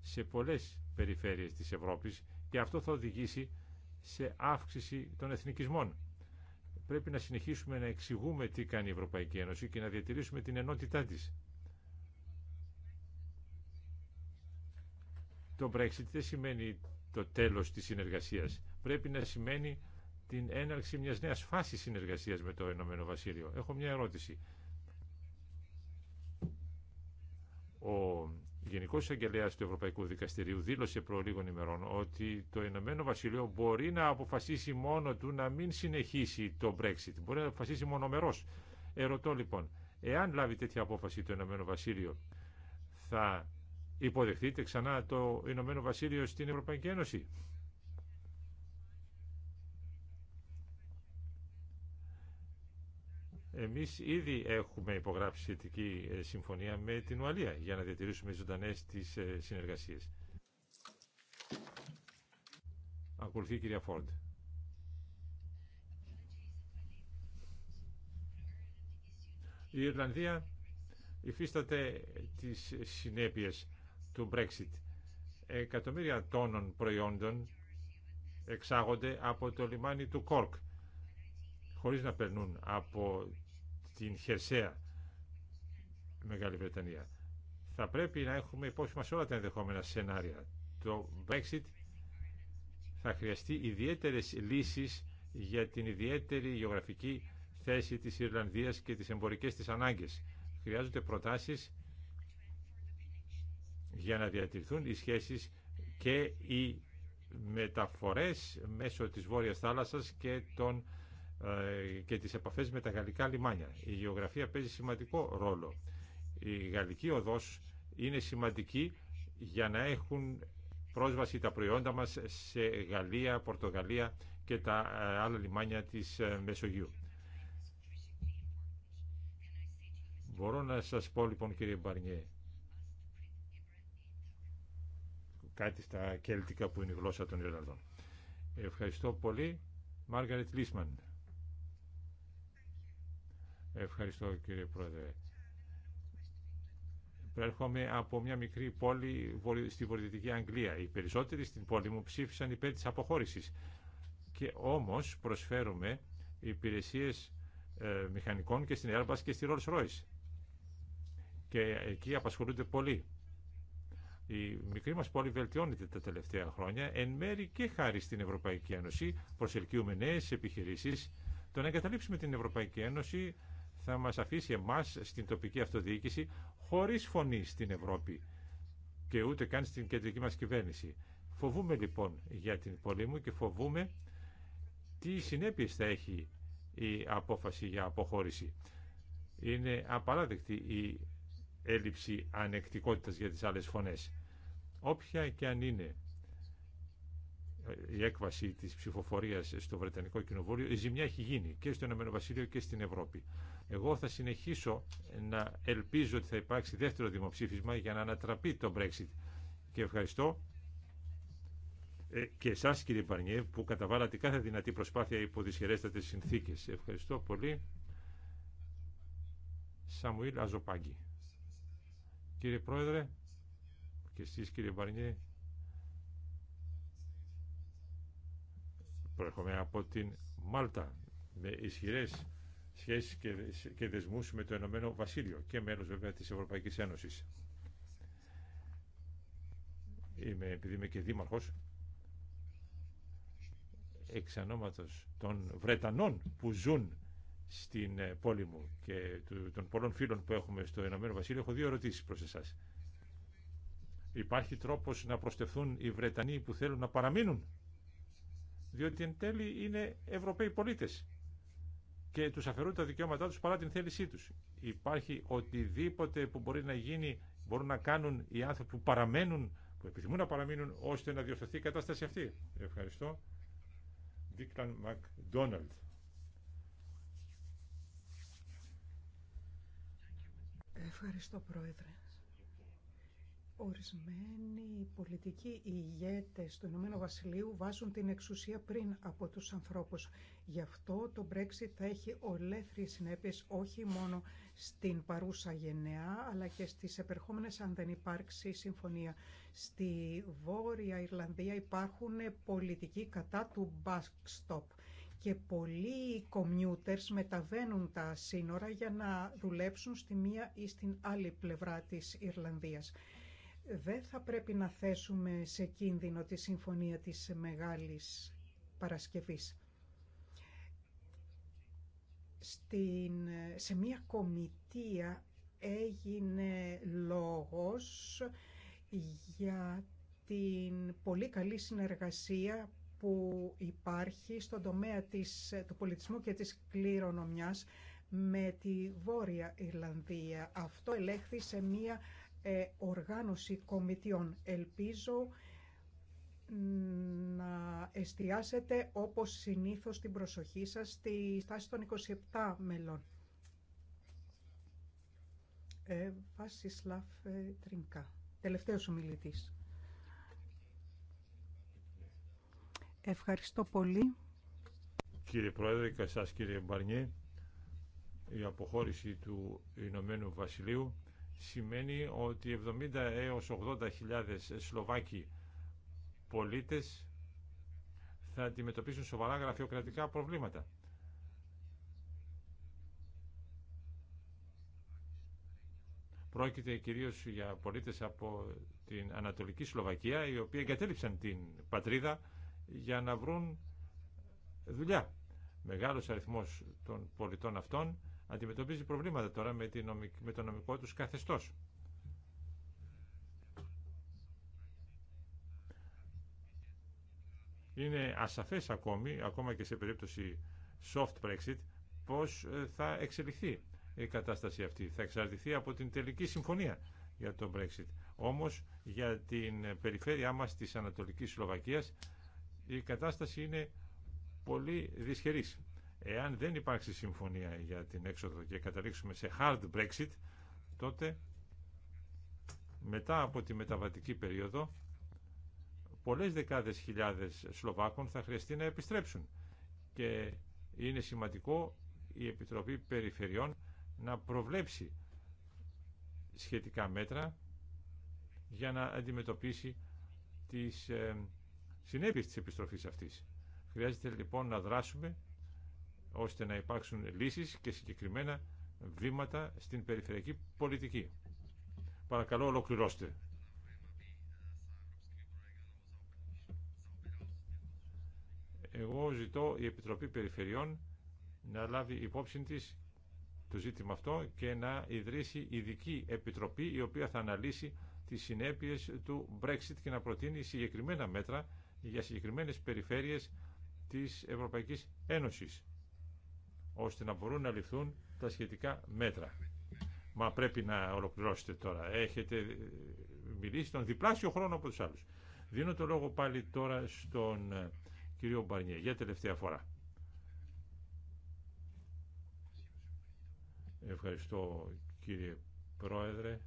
σε πολλές περιφέρειες της Ευρώπης και αυτό θα οδηγήσει σε αύξηση των εθνικισμών. Πρέπει να συνεχίσουμε να εξηγούμε τι κάνει η Ευρωπαϊκή Ένωση και να διατηρήσουμε την ενότητά της. Το Brexit δεν σημαίνει το τέλος της συνεργασίας. Πρέπει να σημαίνει την έναρξη μιας νέας φάσης συνεργασίας με το Ηνωμένο Βασίλειο. Έχω μια ερώτηση. Ο Γενικός Εισαγγελέα του Ευρωπαϊκού Δικαστηρίου δήλωσε προ λίγων ημερών ότι το Ηνωμένο Βασιλείο μπορεί να αποφασίσει μόνο του να μην συνεχίσει το Brexit. Μπορεί να αποφασίσει μονομερό. Ερωτώ λοιπόν, εάν λάβει τέτοια απόφαση το Ηνωμένο Βασίλειο, θα υποδεχτείτε ξανά το Ηνωμένο Βασίλειο στην Ευρωπαϊκή Ένωση. Εμείς ήδη έχουμε υπογράψει σχετική ε, συμφωνία με την Ουαλία για να διατηρήσουμε ζωντανέ τις ε, συνεργασίες. Ακολουθεί η κυρία Φόρντ. Η Ιρλανδία υφίσταται τις συνέπειες του Brexit. Εκατομμύρια τόνων προϊόντων εξάγονται από το λιμάνι του Κόρκ χωρίς να περνούν από την χερσαία Μεγάλη Βρετανία. Θα πρέπει να έχουμε υπόψη μας όλα τα ενδεχόμενα σενάρια. Το Brexit θα χρειαστεί ιδιαίτερες λύσεις για την ιδιαίτερη γεωγραφική θέση της Ιρλανδίας και τις εμπορικές της ανάγκες. Χρειάζονται προτάσεις για να διατηρηθούν οι σχέσεις και οι μεταφορές μέσω της Βόρειας Θάλασσας και των ε, και τις επαφές με τα γαλλικά λιμάνια. Η γεωγραφία παίζει σημαντικό ρόλο. Η γαλλική οδός είναι σημαντική για να έχουν πρόσβαση τα προϊόντα μας σε Γαλλία, Πορτογαλία και τα ε, άλλα λιμάνια της ε, Μεσογείου. Μπορώ να σας πω λοιπόν κύριε Μπαρνιέ κάτι στα κέλτικα που είναι η γλώσσα των Ιρλανδών. Ευχαριστώ πολύ. Μάργαρετ Λίσμαν. Ευχαριστώ κύριε Πρόεδρε. Προέρχομαι από μια μικρή πόλη στη βορειοδυτική Αγγλία. Οι περισσότεροι στην πόλη μου ψήφισαν υπέρ της αποχώρησης. Και όμως προσφέρουμε υπηρεσίες ε, μηχανικών και στην Airbus και στη Rolls Royce. Και εκεί απασχολούνται πολλοί. Η μικρή μας πόλη βελτιώνεται τα τελευταία χρόνια, εν μέρη και χάρη στην Ευρωπαϊκή Ένωση, προσελκύουμε νέες επιχειρήσεις. Το να εγκαταλείψουμε την Ευρωπαϊκή Ένωση να μας αφήσει εμάς στην τοπική αυτοδιοίκηση χωρίς φωνή στην Ευρώπη και ούτε καν στην κεντρική μας κυβέρνηση. Φοβούμε λοιπόν για την μου και φοβούμε τι συνέπειες θα έχει η απόφαση για αποχώρηση. Είναι απαράδεκτη η έλλειψη ανεκτικότητας για τις άλλες φωνές. Όποια και αν είναι η έκβαση της ψηφοφορίας στο Βρετανικό Κοινοβούλιο, η ζημιά έχει γίνει και στο Ηνωμένο και στην Ευρώπη. Εγώ θα συνεχίσω να ελπίζω ότι θα υπάρξει δεύτερο δημοψήφισμα για να ανατραπεί το Brexit. Και ευχαριστώ ε, και εσάς κύριε Παρνιέ που καταβάλατε κάθε δυνατή προσπάθεια υπό δυσχερέστατες συνθήκες. Ευχαριστώ πολύ. Σαμουήλ Αζοπάγκη. Κύριε Πρόεδρε και εσείς κύριε Παρνιέ προέρχομαι από την Μάλτα με ισχυρές σχέσεις και δεσμούς με το Ενωμένο Βασίλειο και μέλος βέβαια της Ευρωπαϊκής Ένωσης. Είμαι, επειδή είμαι και δήμαρχος, εξ των Βρετανών που ζουν στην ε, πόλη μου και των πολλών φίλων που έχουμε στο Ενωμένο Βασίλειο, έχω δύο ερωτήσεις προς εσάς. Υπάρχει τρόπος να προστεθούν οι Βρετανοί που θέλουν να παραμείνουν, διότι εν τέλει είναι Ευρωπαίοι πολίτες και τους αφαιρούν τα δικαιώματά τους παρά την θέλησή τους. Υπάρχει οτιδήποτε που μπορεί να γίνει, μπορούν να κάνουν οι άνθρωποι που παραμένουν, που επιθυμούν να παραμείνουν, ώστε να διορθωθεί η κατάσταση αυτή. Ευχαριστώ. Δίκλαν Μακδόναλντ.
Ευχαριστώ, Πρόεδρε. Ορισμένοι πολιτικοί ηγέτες του Ηνωμένου Βασιλείου βάζουν την εξουσία πριν από τους ανθρώπους. Γι' αυτό το Brexit θα έχει ολέθριες συνέπειες όχι μόνο στην παρούσα γενεά, αλλά και στις επερχόμενες αν δεν υπάρξει συμφωνία. Στη Βόρεια Ιρλανδία υπάρχουν πολιτικοί κατά του backstop και πολλοί commuters μεταβαίνουν τα σύνορα για να δουλέψουν στη μία ή στην άλλη πλευρά της Ιρλανδίας δεν θα πρέπει να θέσουμε σε κίνδυνο τη Συμφωνία της Μεγάλης Παρασκευής. Στην, σε μία κομιτεία έγινε λόγος για την πολύ καλή συνεργασία που υπάρχει στον τομέα της, του πολιτισμού και της κληρονομιάς με τη Βόρεια Ιρλανδία. Αυτό ελέγχθη σε μία ε, οργάνωση κομιτιών. Ελπίζω να εστιάσετε όπως συνήθως την προσοχή σας στη στάση των 27 μελών. Ε, Βασισλάφ ε, Τρινκά, τελευταίος ομιλητής. Ευχαριστώ πολύ.
Κύριε Πρόεδρε και σας κύριε Μπαρνιέ, η αποχώρηση του Ηνωμένου Βασιλείου σημαίνει ότι 70 έως 80 χιλιάδες Σλοβάκοι πολίτες θα αντιμετωπίσουν σοβαρά γραφειοκρατικά προβλήματα. Πρόκειται κυρίως για πολίτες από την Ανατολική Σλοβακία οι οποίοι εγκατέλειψαν την πατρίδα για να βρουν δουλειά. Μεγάλος αριθμός των πολιτών αυτών αντιμετωπίζει προβλήματα τώρα με, με το νομικό τους καθεστώς. Είναι ασαφές ακόμη, ακόμα και σε περίπτωση soft Brexit, πώς ε, θα εξελιχθεί η κατάσταση αυτή. Θα εξαρτηθεί από την τελική συμφωνία για το Brexit. Όμως για την περιφέρειά μας της Ανατολικής Σλοβακίας η κατάσταση είναι πολύ δυσχερής. Εάν δεν υπάρξει συμφωνία για την έξοδο και καταλήξουμε σε hard Brexit, τότε μετά από τη μεταβατική περίοδο πολλές δεκάδες χιλιάδες Σλοβάκων θα χρειαστεί να επιστρέψουν και είναι σημαντικό η Επιτροπή Περιφερειών να προβλέψει σχετικά μέτρα για να αντιμετωπίσει τις ε, συνέπειες της επιστροφής αυτής. Χρειάζεται λοιπόν να δράσουμε ώστε να υπάρξουν λύσεις και συγκεκριμένα βήματα στην περιφερειακή πολιτική. Παρακαλώ ολοκληρώστε. Εγώ ζητώ η Επιτροπή Περιφερειών να λάβει υπόψη της το ζήτημα αυτό και να ιδρύσει ειδική επιτροπή η οποία θα αναλύσει τις συνέπειες του Brexit και να προτείνει συγκεκριμένα μέτρα για συγκεκριμένες περιφέρειες της Ευρωπαϊκής Ένωσης ώστε να μπορούν να ληφθούν τα σχετικά μέτρα. Μα πρέπει να ολοκληρώσετε τώρα. Έχετε ε, μιλήσει τον διπλάσιο χρόνο από τους άλλους. Δίνω το λόγο πάλι τώρα στον ε, κύριο Μπαρνιέ για τελευταία φορά. Ευχαριστώ κύριε Πρόεδρε.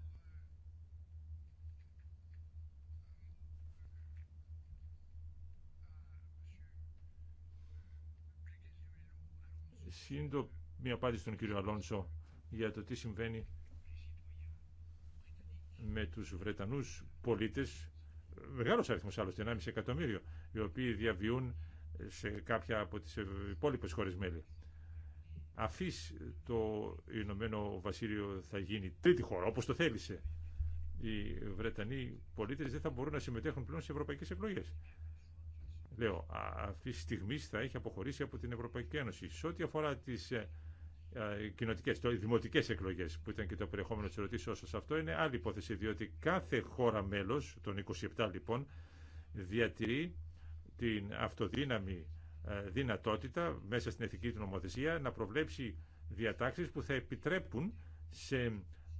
σύντομη απάντηση στον κύριο Αλόνσο για το τι συμβαίνει με τους Βρετανούς πολίτες, μεγάλος αριθμός άλλωστε, 1,5 εκατομμύριο, οι οποίοι διαβιούν σε κάποια από τις υπόλοιπε χώρες μέλη. Αφής το Ηνωμένο Βασίλειο θα γίνει τρίτη χώρα, όπως το θέλησε. Οι Βρετανοί πολίτες δεν θα μπορούν να συμμετέχουν πλέον σε ευρωπαϊκές εκλογές. Λέω, αυτή τη στιγμή θα έχει αποχωρήσει από την Ευρωπαϊκή Ένωση. Σε ό,τι αφορά τι ε, ε, κοινοτικέ, δημοτικέ εκλογέ, που ήταν και το περιεχόμενο τη ερωτήσεω σα, αυτό είναι άλλη υπόθεση, διότι κάθε χώρα μέλο, των 27 λοιπόν, διατηρεί την αυτοδύναμη ε, δυνατότητα μέσα στην εθνική του νομοθεσία να προβλέψει διατάξεις που θα επιτρέπουν σε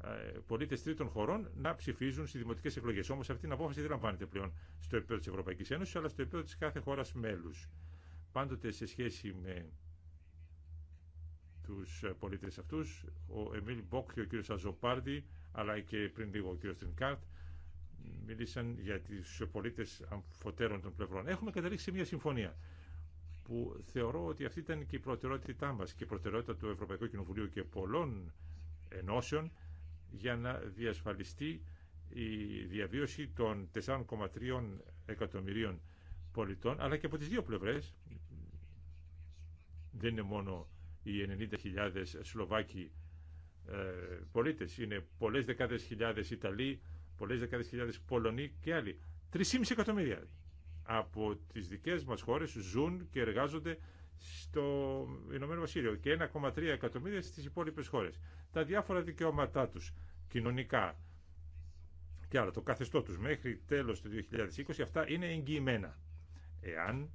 ε, πολίτε τρίτων χωρών να ψηφίζουν στι δημοτικέ εκλογέ. Όμω αυτή την απόφαση δεν λαμβάνεται πλέον στο επίπεδο τη Ευρωπαϊκή Ένωση, αλλά στο επίπεδο τη κάθε χώρα μέλου. Πάντοτε σε σχέση με του ε, πολίτε αυτού, ο Εμίλ Μπόκ και ο κ. Αζοπάρδη, αλλά και πριν λίγο ο κ. Τρινκάρτ, μίλησαν για του πολίτε αμφωτέρων των πλευρών. Έχουμε καταλήξει σε μια συμφωνία που θεωρώ ότι αυτή ήταν και η προτεραιότητά μα και η προτεραιότητα του Ευρωπαϊκού Κοινοβουλίου και πολλών ενώσεων για να διασφαλιστεί η διαβίωση των 4,3 εκατομμυρίων πολιτών, αλλά και από τις δύο πλευρές. Δεν είναι μόνο οι 90.000 Σλοβάκοι ε, πολίτες, είναι πολλές δεκάδες χιλιάδες Ιταλοί, πολλές δεκάδες χιλιάδες Πολωνοί και άλλοι. 3,5 εκατομμύρια από τις δικές μας χώρες ζουν και εργάζονται στο Ηνωμένο Βασίλειο και 1,3 εκατομμύρια στις υπόλοιπες χώρες. Τα διάφορα δικαιώματά τους, κοινωνικά και άλλα, το καθεστώ τους μέχρι τέλος του 2020, αυτά είναι εγγυημένα. Εάν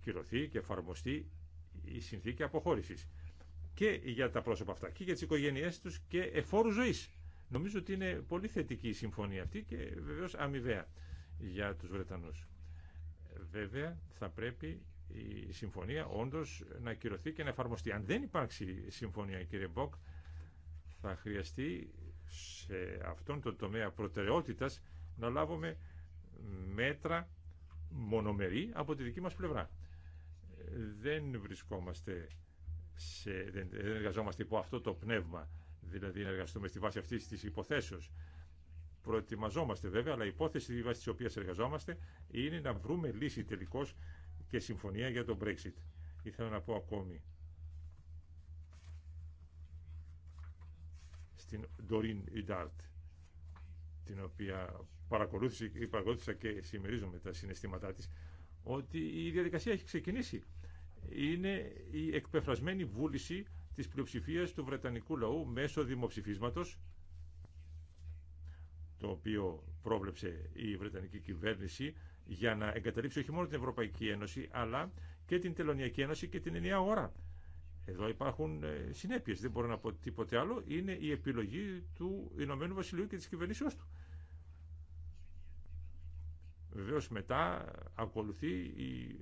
κυρωθεί και εφαρμοστεί η συνθήκη αποχώρησης και για τα πρόσωπα αυτά και για τις οικογένειές τους και εφόρου ζωής. Νομίζω ότι είναι πολύ θετική η συμφωνία αυτή και βεβαίως αμοιβαία για τους Βρετανούς. Βέβαια θα πρέπει η συμφωνία όντως να κυρωθεί και να εφαρμοστεί. Αν δεν υπάρξει συμφωνία, κύριε Μποκ, θα χρειαστεί σε αυτόν τον τομέα προτεραιότητας να λάβουμε μέτρα μονομερή από τη δική μας πλευρά. Δεν βρισκόμαστε σε, δεν, δεν εργαζόμαστε υπό αυτό το πνεύμα, δηλαδή να εργαστούμε στη βάση αυτής της υποθέσεως. Προετοιμαζόμαστε βέβαια, αλλά η υπόθεση τη βάση τη οποία εργαζόμαστε είναι να βρούμε λύση τελικώς και συμφωνία για το Brexit. Ήθελα να πω ακόμη στην Ντορίν Ιντάρτ, την οποία παρακολούθησε, παρακολούθησα και συμμερίζομαι τα συναισθήματά της, ότι η διαδικασία έχει ξεκινήσει. Είναι η εκπεφρασμένη βούληση της πλειοψηφίας του Βρετανικού λαού μέσω δημοψηφίσματος, το οποίο πρόβλεψε η Βρετανική κυβέρνηση για να εγκαταλείψει όχι μόνο την Ευρωπαϊκή Ένωση, αλλά και την Τελωνιακή Ένωση και την ενιαία Ώρα. Εδώ υπάρχουν ε, συνέπειε. δεν μπορώ να πω τίποτε άλλο. Είναι η επιλογή του Ηνωμένου Βασιλείου και τη κυβερνήσεω του. Βεβαίω μετά ακολουθεί η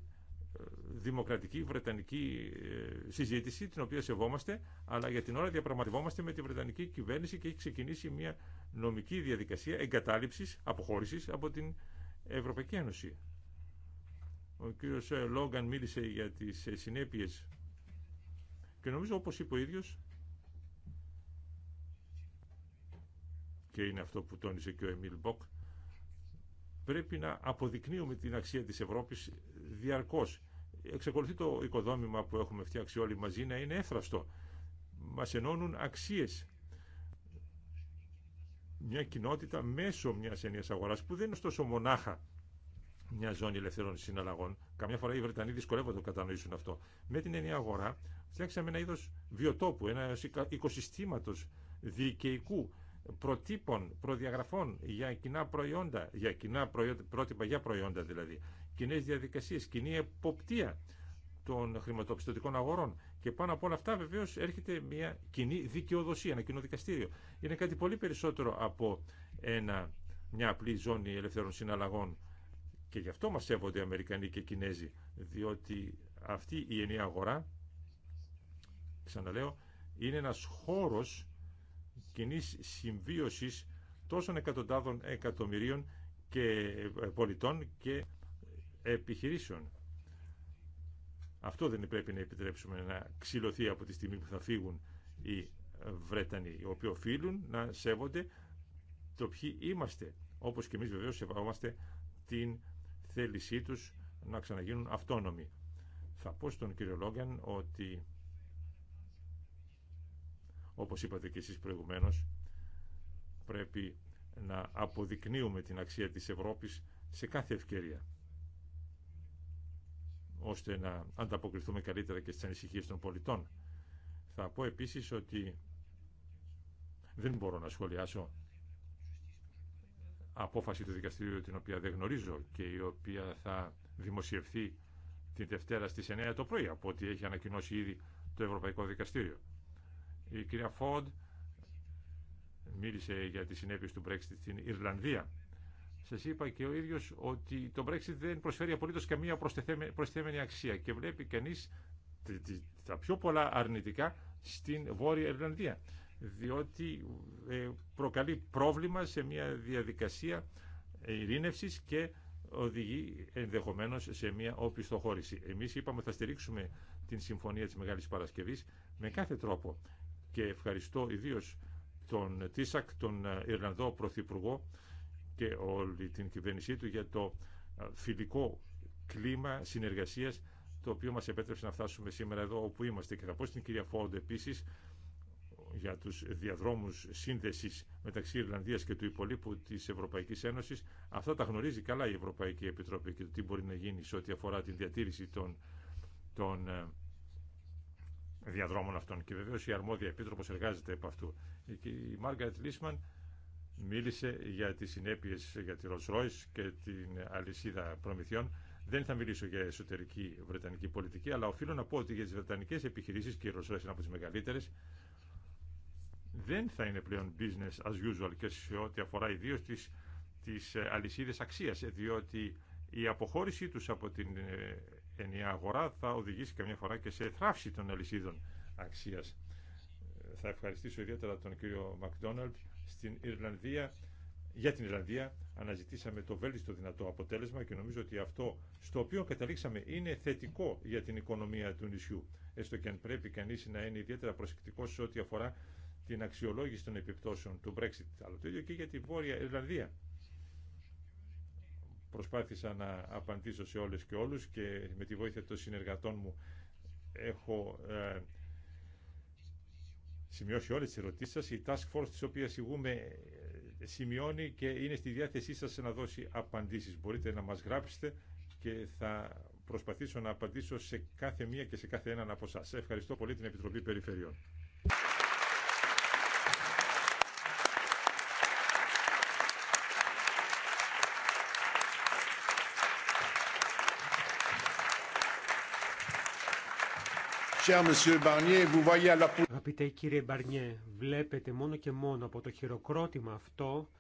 ε, δημοκρατική βρετανική ε, συζήτηση, την οποία σεβόμαστε, αλλά για την ώρα διαπραγματευόμαστε με τη βρετανική κυβέρνηση και έχει ξεκινήσει μια νομική διαδικασία εγκατάλειψη, αποχώρηση από την Ευρωπαϊκή Ένωση. Ο κύριος ε, Λόγκαν μίλησε για τις ε, συνέπειες και νομίζω όπως είπε ο ίδιος και είναι αυτό που τόνισε και ο Εμίλ Μποκ πρέπει να αποδεικνύουμε την αξία της Ευρώπης διαρκώς. Εξακολουθεί το οικοδόμημα που έχουμε φτιάξει όλοι μαζί να είναι έφραστο. Μας ενώνουν αξίες μια κοινότητα μέσω μιας ενιαίας αγοράς που δεν είναι ωστόσο μονάχα μια ζώνη ελευθερών συναλλαγών. Καμιά φορά οι Βρετανοί δυσκολεύονται να το κατανοήσουν αυτό. Με την ενιαία αγορά φτιάξαμε ένα είδο βιοτόπου, ένα οικοσυστήματο δικαιικού προτύπων, προδιαγραφών για κοινά προϊόντα, για κοινά προϊόντα, πρότυπα για προϊόντα δηλαδή, κοινέ διαδικασίε, κοινή εποπτεία των χρηματοπιστωτικών αγορών. Και πάνω από όλα αυτά βεβαίω έρχεται μια κοινή δικαιοδοσία, ένα κοινό δικαστήριο. Είναι κάτι πολύ περισσότερο από ένα, μια απλή ζώνη ελευθερών συναλλαγών. Και γι' αυτό μας σέβονται οι Αμερικανοί και οι Κινέζοι, διότι αυτή η ενιαία αγορά, ξαναλέω, είναι ένας χώρος κοινή συμβίωση τόσων εκατοντάδων εκατομμυρίων και ε, πολιτών και επιχειρήσεων. Αυτό δεν πρέπει να επιτρέψουμε να ξυλωθεί από τη στιγμή που θα φύγουν οι Βρετανοί, οι οποίοι οφείλουν να σέβονται το ποιοι είμαστε. Όπως και εμείς βεβαίως σεβόμαστε την θέλησή τους να ξαναγίνουν αυτόνομοι. Θα πω στον κύριο Λόγκαν ότι, όπως είπατε και εσείς προηγουμένως, πρέπει να αποδεικνύουμε την αξία της Ευρώπης σε κάθε ευκαιρία ώστε να ανταποκριθούμε καλύτερα και στις ανησυχίες των πολιτών. Θα πω επίσης ότι δεν μπορώ να σχολιάσω απόφαση του δικαστηρίου την οποία δεν γνωρίζω και η οποία θα δημοσιευθεί την Δευτέρα στις 9 το πρωί από ό,τι έχει ανακοινώσει ήδη το Ευρωπαϊκό Δικαστήριο. Η κυρία Φόντ μίλησε για τις συνέπειες του Brexit στην Ιρλανδία Σα είπα και ο ίδιος ότι το Brexit δεν προσφέρει απολύτω καμία προστιθέμενη αξία και βλέπει κανεί τα πιο πολλά αρνητικά στην Βόρεια Ιρλανδία διότι ε, προκαλεί πρόβλημα σε μια διαδικασία ειρήνευσης και οδηγεί ενδεχομένως σε μια οπισθοχώρηση. Εμείς είπαμε θα στηρίξουμε την Συμφωνία της Μεγάλης παρασκευή με κάθε τρόπο και ευχαριστώ ιδίω τον Τίσακ, τον ε, Ιρλανδό Πρωθυπουργό και όλη την κυβέρνησή του για το φιλικό κλίμα συνεργασίας το οποίο μας επέτρεψε να φτάσουμε σήμερα εδώ όπου είμαστε. Και θα πω στην κυρία Φόρντ επίσης για τους διαδρόμους σύνδεσης μεταξύ Ιρλανδίας και του υπολείπου της Ευρωπαϊκής Ένωσης. Αυτά τα γνωρίζει καλά η Ευρωπαϊκή Επιτροπή και το τι μπορεί να γίνει σε ό,τι αφορά την διατήρηση των, ε, διαδρόμων αυτών. Και βεβαίως η αρμόδια επίτροπος εργάζεται επ' αυτού. Η Λίσμαν μίλησε για τις συνέπειες για τη Rolls Royce και την αλυσίδα προμηθειών. Δεν θα μιλήσω για εσωτερική βρετανική πολιτική, αλλά οφείλω να πω ότι για τις βρετανικές επιχειρήσεις, και η Rolls Royce είναι από τις μεγαλύτερες, δεν θα είναι πλέον business as usual και σε ό,τι αφορά ιδίω τις, τις αλυσίδες αξίας, διότι η αποχώρησή τους από την ε, ενιαία αγορά θα οδηγήσει καμιά φορά και σε θράψη των αλυσίδων αξίας. Ε, θα ευχαριστήσω ιδιαίτερα τον κύριο Μακδόναλτ στην Ιρλανδία, για την Ιρλανδία αναζητήσαμε το βέλτιστο δυνατό αποτέλεσμα και νομίζω ότι αυτό στο οποίο καταλήξαμε είναι θετικό για την οικονομία του νησιού. Έστω και αν πρέπει κανεί να είναι ιδιαίτερα προσεκτικός σε ό,τι αφορά την αξιολόγηση των επιπτώσεων του Brexit. Αλλά το ίδιο και για τη Βόρεια Ιρλανδία. Προσπάθησα να απαντήσω σε όλες και όλους και με τη βοήθεια των συνεργατών μου έχω ε, σημειώσει όλε τι ερωτήσει. σα. Η Task Force της οποίας ηγούμε ε, σημειώνει και είναι στη διάθεσή σα να δώσει απαντήσει. Μπορείτε να μα γράψετε και θα προσπαθήσω να απαντήσω σε κάθε μία και σε κάθε έναν από εσά. Ευχαριστώ πολύ την Επιτροπή Περιφερειών.
Cher Monsieur Barnier, vous voyez à la Αγαπητέ κύριε Μπαρνιέ, βλέπετε μόνο και μόνο από το χειροκρότημα αυτό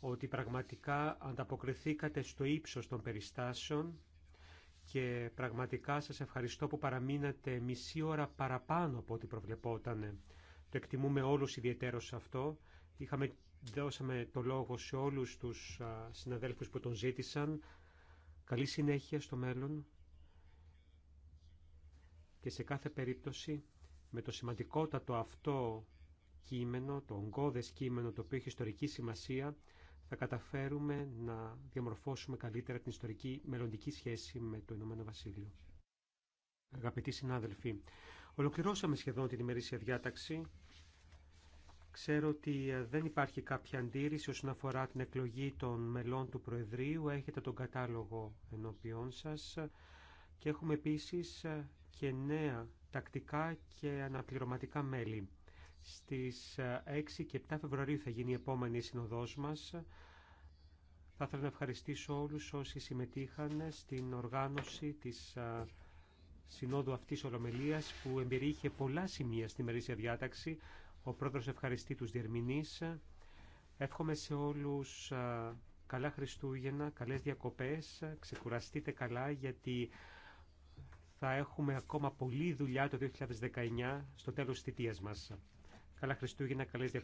ότι πραγματικά ανταποκριθήκατε στο ύψος των περιστάσεων και πραγματικά σας ευχαριστώ που παραμείνατε μισή ώρα παραπάνω από ό,τι προβλεπότανε. Το εκτιμούμε όλους σε αυτό. Είχαμε, δώσαμε το λόγο σε όλους τους συναδέλφους που τον ζήτησαν. Καλή συνέχεια στο μέλλον. Και σε κάθε περίπτωση με το σημαντικότατο αυτό κείμενο, το ογκώδες κείμενο το οποίο έχει ιστορική σημασία, θα καταφέρουμε να διαμορφώσουμε καλύτερα την ιστορική μελλοντική σχέση με το Ηνωμένο Βασίλειο. Αγαπητοί συνάδελφοι, ολοκληρώσαμε σχεδόν την ημερήσια διάταξη. Ξέρω ότι ε, δεν υπάρχει κάποια αντίρρηση όσον αφορά την εκλογή των μελών του Προεδρείου. Έχετε τον κατάλογο ενώπιόν σας. Και έχουμε επίσης ε, και νέα τακτικά και αναπληρωματικά μέλη. Στις 6 ε, και 7 Φεβρουαρίου θα γίνει η επόμενη συνοδός μας. Θα ήθελα να ευχαριστήσω όλους όσοι συμμετείχαν στην οργάνωση της ε, συνόδου αυτής ολομελίας που εμπειρήχε πολλά σημεία στη μερίσια διάταξη. Ο πρόεδρος ευχαριστεί τους διερμηνείς. Εύχομαι σε όλους ε, καλά Χριστούγεννα, καλές διακοπές, ξεκουραστείτε καλά γιατί θα έχουμε ακόμα πολλή δουλειά το 2019 στο τέλος της θητείας μας. Καλά Χριστούγεννα, καλές διακοπές.